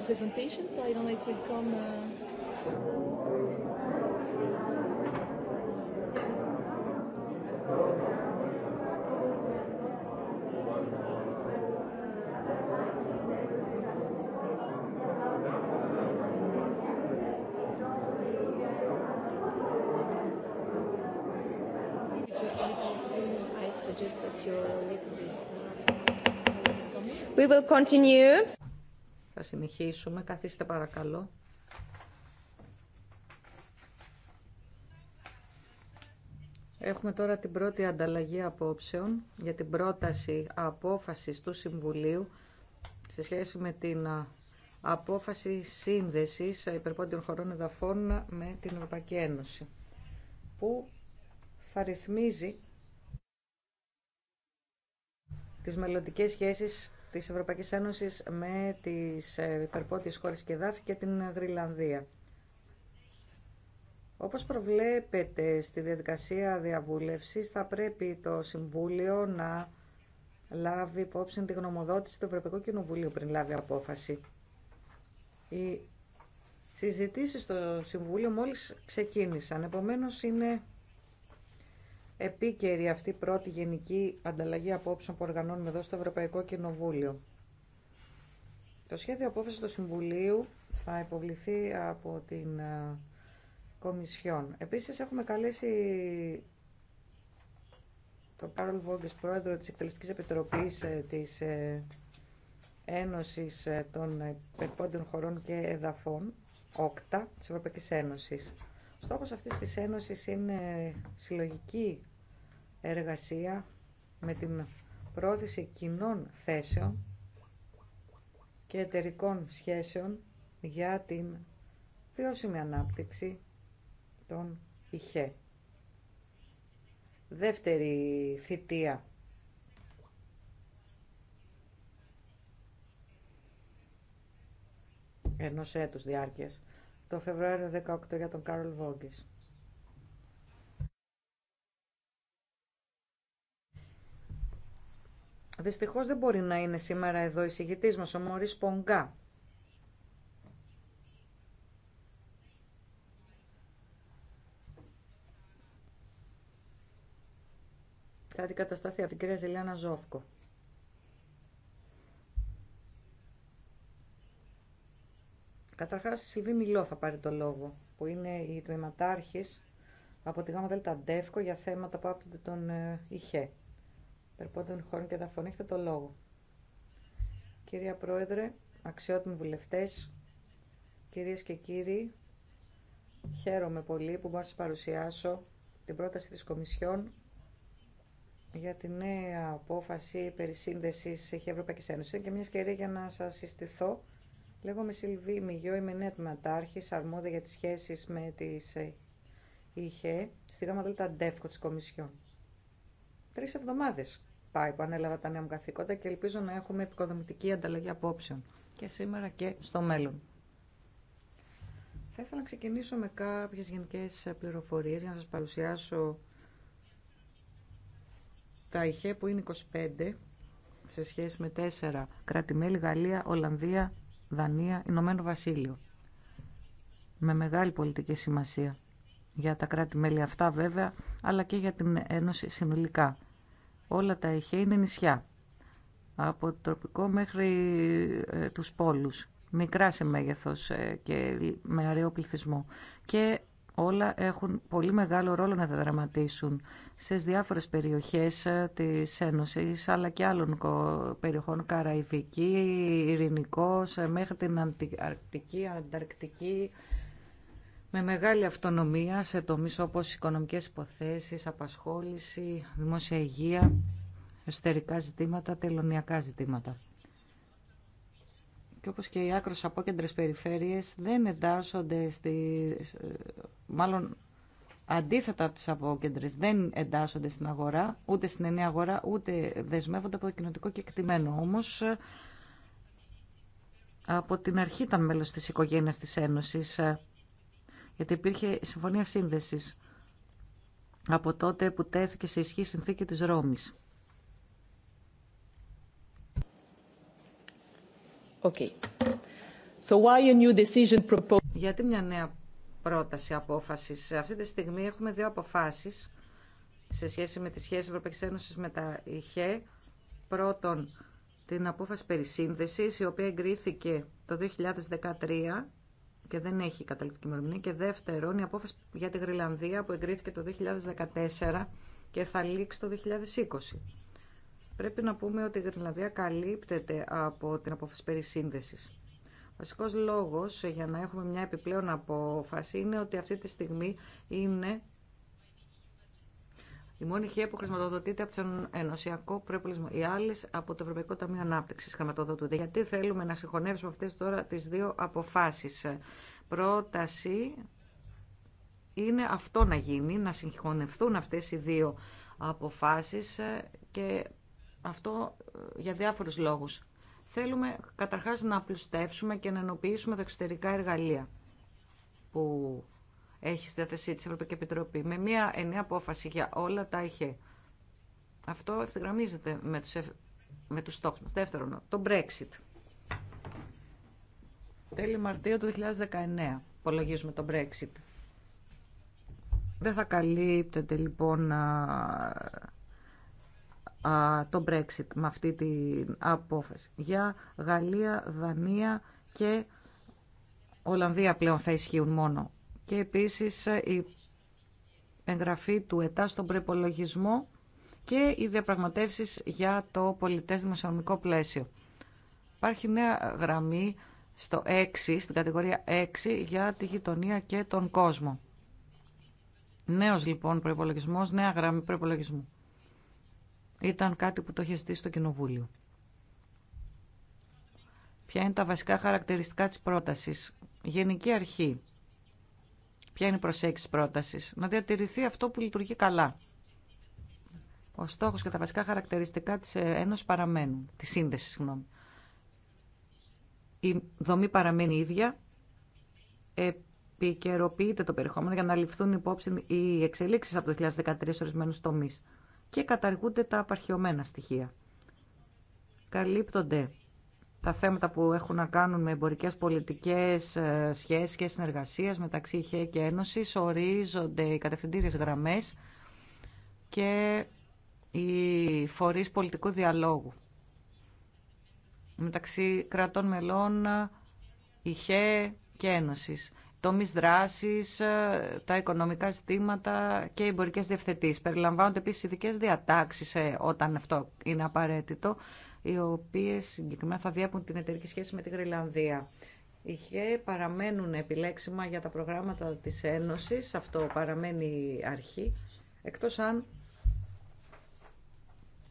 presentation, so I don't know it will come. We will continue συνεχίσουμε. Καθίστε παρακαλώ. Έχουμε τώρα την πρώτη ανταλλαγή απόψεων για την πρόταση απόφασης του Συμβουλίου σε σχέση με την απόφαση σύνδεσης υπερπόντιων χωρών εδαφών με την Ευρωπαϊκή Ένωση που θα ρυθμίζει τις μελλοντικές σχέσεις της Ευρωπαϊκής Ένωσης με τις ε, υπερπότιες χώρες και δάφη και την Γρυλανδία. Όπως προβλέπεται στη διαδικασία διαβούλευσης, θα πρέπει το Συμβούλιο να λάβει υπόψη τη γνωμοδότηση του Ευρωπαϊκού Κοινοβουλίου πριν λάβει απόφαση. Οι συζητήσεις στο Συμβούλιο μόλις ξεκίνησαν, επομένως είναι επίκαιρη αυτή η πρώτη γενική ανταλλαγή απόψεων που οργανώνουμε εδώ στο Ευρωπαϊκό Κοινοβούλιο. Το σχέδιο απόφαση του Συμβουλίου θα υποβληθεί από την ε, Κομισιόν. Επίσης έχουμε καλέσει τον Κάρολ Βόγκες, πρόεδρο της Εκτελεστικής Επιτροπής ε, της ε, Ένωσης των Περπόντων Χωρών και Εδαφών, ΟΚΤΑ, της Ευρωπαϊκής Ένωσης. Στόχος αυτής της Ένωσης είναι συλλογική εργασία με την πρόθεση κοινών θέσεων και εταιρικών σχέσεων για την βιώσιμη ανάπτυξη των ΙΧΕ. Δεύτερη θητεία. ενός έτους διάρκειας το Φεβρουάριο 18 για τον Κάρολ Βόγκης. Δυστυχώς δεν μπορεί να είναι σήμερα εδώ η συγγητής μας, ο Μωρής Πονγκά. Θα αντικατασταθεί από την κυρία Ζηλιάνα Ζόφκο. Καταρχάς η Σιλβή Μιλό θα πάρει το λόγο, που είναι η τμήματάρχης από τη ΓΑΜΑ ΔΕΛΤΑ για θέματα που άπτονται τον ε, ΙΧΕ. Περπόντων χώρων και να Έχετε το λόγο. Κυρία Πρόεδρε, αξιότιμοι βουλευτές, κυρίες και κύριοι, χαίρομαι πολύ που μπορώ να σας παρουσιάσω την πρόταση της Κομισιόν για τη νέα απόφαση περί σύνδεσης Ευρωπαϊκή Ένωση. και μια ευκαιρία για να σας συστηθώ Λέγομαι Σιλβί Μιγιό, είμαι νέα τμήματάρχης, αρμόδια για τι σχέσει με τι ε, ΙΧΕ, στη γάμα δέλτα ντεύκο τη Κομισιόν. Τρεις εβδομάδες πάει που ανέλαβα τα νέα μου καθήκοντα και ελπίζω να έχουμε επικοδομητική ανταλλαγή απόψεων και σήμερα και στο μέλλον. Θα ήθελα να ξεκινήσω με κάποιες γενικές πληροφορίες για να σας παρουσιάσω τα ΙΧΕ που είναι 25 σε σχέση με 4 κρατη κράτη-μέλη, Γαλλία, Ολλανδία, Δανία, Ηνωμένο Βασίλειο. Με μεγάλη πολιτική σημασία για τα κράτη-μέλη αυτά βέβαια, αλλά και για την Ένωση συνολικά. Όλα τα ηχεία είναι νησιά, από το τροπικό μέχρι ε, τους πόλους, μικρά σε μέγεθος ε, και με αραιό πληθυσμό. Και όλα έχουν πολύ μεγάλο ρόλο να δραματίσουν σε διάφορες περιοχές ε, της Ένωσης αλλά και άλλων περιοχών Καραϊβική, Ειρηνικός ε, μέχρι την Αρκτική, Ανταρκτική με μεγάλη αυτονομία σε τομείς όπως οικονομικές υποθέσεις, απασχόληση, δημόσια υγεία, εσωτερικά ζητήματα, τελωνιακά ζητήματα και όπως και οι άκρως απόκεντρες περιφέρειες δεν εντάσσονται στη, μάλλον αντίθετα από τις απόκεντρες δεν εντάσσονται στην αγορά, ούτε στην ενή αγορά, ούτε δεσμεύονται από το κοινοτικό κεκτημένο. Όμως από την αρχή ήταν μέλος της οικογένειας της Ένωσης, γιατί υπήρχε συμφωνία σύνδεσης από τότε που τέθηκε σε ισχύ συνθήκη της Ρώμης. Okay. So why a new decision Γιατί μια νέα πρόταση απόφασης. Αυτή τη στιγμή έχουμε δύο αποφάσεις σε σχέση με τη σχέση Ευρωπαϊκή Ένωση με τα ΙΧΕ. Πρώτον, την απόφαση περί σύνδεσης, η οποία εγκρίθηκε το 2013 και δεν έχει καταληκτική ημερομηνία. Και δεύτερον, η απόφαση για τη Γρυλανδία που εγκρίθηκε το 2014 και θα λήξει το 2020. Πρέπει να πούμε ότι η Γρυλανδία καλύπτεται από την απόφαση περί σύνδεσης. βασικός λόγος για να έχουμε μια επιπλέον απόφαση είναι ότι αυτή τη στιγμή είναι η μόνη χεία που χρηματοδοτείται από τον Ενωσιακό Προεπολισμό. Οι άλλε από το Ευρωπαϊκό Ταμείο Ανάπτυξη χρηματοδοτούνται. Γιατί θέλουμε να συγχωνεύσουμε αυτέ τώρα τι δύο αποφάσει. Πρόταση είναι αυτό να γίνει, να συγχωνευτούν αυτές οι δύο αποφάσεις και αυτό ε, για διάφορους λόγους. Θέλουμε καταρχάς να απλουστεύσουμε και να ενοποιήσουμε τα εξωτερικά εργαλεία που έχει στη διάθεσή της Ευρωπαϊκή Επιτροπή. Με μία ενιαία απόφαση για όλα τα είχε. Αυτό ευθυγραμμίζεται με τους, με τους στόχους μας. Δεύτερον, το Brexit. Τέλη Μαρτίου του 2019 υπολογίζουμε το Brexit. Δεν θα καλύπτεται λοιπόν το Brexit με αυτή την απόφαση. Για Γαλλία, Δανία και Ολλανδία πλέον θα ισχύουν μόνο. Και επίσης ε, η εγγραφή του ΕΤΑ στον προπολογισμό και οι διαπραγματεύσεις για το πολιτές δημοσιονομικό πλαίσιο. Υπάρχει νέα γραμμή στο 6, στην κατηγορία 6 για τη γειτονία και τον κόσμο. Νέος λοιπόν προϋπολογισμός, νέα γραμμή προϋπολογισμού. Ήταν κάτι που το είχε ζητήσει στο Κοινοβούλιο. Ποια είναι τα βασικά χαρακτηριστικά της πρότασης. Γενική αρχή. Ποια είναι η προσέγγιση πρότασης. Να διατηρηθεί αυτό που λειτουργεί καλά. Ο στόχος και τα βασικά χαρακτηριστικά της ε, ένωσης παραμένουν. Τη σύνδεση, συγγνώμη. Η δομή παραμένει ίδια. Επικαιροποιείται το περιεχόμενο για να ληφθούν υπόψη οι εξελίξεις από το 2013 ορισμένους και καταργούνται τα απαρχαιωμένα στοιχεία. Καλύπτονται τα θέματα που έχουν να κάνουν με εμπορικές πολιτικές ε, σχέσεις και συνεργασίες μεταξύ ΙΧΕ και Ένωσης, ορίζονται οι κατευθυντήριε γραμμές και οι φορεί πολιτικού διαλόγου. Μεταξύ κρατών μελών, ΙΧΕ και Ένωσης τομείς δράσης, ε, τα οικονομικά ζητήματα και οι εμπορικέ διευθετήσεις. Περιλαμβάνονται επίσης ειδικέ διατάξεις ε, όταν αυτό είναι απαραίτητο, οι οποίες συγκεκριμένα θα διέπουν την εταιρική σχέση με τη Γρυλανδία. Οι ΧΕ παραμένουν επιλέξιμα για τα προγράμματα της Ένωσης, αυτό παραμένει αρχή, εκτός αν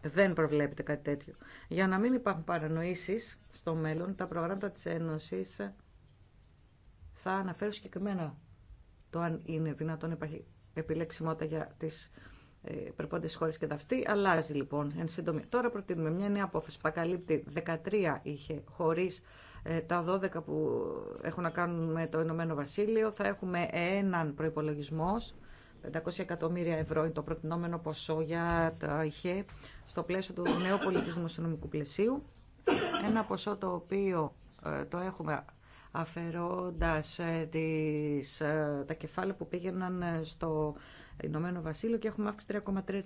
δεν προβλέπεται κάτι τέτοιο. Για να μην υπάρχουν παρανοήσεις στο μέλλον, τα προγράμματα της Ένωσης θα αναφέρω συγκεκριμένα το αν είναι δυνατόν υπάρχει επιλεξιμότητα για τις ε, περπόντε χώρε και ταυτή. Αλλάζει λοιπόν εν σύντομη. Τώρα προτείνουμε μια νέα απόφαση που καλύπτει 13 είχε χωρί ε, τα 12 που έχουν να κάνουν με το Ηνωμένο Βασίλειο. Θα έχουμε έναν προπολογισμό. 500 εκατομμύρια ευρώ είναι το προτινόμενο ποσό για τα ΙΧΕ στο πλαίσιο του νέου πολιτισμού συνομικού πλαισίου. Ένα ποσό το οποίο ε, το έχουμε αφαιρώντας ε, τις, ε, τα κεφάλαια που πήγαιναν ε, στο Ηνωμένο Βασίλειο και έχουμε αύξηση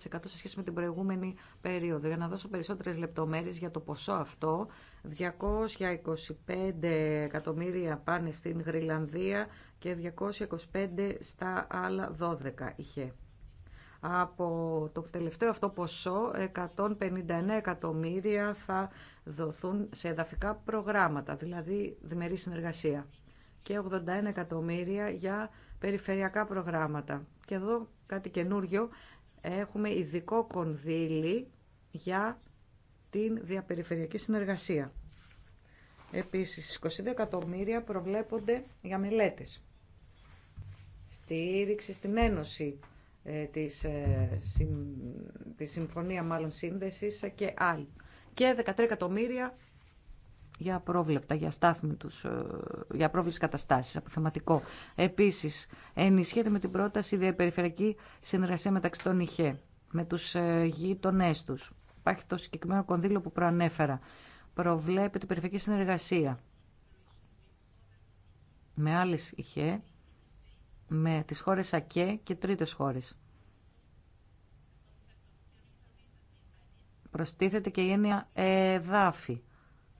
3,3% σε σχέση με την προηγούμενη περίοδο. Για να δώσω περισσότερες λεπτομέρειες για το ποσό αυτό, 225 εκατομμύρια πάνε στην Γρυλανδία και 225 στα άλλα 12 είχε. Από το τελευταίο αυτό ποσό, 159 εκατομμύρια θα δοθούν σε εδαφικά προγράμματα, δηλαδή διμερή συνεργασία και 81 εκατομμύρια για περιφερειακά προγράμματα. Και εδώ κάτι καινούργιο έχουμε ειδικό κονδύλι για την διαπεριφερειακή συνεργασία. Επίσης, 22 εκατομμύρια προβλέπονται για μελέτες. Στήριξη στην Ένωση ε, της, ε, τη συμφωνία μάλλον σύνδεσης και άλλοι. Και 13 εκατομμύρια για πρόβλεπτα, για στάθμη τους, ε, για καταστάσεις, από θεματικό. Επίσης, ενισχύεται με την πρόταση η διαπεριφερειακή συνεργασία μεταξύ των ΙΧΕ, με τους γείτονέ τους. Υπάρχει το συγκεκριμένο κονδύλο που προανέφερα. Προβλέπεται η περιφερειακή συνεργασία με άλλες ΙΧΕ, με τις χώρες ΑΚΕ και τρίτες χώρες. Προστίθεται και η έννοια εδάφη,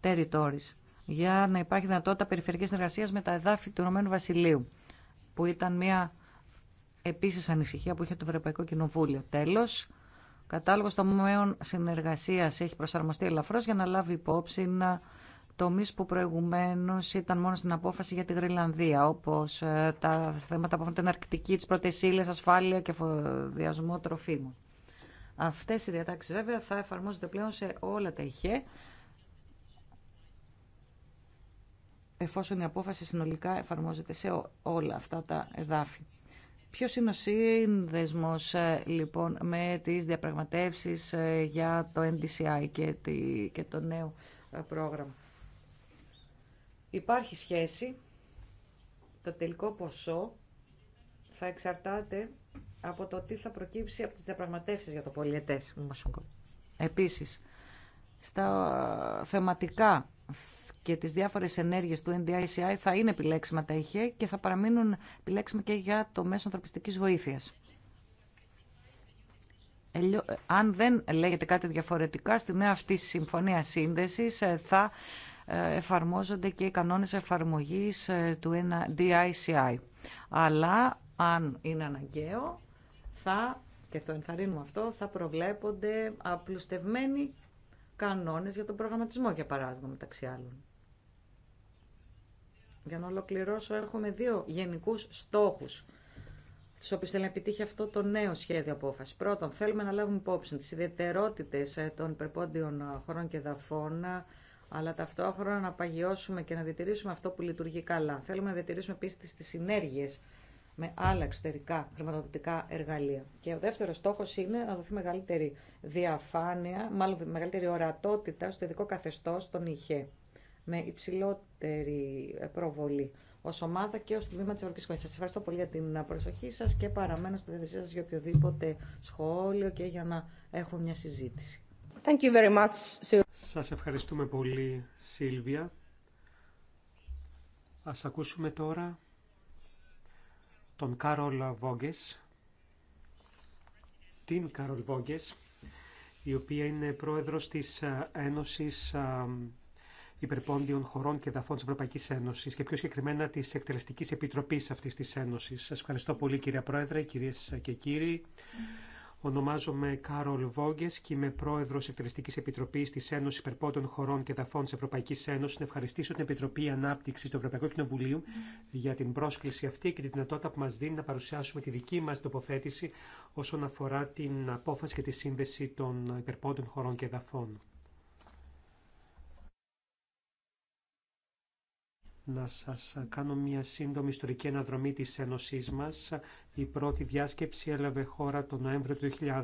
territories, για να υπάρχει δυνατότητα περιφερειακής συνεργασίας με τα εδάφη του Ηνωμένου Βασιλείου, που ήταν μια επίσης ανησυχία που είχε το Ευρωπαϊκό Κοινοβούλιο. Τέλος, κατάλογος των μεών συνεργασίας έχει προσαρμοστεί ελαφρώς για να λάβει υπόψη να τομείς που προηγουμένως ήταν μόνο στην απόφαση για τη Γρυλανδία, όπως ε, τα θέματα που έχουν την αρκτική, τις πρώτες ασφάλεια και φοδιασμό τροφίμων. Αυτές οι διατάξεις βέβαια θα εφαρμόζονται πλέον σε όλα τα ΙΧΕ, εφόσον η απόφαση συνολικά εφαρμόζεται σε όλα αυτά τα εδάφη. Ποιος είναι ο σύνδεσμος ε, λοιπόν με τις διαπραγματεύσεις ε, για το NDCI και το νέο πρόγραμμα. Υπάρχει σχέση. Το τελικό ποσό θα εξαρτάται από το τι θα προκύψει από τις διαπραγματεύσεις για το πολιετές. Επίσης, στα θεματικά και τις διάφορες ενέργειες του NDICI θα είναι επιλέξιμα τα ηχεία και θα παραμείνουν επιλέξιμα και για το μέσο ανθρωπιστικής βοήθειας. Ε, αν δεν λέγεται κάτι διαφορετικά, στη νέα αυτή συμφωνία σύνδεσης ε, θα εφαρμόζονται και οι κανόνες εφαρμογής ε, του DICI. Αλλά αν είναι αναγκαίο θα, και το ενθαρρύνουμε αυτό, θα προβλέπονται απλουστευμένοι κανόνες για τον προγραμματισμό, για παράδειγμα, μεταξύ άλλων. Για να ολοκληρώσω, έχουμε δύο γενικούς στόχους στους οποίους θέλει να επιτύχει αυτό το νέο σχέδιο απόφαση. Πρώτον, θέλουμε να λάβουμε υπόψη τι ιδιαιτερότητες ε, των υπερπόντιων ε, χωρών και δαφών αλλά ταυτόχρονα να παγιώσουμε και να διατηρήσουμε αυτό που λειτουργεί καλά. Θέλουμε να διατηρήσουμε επίση τι συνέργειε με άλλα εξωτερικά χρηματοδοτικά εργαλεία. Και ο δεύτερο στόχο είναι να δοθεί μεγαλύτερη διαφάνεια, μάλλον μεγαλύτερη ορατότητα στο ειδικό καθεστώ των ΙΧΕ, με υψηλότερη προβολή ω ομάδα και ω τμήμα τη Ευρωπαϊκή Οικονομία. Σα ευχαριστώ πολύ για την προσοχή σα και παραμένω στη διάθεσή σα για οποιοδήποτε σχόλιο και για να έχουμε μια συζήτηση. Thank you very much. Σας ευχαριστούμε πολύ, Σίλβια. Ας ακούσουμε τώρα τον Κάρολ Βόγγες, την Κάρολ Βόγγες, η οποία είναι πρόεδρος της ε, Ένωσης ε, Υπερπόντιων Χωρών και Δαφών της Ευρωπαϊκής Ένωσης και πιο συγκεκριμένα της Εκτελεστικής Επιτροπής αυτής της Ένωσης. Σας ευχαριστώ πολύ κυρία Πρόεδρε, κυρίες και κύριοι. Ονομάζομαι Κάρολ Βόγκε και είμαι πρόεδρο Εκτελεστική Επιτροπή τη Ένωση Υπερπότων Χωρών και Δαφών τη Ευρωπαϊκή Ένωση. Να ευχαριστήσω την Επιτροπή Ανάπτυξη του Ευρωπαϊκού Κοινοβουλίου για την πρόσκληση αυτή και τη δυνατότητα που μα δίνει να παρουσιάσουμε τη δική μα τοποθέτηση όσον αφορά την απόφαση και τη σύνδεση των υπερπόντων χωρών και δαφών. να σας κάνω μια σύντομη ιστορική αναδρομή της Ένωσής μας η πρώτη διάσκεψη έλαβε χώρα τον Νοέμβριο του 2000,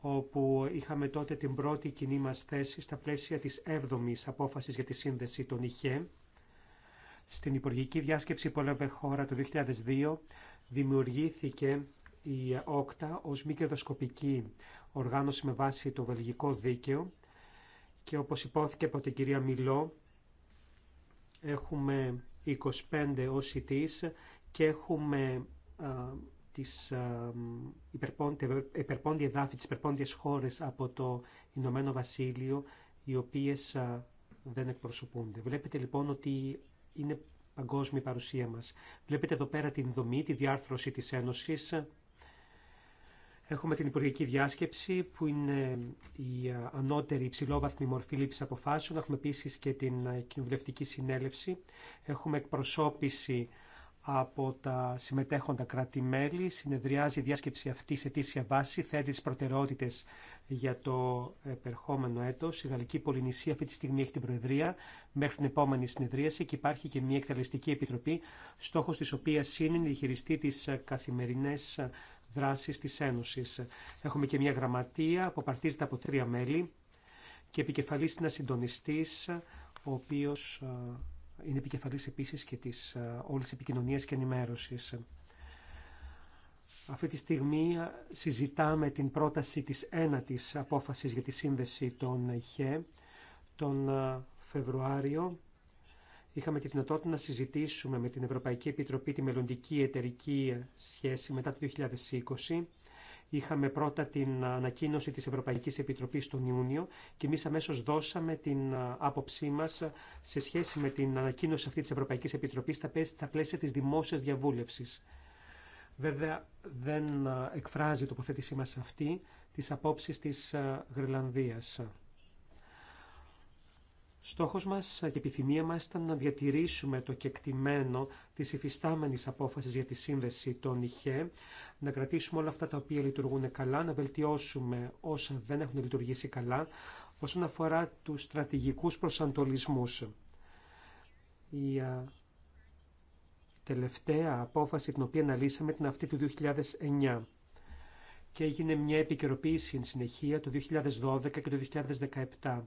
όπου είχαμε τότε την πρώτη κοινή μας θέση στα πλαίσια της 7ης απόφασης για τη σύνδεση των ΙΧΕ. Στην υπουργική διάσκεψη που έλαβε χώρα το 2002, δημιουργήθηκε η ΟΚΤΑ ως μη κερδοσκοπική οργάνωση με βάση το βελγικό δίκαιο και όπως υπόθηκε από την κυρία Μιλό, έχουμε 25 OCTs και έχουμε ε, τις ε, υπερπόντια εδάφη, τις υπερπόντιες χώρες από το Ηνωμένο Βασίλειο, οι οποίες ε, δεν εκπροσωπούνται. Βλέπετε λοιπόν ότι είναι παγκόσμια η παρουσία μας. Βλέπετε εδώ πέρα την δομή, τη διάρθρωση της Ένωσης. Έχουμε την Υπουργική Διάσκεψη, που είναι η ανώτερη υψηλόβαθμη μορφή λήψη αποφάσεων. Έχουμε επίση και την Κοινοβουλευτική Συνέλευση. Έχουμε εκπροσώπηση από τα συμμετέχοντα κράτη-μέλη. Συνεδριάζει η διάσκεψη αυτή σε αιτήσια βάση, θέτει τις προτεραιότητες για το επερχόμενο έτος. Η Γαλλική Πολυνησία αυτή τη στιγμή έχει την Προεδρία μέχρι την επόμενη συνεδρίαση και υπάρχει και μια εκτελεστική επιτροπή, στόχος της οποίας είναι η χειριστή της καθημερινές δράσεις της Ένωσης. Έχουμε και μια γραμματεία που παρτίζεται από τρία μέλη και επικεφαλής είναι συντονιστής, ο οποίος ε, είναι επικεφαλής επίσης και της ε, όλης επικοινωνίας και ενημέρωσης. Αυτή τη στιγμή ε, συζητάμε την πρόταση της ένατης απόφασης για τη σύνδεση των ΙΧΕ τον ε, Φεβρουάριο. Είχαμε τη δυνατότητα να συζητήσουμε με την Ευρωπαϊκή Επιτροπή τη μελλοντική εταιρική σχέση μετά το 2020 Είχαμε πρώτα την ανακοίνωση της Ευρωπαϊκής Επιτροπής τον Ιούνιο και εμεί αμέσως δώσαμε την άποψή μας σε σχέση με την ανακοίνωση αυτή της Ευρωπαϊκής Επιτροπής στα πλαίσια της δημόσιας διαβούλευσης. Βέβαια δεν εκφράζει τοποθέτησή μας αυτή τις απόψεις της Γρυλανδίας. Στόχος μας και επιθυμία μας ήταν να διατηρήσουμε το κεκτημένο της υφιστάμενης απόφασης για τη σύνδεση των ΙΧΕ, να κρατήσουμε όλα αυτά τα οποία λειτουργούν καλά, να βελτιώσουμε όσα δεν έχουν λειτουργήσει καλά, όσον αφορά τους στρατηγικούς προσανατολισμούς. Η τελευταία απόφαση την οποία αναλύσαμε ήταν αυτή του 2009 και έγινε μια επικαιροποίηση εν συνεχεία το 2012 και το 2017.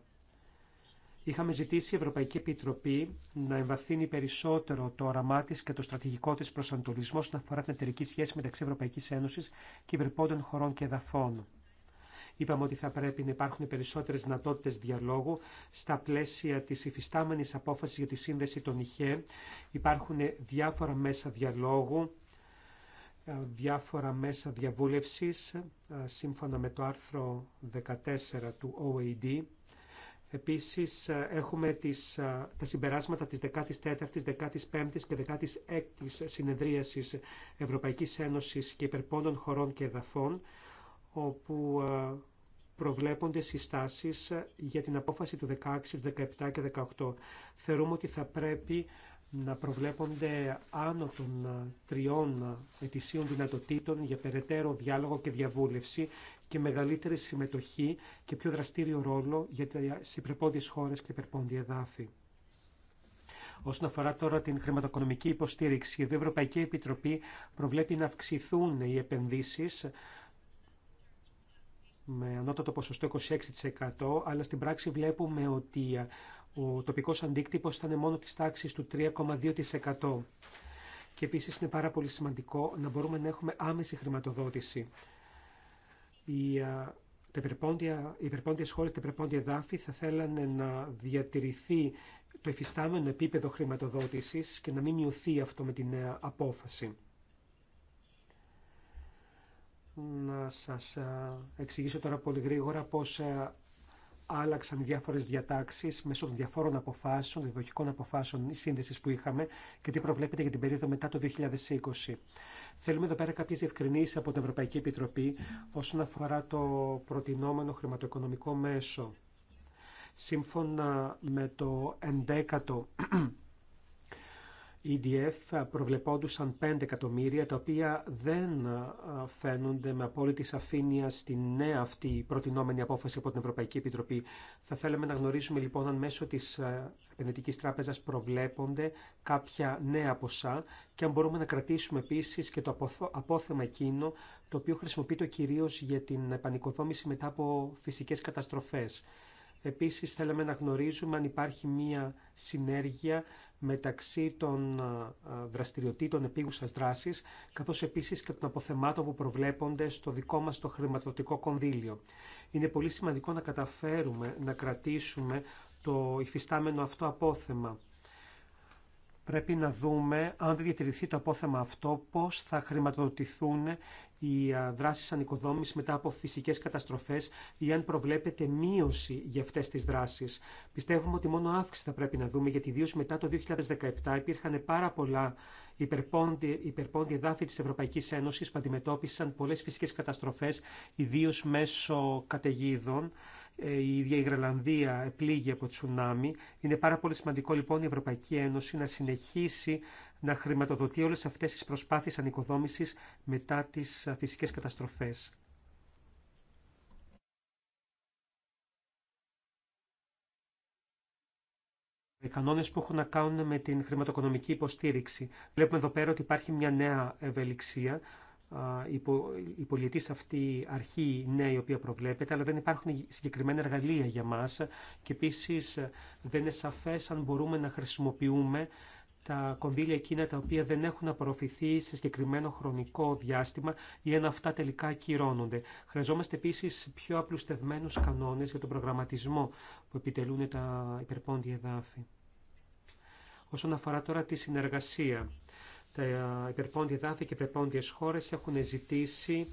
Είχαμε ζητήσει η Ευρωπαϊκή Επιτροπή να εμβαθύνει περισσότερο το όραμά τη και το στρατηγικό τη προσανατολισμό όσον αφορά την εταιρική σχέση μεταξύ Ευρωπαϊκή Ένωση και υπερπόντων χωρών και εδαφών. Είπαμε ότι θα πρέπει να υπάρχουν περισσότερε δυνατότητε διαλόγου στα πλαίσια τη υφιστάμενη απόφαση για τη σύνδεση των ΙΧΕ. Υπάρχουν διάφορα μέσα διαλόγου, ε, διάφορα μέσα διαβούλευση, ε, σύμφωνα με το άρθρο 14 του OAD Επίσης ε, έχουμε τις, ε, τα συμπεράσματα της 14ης, 15ης και 16ης συνεδρίασης Ευρωπαϊκής Ένωσης και υπερπόντων χωρών και εδαφών, όπου ε, προβλέπονται συστάσεις για την απόφαση του 16, του 17 και 18. Θεωρούμε ότι θα πρέπει να προβλέπονται άνω των τριών ετησίων δυνατοτήτων για περαιτέρω διάλογο και διαβούλευση και μεγαλύτερη συμμετοχή και πιο δραστήριο ρόλο για τις υπερπόδιες χώρες και υπερπόντια εδάφη. Όσον αφορά τώρα την χρηματοοικονομική υποστήριξη, η Ευρωπαϊκή Επιτροπή προβλέπει να αυξηθούν οι επενδύσεις με ανώτατο ποσοστό 26%, αλλά στην πράξη βλέπουμε ότι ο τοπικός αντίκτυπος ήταν μόνο της τάξης του 3,2%. Και επίσης είναι πάρα πολύ σημαντικό να μπορούμε να έχουμε άμεση χρηματοδότηση οι, τα υπερπόντια, οι υπερπόντιες χώρες, τα υπερπόντια θα θέλανε να διατηρηθεί το εφιστάμενο επίπεδο χρηματοδότησης και να μην μειωθεί αυτό με την νέα απόφαση. Να σας εξηγήσω τώρα πολύ γρήγορα πώς άλλαξαν διάφορε διατάξει μέσω των διαφόρων αποφάσεων, διδοχικών αποφάσεων σύνδεση που είχαμε και τι προβλέπεται για την περίοδο μετά το 2020. Θέλουμε εδώ πέρα κάποιε διευκρινήσει από την Ευρωπαϊκή Επιτροπή όσον αφορά το προτινόμενο χρηματοοικονομικό μέσο. Σύμφωνα με το 11ο ε, EDF προβλεπόντουσαν 5 εκατομμύρια, τα οποία δεν φαίνονται με απόλυτη σαφήνεια στη νέα αυτή προτινόμενη απόφαση από την Ευρωπαϊκή Επιτροπή. Θα θέλαμε να γνωρίσουμε λοιπόν αν μέσω της Επενδυτικής Τράπεζας προβλέπονται κάποια νέα ποσά και αν μπορούμε να κρατήσουμε επίσης και το απόθεμα εκείνο το οποίο χρησιμοποιείται κυρίως για την επανοικοδόμηση μετά από φυσικές καταστροφές. Επίσης θέλαμε να γνωρίζουμε αν υπάρχει μία συνέργεια μεταξύ των δραστηριοτήτων επίγουσας δράσης, καθώς επίσης και των αποθεμάτων που προβλέπονται στο δικό μας το χρηματοδοτικό κονδύλιο. Είναι πολύ σημαντικό να καταφέρουμε να κρατήσουμε το υφιστάμενο αυτό απόθεμα. Πρέπει να δούμε, αν δεν διατηρηθεί το απόθεμα αυτό, πώς θα χρηματοδοτηθούν οι δράσεις ανοικοδόμησης μετά από φυσικές καταστροφές ή αν προβλέπεται μείωση για αυτές τις δράσεις. Πιστεύουμε ότι μόνο αύξηση θα πρέπει να δούμε, γιατί ιδίω μετά το 2017 υπήρχαν πάρα πολλά υπερπόντια, δάφοι εδάφη της Ευρωπαϊκής Ένωσης που αντιμετώπισαν πολλές φυσικές καταστροφές, ιδίω μέσω καταιγίδων ε, η ίδια η Γρελανδία πλήγει από τσουνάμι. Είναι πάρα πολύ σημαντικό λοιπόν η Ευρωπαϊκή Ένωση να συνεχίσει να χρηματοδοτεί όλες αυτές τις προσπάθειες ανοικοδόμησης μετά τις ε, φυσικές καταστροφές. Οι κανόνες που έχουν να κάνουν με την χρηματοοικονομική υποστήριξη. Βλέπουμε εδώ πέρα ότι υπάρχει μια νέα ευελιξία η πολιτή αυτή αρχή νέα η οποία προβλέπεται, αλλά δεν υπάρχουν συγκεκριμένα εργαλεία για μας και επίση δεν είναι σαφές αν μπορούμε να χρησιμοποιούμε τα κονδύλια εκείνα τα οποία δεν έχουν απορροφηθεί σε συγκεκριμένο χρονικό διάστημα ή αν αυτά τελικά ακυρώνονται. Χρειαζόμαστε επίση πιο απλουστευμένου κανόνε για τον προγραμματισμό που επιτελούν τα υπερπόντια εδάφη. Όσον αφορά τώρα τη συνεργασία τα υπερπόντια εδάφη και υπερπόντιες χώρες έχουν ζητήσει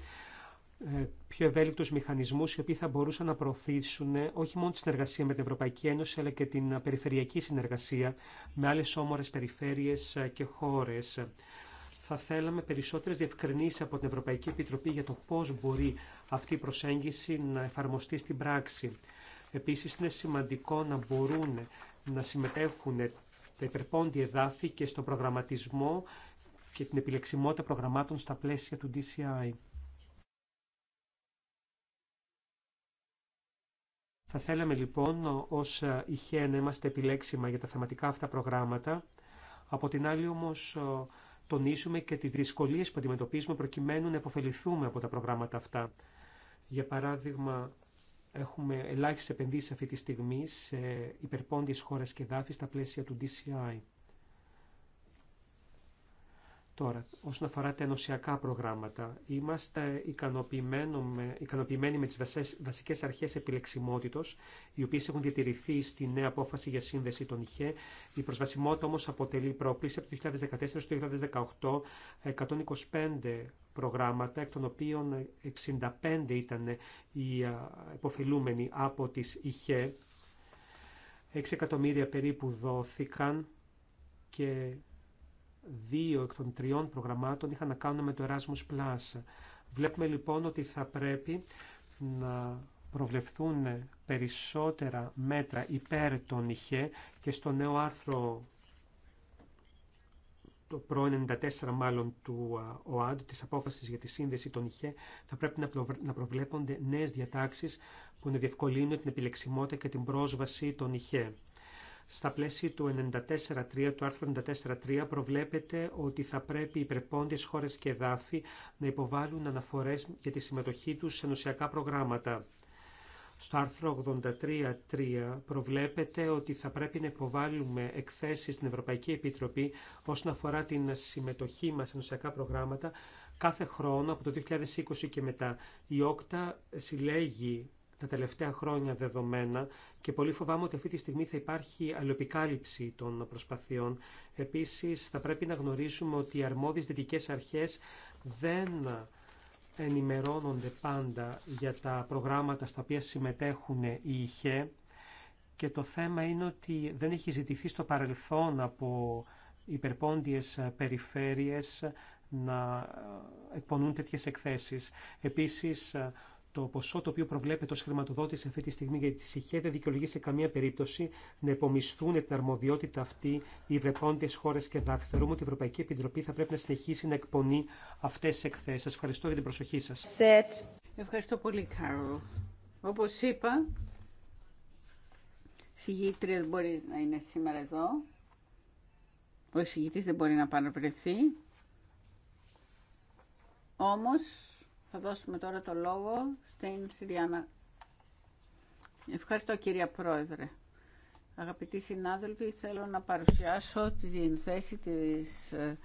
ε, πιο ευέλικτους μηχανισμούς οι οποίοι θα μπορούσαν να προωθήσουν ε, όχι μόνο τη συνεργασία με την Ευρωπαϊκή Ένωση αλλά και την ε, περιφερειακή συνεργασία με άλλες όμορες περιφέρειες και χώρες. Θα θέλαμε περισσότερες διευκρινήσεις από την Ευρωπαϊκή Επιτροπή για το πώς μπορεί αυτή η προσέγγιση να εφαρμοστεί στην πράξη. Επίσης είναι σημαντικό να μπορούν να συμμετέχουν τα υπερπόντια εδάφη και στον προγραμματισμό και την επιλεξιμότητα προγραμμάτων στα πλαίσια του DCI. Θα θέλαμε λοιπόν ως ηχέα να είμαστε επιλέξιμα για τα θεματικά αυτά προγράμματα. Από την άλλη όμως τονίσουμε και τις δυσκολίες που αντιμετωπίζουμε προκειμένου να υποφεληθούμε από τα προγράμματα αυτά. Για παράδειγμα, έχουμε ελάχιστε επενδύσεις αυτή τη στιγμή σε υπερπόντιες χώρες και δάφη στα πλαίσια του DCI. Τώρα, όσον αφορά τα ενωσιακά προγράμματα, είμαστε ικανοποιημένοι με τις βασικέ βασικές αρχές οι οποίες έχουν διατηρηθεί στη νέα απόφαση για σύνδεση των ΙΧΕ. Η προσβασιμότητα όμω αποτελεί πρόκληση από το 2014 στο 2018, 125 προγράμματα, εκ των οποίων 65 ήταν οι υποφελούμενοι από τις ΙΧΕ. 6 εκατομμύρια περίπου δόθηκαν και δύο εκ των τριών προγραμμάτων είχαν να κάνουν με το Erasmus Plus. Βλέπουμε λοιπόν ότι θα πρέπει να προβλεφθούν περισσότερα μέτρα υπέρ των ΙΧΕ και στο νέο άρθρο το προ 94 μάλλον του ΟΑΔ, της απόφασης για τη σύνδεση των ΙΧΕ, θα πρέπει να προβλέπονται νέες διατάξεις που να διευκολύνουν την επιλεξιμότητα και την πρόσβαση των ΙΧΕ. Στα πλαίσια του 94.3, του άρθρου 94.3 προβλέπεται ότι θα πρέπει οι υπερπόντιες χώρες και εδάφη να υποβάλουν αναφορές για τη συμμετοχή τους σε νοσιακά προγράμματα. Στο άρθρο 83.3 προβλέπεται ότι θα πρέπει να υποβάλουμε εκθέσεις στην Ευρωπαϊκή Επιτροπή όσον αφορά την συμμετοχή μας σε νοσιακά προγράμματα κάθε χρόνο από το 2020 και μετά. Η ΟΚΤΑ συλλέγει τα τελευταία χρόνια δεδομένα και πολύ φοβάμαι ότι αυτή τη στιγμή θα υπάρχει αλληλοπικάλυψη των προσπαθειών. Επίσης θα πρέπει να γνωρίσουμε ότι οι αρμόδιες δυτικές αρχές δεν ενημερώνονται πάντα για τα προγράμματα στα οποία συμμετέχουν οι ΙΧΕ και το θέμα είναι ότι δεν έχει ζητηθεί στο παρελθόν από υπερπόντιες περιφέρειες να εκπονούν τέτοιες εκθέσεις. Επίσης, το ποσό το οποίο προβλέπεται ω χρηματοδότηση αυτή τη στιγμή για τη ΣΥΧΕ δεν δικαιολογεί σε καμία περίπτωση να υπομισθούν την αρμοδιότητα αυτή οι βρεπόντιε χώρε και εδάφη. Θεωρούμε ότι η Ευρωπαϊκή Επιτροπή θα πρέπει να συνεχίσει να εκπονεί αυτέ τι εκθέσει. Σα ευχαριστώ για την προσοχή σα. Ευχαριστώ πολύ, Κάρολ. Όπω είπα, συγγήτρια δεν μπορεί να είναι σήμερα εδώ. Ο συγγητή δεν μπορεί να παραβρεθεί. Όμως, θα δώσουμε τώρα το λόγο στην Συριάννα. Ευχαριστώ κυρία Πρόεδρε. Αγαπητοί συνάδελφοι, θέλω να παρουσιάσω την θέση της, ε,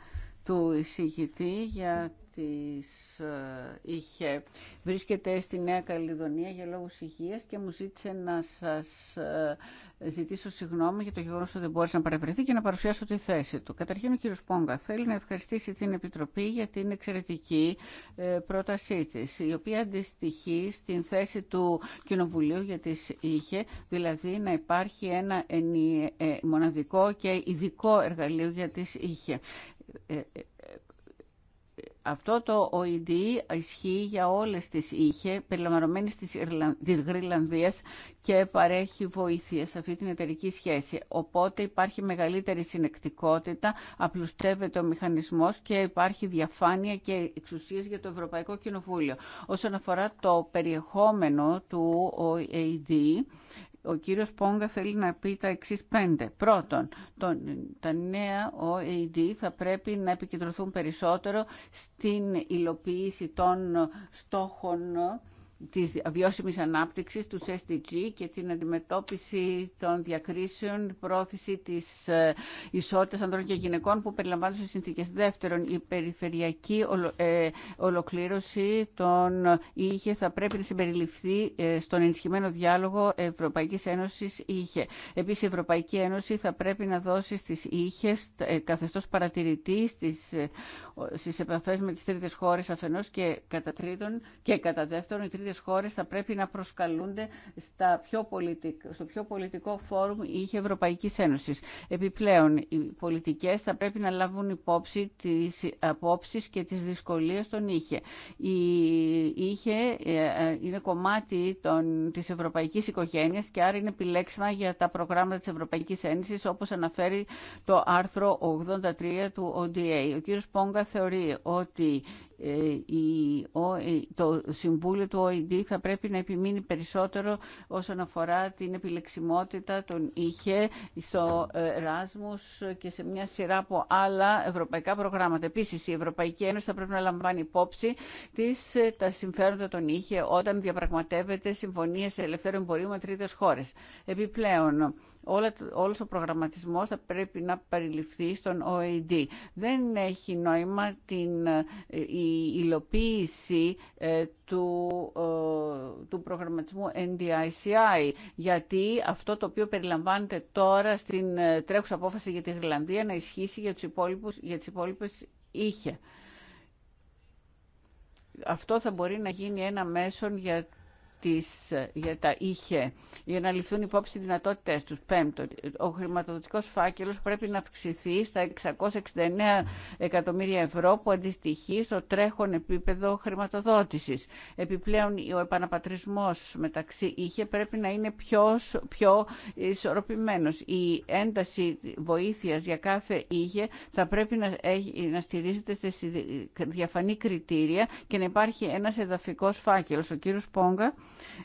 του εισηγητή για της ε, είχε βρίσκεται στη Νέα Καλλιδονία για λόγους υγείας και μου ζήτησε να σας ε, ζητήσω συγγνώμη για το γεγονός ότι δεν μπόρεσε να παρευρεθεί και να παρουσιάσω τη θέση του. Καταρχήν ο κύριος Πόγκα θέλει να ευχαριστήσει την Επιτροπή για την εξαιρετική ε, πρότασή της, η οποία αντιστοιχεί στην θέση του Κοινοβουλίου για τις είχε, δηλαδή να υπάρχει ένα μοναδικό και ειδικό εργαλείο για τις είχε αυτό το OED ισχύει για όλες τις είχε, περιλαμβανομένης της, Ιρλαν... της Γρυλανδίας και παρέχει βοήθεια σε αυτή την εταιρική σχέση. Οπότε υπάρχει μεγαλύτερη συνεκτικότητα, απλουστεύεται ο μηχανισμός και υπάρχει διαφάνεια και εξουσίες για το Ευρωπαϊκό Κοινοβούλιο. Όσον αφορά το περιεχόμενο του OED, ο κύριος Πόγκα θέλει να πει τα εξής πέντε. Πρώτον, τα νέα OED ε θα πρέπει να επικεντρωθούν περισσότερο στην υλοποίηση των στόχων της βιώσιμης ανάπτυξης, του SDG και την αντιμετώπιση των διακρίσεων, πρόθεση της ε, ισότητας ανδρών και γυναικών που περιλαμβάνονται στις συνθήκες. Δεύτερον, η περιφερειακή ε, ολοκλήρωση των είχε θα πρέπει να συμπεριληφθεί ε, στον ενισχυμένο διάλογο Ευρωπαϊκής Ένωσης είχε. Επίσης, η Ευρωπαϊκή Ένωση θα πρέπει να δώσει στις είχε καθεστώς παρατηρητή στις, στις επαφές με τις τρίτες χώρες αφενός και κατά τρίτον και κατά δεύτερον τέτοιες χώρες θα πρέπει να προσκαλούνται στα πιο πολιτικ... στο πιο πολιτικό φόρουμ ή Ευρωπαϊκής Ένωσης. Επιπλέον, οι πολιτικές θα πρέπει να λάβουν υπόψη τις απόψεις και τις δυσκολίες των είχε. Η είχε ε, ε, είναι κομμάτι των... της ευρωπαϊκής οικογένειας και άρα είναι επιλέξιμα για τα προγράμματα της Ευρωπαϊκής Ένωσης όπως αναφέρει το άρθρο 83 του ODA. Ο κύριος Πόγκα θεωρεί ότι ε, ε, το Συμβούλιο του OED θα πρέπει να επιμείνει περισσότερο όσον αφορά την επιλεξιμότητα των είχε στο Εράσμους και σε μια σειρά από άλλα ευρωπαϊκά προγράμματα. Επίσης, η Ευρωπαϊκή Ένωση θα πρέπει να λαμβάνει υπόψη τις, ε, τα συμφέροντα των είχε όταν διαπραγματεύεται συμφωνίες ελευθέρων εμπορίου με τρίτες χώρες. Επιπλέον, όλα, όλος ο προγραμματισμός θα πρέπει να περιληφθεί στον OED. Ε Δεν έχει νόημα την, ε, η υλοποίηση ε, του, του προγραμματισμού NDICI, γιατί αυτό το οποίο περιλαμβάνεται τώρα στην τρέχουσα απόφαση για τη Γρυλανδία να ισχύσει για, τους υπόλοιπους, για τις είχε. Αυτό θα μπορεί να γίνει ένα μέσον για για τα είχε, για να ληφθούν υπόψη οι δυνατότητες του. ο χρηματοδοτικός φάκελος πρέπει να αυξηθεί στα 669 εκατομμύρια ευρώ που αντιστοιχεί στο τρέχον επίπεδο χρηματοδότησης. Επιπλέον, ο επαναπατρισμός μεταξύ είχε πρέπει να είναι πιο, πιο ισορροπημένος. Η ένταση βοήθειας για κάθε είχε θα πρέπει να, να στηρίζεται σε διαφανή κριτήρια και να υπάρχει ένας εδαφικός φάκελος. Ο κύριο Πόγκα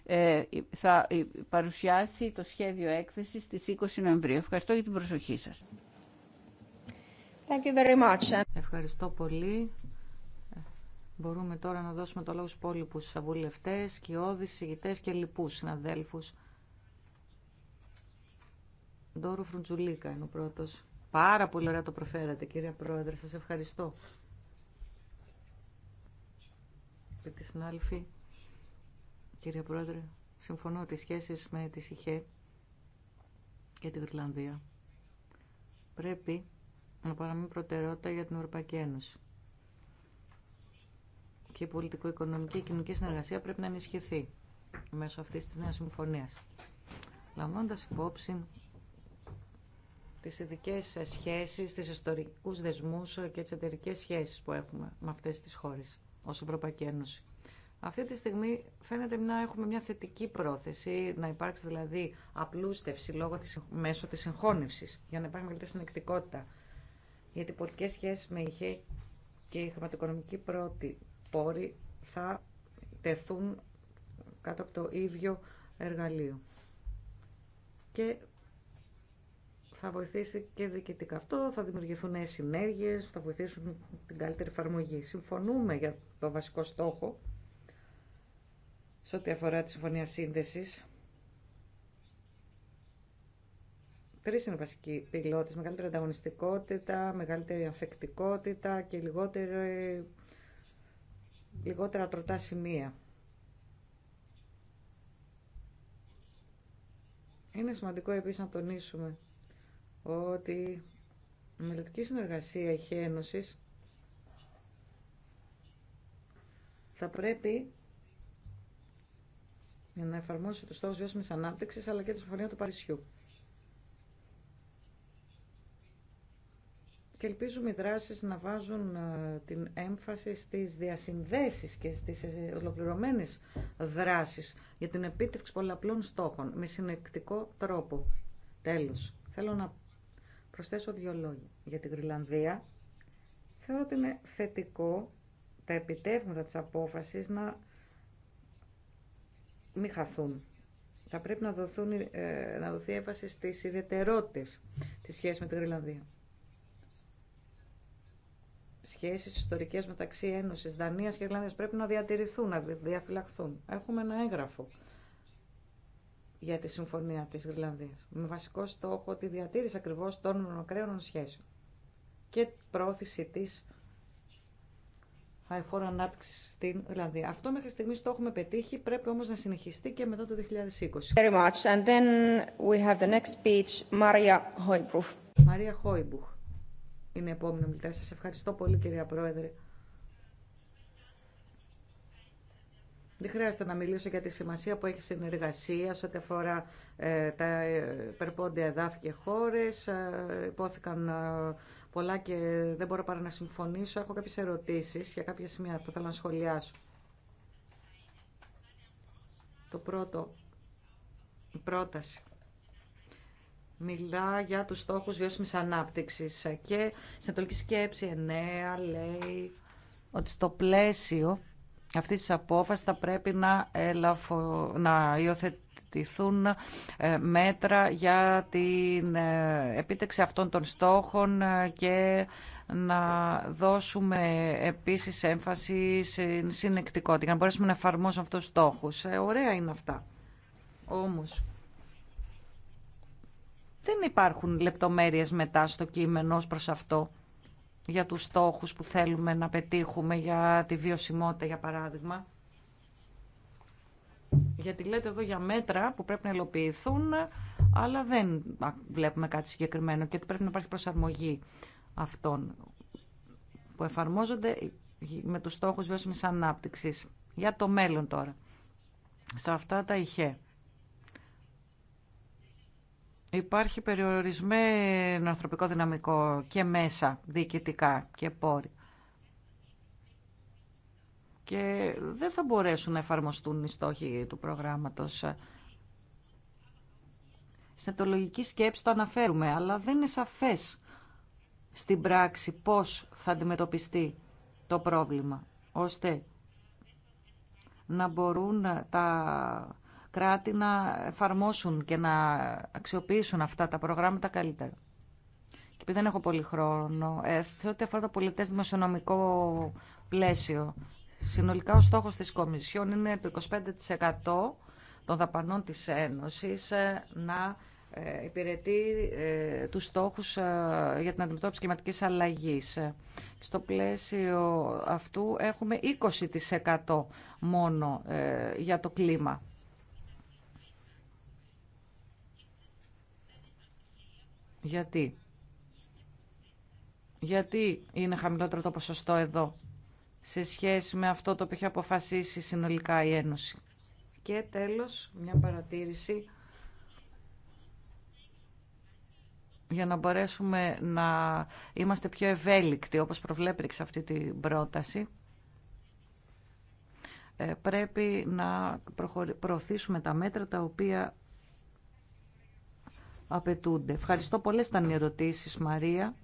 ε, θα παρουσιάσει το σχέδιο έκθεσης στις 20 Νοεμβρίου. Ευχαριστώ για την προσοχή σας. Thank you very much. Ευχαριστώ πολύ. Μπορούμε τώρα να δώσουμε το λόγο στους υπόλοιπους και κοιόδης, συγητές και λοιπούς συναδέλφους. Ντόρου Φρουντζουλίκα είναι ο πρώτος. Πάρα πολύ ωραία το προφέρατε, κύριε Πρόεδρε. Σας ευχαριστώ. Και τη κύριε Πρόεδρε. Συμφωνώ ότι οι σχέσεις με τη ΣΥΧΕ και τη Γρυλανδία πρέπει να παραμείνουν προτεραιότητα για την Ευρωπαϊκή Ένωση. Και η πολιτικο-οικονομική και κοινωνική συνεργασία πρέπει να ενισχυθεί μέσω αυτής της νέας συμφωνίας. Λαμβάνοντας υπόψη τις ειδικέ σχέσεις, τις ιστορικούς δεσμούς και τις εταιρικέ σχέσεις που έχουμε με αυτές τις χώρες ως Ευρωπαϊκή Ένωση. Αυτή τη στιγμή φαίνεται να έχουμε μια θετική πρόθεση, να υπάρξει δηλαδή απλούστευση λόγω της, μέσω της συγχώνευσης, για να υπάρχει μεγαλύτερη συνεκτικότητα. Γιατί οι πολιτικές σχέσεις με ηχέ και η χρηματοοικονομική πρώτη πόρη θα τεθούν κάτω από το ίδιο εργαλείο. Και θα βοηθήσει και διοικητικά αυτό, θα δημιουργηθούν νέε συνέργειες, θα βοηθήσουν την καλύτερη εφαρμογή. Συμφωνούμε για το βασικό στόχο, σε ό,τι αφορά τη Συμφωνία Σύνδεσης. Τρεις είναι βασικοί πιλότες. μεγαλύτερη ανταγωνιστικότητα, μεγαλύτερη αφεκτικότητα και λιγότερη, ε, λιγότερα τροτά σημεία. Είναι σημαντικό επίσης να τονίσουμε ότι η μελλοντική συνεργασία έχει ένωσης θα πρέπει για να εφαρμόσει τους στόχους βιώσιμης ανάπτυξης αλλά και τη συμφωνία του Παρισιού. Και ελπίζουμε οι δράσεις να βάζουν ε, την έμφαση στις διασυνδέσεις και στις ε, ολοκληρωμένες δράσεις για την επίτευξη πολλαπλών στόχων με συνεκτικό τρόπο. Τέλος, θέλω να προσθέσω δύο λόγια για την Γρυλανδία. Θεωρώ ότι είναι θετικό τα επιτεύγματα της απόφασης να μην χαθούν. Θα πρέπει να, δοθούν, ε, να δοθεί έμφαση στις ιδιαιτερότητες της σχέσης με τη Γρυλανδία. Σχέσεις ιστορικές μεταξύ Ένωσης, Δανίας και Γρυλανδίας πρέπει να διατηρηθούν, να διαφυλαχθούν. Έχουμε ένα έγγραφο για τη Συμφωνία της Γρυλανδίας με βασικό στόχο τη διατήρηση ακριβώς των μονοκρέων σχέσεων και πρόθεση της αεφόρο ανάπτυξη στην Ολλανδία. Αυτό μέχρι στιγμή το έχουμε πετύχει, πρέπει όμω να συνεχιστεί και μετά το 2020. Maria Hoibuch είναι η επόμενη μιλητέ. Σα ευχαριστώ πολύ, κυρία Πρόεδρε. Δεν χρειάζεται να μιλήσω για τη σημασία που έχει συνεργασία σε ό,τι αφορά ε, τα ε, υπερπόντια εδάφη και χώρες. Ε, υπόθηκαν πολλά και δεν μπορώ παρά να συμφωνήσω. Έχω κάποιες ερωτήσεις για κάποια σημεία που θέλω να σχολιάσω. Το πρώτο, η πρόταση μιλά για τους στόχους βιώσιμης ανάπτυξης και στην Ανατολική Σκέψη 9 λέει ότι στο πλαίσιο αυτή τη απόφαση θα πρέπει να, ελαφο... να υιοθετηθούν ε, μέτρα για την ε, επίτευξη αυτών των στόχων ε, και να δώσουμε επίσης έμφαση στην συνεκτικότητα για να μπορέσουμε να εφαρμόσουμε αυτούς τους στόχους. Ωραία είναι αυτά. Όμως δεν υπάρχουν λεπτομέρειες μετά στο κείμενο ως προς αυτό για τους στόχους που θέλουμε να πετύχουμε, για τη βιωσιμότητα για παράδειγμα. Γιατί λέτε εδώ για μέτρα που πρέπει να υλοποιηθούν, αλλά δεν βλέπουμε κάτι συγκεκριμένο και ότι πρέπει να υπάρχει προσαρμογή αυτών που εφαρμόζονται με τους στόχους βιώσιμης ανάπτυξης. Για το μέλλον τώρα. Σε αυτά τα είχε. Υπάρχει περιορισμένο ανθρωπικό δυναμικό και μέσα διοικητικά και πόροι. Και δεν θα μπορέσουν να εφαρμοστούν οι στόχοι του προγράμματος. Στην ετολογική σκέψη το αναφέρουμε, αλλά δεν είναι σαφές στην πράξη πώς θα αντιμετωπιστεί το πρόβλημα, ώστε να μπορούν τα κράτη να εφαρμόσουν και να αξιοποιήσουν αυτά τα προγράμματα καλύτερα. Και επειδή δεν έχω πολύ χρόνο, ε, σε ό,τι αφορά το πολιτές δημοσιονομικό πλαίσιο, συνολικά ο στόχος της Κομισιόν είναι το 25% των δαπανών της Ένωσης ε, να ε, υπηρετεί ε, τους στόχους για την αντιμετώπιση κλιματικής αλλαγής. Στο πλαίσιο αυτού έχουμε 20% μόνο για το κλίμα. Γιατί. Γιατί είναι χαμηλότερο το ποσοστό εδώ σε σχέση με αυτό το οποίο έχει αποφασίσει συνολικά η Ένωση. Και τέλος, μια παρατήρηση για να μπορέσουμε να είμαστε πιο ευέλικτοι, όπως προβλέπετε σε αυτή την πρόταση, ε, πρέπει να προωθήσουμε τα μέτρα τα οποία απαιτούνται. Ευχαριστώ πολύ ήταν οι ερωτήσεις, Μαρία.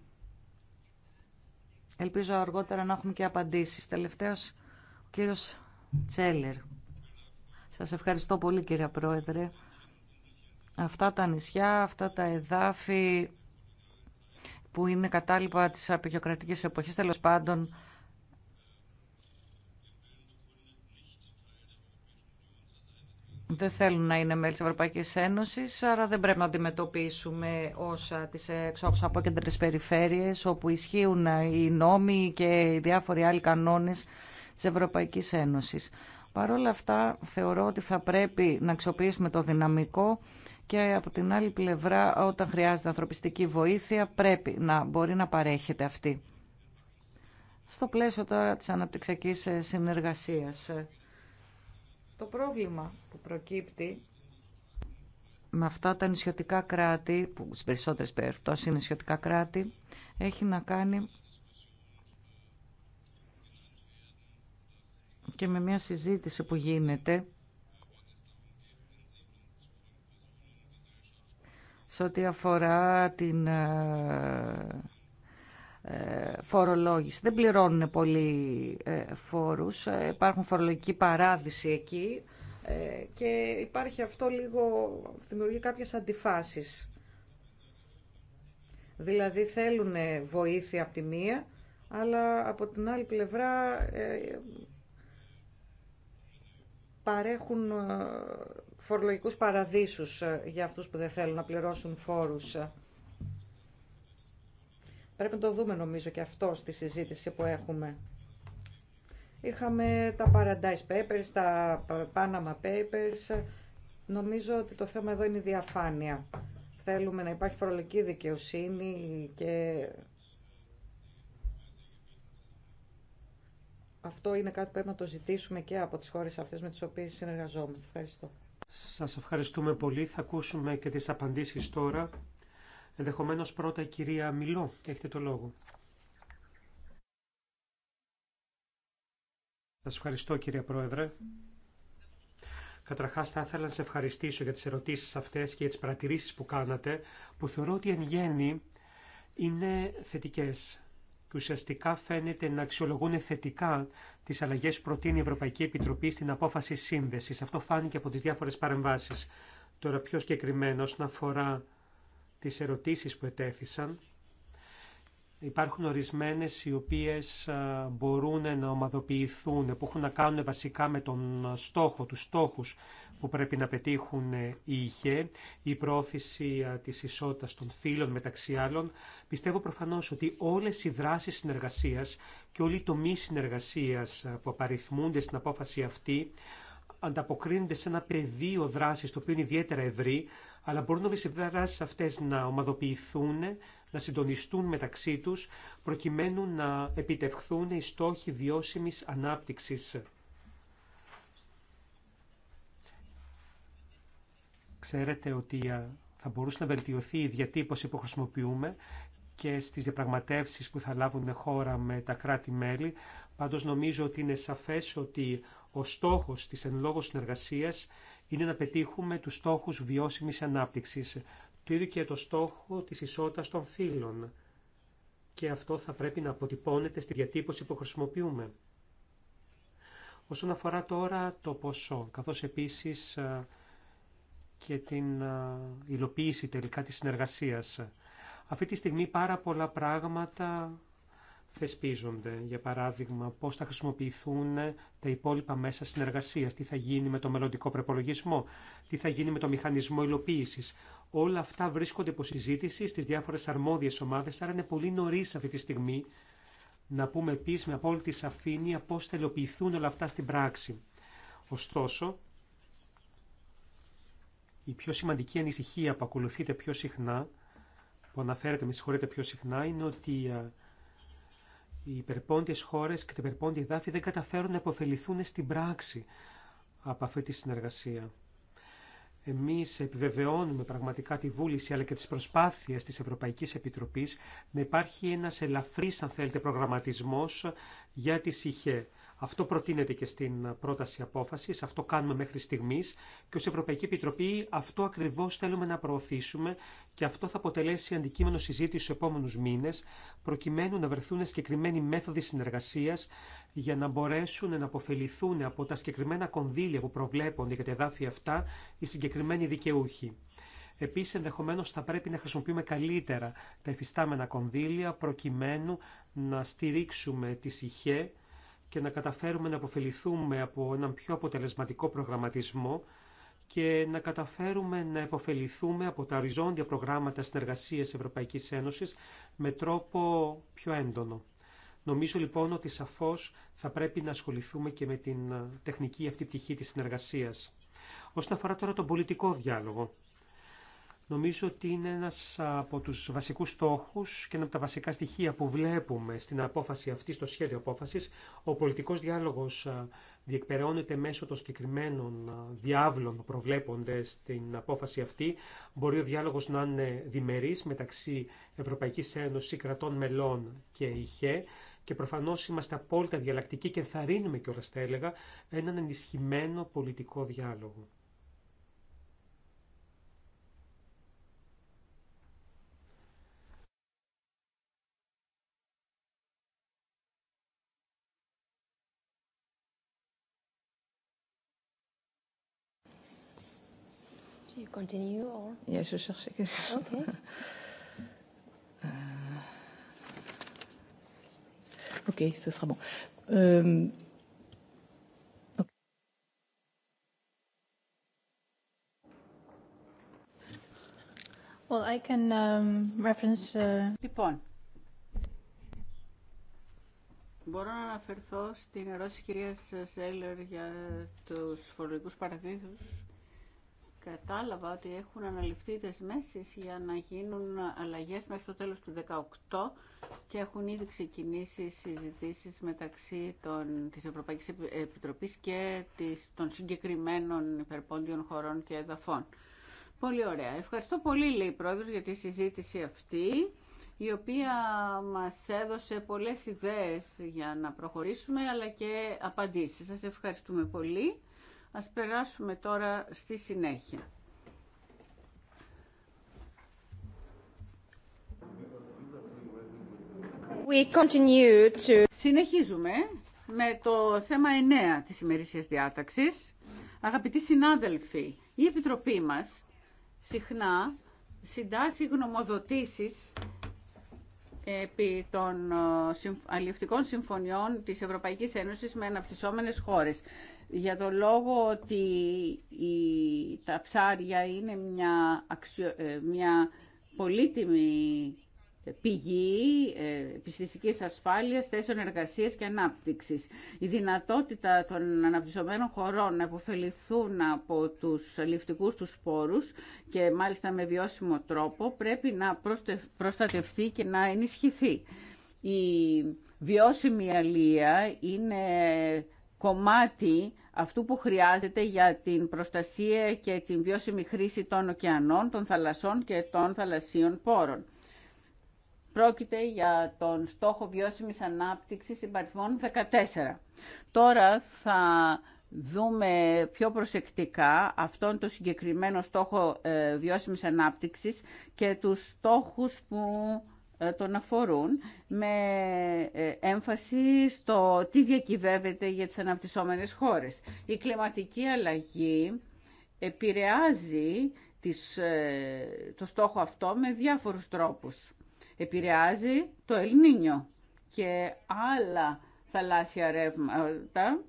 Ελπίζω αργότερα να έχουμε και απαντήσεις. Τελευταίος, ο κύριος Τσέλερ. Σας ευχαριστώ πολύ, κύριε Πρόεδρε. Αυτά τα νησιά, αυτά τα εδάφη που είναι κατάλοιπα της απεικιοκρατικής εποχής, τέλος πάντων, δεν θέλουν να είναι μέλη της Ευρωπαϊκής Ένωσης, άρα δεν πρέπει να αντιμετωπίσουμε όσα τις εξόχους από κέντρες περιφέρειες, όπου ισχύουν οι νόμοι και οι διάφοροι άλλοι κανόνες της Ευρωπαϊκής Ένωσης. Παρ' όλα αυτά, θεωρώ ότι θα πρέπει να αξιοποιήσουμε το δυναμικό και από την άλλη πλευρά, όταν χρειάζεται ανθρωπιστική βοήθεια, πρέπει να μπορεί να παρέχεται αυτή. Στο πλαίσιο τώρα της αναπτυξιακής συνεργασίας το πρόβλημα που προκύπτει με αυτά τα νησιωτικά κράτη, που στις περισσότερες περιπτώσεις είναι νησιωτικά κράτη, έχει να κάνει και με μια συζήτηση που γίνεται σε ό,τι αφορά την ε, ε, φορολόγηση. Δεν πληρώνουν πολλοί ε, φόρους, ε, υπάρχουν φορολογική παράδειση εκεί και υπάρχει αυτό λίγο, δημιουργεί κάποιες αντιφάσεις. Δηλαδή θέλουν βοήθεια από τη μία, αλλά από την άλλη πλευρά παρέχουν φορολογικούς παραδείσους για αυτούς που δεν θέλουν να πληρώσουν φόρους. Πρέπει να το δούμε νομίζω και αυτό στη συζήτηση που έχουμε. Είχαμε τα Paradise Papers, τα Panama Papers. Νομίζω ότι το θέμα εδώ είναι η διαφάνεια. Θέλουμε να υπάρχει φορολογική δικαιοσύνη και αυτό είναι κάτι που πρέπει να το ζητήσουμε και από τις χώρες αυτές με τις οποίες συνεργαζόμαστε. Ευχαριστώ. Σας ευχαριστούμε πολύ. Θα ακούσουμε και τις απαντήσεις τώρα Ενδεχομένως πρώτα η κυρία Μιλό. Έχετε το λόγο. Σας ευχαριστώ κυρία Πρόεδρε. Καταρχά, θα ήθελα να σα ευχαριστήσω για τι ερωτήσει αυτέ και για τι παρατηρήσει που κάνατε, που θεωρώ ότι εν γέννη είναι θετικέ και ουσιαστικά φαίνεται να αξιολογούν θετικά τι αλλαγέ που προτείνει η Ευρωπαϊκή Επιτροπή στην απόφαση σύνδεση. Αυτό φάνηκε από τι διάφορε παρεμβάσει. Τώρα, πιο συγκεκριμένο. όσον αφορά τις ερωτήσεις που ετέθησαν. Υπάρχουν ορισμένες οι οποίες μπορούν να ομαδοποιηθούν, που έχουν να κάνουν βασικά με τον στόχο, τους στόχους που πρέπει να πετύχουν οι ΙΧΕ, η πρόθεση της ισότητας των φύλων μεταξύ άλλων. Πιστεύω προφανώς ότι όλες οι δράσεις συνεργασίας και όλοι οι τομείς συνεργασίας που απαριθμούνται στην απόφαση αυτή ανταποκρίνονται σε ένα πεδίο δράσης το οποίο είναι ιδιαίτερα ευρύ, αλλά μπορούν να οι αυτές να ομαδοποιηθούν, να συντονιστούν μεταξύ τους, προκειμένου να επιτευχθούν οι στόχοι βιώσιμης ανάπτυξης. Ξέρετε ότι θα μπορούσε να βελτιωθεί η διατύπωση που χρησιμοποιούμε και στις διαπραγματεύσει που θα λάβουν χώρα με τα κράτη-μέλη. Πάντως νομίζω ότι είναι σαφές ότι ο στόχος της εν λόγω συνεργασίας είναι να πετύχουμε τους στόχους βιώσιμης ανάπτυξης. Το ίδιο και το στόχο της ισότητας των φύλων. Και αυτό θα πρέπει να αποτυπώνεται στη διατύπωση που χρησιμοποιούμε. Όσον αφορά τώρα το ποσό, καθώς επίσης και την υλοποίηση τελικά της συνεργασίας. Αυτή τη στιγμή πάρα πολλά πράγματα θεσπίζονται. Για παράδειγμα, πώς θα χρησιμοποιηθούν τα υπόλοιπα μέσα συνεργασίας, τι θα γίνει με το μελλοντικό προπολογισμό, τι θα γίνει με το μηχανισμό υλοποίησης. Όλα αυτά βρίσκονται υπό συζήτηση στις διάφορες αρμόδιες ομάδες, άρα είναι πολύ νωρί αυτή τη στιγμή να πούμε επίση με απόλυτη σαφήνεια πώς θα υλοποιηθούν όλα αυτά στην πράξη. Ωστόσο, η πιο σημαντική ανησυχία που ακολουθείται πιο συχνά, που αναφέρεται, με συγχωρείτε, πιο συχνά, είναι ότι οι υπερπόντιες χώρες και τα υπερπόντια εδάφη δεν καταφέρουν να υποφεληθούν στην πράξη από αυτή τη συνεργασία. Εμείς επιβεβαιώνουμε πραγματικά τη βούληση αλλά και τις προσπάθειες της Ευρωπαϊκής Επιτροπής να υπάρχει ένας ελαφρύς, αν θέλετε, προγραμματισμός για τη Συχέ. Αυτό προτείνεται και στην πρόταση απόφαση. αυτό κάνουμε μέχρι στιγμή και ω Ευρωπαϊκή Επιτροπή αυτό ακριβώ θέλουμε να προωθήσουμε και αυτό θα αποτελέσει αντικείμενο συζήτηση στου επόμενου μήνε, προκειμένου να βρεθούν συγκεκριμένοι μέθοδοι συνεργασία για να μπορέσουν να αποφεληθούν από τα συγκεκριμένα κονδύλια που προβλέπονται για τα εδάφια αυτά οι συγκεκριμένοι δικαιούχοι. Επίση, ενδεχομένω θα πρέπει να χρησιμοποιούμε καλύτερα τα εφιστάμενα κονδύλια προκειμένου να στηρίξουμε τη ΙΧΕ και να καταφέρουμε να αποφεληθούμε από έναν πιο αποτελεσματικό προγραμματισμό και να καταφέρουμε να αποφεληθούμε από τα οριζόντια προγράμματα συνεργασίας Ευρωπαϊκής Ένωσης με τρόπο πιο έντονο. Νομίζω λοιπόν ότι σαφώς θα πρέπει να ασχοληθούμε και με την τεχνική αυτή πτυχή της συνεργασίας. Όσον αφορά τώρα τον πολιτικό διάλογο, Νομίζω ότι είναι ένας από τους βασικούς στόχους και ένα από τα βασικά στοιχεία που βλέπουμε στην απόφαση αυτή, στο σχέδιο απόφασης. Ο πολιτικός διάλογος διεκπεραιώνεται μέσω των συγκεκριμένων διάβλων που προβλέπονται στην απόφαση αυτή. Μπορεί ο διάλογος να είναι διμερής μεταξύ Ευρωπαϊκής Ένωσης, κρατών μελών και ΙΧΕ και προφανώς είμαστε απόλυτα διαλλακτικοί και ενθαρρύνουμε κιόλας θα έλεγα έναν ενισχυμένο πολιτικό διάλογο. continue or yeah, je cherchais quelque chose. Okay. euh... Ok, ce sera bon. Euh... Well, I can um, reference. Uh... Λοιπόν, μπορώ να αναφερθώ στην ερώτηση της κυρίας Σέλλερ για τους φορολογικούς παραδείσους κατάλαβα ότι έχουν αναλυφθεί δεσμέσεις για να γίνουν αλλαγές μέχρι το τέλος του 2018 και έχουν ήδη ξεκινήσει συζητήσεις μεταξύ των, της Ευρωπαϊκής Επιτροπής και της, των συγκεκριμένων υπερπόντιων χωρών και εδαφών. Πολύ ωραία. Ευχαριστώ πολύ, λέει η Πρόεδρος, για τη συζήτηση αυτή η οποία μας έδωσε πολλές ιδέες για να προχωρήσουμε, αλλά και απαντήσεις. Σας ευχαριστούμε πολύ. Ας περάσουμε τώρα στη συνέχεια. We continue to... Συνεχίζουμε με το θέμα 9 της ημερήσιας διάταξης. Αγαπητοί συνάδελφοι, η Επιτροπή μας συχνά συντάσσει γνωμοδοτήσεις επί των ε, αλληλευτικών συμφωνιών της Ευρωπαϊκής Ένωσης με αναπτυσσόμενες χώρες για τον λόγο ότι η, τα ψάρια είναι μια, ε, μια πολύτιμη πηγή ε, πιστιστικής ασφάλειας, θέσεων εργασίας και ανάπτυξης. Η δυνατότητα των αναπτυσσομένων χωρών να υποφεληθούν από τους ληφτικούς τους σπόρους και μάλιστα με βιώσιμο τρόπο πρέπει να προστατευτεί και να ενισχυθεί. Η βιώσιμη αλία είναι κομμάτι αυτού που χρειάζεται για την προστασία και την βιώσιμη χρήση των ωκεανών, των θαλασσών και των θαλασσίων πόρων. Πρόκειται για τον στόχο βιώσιμης ανάπτυξης συμπαριθμών 14. Τώρα θα δούμε πιο προσεκτικά αυτόν τον συγκεκριμένο στόχο ε, βιώσιμης ανάπτυξης και τους στόχους που ε, τον αφορούν με ε, έμφαση στο τι διακυβεύεται για τις αναπτυσσόμενες χώρες. Η κλιματική αλλαγή επηρεάζει ε, το στόχο αυτό με διάφορους τρόπους. Επηρεάζει το Ελληνίνιο και άλλα θαλάσσια ρεύματα,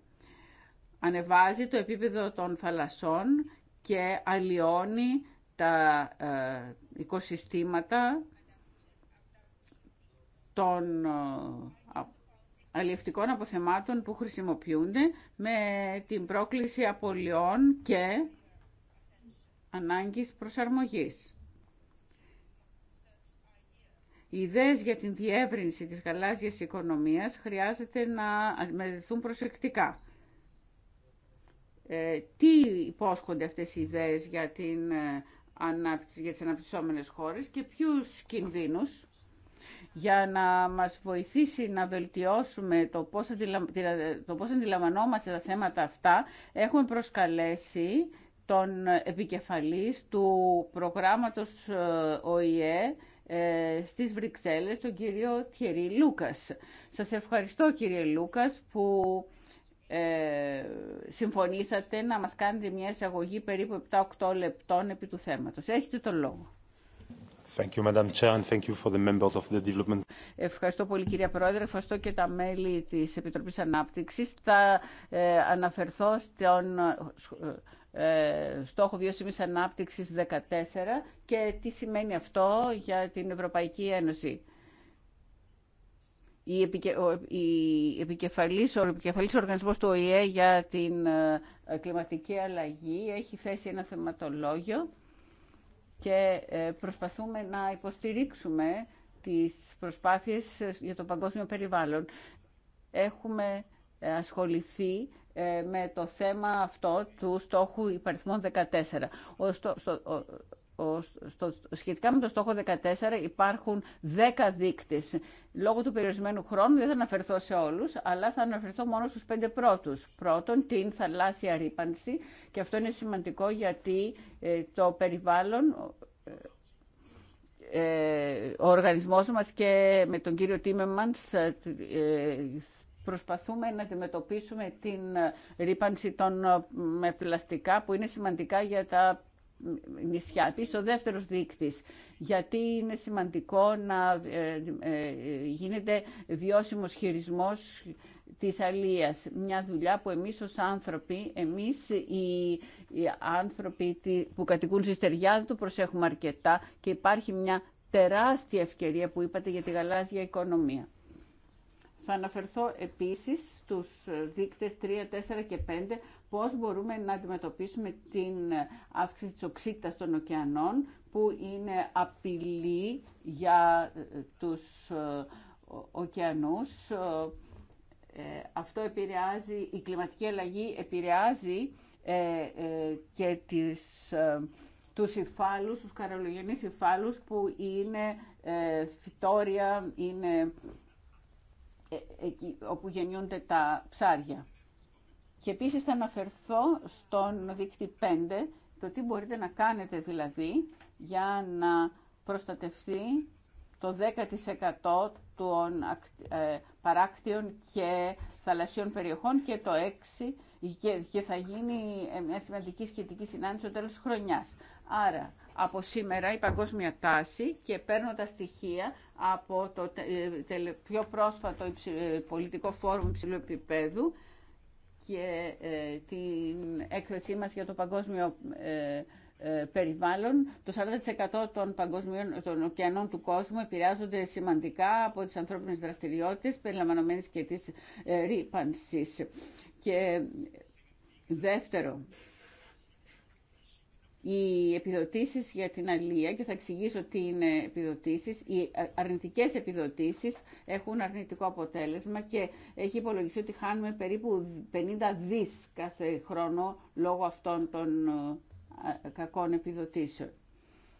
ανεβάζει το επίπεδο των θαλασσών και αλλοιώνει τα οικοσυστήματα των ε, αλλιευτικών αποθεμάτων που χρησιμοποιούνται με την πρόκληση απολειών και ανάγκης προσαρμογής. Οι ιδέες για την διεύρυνση της γαλάζιας οικονομίας χρειάζεται να μελετηθούν προσεκτικά. Ε, τι υπόσχονται αυτές οι ιδέες για, την, ε, για τις αναπτυσσόμενες χώρες και ποιους κινδύνους για να μας βοηθήσει να βελτιώσουμε το πώς, αντιλαμ... το πώς αντιλαμβανόμαστε τα θέματα αυτά, έχουμε προσκαλέσει τον επικεφαλής του προγράμματος ε, ΟΗΕ ε, στις Βρυξέλλες, τον κύριο Τιερή Λούκας. Σας ευχαριστώ κύριε Λούκας που ε, συμφωνήσατε να μας κάνετε μια εισαγωγή περίπου 7-8 λεπτών επί του θέματος. Έχετε τον λόγο. Ευχαριστώ πολύ κυρία Πρόεδρε, ευχαριστώ και τα μέλη της Επιτροπής Ανάπτυξης. Θα ε, αναφερθώ στον ε, στόχο βιώσιμης ανάπτυξης 14 και τι σημαίνει αυτό για την Ευρωπαϊκή Ένωση. Η, ο, η επικεφαλής, ο επικεφαλής οργανισμός του ΟΗΕ για την ε, κλιματική αλλαγή έχει θέσει ένα θεματολόγιο και ε, προσπαθούμε να υποστηρίξουμε τις προσπάθειες για το παγκόσμιο περιβάλλον. Έχουμε ε, ασχοληθεί ε, με το θέμα αυτό του στόχου υπαριθμών 14 στο, σχετικά με το στόχο 14 υπάρχουν 10 δείκτες. Λόγω του περιορισμένου χρόνου δεν θα αναφερθώ σε όλους, αλλά θα αναφερθώ μόνο στους 5 πρώτους. Πρώτον, την θαλάσσια ρήπανση και αυτό είναι σημαντικό γιατί ε, το περιβάλλον... Ε, ε, ο οργανισμός μας και με τον κύριο Τίμεμανς προσπαθούμε να αντιμετωπίσουμε την ρήπανση των, με πλαστικά που είναι σημαντικά για τα νησιά. Επίσης, ο δεύτερος δείκτης, γιατί είναι σημαντικό να ε, ε, γίνεται βιώσιμος χειρισμός της αλίας. Μια δουλειά που εμείς ως άνθρωποι, εμείς οι, άνθρωποι που κατοικούν στη στεριά δεν το προσέχουμε αρκετά και υπάρχει μια τεράστια ευκαιρία που είπατε για τη γαλάζια οικονομία. Θα αναφερθώ επίσης στους δείκτες 3, 4 και 5 πώς μπορούμε να αντιμετωπίσουμε την αύξηση της οξύτητας των ωκεανών που είναι απειλή για ε, τους ε, ωκεανούς. Ε, αυτό επηρεάζει, η κλιματική αλλαγή επηρεάζει και τις, τους υφάλους, τους καρολογενείς υφάλους που είναι φυτόρια, είναι όπου γεννιούνται τα ψάρια. Και επίσης θα αναφερθώ στον δείκτη 5, το τι μπορείτε να κάνετε δηλαδή για να προστατευτεί το 10% των ε, παράκτιων και θαλασσίων περιοχών και το 6% και θα γίνει ε, μια σημαντική σχετική συνάντηση στο τέλος χρονιάς. Άρα, από σήμερα η παγκόσμια τάση και παίρνω τα στοιχεία από το ε, πιο πρόσφατο πολιτικό φόρουμ υψηλού επίπεδου και ε, την έκθεσή μας για το παγκόσμιο ε, ε, περιβάλλον. Το 40% των παγκοσμίων των ωκεανών του κόσμου επηρεάζονται σημαντικά από τις ανθρώπινες δραστηριότητες, περιλαμβανομένες και της ρήπανσης. Και δεύτερο, οι επιδοτήσεις για την αλία, και θα εξηγήσω τι είναι επιδοτήσεις, οι αρνητικές επιδοτήσεις έχουν αρνητικό αποτέλεσμα και έχει υπολογιστεί ότι χάνουμε περίπου 50 δις κάθε χρόνο λόγω αυτών των ε, κακών επιδοτήσεων.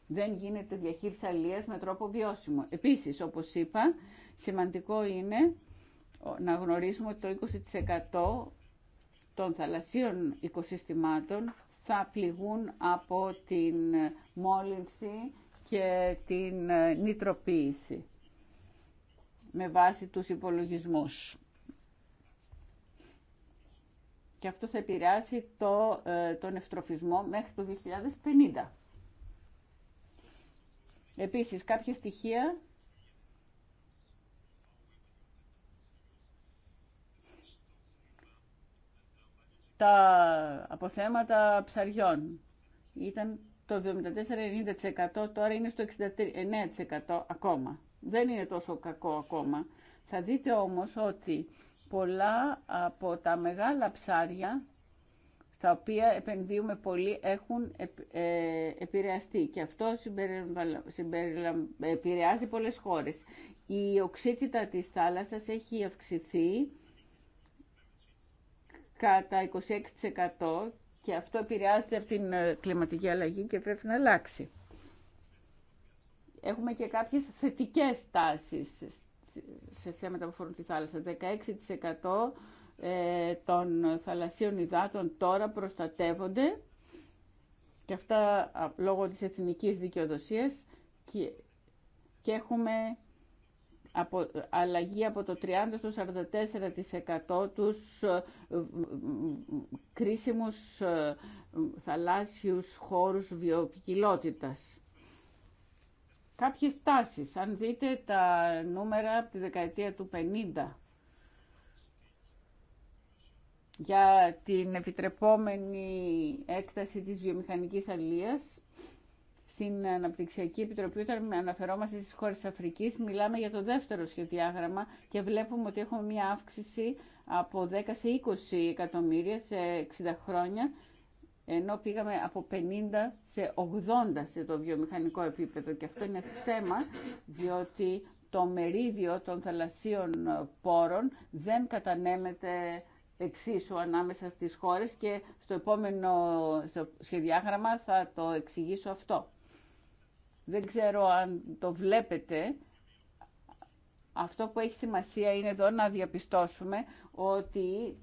Δεν γίνεται διαχείριση αλίας με τρόπο βιώσιμο. Επίσης, όπως είπα, σημαντικό είναι να γνωρίσουμε ότι το 20% των θαλασσίων οικοσυστημάτων θα πληγούν από την μόλυνση και την ε, νητροποίηση με βάση τους υπολογισμούς. Και αυτό θα επηρεάσει το, ε, τον ευτροφισμό μέχρι το 2050. Επίσης, κάποια στοιχεία τα αποθέματα ψαριών. Ήταν το 74-90%, τώρα είναι στο 69% ακόμα. Δεν είναι τόσο κακό ακόμα. Θα δείτε όμως ότι πολλά από τα μεγάλα ψάρια στα οποία επενδύουμε πολύ έχουν ε, επηρεαστεί και αυτό επηρεάζει πολλές χώρες. Η οξύτητα της θάλασσας έχει αυξηθεί κατά 26% και αυτό επηρεάζεται από την ε, κλιματική αλλαγή και πρέπει να αλλάξει. Έχουμε και κάποιες θετικές τάσεις σε θέματα που αφορούν τη θάλασσα. 16% ε, των θαλασσίων υδάτων τώρα προστατεύονται και αυτά λόγω της εθνικής δικαιοδοσίας και, και έχουμε από, αλλαγή από το 30% στο 44% τους ε, κρίσιμους ε, θαλάσσιους χώρους βιοποικιλότητας. Κάποιες τάσεις, αν δείτε τα νούμερα από τη δεκαετία του 50 για την επιτρεπόμενη έκταση της βιομηχανικής αλίας στην Αναπτυξιακή Επιτροπή, όταν αναφερόμαστε στις χώρες Αφρική Αφρικής, μιλάμε για το δεύτερο σχεδιάγραμμα και βλέπουμε ότι έχουμε μια αύξηση από 10 σε 20 εκατομμύρια σε 60 χρόνια, ενώ πήγαμε από 50 σε 80 σε το βιομηχανικό επίπεδο. Και αυτό είναι θέμα, διότι το μερίδιο των θαλασσίων πόρων δεν κατανέμεται εξίσου ανάμεσα στις χώρες και στο επόμενο σχεδιάγραμμα θα το εξηγήσω αυτό. Δεν ξέρω αν το βλέπετε. Αυτό που έχει σημασία είναι εδώ να διαπιστώσουμε ότι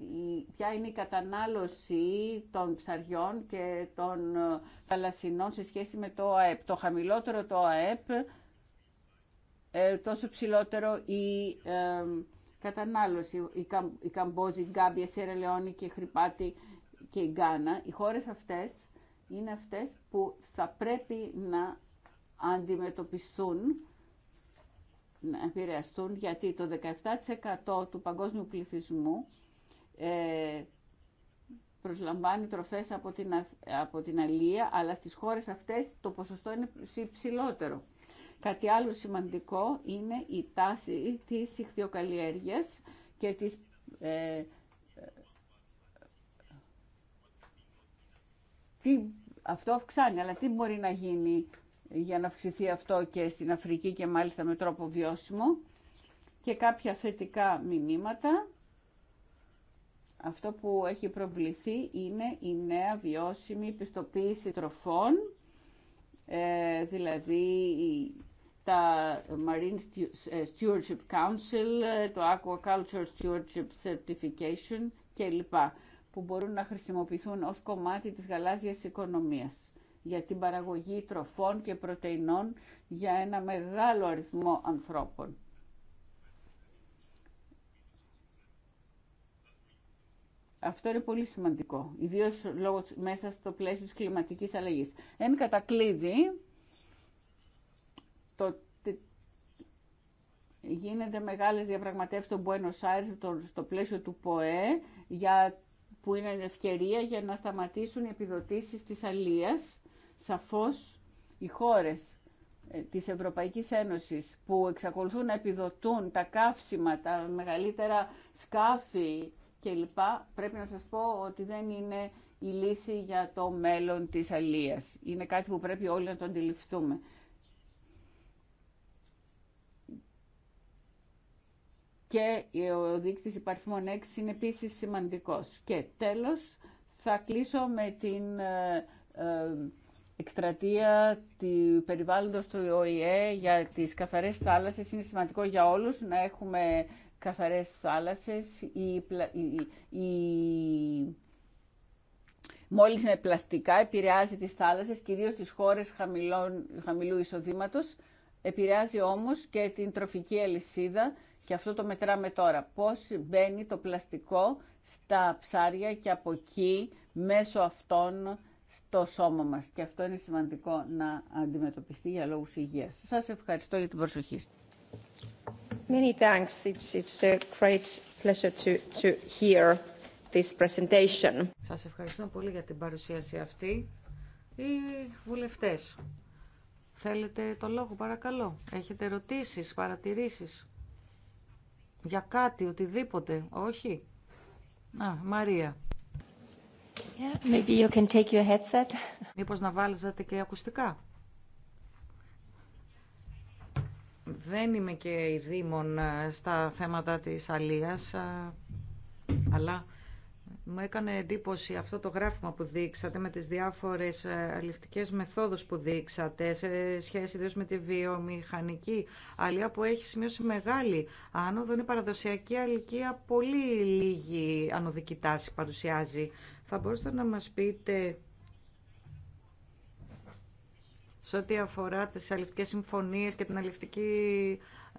ποια είναι η κατανάλωση των ψαριών και των ε, θαλασσινών σε σχέση με το ΑΕΠ. Το χαμηλότερο το ΑΕΠ, ε, τόσο ψηλότερο η ε, κατανάλωση. Η, Καμ, η Καμπόζη, η Γκάμπια, και η Χρυπάτη και η Γκάνα, οι χώρες αυτές είναι αυτές που θα πρέπει να αντιμετωπιστούν, να επηρεαστούν, γιατί το 17% του παγκόσμιου πληθυσμού ε, προσλαμβάνει τροφές από την, από την αλία, αλλά στις χώρες αυτές το ποσοστό είναι ψηλότερο. Κάτι άλλο σημαντικό είναι η τάση της ηχθειοκαλλιέργειας και της ε, ε, τι, αυτό αυξάνει, αλλά τι μπορεί να γίνει για να αυξηθεί αυτό και στην Αφρική και μάλιστα με τρόπο βιώσιμο και κάποια θετικά μηνύματα. Αυτό που έχει προβληθεί είναι η νέα βιώσιμη πιστοποίηση τροφών, ε, δηλαδή τα Marine ε, Stewardship Council, ε, το Aquaculture Stewardship Certification κλπ. που μπορούν να χρησιμοποιηθούν ως κομμάτι της γαλάζιας οικονομίας για την παραγωγή τροφών και πρωτεϊνών για ένα μεγάλο αριθμό ανθρώπων. Αυτό είναι πολύ σημαντικό, ιδίως λόγω, μέσα στο πλαίσιο της κλιματικής αλλαγής. Εν κατακλείδη, το, γίνεται μεγάλες διαπραγματεύσεις στο Buenos Aires στο πλαίσιο του ΠΟΕ, για, που είναι ευκαιρία για να σταματήσουν οι επιδοτήσεις της αλίας Σαφώς οι χώρες ε, της Ευρωπαϊκής Ένωσης που εξακολουθούν να επιδοτούν τα καύσιμα, τα μεγαλύτερα σκάφη κλπ. Πρέπει να σας πω ότι δεν είναι η λύση για το μέλλον της αλίας. Είναι κάτι που πρέπει όλοι να το αντιληφθούμε. Και ο δείκτης υπαρθμών 6 είναι επίσης σημαντικός. Και τέλος θα κλείσω με την ε, ε, εκστρατεία του περιβάλλοντος του ΟΗΕ για τις καθαρές θάλασσες είναι σημαντικό για όλους να έχουμε καθαρές θάλασσες ή, ή, μόλις με πλαστικά επηρεάζει τις θάλασσες κυρίως τις χώρες χαμηλού εισοδήματος επηρεάζει όμως και την τροφική αλυσίδα και αυτό το μετράμε τώρα. Πώς μπαίνει το πλαστικό στα ψάρια και από εκεί μέσω αυτών στο σώμα μας και αυτό είναι σημαντικό να αντιμετωπιστεί για λόγους υγείας. Σας ευχαριστώ για την προσοχή Many thanks. It's, it's a great pleasure to, to hear this presentation. Σας ευχαριστώ πολύ για την παρουσίαση αυτή. Οι βουλευτές, θέλετε το λόγο παρακαλώ. Έχετε ερωτήσεις, παρατηρήσεις για κάτι, οτιδήποτε. Όχι. Να, Μαρία. Yeah, Μήπως να βάλετε και ακουστικά. Δεν είμαι και η ε, στα θέματα της αλίας, ε, αλλά μου έκανε εντύπωση αυτό το γράφημα που δείξατε με τις διάφορες ε, αληφτικές μεθόδους που δείξατε σε σχέση ιδίως με τη βιομηχανική αλία που έχει σημειώσει μεγάλη άνοδο. Είναι παραδοσιακή αλικία, πολύ λίγη ανωδική τάση παρουσιάζει θα μπορούσατε να μας πείτε σε ό,τι αφορά τις αληφτικές συμφωνίες και την αληφτική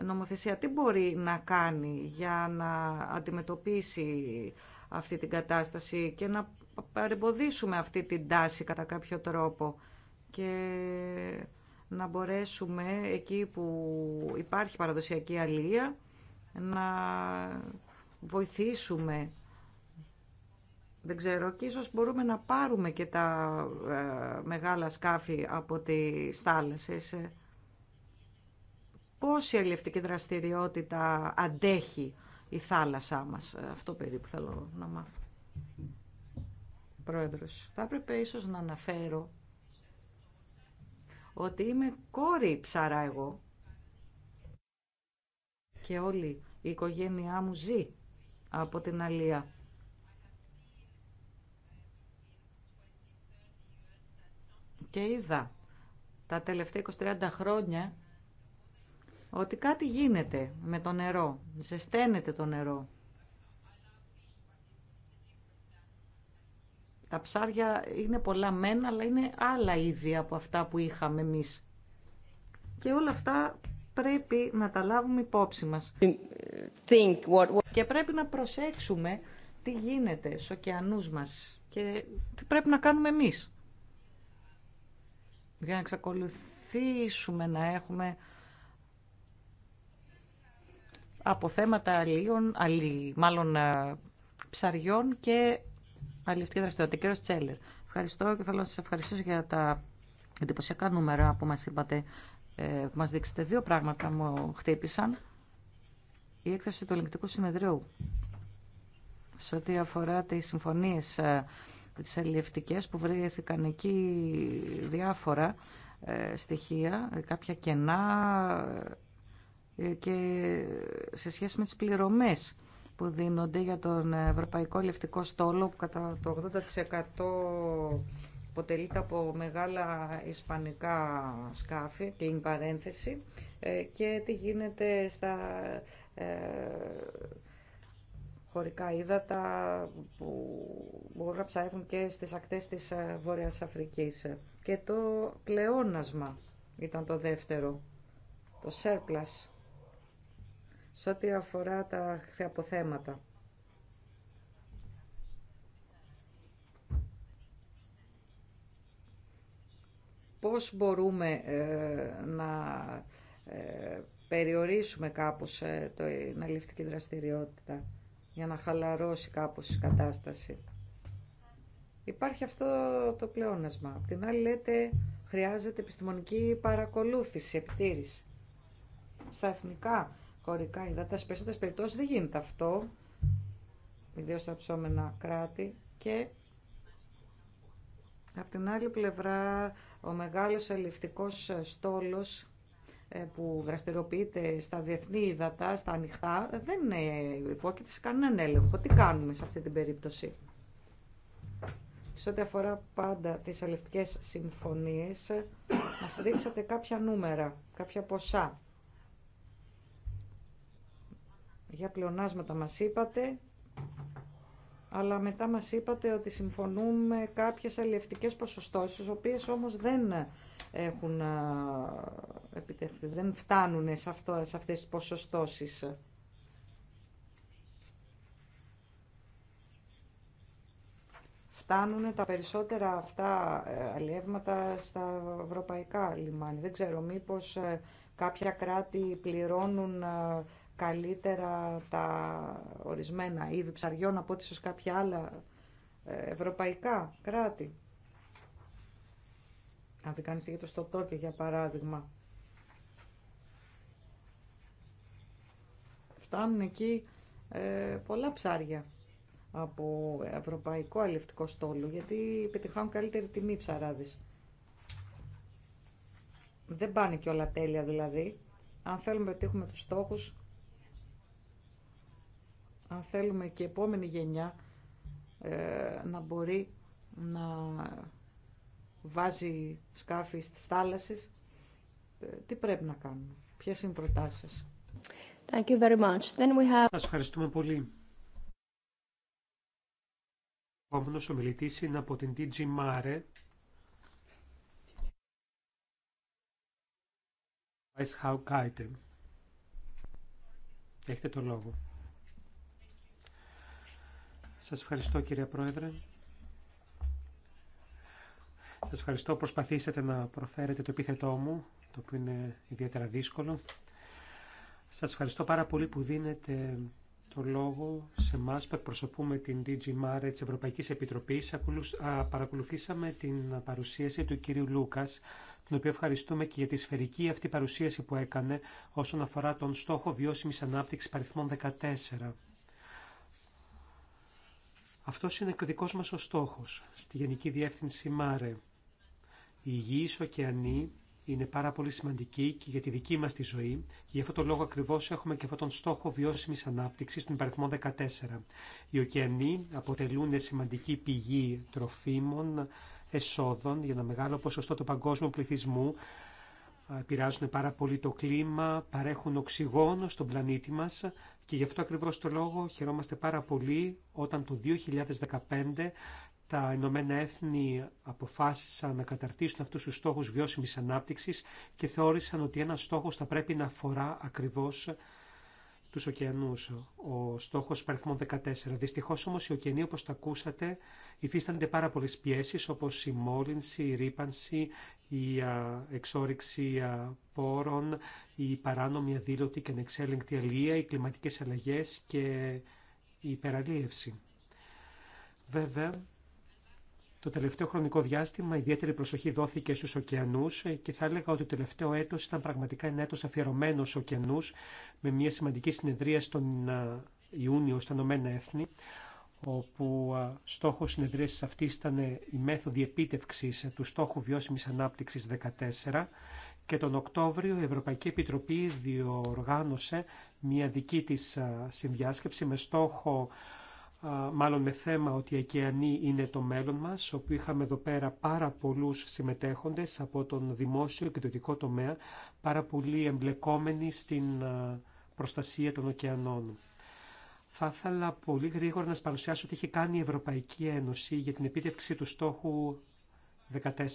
νομοθεσία, τι μπορεί να κάνει για να αντιμετωπίσει αυτή την κατάσταση και να παρεμποδίσουμε αυτή την τάση κατά κάποιο τρόπο και να μπορέσουμε εκεί που υπάρχει παραδοσιακή αλία να βοηθήσουμε δεν ξέρω, και ίσως μπορούμε να πάρουμε και τα ε, μεγάλα σκάφη από τις θάλασσες. Ε, πόση αλληλευτική δραστηριότητα αντέχει η θάλασσά μας. Ε, αυτό περίπου θέλω να μάθω. Πρόεδρος, θα έπρεπε ίσως να αναφέρω ότι είμαι κόρη ψαρά εγώ και όλη η οικογένειά μου ζει από την Αλία. και είδα τα τελευταία 20-30 χρόνια ότι κάτι γίνεται με το νερό, ζεσταίνεται το νερό. Τα ψάρια είναι πολλά μένα, αλλά είναι άλλα είδη από αυτά που είχαμε εμείς. Και όλα αυτά πρέπει να τα λάβουμε υπόψη μας. Και πρέπει να προσέξουμε τι γίνεται στους ωκεανούς μας και τι πρέπει να κάνουμε εμείς για να εξακολουθήσουμε να έχουμε από θέματα αλλήλων, μάλλον ε, ψαριών και αλληλευτική δραστηριότητα. Κύριος Τσέλερ, ευχαριστώ και θέλω να σας ευχαριστήσω για τα εντυπωσιακά νούμερα που μας είπατε, ε, που μας δείξετε. Δύο πράγματα μου χτύπησαν. Η έκθεση του ελεγκτικού συνεδρίου σε ό,τι αφορά τις συμφωνίες ε, τις αλληλευτικές που βρέθηκαν εκεί διάφορα ε, στοιχεία, κάποια κενά ε, και σε σχέση με τις πληρωμές που δίνονται για τον Ευρωπαϊκό Ελευτικό Στόλο που κατά το 80% αποτελείται από μεγάλα ισπανικά σκάφη, κλείνει παρένθεση, ε, και τι γίνεται στα χωρικά ύδατα που μπορούν να ψαρεύουν και στις ακτές της ε, Βόρειας Αφρικής. Και το πλεόνασμα ήταν το δεύτερο, το surplus, σε ό,τι αφορά τα αποθέματα. Πώς μπορούμε ε, να ε, περιορίσουμε κάπως το, την αλληλευτική δραστηριότητα για να χαλαρώσει κάπως η κατάσταση. Υπάρχει αυτό το πλεόνασμα. Απ' την άλλη λέτε χρειάζεται επιστημονική παρακολούθηση, επιτήρηση. Στα εθνικά χωρικά υδατά, στις περισσότερες περιπτώσεις δεν γίνεται αυτό, ιδίως στα ψώμενα κράτη και απ' την άλλη πλευρά ο μεγάλος αλληλευτικός στόλος ε, που δραστηριοποιείται στα διεθνή ύδατα, στα ανοιχτά, δεν υπόκειται σε κανέναν έλεγχο. Τι κάνουμε σε αυτή την περίπτωση. Σε ό,τι αφορά πάντα τις αλευτικές συμφωνίες, μας δείξατε κάποια νούμερα, κάποια ποσά. Για πλεονάσματα μας είπατε, αλλά μετά μας είπατε ότι συμφωνούμε κάποιες αλληλευτικές ποσοστώσεις, οι οποίες όμως δεν έχουν επιτευχθεί, δεν φτάνουν σε, αυτό, σε αυτές τις ποσοστώσεις. Φτάνουν τα περισσότερα αυτά ε, αλλιεύματα στα ευρωπαϊκά λιμάνια. Δεν ξέρω μήπως ε, κάποια κράτη πληρώνουν καλύτερα τα ορισμένα είδη ψαριών από ό,τι ίσως κάποια άλλα ε, ευρωπαϊκά κράτη. Αν δεν κάνεις για το στο για παράδειγμα. Φτάνουν εκεί ε, πολλά ψάρια από ευρωπαϊκό αλληλευτικό στόλο, γιατί επιτυχάνουν καλύτερη τιμή ψαράδες. Δεν πάνε και όλα τέλεια δηλαδή. Αν θέλουμε να πετύχουμε τους στόχους, αν θέλουμε και η επόμενη γενιά ε, να μπορεί να βάζει σκάφη στις θάλασσες, ε, τι πρέπει να κάνουμε, ποιες είναι οι προτάσεις σας. Thank you very much. Then we have... Σας ευχαριστούμε πολύ. Ο επόμενος ομιλητής είναι από την DG Mare. Έχετε το λόγο. Σας ευχαριστώ κύριε Πρόεδρε. Σας ευχαριστώ. που Προσπαθήσατε να προφέρετε το επίθετό μου, το οποίο είναι ιδιαίτερα δύσκολο. Σας ευχαριστώ πάρα πολύ που δίνετε το λόγο σε εμά που εκπροσωπούμε την DG Mare της Ευρωπαϊκής Επιτροπής. Παρακολουθήσαμε την παρουσίαση του κυρίου Λούκας, τον οποίο ευχαριστούμε και για τη σφαιρική αυτή παρουσίαση που έκανε όσον αφορά τον στόχο βιώσιμης ανάπτυξης παριθμών 14. Αυτός είναι και ο δικός μας ο στόχος στη Γενική Διεύθυνση ΜΑΡΕ. Η υγιής ωκεανή είναι πάρα πολύ σημαντική και για τη δική μας τη ζωή και γι' αυτό το λόγο ακριβώς έχουμε και αυτόν τον στόχο βιώσιμης ανάπτυξης του υπαριθμό 14. Οι ωκεανοί αποτελούν σημαντική πηγή τροφίμων, εσόδων για ένα μεγάλο ποσοστό του παγκόσμιου πληθυσμού επηρεάζουν πάρα πολύ το κλίμα, παρέχουν οξυγόνο στον πλανήτη μας και γι' αυτό ακριβώς το λόγο χαιρόμαστε πάρα πολύ όταν το 2015 τα Ηνωμένα Έθνη αποφάσισαν να καταρτήσουν αυτούς τους στόχους βιώσιμης ανάπτυξης και θεώρησαν ότι ένας στόχος θα πρέπει να αφορά ακριβώς τους ωκεανούς, ο στόχος παριθμών 14. Δυστυχώς όμως οι ωκεανοί, όπως τα ακούσατε, υφίστανται πάρα πολλές πιέσεις, όπως η μόλυνση, η ρήπανση, η εξόριξη πόρων, η παράνομη αδήλωτη και ανεξέλεγκτη αλία, οι κλιματικές αλλαγές και η υπεραλίευση. Βέβαια, το τελευταίο χρονικό διάστημα ιδιαίτερη προσοχή δόθηκε στους ωκεανούς και θα έλεγα ότι το τελευταίο έτος ήταν πραγματικά ένα έτος αφιερωμένο στους με μια σημαντική συνεδρία στον Ιούνιο στα Ηνωμένα Έθνη όπου στόχος συνεδρίασης αυτής ήταν ε, η μέθοδη επίτευξης του στόχου βιώσιμης ανάπτυξης 14 και τον Οκτώβριο η Ευρωπαϊκή Επιτροπή διοργάνωσε μια δική της συνδιάσκεψη με στόχο μάλλον με θέμα ότι η ωκεανοί είναι το μέλλον μας, όπου είχαμε εδώ πέρα πάρα πολλούς συμμετέχοντες από τον δημόσιο και το ειδικό τομέα, πάρα πολύ εμπλεκόμενοι στην προστασία των ωκεανών. Θα ήθελα πολύ γρήγορα να σας παρουσιάσω τι έχει κάνει η Ευρωπαϊκή Ένωση για την επίτευξη του στόχου 14.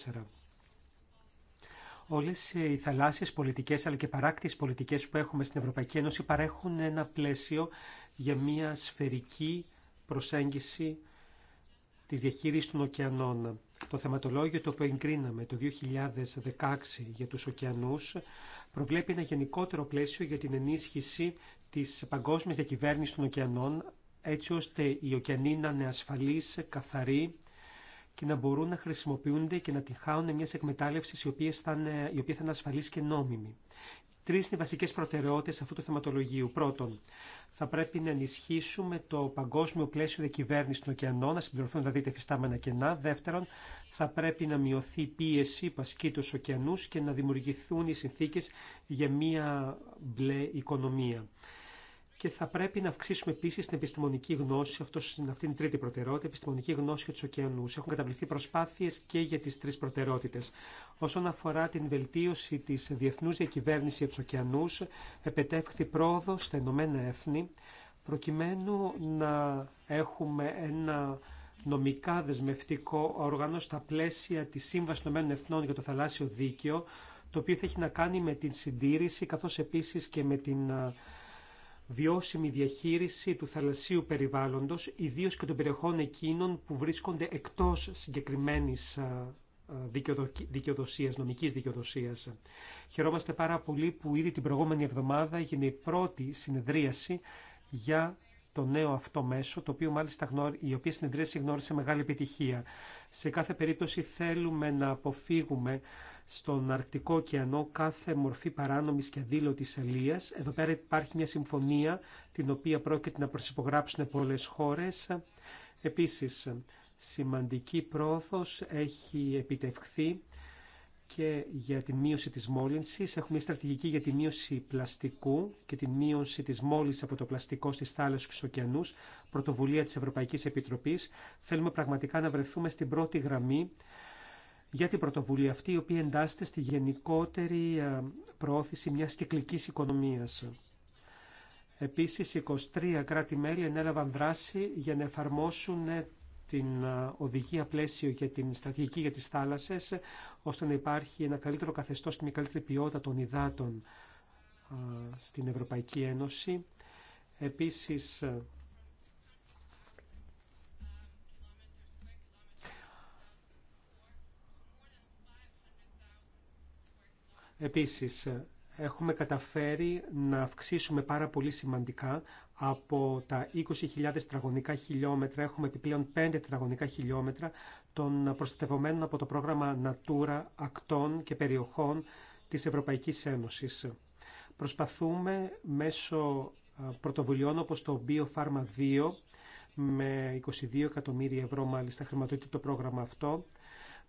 Όλες οι θαλάσσιες πολιτικές αλλά και παράκτιες πολιτικές που έχουμε στην Ευρωπαϊκή Ένωση παρέχουν ένα πλαίσιο για μια σφαιρική προσέγγιση της διαχείρισης των ωκεανών. Το θεματολόγιο το οποίο εγκρίναμε το 2016 για τους ωκεανούς προβλέπει ένα γενικότερο πλαίσιο για την ενίσχυση της παγκόσμιας διακυβέρνησης των ωκεανών έτσι ώστε οι ωκεανοί να είναι ασφαλείς, καθαροί και να μπορούν να χρησιμοποιούνται και να τυχάουν μια εκμετάλλευση η οποία θα είναι, η οποία θα είναι ασφαλής και νόμιμη. Τρει είναι οι βασικέ προτεραιότητε αυτού του θεματολογίου. Πρώτον, θα πρέπει να ενισχύσουμε το παγκόσμιο πλαίσιο διακυβέρνηση των ωκεανών, να συμπληρωθούν δηλαδή τα εφιστάμενα κενά. Δεύτερον, θα πρέπει να μειωθεί η πίεση που ασκεί ωκεανού και να δημιουργηθούν οι συνθήκε για μία μπλε οικονομία και θα πρέπει να αυξήσουμε επίση την επιστημονική γνώση. αυτή είναι η τρίτη προτεραιότητα, επιστημονική γνώση για του ωκεανού. Έχουν καταβληθεί προσπάθειε και για τι τρει προτεραιότητε. Όσον αφορά την βελτίωση τη διεθνού διακυβέρνηση για του ωκεανού, επετεύχθη πρόοδο στα Ηνωμένα Έθνη, προκειμένου να έχουμε ένα νομικά δεσμευτικό όργανο στα πλαίσια τη Σύμβαση των Εθνών για το Θαλάσσιο Δίκαιο, το οποίο θα έχει να κάνει με την συντήρηση καθώς επίσης και με την βιώσιμη διαχείριση του θαλασσίου περιβάλλοντος, ιδίως και των περιοχών εκείνων που βρίσκονται εκτός συγκεκριμένης ε, ε, δικαιοδοσίας, νομικής δικαιοδοσίας. Χαιρόμαστε πάρα πολύ που ήδη την προηγούμενη εβδομάδα έγινε η πρώτη συνεδρίαση για το νέο αυτό μέσο, το οποίο μάλιστα γνώρι, η οποία συνεδρίαση γνώρισε μεγάλη επιτυχία. Σε κάθε περίπτωση θέλουμε να αποφύγουμε στον Αρκτικό ωκεανό κάθε μορφή παράνομης και αδήλωτης αλίας. Εδώ πέρα υπάρχει μια συμφωνία την οποία πρόκειται να προσυπογράψουν πολλές χώρες. Επίσης, σημαντική πρόοδος έχει επιτευχθεί και για τη μείωση της μόλυνσης. Έχουμε μια στρατηγική για τη μείωση πλαστικού και τη μείωση της μόλυνσης από το πλαστικό στις θάλασσες και στους ωκεανούς, πρωτοβουλία της Ευρωπαϊκής Επιτροπής. Θέλουμε πραγματικά να βρεθούμε στην πρώτη γραμμή για την πρωτοβουλία αυτή, η οποία εντάσσεται στη γενικότερη ε, προώθηση μιας κυκλικής οικονομίας. Επίσης, 23 κράτη-μέλη ενέλαβαν δράση για να εφαρμόσουν ε, την ε, οδηγία πλαίσιο για την στρατηγική για τις θάλασσες, ώστε να υπάρχει ένα καλύτερο καθεστώς και μια καλύτερη ποιότητα των υδάτων στην Ευρωπαϊκή Ένωση. Επίσης, Επίσης, έχουμε καταφέρει να αυξήσουμε πάρα πολύ σημαντικά από τα 20.000 τετραγωνικά χιλιόμετρα έχουμε επιπλέον 5 τετραγωνικά χιλιόμετρα των προστατευομένων από το πρόγραμμα Natura ακτών και περιοχών της Ευρωπαϊκής Ένωσης. Προσπαθούμε μέσω πρωτοβουλειών όπως το BioPharma 2 με 22 εκατομμύρια ευρώ μάλιστα χρηματοδοτεί το πρόγραμμα αυτό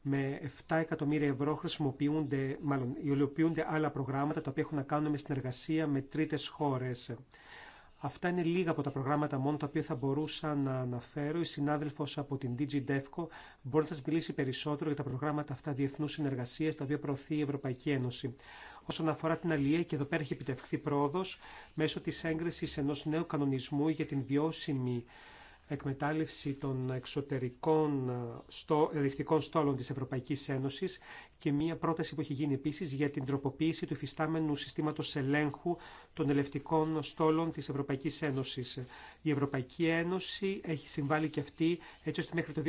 με 7 εκατομμύρια ευρώ χρησιμοποιούνται, μάλλον υλοποιούνται άλλα προγράμματα τα οποία έχουν να κάνουν με συνεργασία με τρίτε χώρε. Αυτά είναι λίγα από τα προγράμματα μόνο τα οποία θα μπορούσα να αναφέρω. Η συνάδελφο από την DG DEFCO μπορεί να σα μιλήσει περισσότερο για τα προγράμματα αυτά διεθνού συνεργασία, τα οποία προωθεί η Ευρωπαϊκή Ένωση. Όσον αφορά την αλληλεία, και εδώ πέρα έχει επιτευχθεί πρόοδο μέσω τη έγκριση ενό νέου κανονισμού για την βιώσιμη εκμετάλλευση των εξωτερικών ε, στο, στόλων της Ευρωπαϊκής Ένωσης και μία πρόταση που έχει γίνει επίση για την τροποποίηση του υφιστάμενου συστήματο ελέγχου των ελευτικών στόλων τη Ευρωπαϊκή Ένωση. Η Ευρωπαϊκή Ένωση έχει συμβάλει και αυτή έτσι ώστε μέχρι το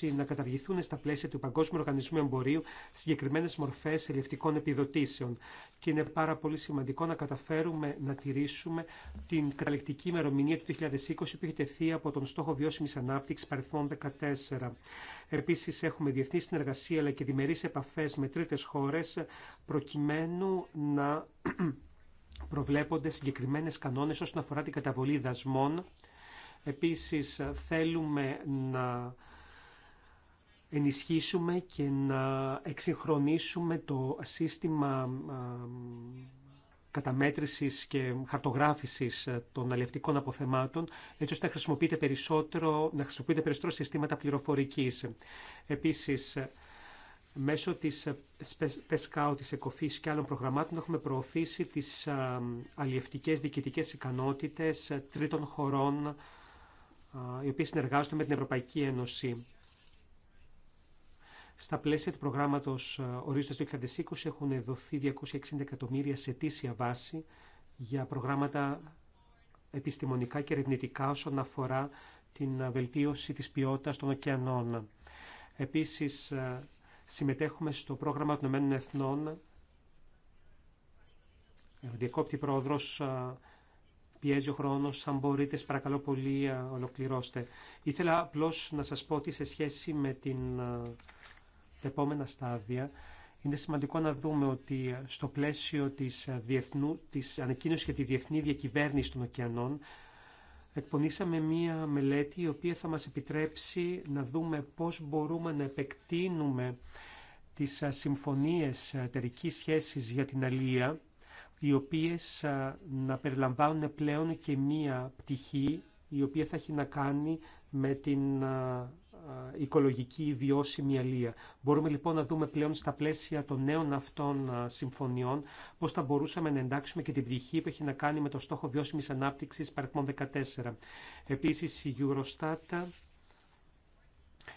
2020 να καταργηθούν στα πλαίσια του Παγκόσμιου Οργανισμού Εμπορίου συγκεκριμένε μορφέ ελευτικών επιδοτήσεων. Και είναι πάρα πολύ σημαντικό να καταφέρουμε να τηρήσουμε την καταληκτική ημερομηνία του 2020 που έχει τεθεί από τον στόχο βιώσιμη ανάπτυξη παριθμών 14. Επίση, έχουμε διεθνή συνεργασία αλλά και διμερεί επαφέ με τρίτες χώρες προκειμένου να προβλέπονται συγκεκριμένες κανόνες όσον αφορά την καταβολή δασμών. Επίσης θέλουμε να ενισχύσουμε και να εξυγχρονίσουμε το σύστημα καταμέτρησης και χαρτογράφησης ε, των αλληλευτικών αποθεμάτων, έτσι ώστε να χρησιμοποιείται περισσότερο, να χρησιμοποιείται περισσότερο συστήματα πληροφορικής. Επίσης, ε, μέσω της ΠΕΣΚΑΟ, της ΕΚΟΦΗΣ και άλλων προγραμμάτων έχουμε προωθήσει τις ε, αλλιευτικές διοικητικές ικανότητες τρίτων χωρών οι οποίες συνεργάζονται με την Ευρωπαϊκή Ένωση. Στα πλαίσια του προγράμματος ε, Ορίζοντα 2020 έχουν δοθεί 260 εκατομμύρια σε τήσια βάση για προγράμματα επιστημονικά και ερευνητικά όσον αφορά την ε, βελτίωση της ποιότητας των ωκεανών. Επίσης, ε, συμμετέχουμε στο πρόγραμμα των Ηνωμένων Εθνών. Διακόπτη Πρόεδρος, πιέζει ο χρόνος. Αν μπορείτε, παρακαλώ πολύ, ολοκληρώστε. Ήθελα απλώς να σας πω ότι σε σχέση με την τα επόμενα στάδια, είναι σημαντικό να δούμε ότι στο πλαίσιο της, ε, διεθνού, της ανακοίνωσης για τη διεθνή διακυβέρνηση των ωκεανών εκπονήσαμε μία μελέτη η οποία θα μας επιτρέψει να δούμε πώς μπορούμε να επεκτείνουμε τις ε, συμφωνίες ε, εταιρικής σχέσης για την αλία οι οποίες να περιλαμβάνουν πλέον και μία πτυχή η οποία θα έχει να κάνει με την ε, οικολογική βιώσιμη αλεία. Μπορούμε λοιπόν να δούμε πλέον στα πλαίσια των νέων αυτών ε, συμφωνιών πώ θα μπορούσαμε να εντάξουμε και την πτυχή που έχει να κάνει με το στόχο βιώσιμη ανάπτυξη παρελθόν 14. Επίση, η Eurostat ε,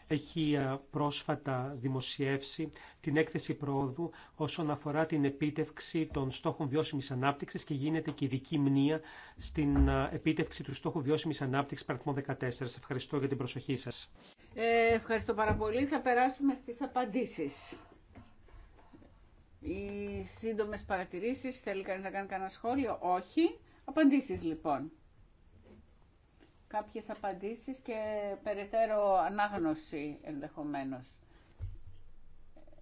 έχει πρόσφατα δημοσιεύσει την έκθεση πρόοδου όσον αφορά την επίτευξη των στόχων βιώσιμης ανάπτυξης και γίνεται και ειδική μνήα στην επίτευξη του στόχου βιώσιμης ανάπτυξης παραθμό 14. Σας ευχαριστώ για την προσοχή σας. Ε, ευχαριστώ πάρα πολύ. Θα περάσουμε στις απαντήσεις. Οι σύντομες παρατηρήσεις, θέλει κανείς να κάνει κανένα σχόλιο, όχι. Απαντήσεις λοιπόν. Κάποιες απαντήσεις και περαιτέρω ανάγνωση ενδεχομένως.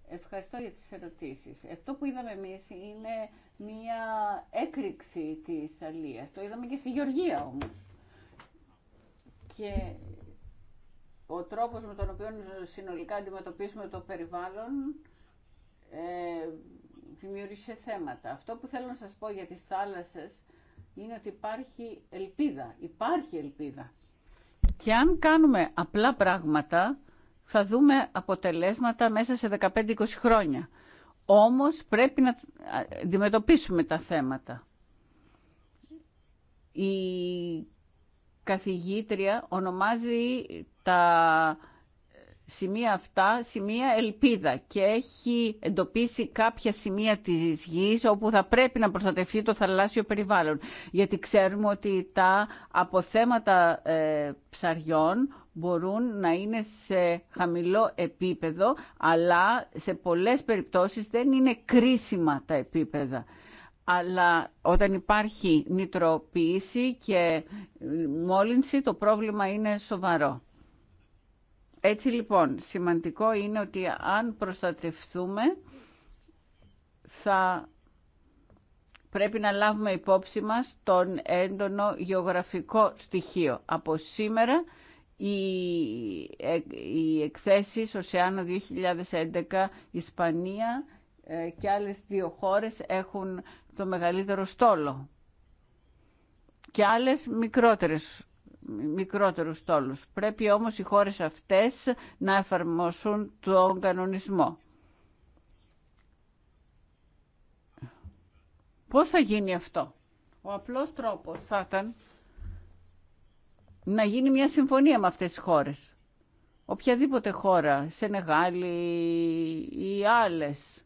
Ευχαριστώ για τις ερωτήσεις. Αυτό που είδαμε εμείς είναι μία έκρηξη της αλίας. Το είδαμε και στη Γεωργία όμως. Και ο τρόπος με τον οποίο συνολικά αντιμετωπίζουμε το περιβάλλον ε, δημιούργησε θέματα. Αυτό που θέλω να σας πω για τις θάλασσες είναι ότι υπάρχει ελπίδα. Υπάρχει ελπίδα. Και αν κάνουμε απλά πράγματα, θα δούμε αποτελέσματα μέσα σε 15-20 χρόνια. Όμως πρέπει να αντιμετωπίσουμε τα θέματα. Η καθηγήτρια ονομάζει τα σημεία αυτά σημεία ελπίδα και έχει εντοπίσει κάποια σημεία της γης όπου θα πρέπει να προστατευτεί το θαλάσσιο περιβάλλον. Γιατί ξέρουμε ότι τα αποθέματα ε, ψαριών μπορούν να είναι σε χαμηλό επίπεδο, αλλά σε πολλές περιπτώσεις δεν είναι κρίσιμα τα επίπεδα. Αλλά όταν υπάρχει νητροποίηση και μόλυνση, το πρόβλημα είναι σοβαρό. Έτσι λοιπόν, σημαντικό είναι ότι αν προστατευθούμε θα πρέπει να λάβουμε υπόψη μας τον έντονο γεωγραφικό στοιχείο. Από σήμερα οι ε, εκθέσεις Οσεάνο 2011 Ισπανία ε, και άλλες δύο χώρες έχουν το μεγαλύτερο στόλο και άλλες μικρότερες μικρότερους τόλους. Πρέπει όμως οι χώρες αυτές να εφαρμόσουν τον κανονισμό. Πώς θα γίνει αυτό. Ο απλός τρόπος θα ήταν να γίνει μια συμφωνία με αυτές τις χώρες. Οποιαδήποτε χώρα, Σενεγάλη ή άλλες,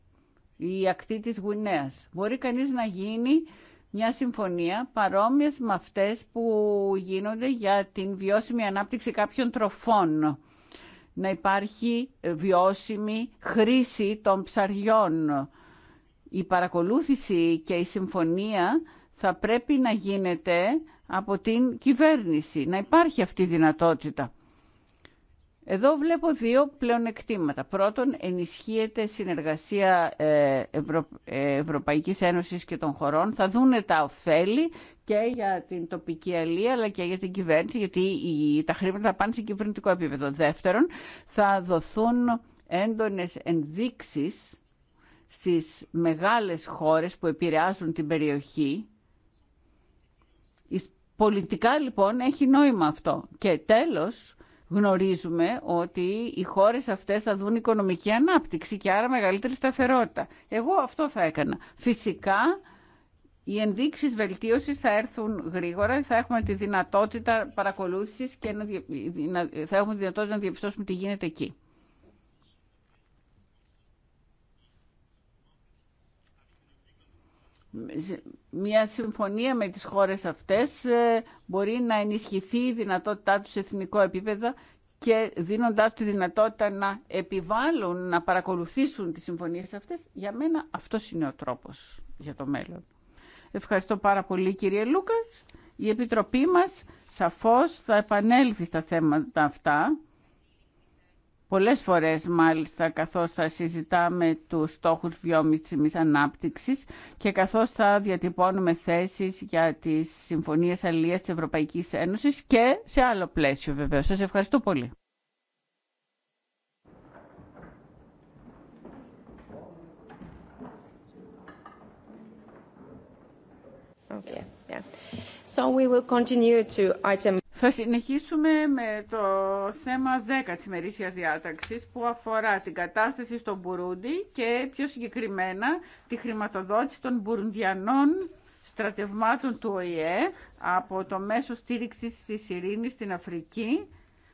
η ακτή της Γουινέας. Μπορεί κανείς να γίνει μια συμφωνία παρόμοιες με αυτές που γίνονται για την βιώσιμη ανάπτυξη κάποιων τροφών. Να υπάρχει βιώσιμη χρήση των ψαριών. Η παρακολούθηση και η συμφωνία θα πρέπει να γίνεται από την κυβέρνηση. Να υπάρχει αυτή η δυνατότητα. Εδώ βλέπω δύο πλεονεκτήματα. Πρώτον, ενισχύεται συνεργασία ε, Ευρω... Ε, Ευρωπαϊκής Ένωσης και των χωρών. Θα δούνε τα ωφέλη και για την τοπική αλία αλλά και για την κυβέρνηση, γιατί τα χρήματα θα πάνε σε κυβερνητικό επίπεδο. Δεύτερον, θα δοθούν έντονες ενδείξεις στις μεγάλες χώρες που επηρεάζουν την περιοχή. Πολιτικά λοιπόν έχει νόημα αυτό. Και τέλος, γνωρίζουμε ότι οι χώρες αυτές θα δουν οικονομική ανάπτυξη και άρα μεγαλύτερη σταθερότητα. Εγώ αυτό θα έκανα. Φυσικά οι ενδείξεις βελτίωσης θα έρθουν γρήγορα, θα έχουμε τη δυνατότητα παρακολούθησης και θα έχουμε τη δυνατότητα να διαπιστώσουμε τι γίνεται εκεί μια συμφωνία με τις χώρες αυτές ε, μπορεί να ενισχυθεί η δυνατότητά του σε εθνικό επίπεδο και δίνοντάς τη δυνατότητα να επιβάλλουν, να παρακολουθήσουν τις συμφωνίες αυτές, για μένα αυτό είναι ο τρόπος για το μέλλον. Ευχαριστώ πάρα πολύ κύριε Λούκας. Η Επιτροπή μας σαφώς θα επανέλθει στα θέματα αυτά πολλές φορές μάλιστα καθώς θα συζητάμε τους στόχους βιόμιτσιμης ανάπτυξης και καθώς θα διατυπώνουμε θέσεις για τις συμφωνίες αλληλείας της Ευρωπαϊκής Ένωσης και σε άλλο πλαίσιο βεβαίως. Σας ευχαριστώ πολύ. Okay. Yeah. So we will continue to item... Θα συνεχίσουμε με το θέμα 10 της ημερήσιας διάταξης που αφορά την κατάσταση στο Μπουρούντι και πιο συγκεκριμένα τη χρηματοδότηση των Μπουρουντιανών στρατευμάτων του ΟΗΕ από το μέσο στήριξης της ειρήνης στην Αφρική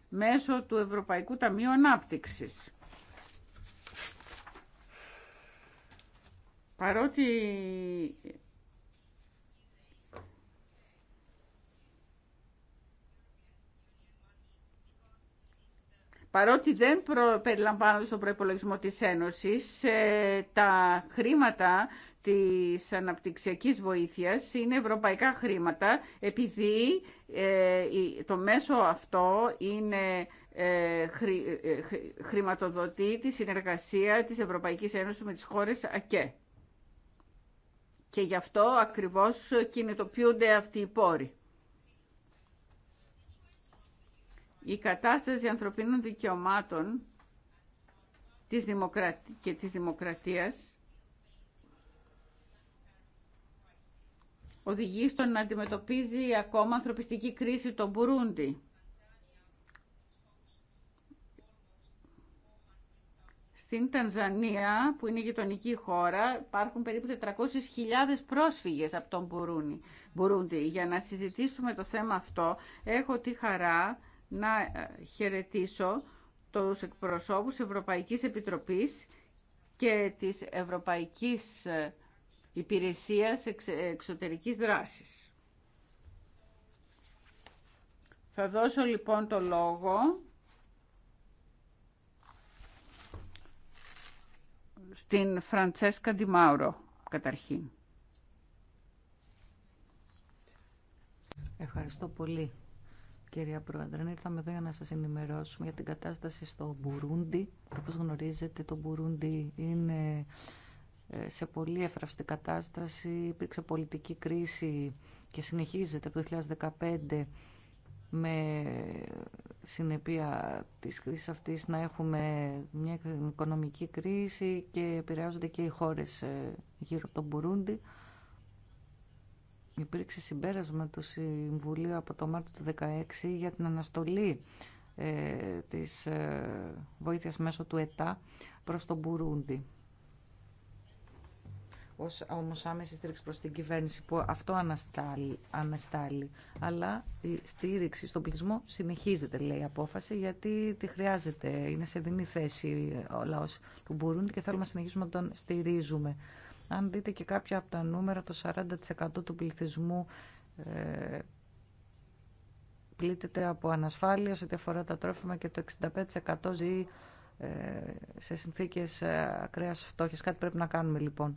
μέσω του Ευρωπαϊκού Ταμείου Ανάπτυξης. Παρότι Παρότι δεν προ, περιλαμβάνονται στον προπολογισμό της Ένωσης, ε, τα χρήματα της αναπτυξιακής βοήθειας είναι ευρωπαϊκά χρήματα, επειδή ε, το μέσο αυτό είναι ε, χρη, ε, τη συνεργασία της Ευρωπαϊκής Ένωσης με τις χώρες ΑΚΕ. Και γι' αυτό ακριβώς κινητοποιούνται αυτοί οι πόροι. η κατάσταση ανθρωπίνων δικαιωμάτων της και της δημοκρατίας οδηγεί στο να αντιμετωπίζει ακόμα ανθρωπιστική κρίση τον Μπουρούντι. Στην Τανζανία, που είναι η γειτονική χώρα, υπάρχουν περίπου 400.000 πρόσφυγες από τον Μπουρούντι. Για να συζητήσουμε το θέμα αυτό, έχω τη χαρά να ε, χαιρετήσω τους εκπροσώπους Ευρωπαϊκής Επιτροπής και της Ευρωπαϊκής ε, Υπηρεσίας ε, Εξωτερικής Δράσης. Θα δώσω λοιπόν το λόγο στην Φραντσέσκα Ντιμάουρο καταρχήν. Ευχαριστώ πολύ κυρία Πρόεδρε. Ναι, ήρθαμε εδώ για να σας ενημερώσουμε για την κατάσταση στο Μπουρούντι. Όπως γνωρίζετε, το Μπουρούντι είναι ε, σε πολύ εύθραυστη κατάσταση. Υπήρξε πολιτική κρίση και συνεχίζεται από το 2015 με συνεπία της κρίσης αυτής να έχουμε μια οικονομική κρίση και επηρεάζονται και οι χώρες ε, γύρω από τον Μπουρούντι υπήρξε συμπέρασμα του Συμβουλίου από το Μάρτιο του 2016 για την αναστολή ε, της ε, βοήθειας μέσω του ΕΤΑ προς τον Μπουρούντι. Ως όμως άμεση στήριξη προς την κυβέρνηση που αυτό αναστάλει, αναστάλει. Αλλά η στήριξη στον πληθυσμό συνεχίζεται λέει η απόφαση γιατί τη χρειάζεται. Είναι σε δινή θέση ο λαός του Μπουρούντι και θέλουμε να συνεχίσουμε να τον στηρίζουμε. Αν δείτε και κάποια από τα νούμερα, το 40% του πληθυσμού ε, πλήττεται από ανασφάλεια σε ό,τι αφορά τα τρόφιμα και το 65% ζει ε, σε συνθήκες ε, ακραίας φτώχειας. Κάτι πρέπει να κάνουμε λοιπόν.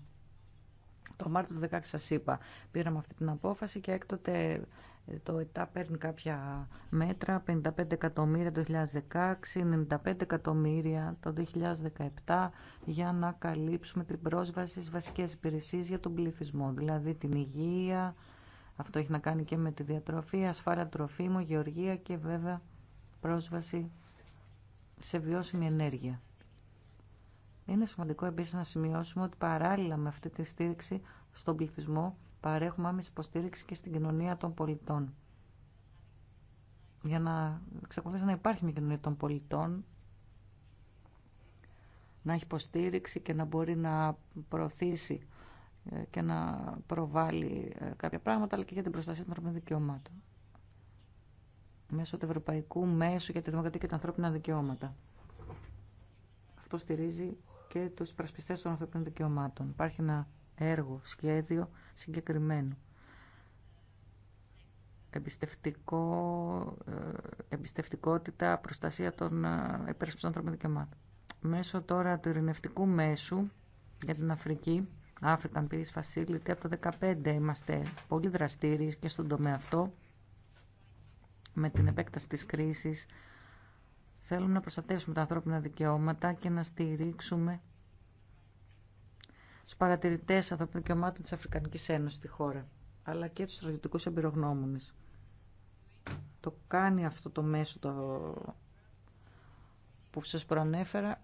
Το Μάρτιο του 2016 σας είπα, πήραμε αυτή την απόφαση και έκτοτε το ΕΤΑ παίρνει κάποια μέτρα, 55 εκατομμύρια το 2016, 95 εκατομμύρια το 2017 για να καλύψουμε την πρόσβαση στις βασικές υπηρεσίες για τον πληθυσμό, δηλαδή την υγεία, αυτό έχει να κάνει και με τη διατροφή, ασφάλεια τροφίμου, γεωργία και βέβαια πρόσβαση σε βιώσιμη ενέργεια. Είναι σημαντικό επίσης να σημειώσουμε ότι παράλληλα με αυτή τη στήριξη στον πληθυσμό παρέχουμε άμεση υποστήριξη και στην κοινωνία των πολιτών. Για να ξεκολουθήσει να υπάρχει μια κοινωνία των πολιτών, να έχει υποστήριξη και να μπορεί να προωθήσει ε, και να προβάλλει ε, κάποια πράγματα, αλλά και για την προστασία των ανθρωπίνων δικαιωμάτων. Μέσω του Ευρωπαϊκού Μέσου για τη Δημοκρατία και τα Ανθρώπινα Δικαιώματα. Αυτό στηρίζει και τους πρασπιστές των ανθρωπίνων δικαιωμάτων. Υπάρχει ένα έργο, σχέδιο συγκεκριμένο. Εμπιστευτικό, ε, εμπιστευτικότητα, προστασία των ε, υπέρσπιστων ανθρώπων δικαιωμάτων. Μέσω τώρα του ειρηνευτικού μέσου για την Αφρική, African Peace Facility, από το 2015 είμαστε πολύ δραστήριοι και στον τομέα αυτό, με την επέκταση της κρίσης, θέλουμε να προστατεύσουμε τα ανθρώπινα δικαιώματα και να στηρίξουμε στους παρατηρητές ανθρωπίνων δικαιωμάτων της Αφρικανικής Ένωσης στη χώρα, αλλά και του στρατιωτικούς εμπειρογνώμονες. Το κάνει αυτό το μέσο το... που σας προανέφερα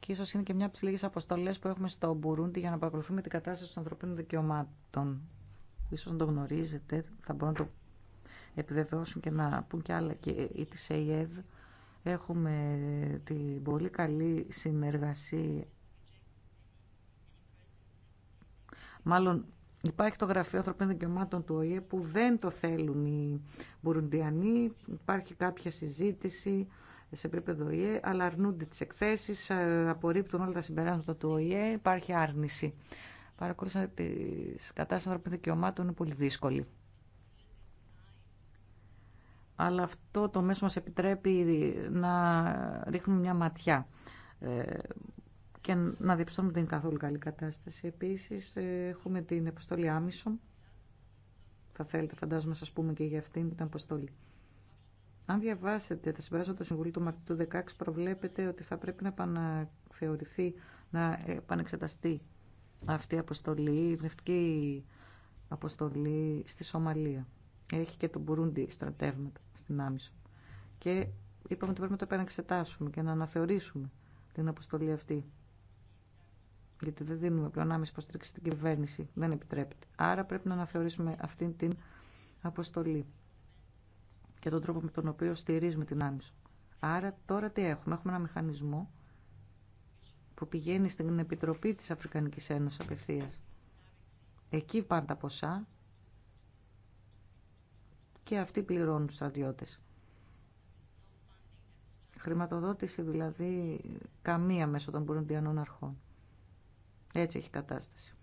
και ίσως είναι και μια από τις λίγες αποστολές που έχουμε στο Μπουρούντι για να παρακολουθούμε την κατάσταση των ανθρωπίνων δικαιωμάτων. Ίσως να το γνωρίζετε, θα μπορούν να το επιβεβαιώσουν και να πούν και άλλα και ή της ΑΕΔ Έχουμε την πολύ καλή συνεργασία Μάλλον υπάρχει το Γραφείο Ανθρωπίνων Δικαιωμάτων του ΟΗΕ που δεν το θέλουν οι Μπουρουντιανοί. Υπάρχει κάποια συζήτηση σε επίπεδο ΟΗΕ, αλλά αρνούνται τις εκθέσεις, ε, απορρίπτουν όλα τα συμπεράσματα του ΟΗΕ, υπάρχει άρνηση. Παρακολούθησα τη κατάσταση ανθρωπίνων δικαιωμάτων είναι πολύ δύσκολη. Αλλά αυτό το μέσο μας επιτρέπει να ρίχνουμε μια ματιά ε, και να διαπιστώνουμε ότι δεν είναι καθόλου καλή κατάσταση. Επίση ε, έχουμε την αποστολή Άμισο. Θα θέλετε φαντάζομαι να σα πούμε και για αυτήν την αποστολή. Αν διαβάσετε τα συμπεράσματα του Συμβουλίου του Μαρτίου του 2016 προβλέπετε ότι θα πρέπει να επαναθεωρηθεί, να επανεξεταστεί αυτή η αποστολή, η ειρηνευτική αποστολή στη Σομαλία. Έχει και το Μπουρούντι στρατεύματα στην Άμισο. Και είπαμε ότι πρέπει να το επαναξετάσουμε και να αναθεωρήσουμε την αποστολή αυτή. Γιατί δεν δίνουμε πλέον άμεση υποστήριξη στην κυβέρνηση. Δεν επιτρέπεται. Άρα πρέπει να αναθεωρήσουμε αυτή την αποστολή και τον τρόπο με τον οποίο στηρίζουμε την άμεση. Άρα τώρα τι έχουμε. Έχουμε ένα μηχανισμό που πηγαίνει στην Επιτροπή της Αφρικανικής Ένωσης απευθεία. Εκεί πάνε τα ποσά και αυτοί πληρώνουν τους στρατιώτες. Χρηματοδότηση δηλαδή καμία μέσω των Μπουρουντιανών αρχών. Έτσι έχει κατάσταση.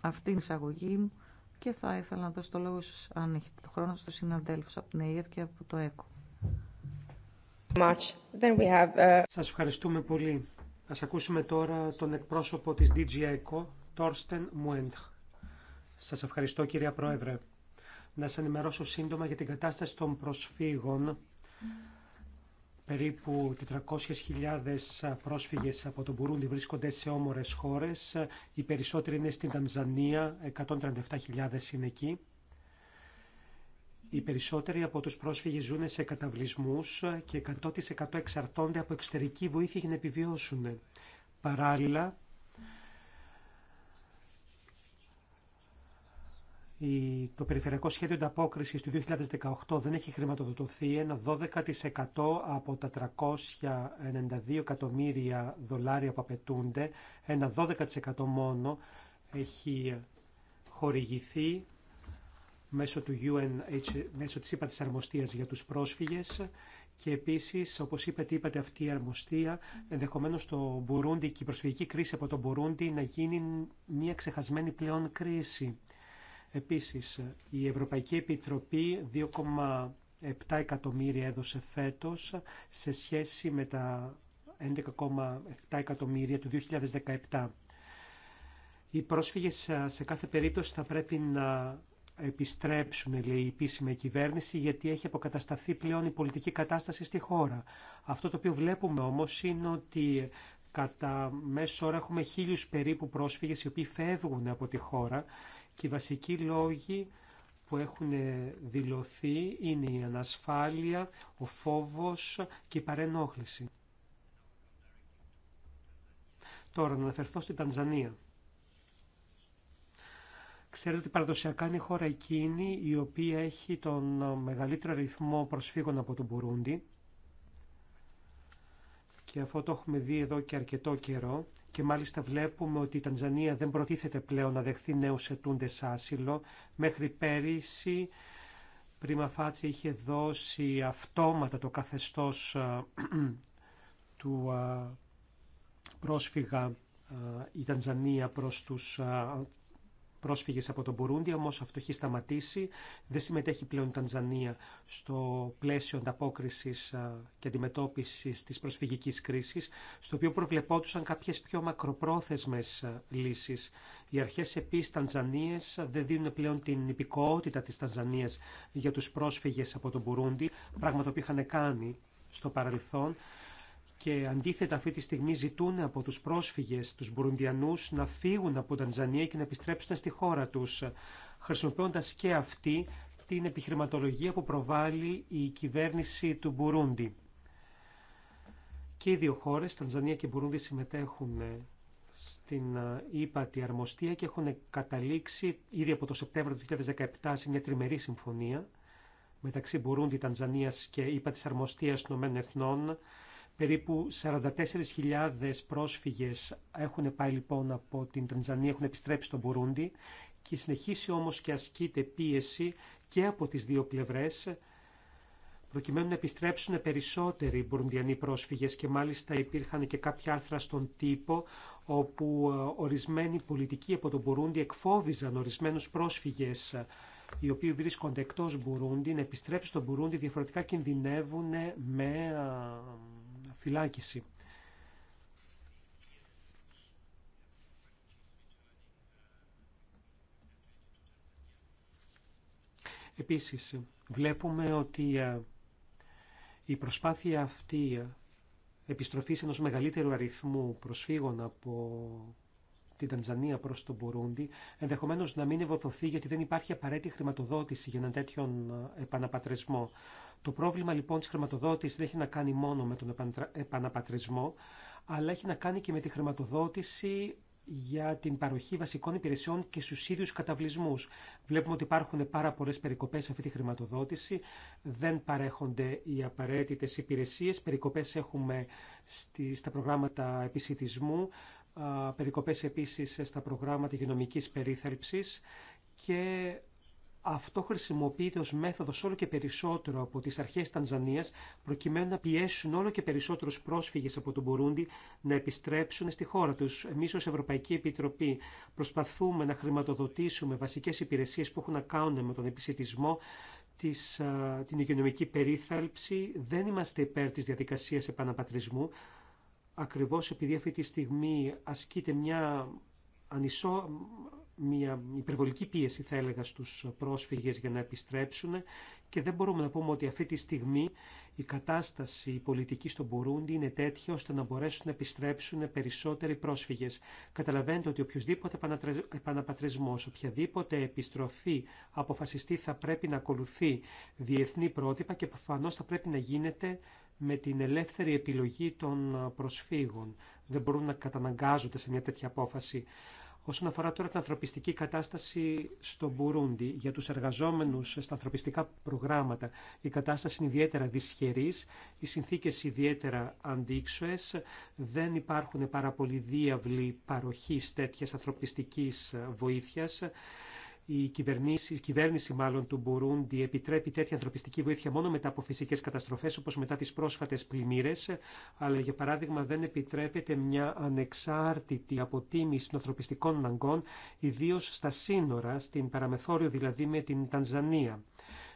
Αυτή είναι η εισαγωγή μου και θα ήθελα να δώσω το λόγο σας, αν έχετε το χρόνο, στους συναντέλφους από την ΕΕ και από το ΕΚΟ. Uh, σας ευχαριστούμε πολύ. Ας ακούσουμε τώρα τον εκπρόσωπο της DG ECO, Τόρστεν Μουέντχ. Σας ευχαριστώ κυρία Πρόεδρε. Να σας ενημερώσω σύντομα για την κατάσταση των προσφύγων Περίπου 400.000 πρόσφυγες από τον Μπουρούντι βρίσκονται σε όμορες χώρες. Οι περισσότεροι είναι στην Τανζανία, 137.000 είναι εκεί. Οι περισσότεροι από τους πρόσφυγες ζουν σε καταβλισμούς και 100% εξαρτώνται από εξωτερική βοήθεια για να επιβιώσουν. Παράλληλα, το περιφερειακό σχέδιο ανταπόκρισης του 2018 δεν έχει χρηματοδοτηθεί ένα 12% από τα 392 εκατομμύρια δολάρια που απαιτούνται, ένα 12% μόνο έχει χορηγηθεί μέσω του UNH, μέσω της ΥΠΑ Αρμοστίας για τους πρόσφυγες και επίσης, όπως είπατε, είπατε αυτή η αρμοστία, ενδεχομένως το Μπουρούντι και η προσφυγική κρίση από το Μπουρούντι να γίνει μια ξεχασμένη πλέον κρίση. Επίσης, η Ευρωπαϊκή Επιτροπή 2,7 εκατομμύρια έδωσε φέτος σε σχέση με τα 11,7 εκατομμύρια του 2017. Οι πρόσφυγες σε κάθε περίπτωση θα πρέπει να επιστρέψουν, λέει η επίσημη κυβέρνηση, γιατί έχει αποκατασταθεί πλέον η πολιτική κατάσταση στη χώρα. Αυτό το οποίο βλέπουμε όμως είναι ότι κατά μέσο ώρα έχουμε χίλιους περίπου πρόσφυγες οι οποίοι φεύγουν από τη χώρα και οι βασικοί λόγοι που έχουν δηλωθεί είναι η ανασφάλεια, ο φόβος και η παρενόχληση. Τώρα να αναφερθώ στην Τανζανία. Ξέρετε ότι παραδοσιακά είναι η χώρα εκείνη η οποία έχει τον μεγαλύτερο αριθμό προσφύγων από τον Μπουρούντι και αυτό το έχουμε δει εδώ και αρκετό καιρό και μάλιστα βλέπουμε ότι η Τανζανία δεν προτίθεται πλέον να δεχθεί νέους ετούντες άσυλο. Μέχρι πέρυσι πριν Φάτση είχε δώσει αυτόματα το καθεστώς του πρόσφυγα η Τανζανία προς τους πρόσφυγες από τον Μπουρούντι, όμως αυτό έχει σταματήσει. Δεν συμμετέχει πλέον η Τανζανία στο πλαίσιο ανταπόκρισης και αντιμετώπιση της προσφυγικής κρίσης, στο οποίο προβλεπόντουσαν κάποιες πιο μακροπρόθεσμες λύσεις. Οι αρχές επίση τανζανίε, δεν δίνουν πλέον την υπηκότητα της Τανζανίας για του πρόσφυγες από τον Μπουρούντι, πράγμα το οποίο είχαν κάνει στο παρελθόν και αντίθετα αυτή τη στιγμή ζητούν από τους πρόσφυγες, τους Μπουρουντιανούς, να φύγουν από Τανζανία και να επιστρέψουν στη χώρα τους, χρησιμοποιώντας και αυτή την επιχειρηματολογία που προβάλλει η κυβέρνηση του Μπουρούντι. Και οι δύο χώρες, Τανζανία και Μπουρούντι, συμμετέχουν στην ε, ύπατη αρμοστία και έχουν καταλήξει ήδη από το Σεπτέμβριο του 2017 σε μια τριμερή συμφωνία μεταξύ Μπουρούντι, Τανζανίας και ύπατης αρμοστίας των Εθνών Περίπου 44.000 πρόσφυγες έχουν πάει λοιπόν από την Τανζανία, έχουν επιστρέψει στον Μπουρούντι και συνεχίσει όμως και ασκείται πίεση και από τις δύο πλευρές προκειμένου να επιστρέψουν περισσότεροι Μπουρουντιανοί πρόσφυγες και μάλιστα υπήρχαν και κάποια άρθρα στον τύπο όπου ε, ορισμένοι πολιτικοί από τον Μπουρούντι εκφόβιζαν ορισμένους πρόσφυγες ε, οι οποίοι βρίσκονται εκτός Μπουρούντι να επιστρέψουν στον Μπουρούντι διαφορετικά κινδυνεύουν με ε, φυλάκιση. Επίσης, βλέπουμε ότι ε, η προσπάθεια αυτή ε, επιστροφής ενός μεγαλύτερου αριθμού προσφύγων από την Τανζανία προ τον Μπουρούντι, ενδεχομένω να μην ευωθωθεί γιατί δεν υπάρχει απαραίτητη χρηματοδότηση για έναν τέτοιον ε, επαναπατρισμό. Το πρόβλημα λοιπόν τη χρηματοδότηση δεν έχει να κάνει μόνο με τον επαναπατρισμό, αλλά έχει να κάνει και με τη χρηματοδότηση για την παροχή βασικών υπηρεσιών και στους ίδιους καταβλισμούς. Βλέπουμε ότι υπάρχουν πάρα πολλές περικοπές σε αυτή τη χρηματοδότηση, δεν παρέχονται οι απαραίτητες υπηρεσίες, περικοπές έχουμε στα προγράμματα επισητισμού, περικοπές επίσης στα προγράμματα υγειονομικής περίθαλψης και αυτό χρησιμοποιείται ως μέθοδος όλο και περισσότερο από τις αρχές Τανζανίας προκειμένου να πιέσουν όλο και περισσότερους πρόσφυγες από τον Μπουρούντι να επιστρέψουν στη χώρα τους. Εμείς ως Ευρωπαϊκή Επιτροπή προσπαθούμε να χρηματοδοτήσουμε βασικές υπηρεσίες που έχουν να κάνουν με τον επισητισμό της, την υγειονομική περίθαλψη. Δεν είμαστε υπέρ της διαδικασίας επαναπατρισμού ακριβώς επειδή αυτή τη στιγμή ασκείται μια ανισό, μια υπερβολική πίεση θα έλεγα στους πρόσφυγες για να επιστρέψουν και δεν μπορούμε να πούμε ότι αυτή τη στιγμή η κατάσταση η πολιτική στον Μπουρούντι είναι τέτοια ώστε να μπορέσουν να επιστρέψουν περισσότεροι πρόσφυγες. Καταλαβαίνετε ότι οποιοδήποτε επαναπατρισμός, οποιαδήποτε επιστροφή αποφασιστεί θα πρέπει να ακολουθεί διεθνή πρότυπα και προφανώς θα πρέπει να γίνεται με την ελεύθερη επιλογή των προσφύγων. Δεν μπορούν να καταναγκάζονται σε μια τέτοια απόφαση. Όσον αφορά τώρα την ανθρωπιστική κατάσταση στο Μπουρούντι, για τους εργαζόμενους στα ανθρωπιστικά προγράμματα, η κατάσταση είναι ιδιαίτερα δυσχερής, οι συνθήκες ιδιαίτερα αντίξωες, δεν υπάρχουν πάρα πολλοί διάβλοι παροχής τέτοιας ανθρωπιστικής βοήθειας η κυβέρνηση, η μάλλον του Μπουρούντι επιτρέπει τέτοια ανθρωπιστική βοήθεια μόνο μετά από φυσικέ καταστροφέ όπω μετά τι πρόσφατε πλημμύρε, αλλά για παράδειγμα δεν επιτρέπεται μια ανεξάρτητη αποτίμηση των ανθρωπιστικών αναγκών, ιδίω στα σύνορα, στην παραμεθόριο δηλαδή με την Τανζανία.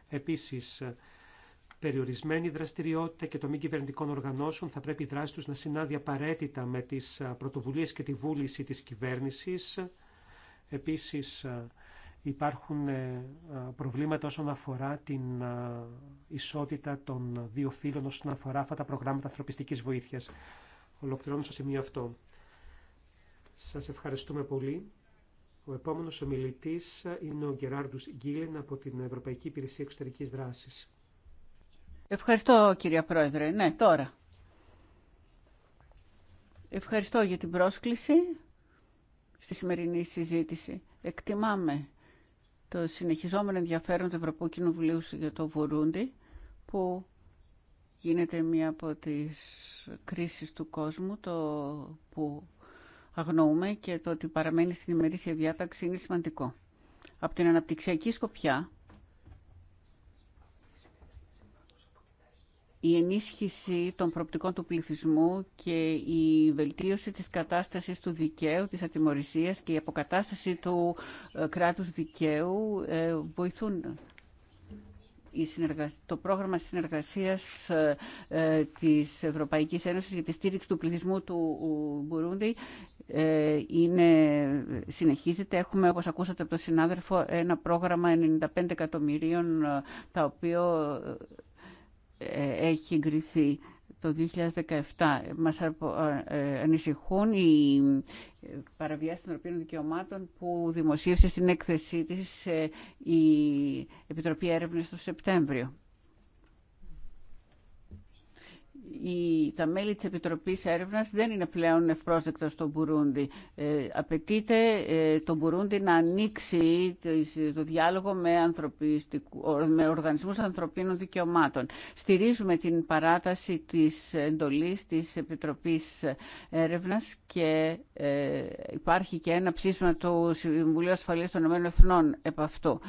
Επίση, περιορισμένη δραστηριότητα και των μη κυβερνητικών οργανώσεων θα πρέπει η δράση του να συνάδει απαραίτητα με τι πρωτοβουλίε και τη βούληση τη κυβέρνηση. Επίσης, υπάρχουν ε, ε, προβλήματα όσον αφορά την ε, ισότητα των δύο φύλων όσον αφορά αυτά τα προγράμματα ανθρωπιστικής βοήθειας. Ολοκληρώνω στο σημείο αυτό. Σας ευχαριστούμε πολύ. Ο επόμενος ομιλητής είναι ο Γκεράρντους Γκίλεν από την Ευρωπαϊκή Υπηρεσία Εξωτερικής Δράσης. Ευχαριστώ κυρία Πρόεδρε. Ναι, τώρα. Ευχαριστώ για την πρόσκληση στη σημερινή συζήτηση. Εκτιμάμε το συνεχιζόμενο ενδιαφέρον του Ευρωπαϊκού Κοινοβουλίου για το Βουρούντι, που γίνεται μία από τις κρίσεις του κόσμου το που αγνοούμε και το ότι παραμένει στην ημερήσια διάταξη είναι σημαντικό. Από την αναπτυξιακή σκοπιά, η ενίσχυση των προπτικών του πληθυσμού και η βελτίωση της κατάστασης του δικαίου, της ατιμορρησίας και η αποκατάσταση του ε, κράτους δικαίου ε, βοηθούν το πρόγραμμα συνεργασίας ε, της Ευρωπαϊκής Ένωσης για τη στήριξη του πληθυσμού του Μπουρούντι είναι, συνεχίζεται. Έχουμε, όπως ακούσατε από τον συνάδελφο, ένα πρόγραμμα 95 εκατομμυρίων, τα οποία ε, έχει εγκριθεί το 2017. Μας ε, ανησυχούν οι παραβιάσεις των Ευρωπαίων δικαιωμάτων που δημοσίευσε στην έκθεσή της ε, η Επιτροπή Έρευνες το Σεπτέμβριο. η τα μέλη της Επιτροπής Έρευνας δεν είναι πλέον ευπρόσδεκτα στο Μπουρούντι. Ε, απαιτείται ε, το Μπουρούντι να ανοίξει το, διάλογο με, με οργανισμούς ανθρωπίνων δικαιωμάτων. Στηρίζουμε την παράταση της εντολής της Επιτροπής Έρευνας και ε, υπάρχει και ένα ψήφισμα του Συμβουλίου Ασφαλείας των Ηνωμένων Εθνών επ' αυτού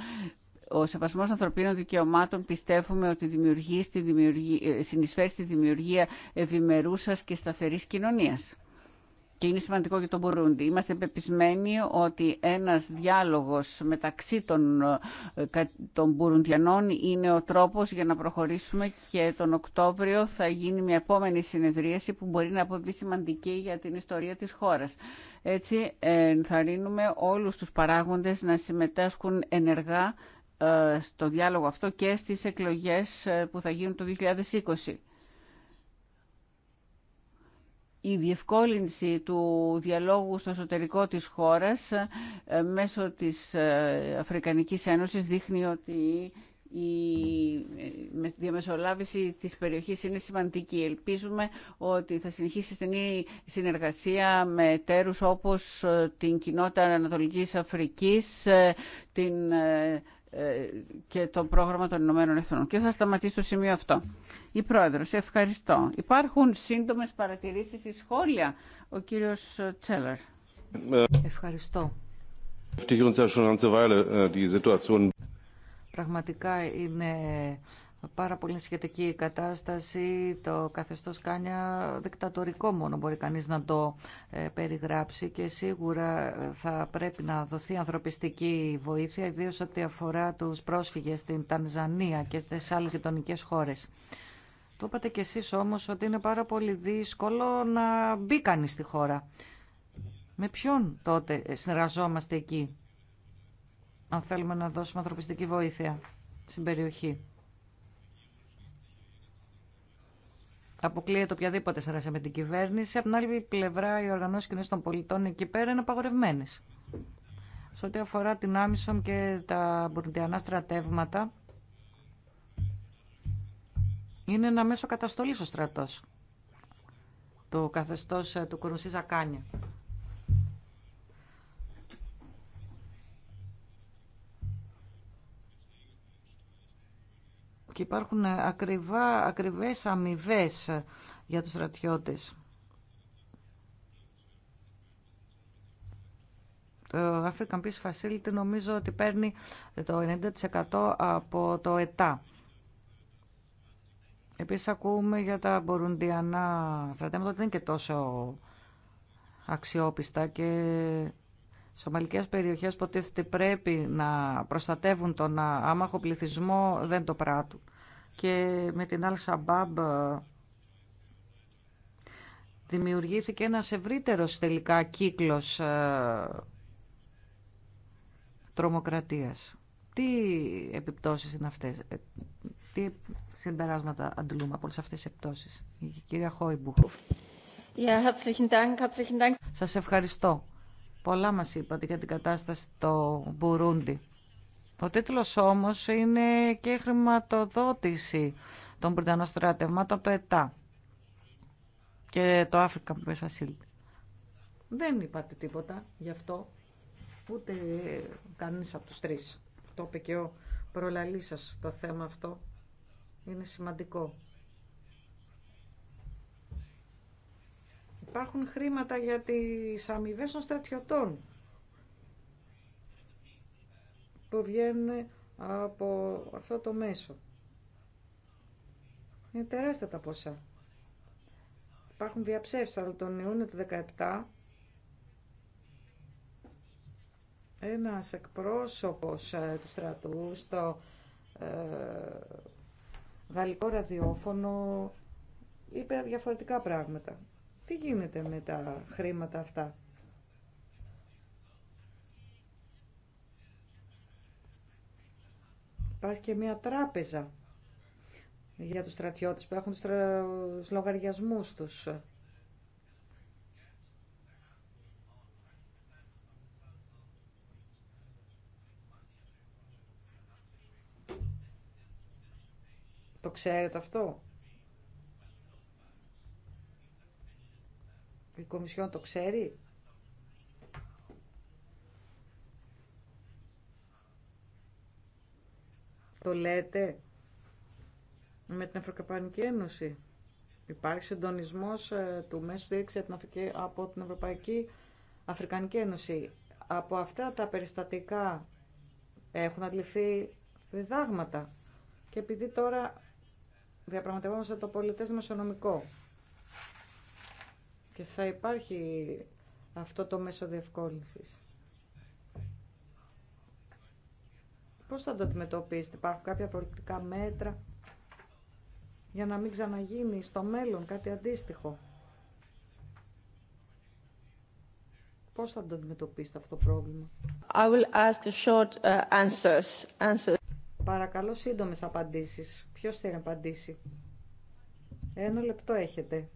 ο σεβασμός ανθρωπίνων δικαιωμάτων πιστεύουμε ότι δημιουργεί στη δημιουργία, ε, συνεισφέρει στη δημιουργία ευημερούσας και σταθερής κοινωνίας. Και είναι σημαντικό για τον Μπουρούντι. Είμαστε πεπισμένοι ότι ένας διάλογος μεταξύ των, ε, των Μπουρουντιανών είναι ο τρόπος για να προχωρήσουμε και τον Οκτώβριο θα γίνει μια επόμενη συνεδρίαση που μπορεί να αποβεί σημαντική για την ιστορία της χώρας. Έτσι ενθαρρύνουμε όλους τους παράγοντες να συμμετάσχουν ενεργά ε, στο διάλογο αυτό και στις εκλογές ε, που θα γίνουν το 2020. Η διευκόλυνση του διαλόγου στο εσωτερικό της χώρας ε, μέσω της Αφρικανικής Ένωσης δείχνει ότι η διαμεσολάβηση της περιοχής είναι σημαντική. Ελπίζουμε ότι θα συνεχίσει στενή συνεργασία με τέρους όπως την κοινότητα Ανατολικής Αφρικής, την ε, και το πρόγραμμα των Ηνωμένων Εθνών. Και θα σταματήσω στο σημείο αυτό. Η Πρόεδρος, ευχαριστώ. Υπάρχουν σύντομες παρατηρήσεις ή σχόλια. Ο κύριος Τσέλερ. Ευχαριστώ. Ε, Πραγματικά είναι πάρα πολύ σχετική η κατάσταση. Το καθεστώς κάνει δικτατορικό μόνο μπορεί κανείς να το ε, περιγράψει και σίγουρα ε, θα πρέπει να δοθεί ανθρωπιστική βοήθεια, ιδίως ό,τι αφορά τους πρόσφυγες στην Τανζανία και στις άλλες γειτονικέ χώρες. Το είπατε κι εσείς όμως ότι είναι πάρα πολύ δύσκολο να μπει κανεί στη χώρα. Με ποιον τότε ε, συνεργαζόμαστε εκεί, αν θέλουμε να δώσουμε ανθρωπιστική βοήθεια στην περιοχή. αποκλείεται οποιαδήποτε συνεργασία με την κυβέρνηση. Από την άλλη πλευρά, οι οργανώσει κοινωνία των πολιτών εκεί πέρα είναι απαγορευμένε. Σε ό,τι αφορά την Άμισον και τα μπουρντιανά στρατεύματα, είναι ένα μέσο καταστολής ο στρατός. Το καθεστώ ε, του Κουρουσί Κάνια. και υπάρχουν ε, ακριβά, ακριβές αμοιβέ για τους στρατιώτες. Το African Peace Facility νομίζω ότι παίρνει ε, το 90% από το ΕΤΑ. Επίσης ακούμε για τα μπορουντιανά στρατεύματα ότι δεν είναι και τόσο αξιόπιστα και σομαλικές περιοχές που πρέπει να προστατεύουν τον άμαχο πληθυσμό δεν το πράττουν. Και με την Al-Shabaab ε, δημιουργήθηκε ένας ευρύτερος τελικά κύκλος ε, τρομοκρατίας. Τι επιπτώσεις είναι αυτές, ε, τι συμπεράσματα αντλούμε από όλες αυτές τις επιπτώσεις. Η κυρία Χόιμπουχ. Yeah, Σας ευχαριστώ. Πολλά μας είπατε για την κατάσταση το Μπουρούντι. Ο τίτλος όμως είναι και χρηματοδότηση των Βρυτανών στρατευμάτων από το ΕΤΑ και το Άφρικα που Facility. Δεν είπατε τίποτα γι' αυτό, ούτε κανείς από τους τρεις. Το είπε και ο προλαλής σας το θέμα αυτό. Είναι σημαντικό. Υπάρχουν χρήματα για τις αμοιβέ των στρατιωτών που βγαίνουν από αυτό το μέσο. Είναι τεράστια τα ποσά. Υπάρχουν διαψεύσεις, αλλά τον Ιούνιο του 2017 ένας εκπρόσωπος ε, του στρατού στο ε, γαλλικό ραδιόφωνο είπε διαφορετικά πράγματα. Τι γίνεται με τα χρήματα αυτά. Υπάρχει και μια τράπεζα για τους στρατιώτες που έχουν τους, τους λογαριασμούς τους. Το ξέρετε αυτό. Η Κομισιόν το ξέρει. Το λέτε με την Αφρικανική Ένωση. Υπάρχει συντονισμό ε, του μέσου στήριξη από την Ευρωπαϊκή Αφρικανική Ένωση. Από αυτά τα περιστατικά έχουν αντληθεί διδάγματα. Και επειδή τώρα διαπραγματευόμαστε το πολιτές δημοσιονομικό και θα υπάρχει αυτό το μέσο διευκόλυνσης. Πώς θα το αντιμετωπίσετε, υπάρχουν κάποια προληπτικά μέτρα για να μην ξαναγίνει στο μέλλον κάτι αντίστοιχο. Πώς θα το αντιμετωπίσετε αυτό το πρόβλημα. I will ask short uh, answers. Answers. Παρακαλώ σύντομες απαντήσεις. Ποιος θέλει να απαντήσει. Ένα λεπτό έχετε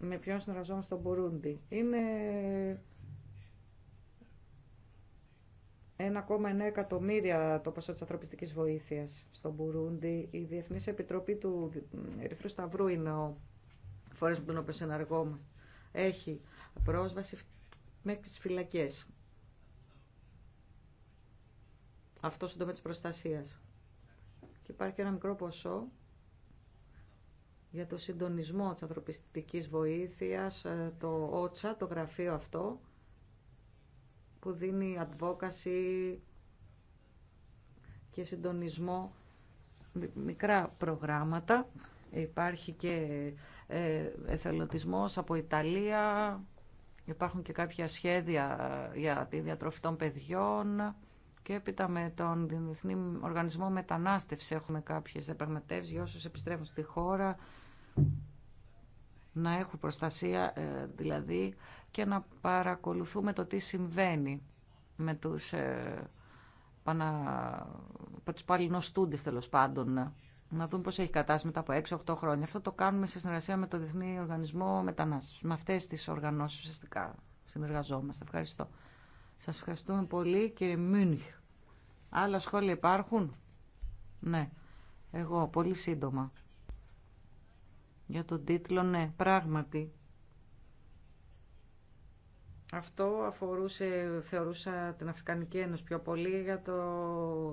με ποιον συνεργαζόμαστε στον Μπουρούντι. Είναι 1,9 εκατομμύρια το ποσό της ανθρωπιστικής βοήθειας στον Μπουρούντι. Η Διεθνής Επιτροπή του Ερυθρού Σταυρού είναι ο φορέας με τον οποίο συνεργόμαστε. Έχει πρόσβαση μέχρι τις φυλακές. Αυτό στον τομέα της προστασίας. Και υπάρχει ένα μικρό ποσό για το συντονισμό της ανθρωπιστικής βοήθειας, ε, το ΟΤΣΑ, το γραφείο αυτό, που δίνει advocacy και συντονισμό μικρά προγράμματα. Υπάρχει και ε, εθελοντισμός από Ιταλία, υπάρχουν και κάποια σχέδια ε, για τη διατροφή των παιδιών και έπειτα με τον Διεθνή Οργανισμό Μετανάστευση έχουμε κάποιες διαπραγματεύσεις για όσους επιστρέφουν στη χώρα να έχουν προστασία ε, δηλαδή και να παρακολουθούμε το τι συμβαίνει με τους, ε, πανα, τους παλινοστούντες τέλος πάντων να δούμε πώς έχει κατάσταση μετά από 6-8 χρόνια. Αυτό το κάνουμε σε συνεργασία με το Διεθνή Οργανισμό Μετανάστευση. Με αυτές τις οργανώσεις ουσιαστικά συνεργαζόμαστε. Ευχαριστώ. Σας ευχαριστούμε πολύ και Μούνιχ. Άλλα σχόλια υπάρχουν. Ναι. Εγώ, πολύ σύντομα. Για τον τίτλο, ναι, πράγματι. Αυτό αφορούσε, θεωρούσα την Αφρικανική Ένωση πιο πολύ, για το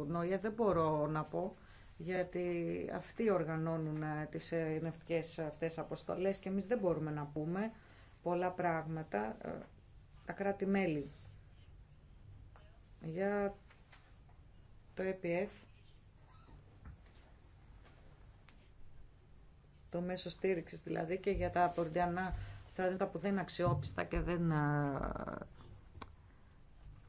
ΝΟΙΑ δεν μπορώ να πω, γιατί αυτοί οργανώνουν ε, τις ενευτικές αυτές αποστολές και εμείς δεν μπορούμε να πούμε πολλά πράγματα, ε, τα κράτη-μέλη. Για το EPF, το μέσο στήριξης δηλαδή και για τα πορδιανά στρατιώτα που δεν είναι αξιόπιστα και δεν ε,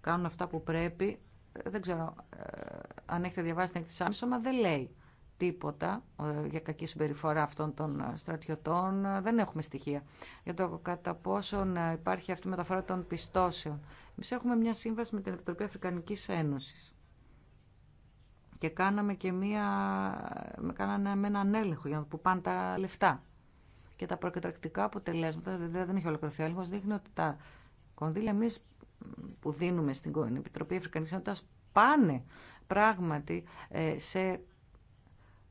κάνουν αυτά που πρέπει. Ε, δεν ξέρω ε, αν έχετε διαβάσει την εκτισάμιση, αλλά δεν λέει τίποτα για κακή συμπεριφορά αυτών των στρατιωτών. Δεν έχουμε στοιχεία για το κατά πόσον υπάρχει αυτή η μεταφορά των πιστώσεων. Εμεί έχουμε μια σύμβαση με την Επιτροπή Αφρικανικής Ένωσης και κάναμε και μία, με έναν έλεγχο για να που πάνε τα λεφτά. Και τα προκριτρακτικά αποτελέσματα, δηλαδή δεν έχει ολοκληρωθεί ο έλεγχο, δείχνει ότι τα κονδύλια εμεί που δίνουμε στην Επιτροπή Αφρικανική Ενότητα πάνε πράγματι ε, σε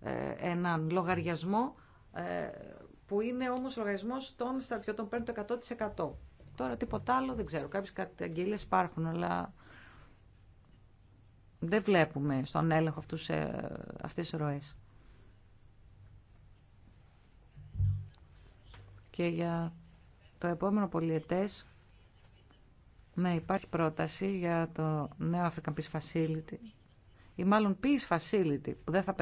ε, έναν λογαριασμό ε, που είναι όμως λογαριασμός των στρατιωτών, παίρνει το 100%. Τώρα τίποτα άλλο δεν ξέρω. Κάποιες καταγγελίες υπάρχουν, αλλά δεν βλέπουμε στον έλεγχο αυτούς, ε, αυτές τις ροές. Και για το επόμενο πολιετές, ναι, υπάρχει πρόταση για το νέο African Peace Facility ή μάλλον Peace Facility, που δεν θα,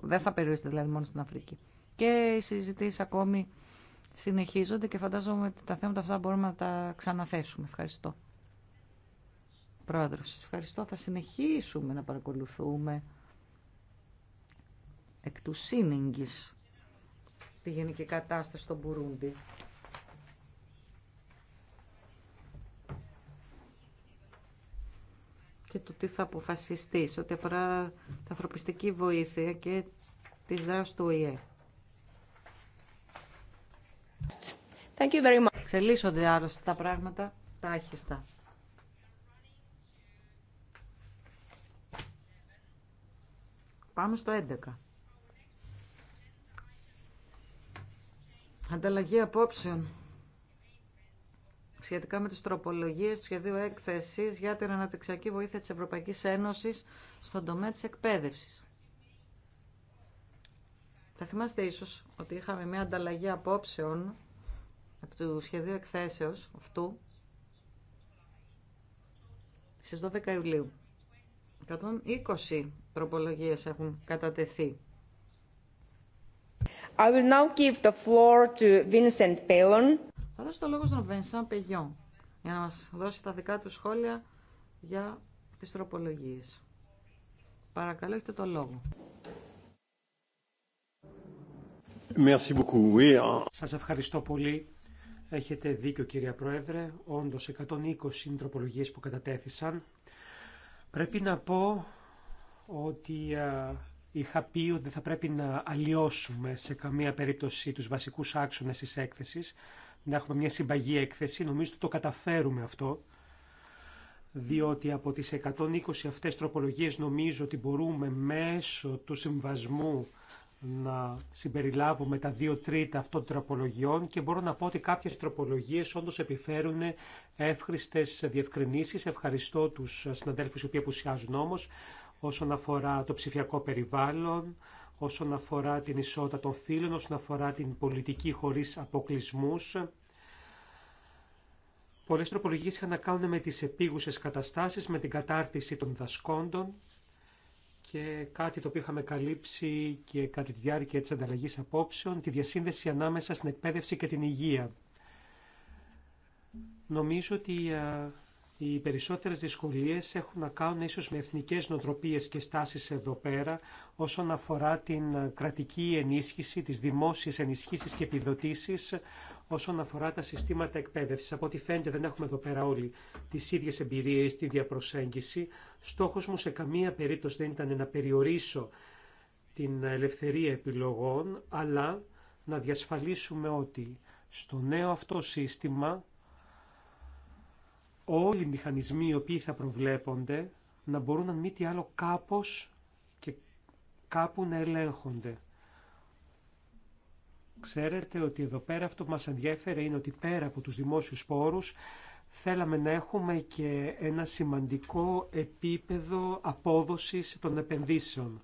δεν θα περιορίζεται δηλαδή μόνο στην Αφρική. Και οι συζητήσεις ακόμη συνεχίζονται και φαντάζομαι ότι τα θέματα αυτά μπορούμε να τα ξαναθέσουμε. Ευχαριστώ. Πρόεδρος, ευχαριστώ. Θα συνεχίσουμε να παρακολουθούμε εκ του τη γενική κατάσταση στο Μπουρούντι. και το τι θα αποφασιστεί σε ό,τι αφορά την ανθρωπιστική βοήθεια και τη δράσεις του ΟΗΕ. Thank you very Ξελίσσονται άλλωστε τα πράγματα τάχιστα. Πάμε στο 11. Ανταλλαγή απόψεων σχετικά με τι τροπολογίες του σχεδίου έκθεση για την αναπτυξιακή βοήθεια της Ευρωπαϊκής Ένωσης στον τομέα τη εκπαίδευση. Θα θυμάστε ίσως ότι είχαμε μια ανταλλαγή απόψεων από το σχεδίο εκθέσεως αυτού στις 12 Ιουλίου. 120 τροπολογίες έχουν κατατεθεί. I will now give the floor to Vincent Θα δώσω το λόγο στον Βενσάν Pellon για να μας δώσει τα δικά του σχόλια για τις τροπολογίες. Παρακαλώ, έχετε το λόγο. Merci beaucoup. Σας ευχαριστώ πολύ. Έχετε δίκιο, κυρία Πρόεδρε. Όντως, 120 είναι τροπολογίες που κατατέθησαν. Πρέπει να πω ότι είχα πει ότι δεν θα πρέπει να αλλοιώσουμε σε καμία περίπτωση τους βασικούς άξονες της έκθεσης, να έχουμε μια συμπαγή έκθεση. Νομίζω ότι το καταφέρουμε αυτό, διότι από τις 120 αυτές τροπολογίες νομίζω ότι μπορούμε μέσω του συμβασμού να συμπεριλάβουμε τα δύο τρίτα αυτών των τροπολογιών και μπορώ να πω ότι κάποιες τροπολογίες όντως επιφέρουν εύχριστες διευκρινήσεις. Ευχαριστώ τους συναδέλφους οι οποίοι απουσιάζουν όμως όσον αφορά το ψηφιακό περιβάλλον, όσον αφορά την ισότητα των φύλων, όσον αφορά την πολιτική χωρίς αποκλεισμούς. Πολλές τροπολογίες είχαν να κάνουν με τις επίγουσες καταστάσεις, με την κατάρτιση των δασκόντων, και κάτι το οποίο είχαμε καλύψει και κάτι τη διάρκεια της ανταλλαγής απόψεων, τη διασύνδεση ανάμεσα στην εκπαίδευση και την υγεία. Νομίζω ότι οι περισσότερες δυσκολίες έχουν να κάνουν ίσως με εθνικές νοοτροπίες και στάσεις εδώ πέρα όσον αφορά την κρατική ενίσχυση, τις δημόσιες ενισχύσεις και επιδοτήσεις όσον αφορά τα συστήματα εκπαίδευσης. Από ό,τι φαίνεται δεν έχουμε εδώ πέρα όλοι τις ίδιες εμπειρίες, τη ίδια Στόχος μου σε καμία περίπτωση δεν ήταν να περιορίσω την ελευθερία επιλογών, αλλά να διασφαλίσουμε ότι στο νέο αυτό σύστημα όλοι οι μηχανισμοί οι οποίοι θα προβλέπονται να μπορούν αν μη τι άλλο κάπως και κάπου να ελέγχονται. Ξέρετε ότι εδώ πέρα αυτό που μας ενδιέφερε είναι ότι πέρα από τους δημόσιους πόρους θέλαμε να έχουμε και ένα σημαντικό επίπεδο απόδοσης των επενδύσεων.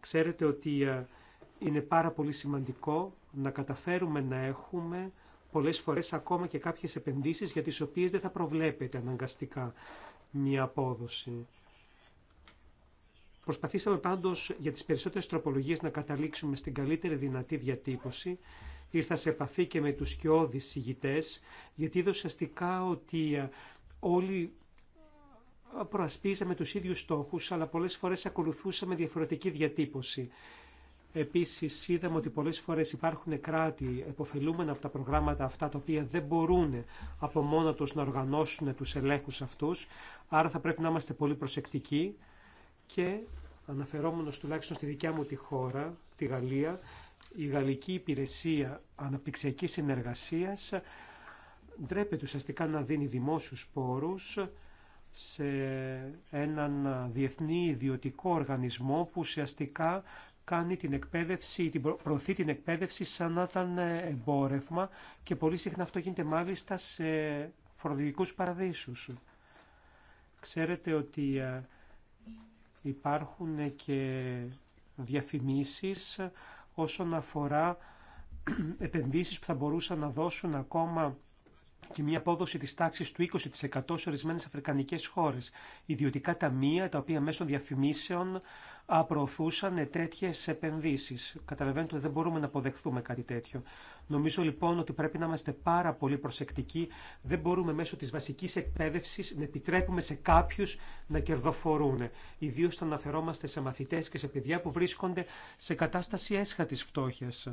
Ξέρετε ότι ε, είναι πάρα πολύ σημαντικό να καταφέρουμε να έχουμε πολλές φορές ακόμα και κάποιες επενδύσεις για τις οποίες δεν θα προβλέπεται αναγκαστικά μια απόδοση. Προσπαθήσαμε πάντως για τις περισσότερες τροπολογίες να καταλήξουμε στην καλύτερη δυνατή διατύπωση. Ήρθα σε επαφή και με τους σκιώδεις συγητές, γιατί είδα ουσιαστικά ότι ε, όλοι προασπίζαμε τους ίδιους στόχους, αλλά πολλές φορές ακολουθούσαμε διαφορετική διατύπωση. Επίσης είδαμε ότι πολλές φορές υπάρχουν κράτη εποφελούμενα από τα προγράμματα αυτά τα οποία δεν μπορούν από μόνα τους να οργανώσουν τους ελέγχους αυτούς. Άρα θα πρέπει να είμαστε πολύ προσεκτικοί και αναφερόμενος τουλάχιστον στη δικιά μου τη χώρα, τη Γαλλία, η Γαλλική Υπηρεσία Αναπτυξιακής Συνεργασίας ντρέπεται ουσιαστικά να δίνει δημόσιους πόρους σε έναν διεθνή ιδιωτικό οργανισμό που ουσιαστικά κάνει την εκπαίδευση, την προωθεί την εκπαίδευση σαν να ήταν ε, εμπόρευμα και πολύ συχνά αυτό γίνεται μάλιστα σε φορολογικούς παραδείσους. Ξέρετε ότι ε, υπάρχουν ε, και διαφημίσεις όσον αφορά επενδύσεις που θα μπορούσαν να δώσουν ακόμα και μια απόδοση της τάξης του 20% σε ορισμένες αφρικανικές χώρες. Ιδιωτικά ταμεία τα οποία μέσω διαφημίσεων προωθούσαν τέτοιες επενδύσεις. Καταλαβαίνετε ότι δεν μπορούμε να αποδεχθούμε κάτι τέτοιο. Νομίζω λοιπόν ότι πρέπει να είμαστε πάρα πολύ προσεκτικοί. Δεν μπορούμε μέσω της βασικής εκπαίδευσης να επιτρέπουμε σε κάποιους να κερδοφορούν. Ιδίω όταν αναφερόμαστε σε μαθητές και σε παιδιά που βρίσκονται σε κατάσταση έσχατης φτώχειας.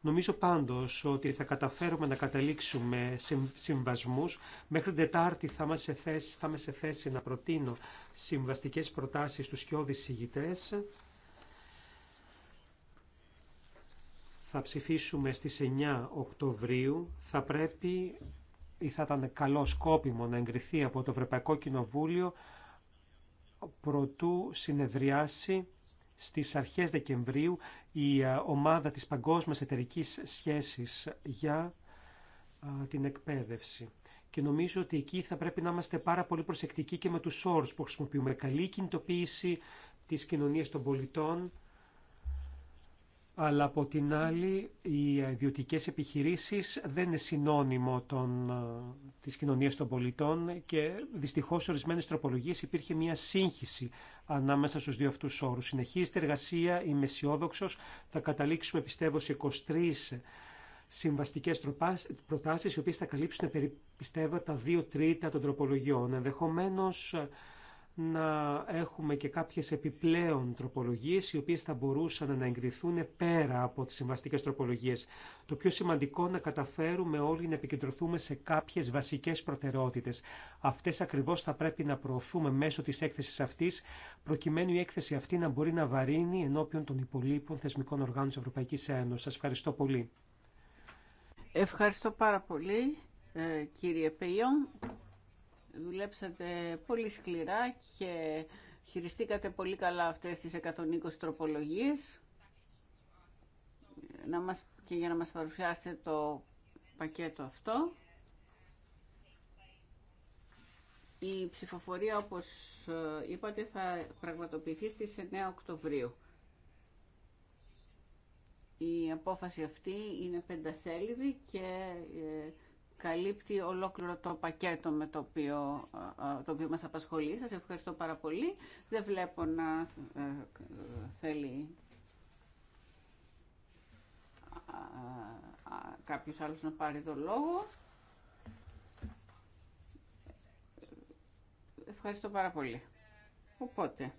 Νομίζω πάντως ότι θα καταφέρουμε να καταλήξουμε συμβασμούς. Μέχρι την Τετάρτη θα είμαι σε θέση, θα να προτείνω συμβαστικές προτάσεις στους σκιώδεις ηγητές. Θα ψηφίσουμε στις 9 Οκτωβρίου. Θα πρέπει ή θα ήταν καλό σκόπιμο να εγκριθεί από το Ευρωπαϊκό Κοινοβούλιο προτού συνεδριάσει στις αρχές Δεκεμβρίου η ε, ομάδα της Παγκόσμιας Εταιρικής Σχέσης για ε, την εκπαίδευση. Και νομίζω ότι εκεί θα πρέπει να είμαστε πάρα πολύ προσεκτικοί και με τους όρους που χρησιμοποιούμε. Καλή κινητοποίηση της κοινωνίας των πολιτών, αλλά από την άλλη οι ιδιωτικέ επιχειρήσεις δεν είναι συνώνυμο των, ε, της κοινωνίας των πολιτών και δυστυχώς σε ορισμένες τροπολογίες υπήρχε μια σύγχυση ανάμεσα στους δύο αυτούς όρους. Συνεχίζεται η εργασία, είμαι αισιόδοξο, θα καταλήξουμε πιστεύω σε 23 συμβαστικέ προτάσει, οι οποίε θα καλύψουν πιστεύω τα δύο τρίτα των τροπολογιών. Ενδεχομένω να έχουμε και κάποιες επιπλέον τροπολογίες οι οποίες θα μπορούσαν να εγκριθούν πέρα από τις συμβαστικές τροπολογίες. Το πιο σημαντικό να καταφέρουμε όλοι να επικεντρωθούμε σε κάποιες βασικές προτεραιότητες. Αυτές ακριβώς θα πρέπει να προωθούμε μέσω της έκθεσης αυτής, προκειμένου η έκθεση αυτή να μπορεί να βαρύνει ενώπιον των υπολείπων θεσμικών οργάνων της Ευρωπαϊκής Ένωσης. Σας ευχαριστώ πολύ. Ευχαριστώ πάρα πολύ, ε, κύριε Πεϊόν δουλέψατε πολύ σκληρά και χειριστήκατε πολύ καλά αυτές τις 120 τροπολογίες να μας, και για να μας παρουσιάσετε το πακέτο αυτό. Η ψηφοφορία, όπως ε, είπατε, θα πραγματοποιηθεί στις 9 Οκτωβρίου. Η απόφαση αυτή είναι πεντασέλιδη και ε, καλύπτει ολόκληρο το πακέτο με το οποίο, ε, ε, το οποίο μας απασχολεί. Σας ευχαριστώ πάρα πολύ. Δεν βλέπω να ε, θέλει κάποιος άλλος να πάρει το λόγο. Ευχαριστώ πάρα πολύ. Οπότε,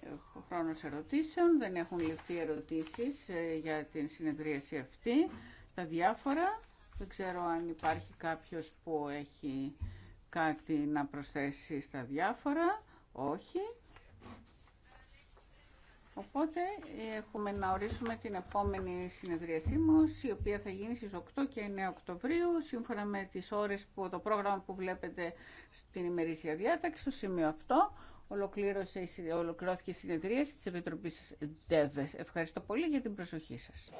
έχω χρόνος ερωτήσεων. Δεν έχουν ληφθεί ερωτήσεις για την συνεδρίαση αυτή. Τα διάφορα. Δεν ξέρω αν υπάρχει κάποιος που έχει κάτι να προσθέσει στα διάφορα. Όχι. Οπότε έχουμε να ορίσουμε την επόμενη συνεδρίασή μας, η οποία θα γίνει στις 8 και 9 Οκτωβρίου, σύμφωνα με τις ώρες που το πρόγραμμα που βλέπετε στην ημερήσια διάταξη, στο σημείο αυτό, ολοκλήρωσε, ολοκληρώθηκε η συνεδρίαση της Επιτροπής ΔΕΒΕΣ. Ευχαριστώ πολύ για την προσοχή σας.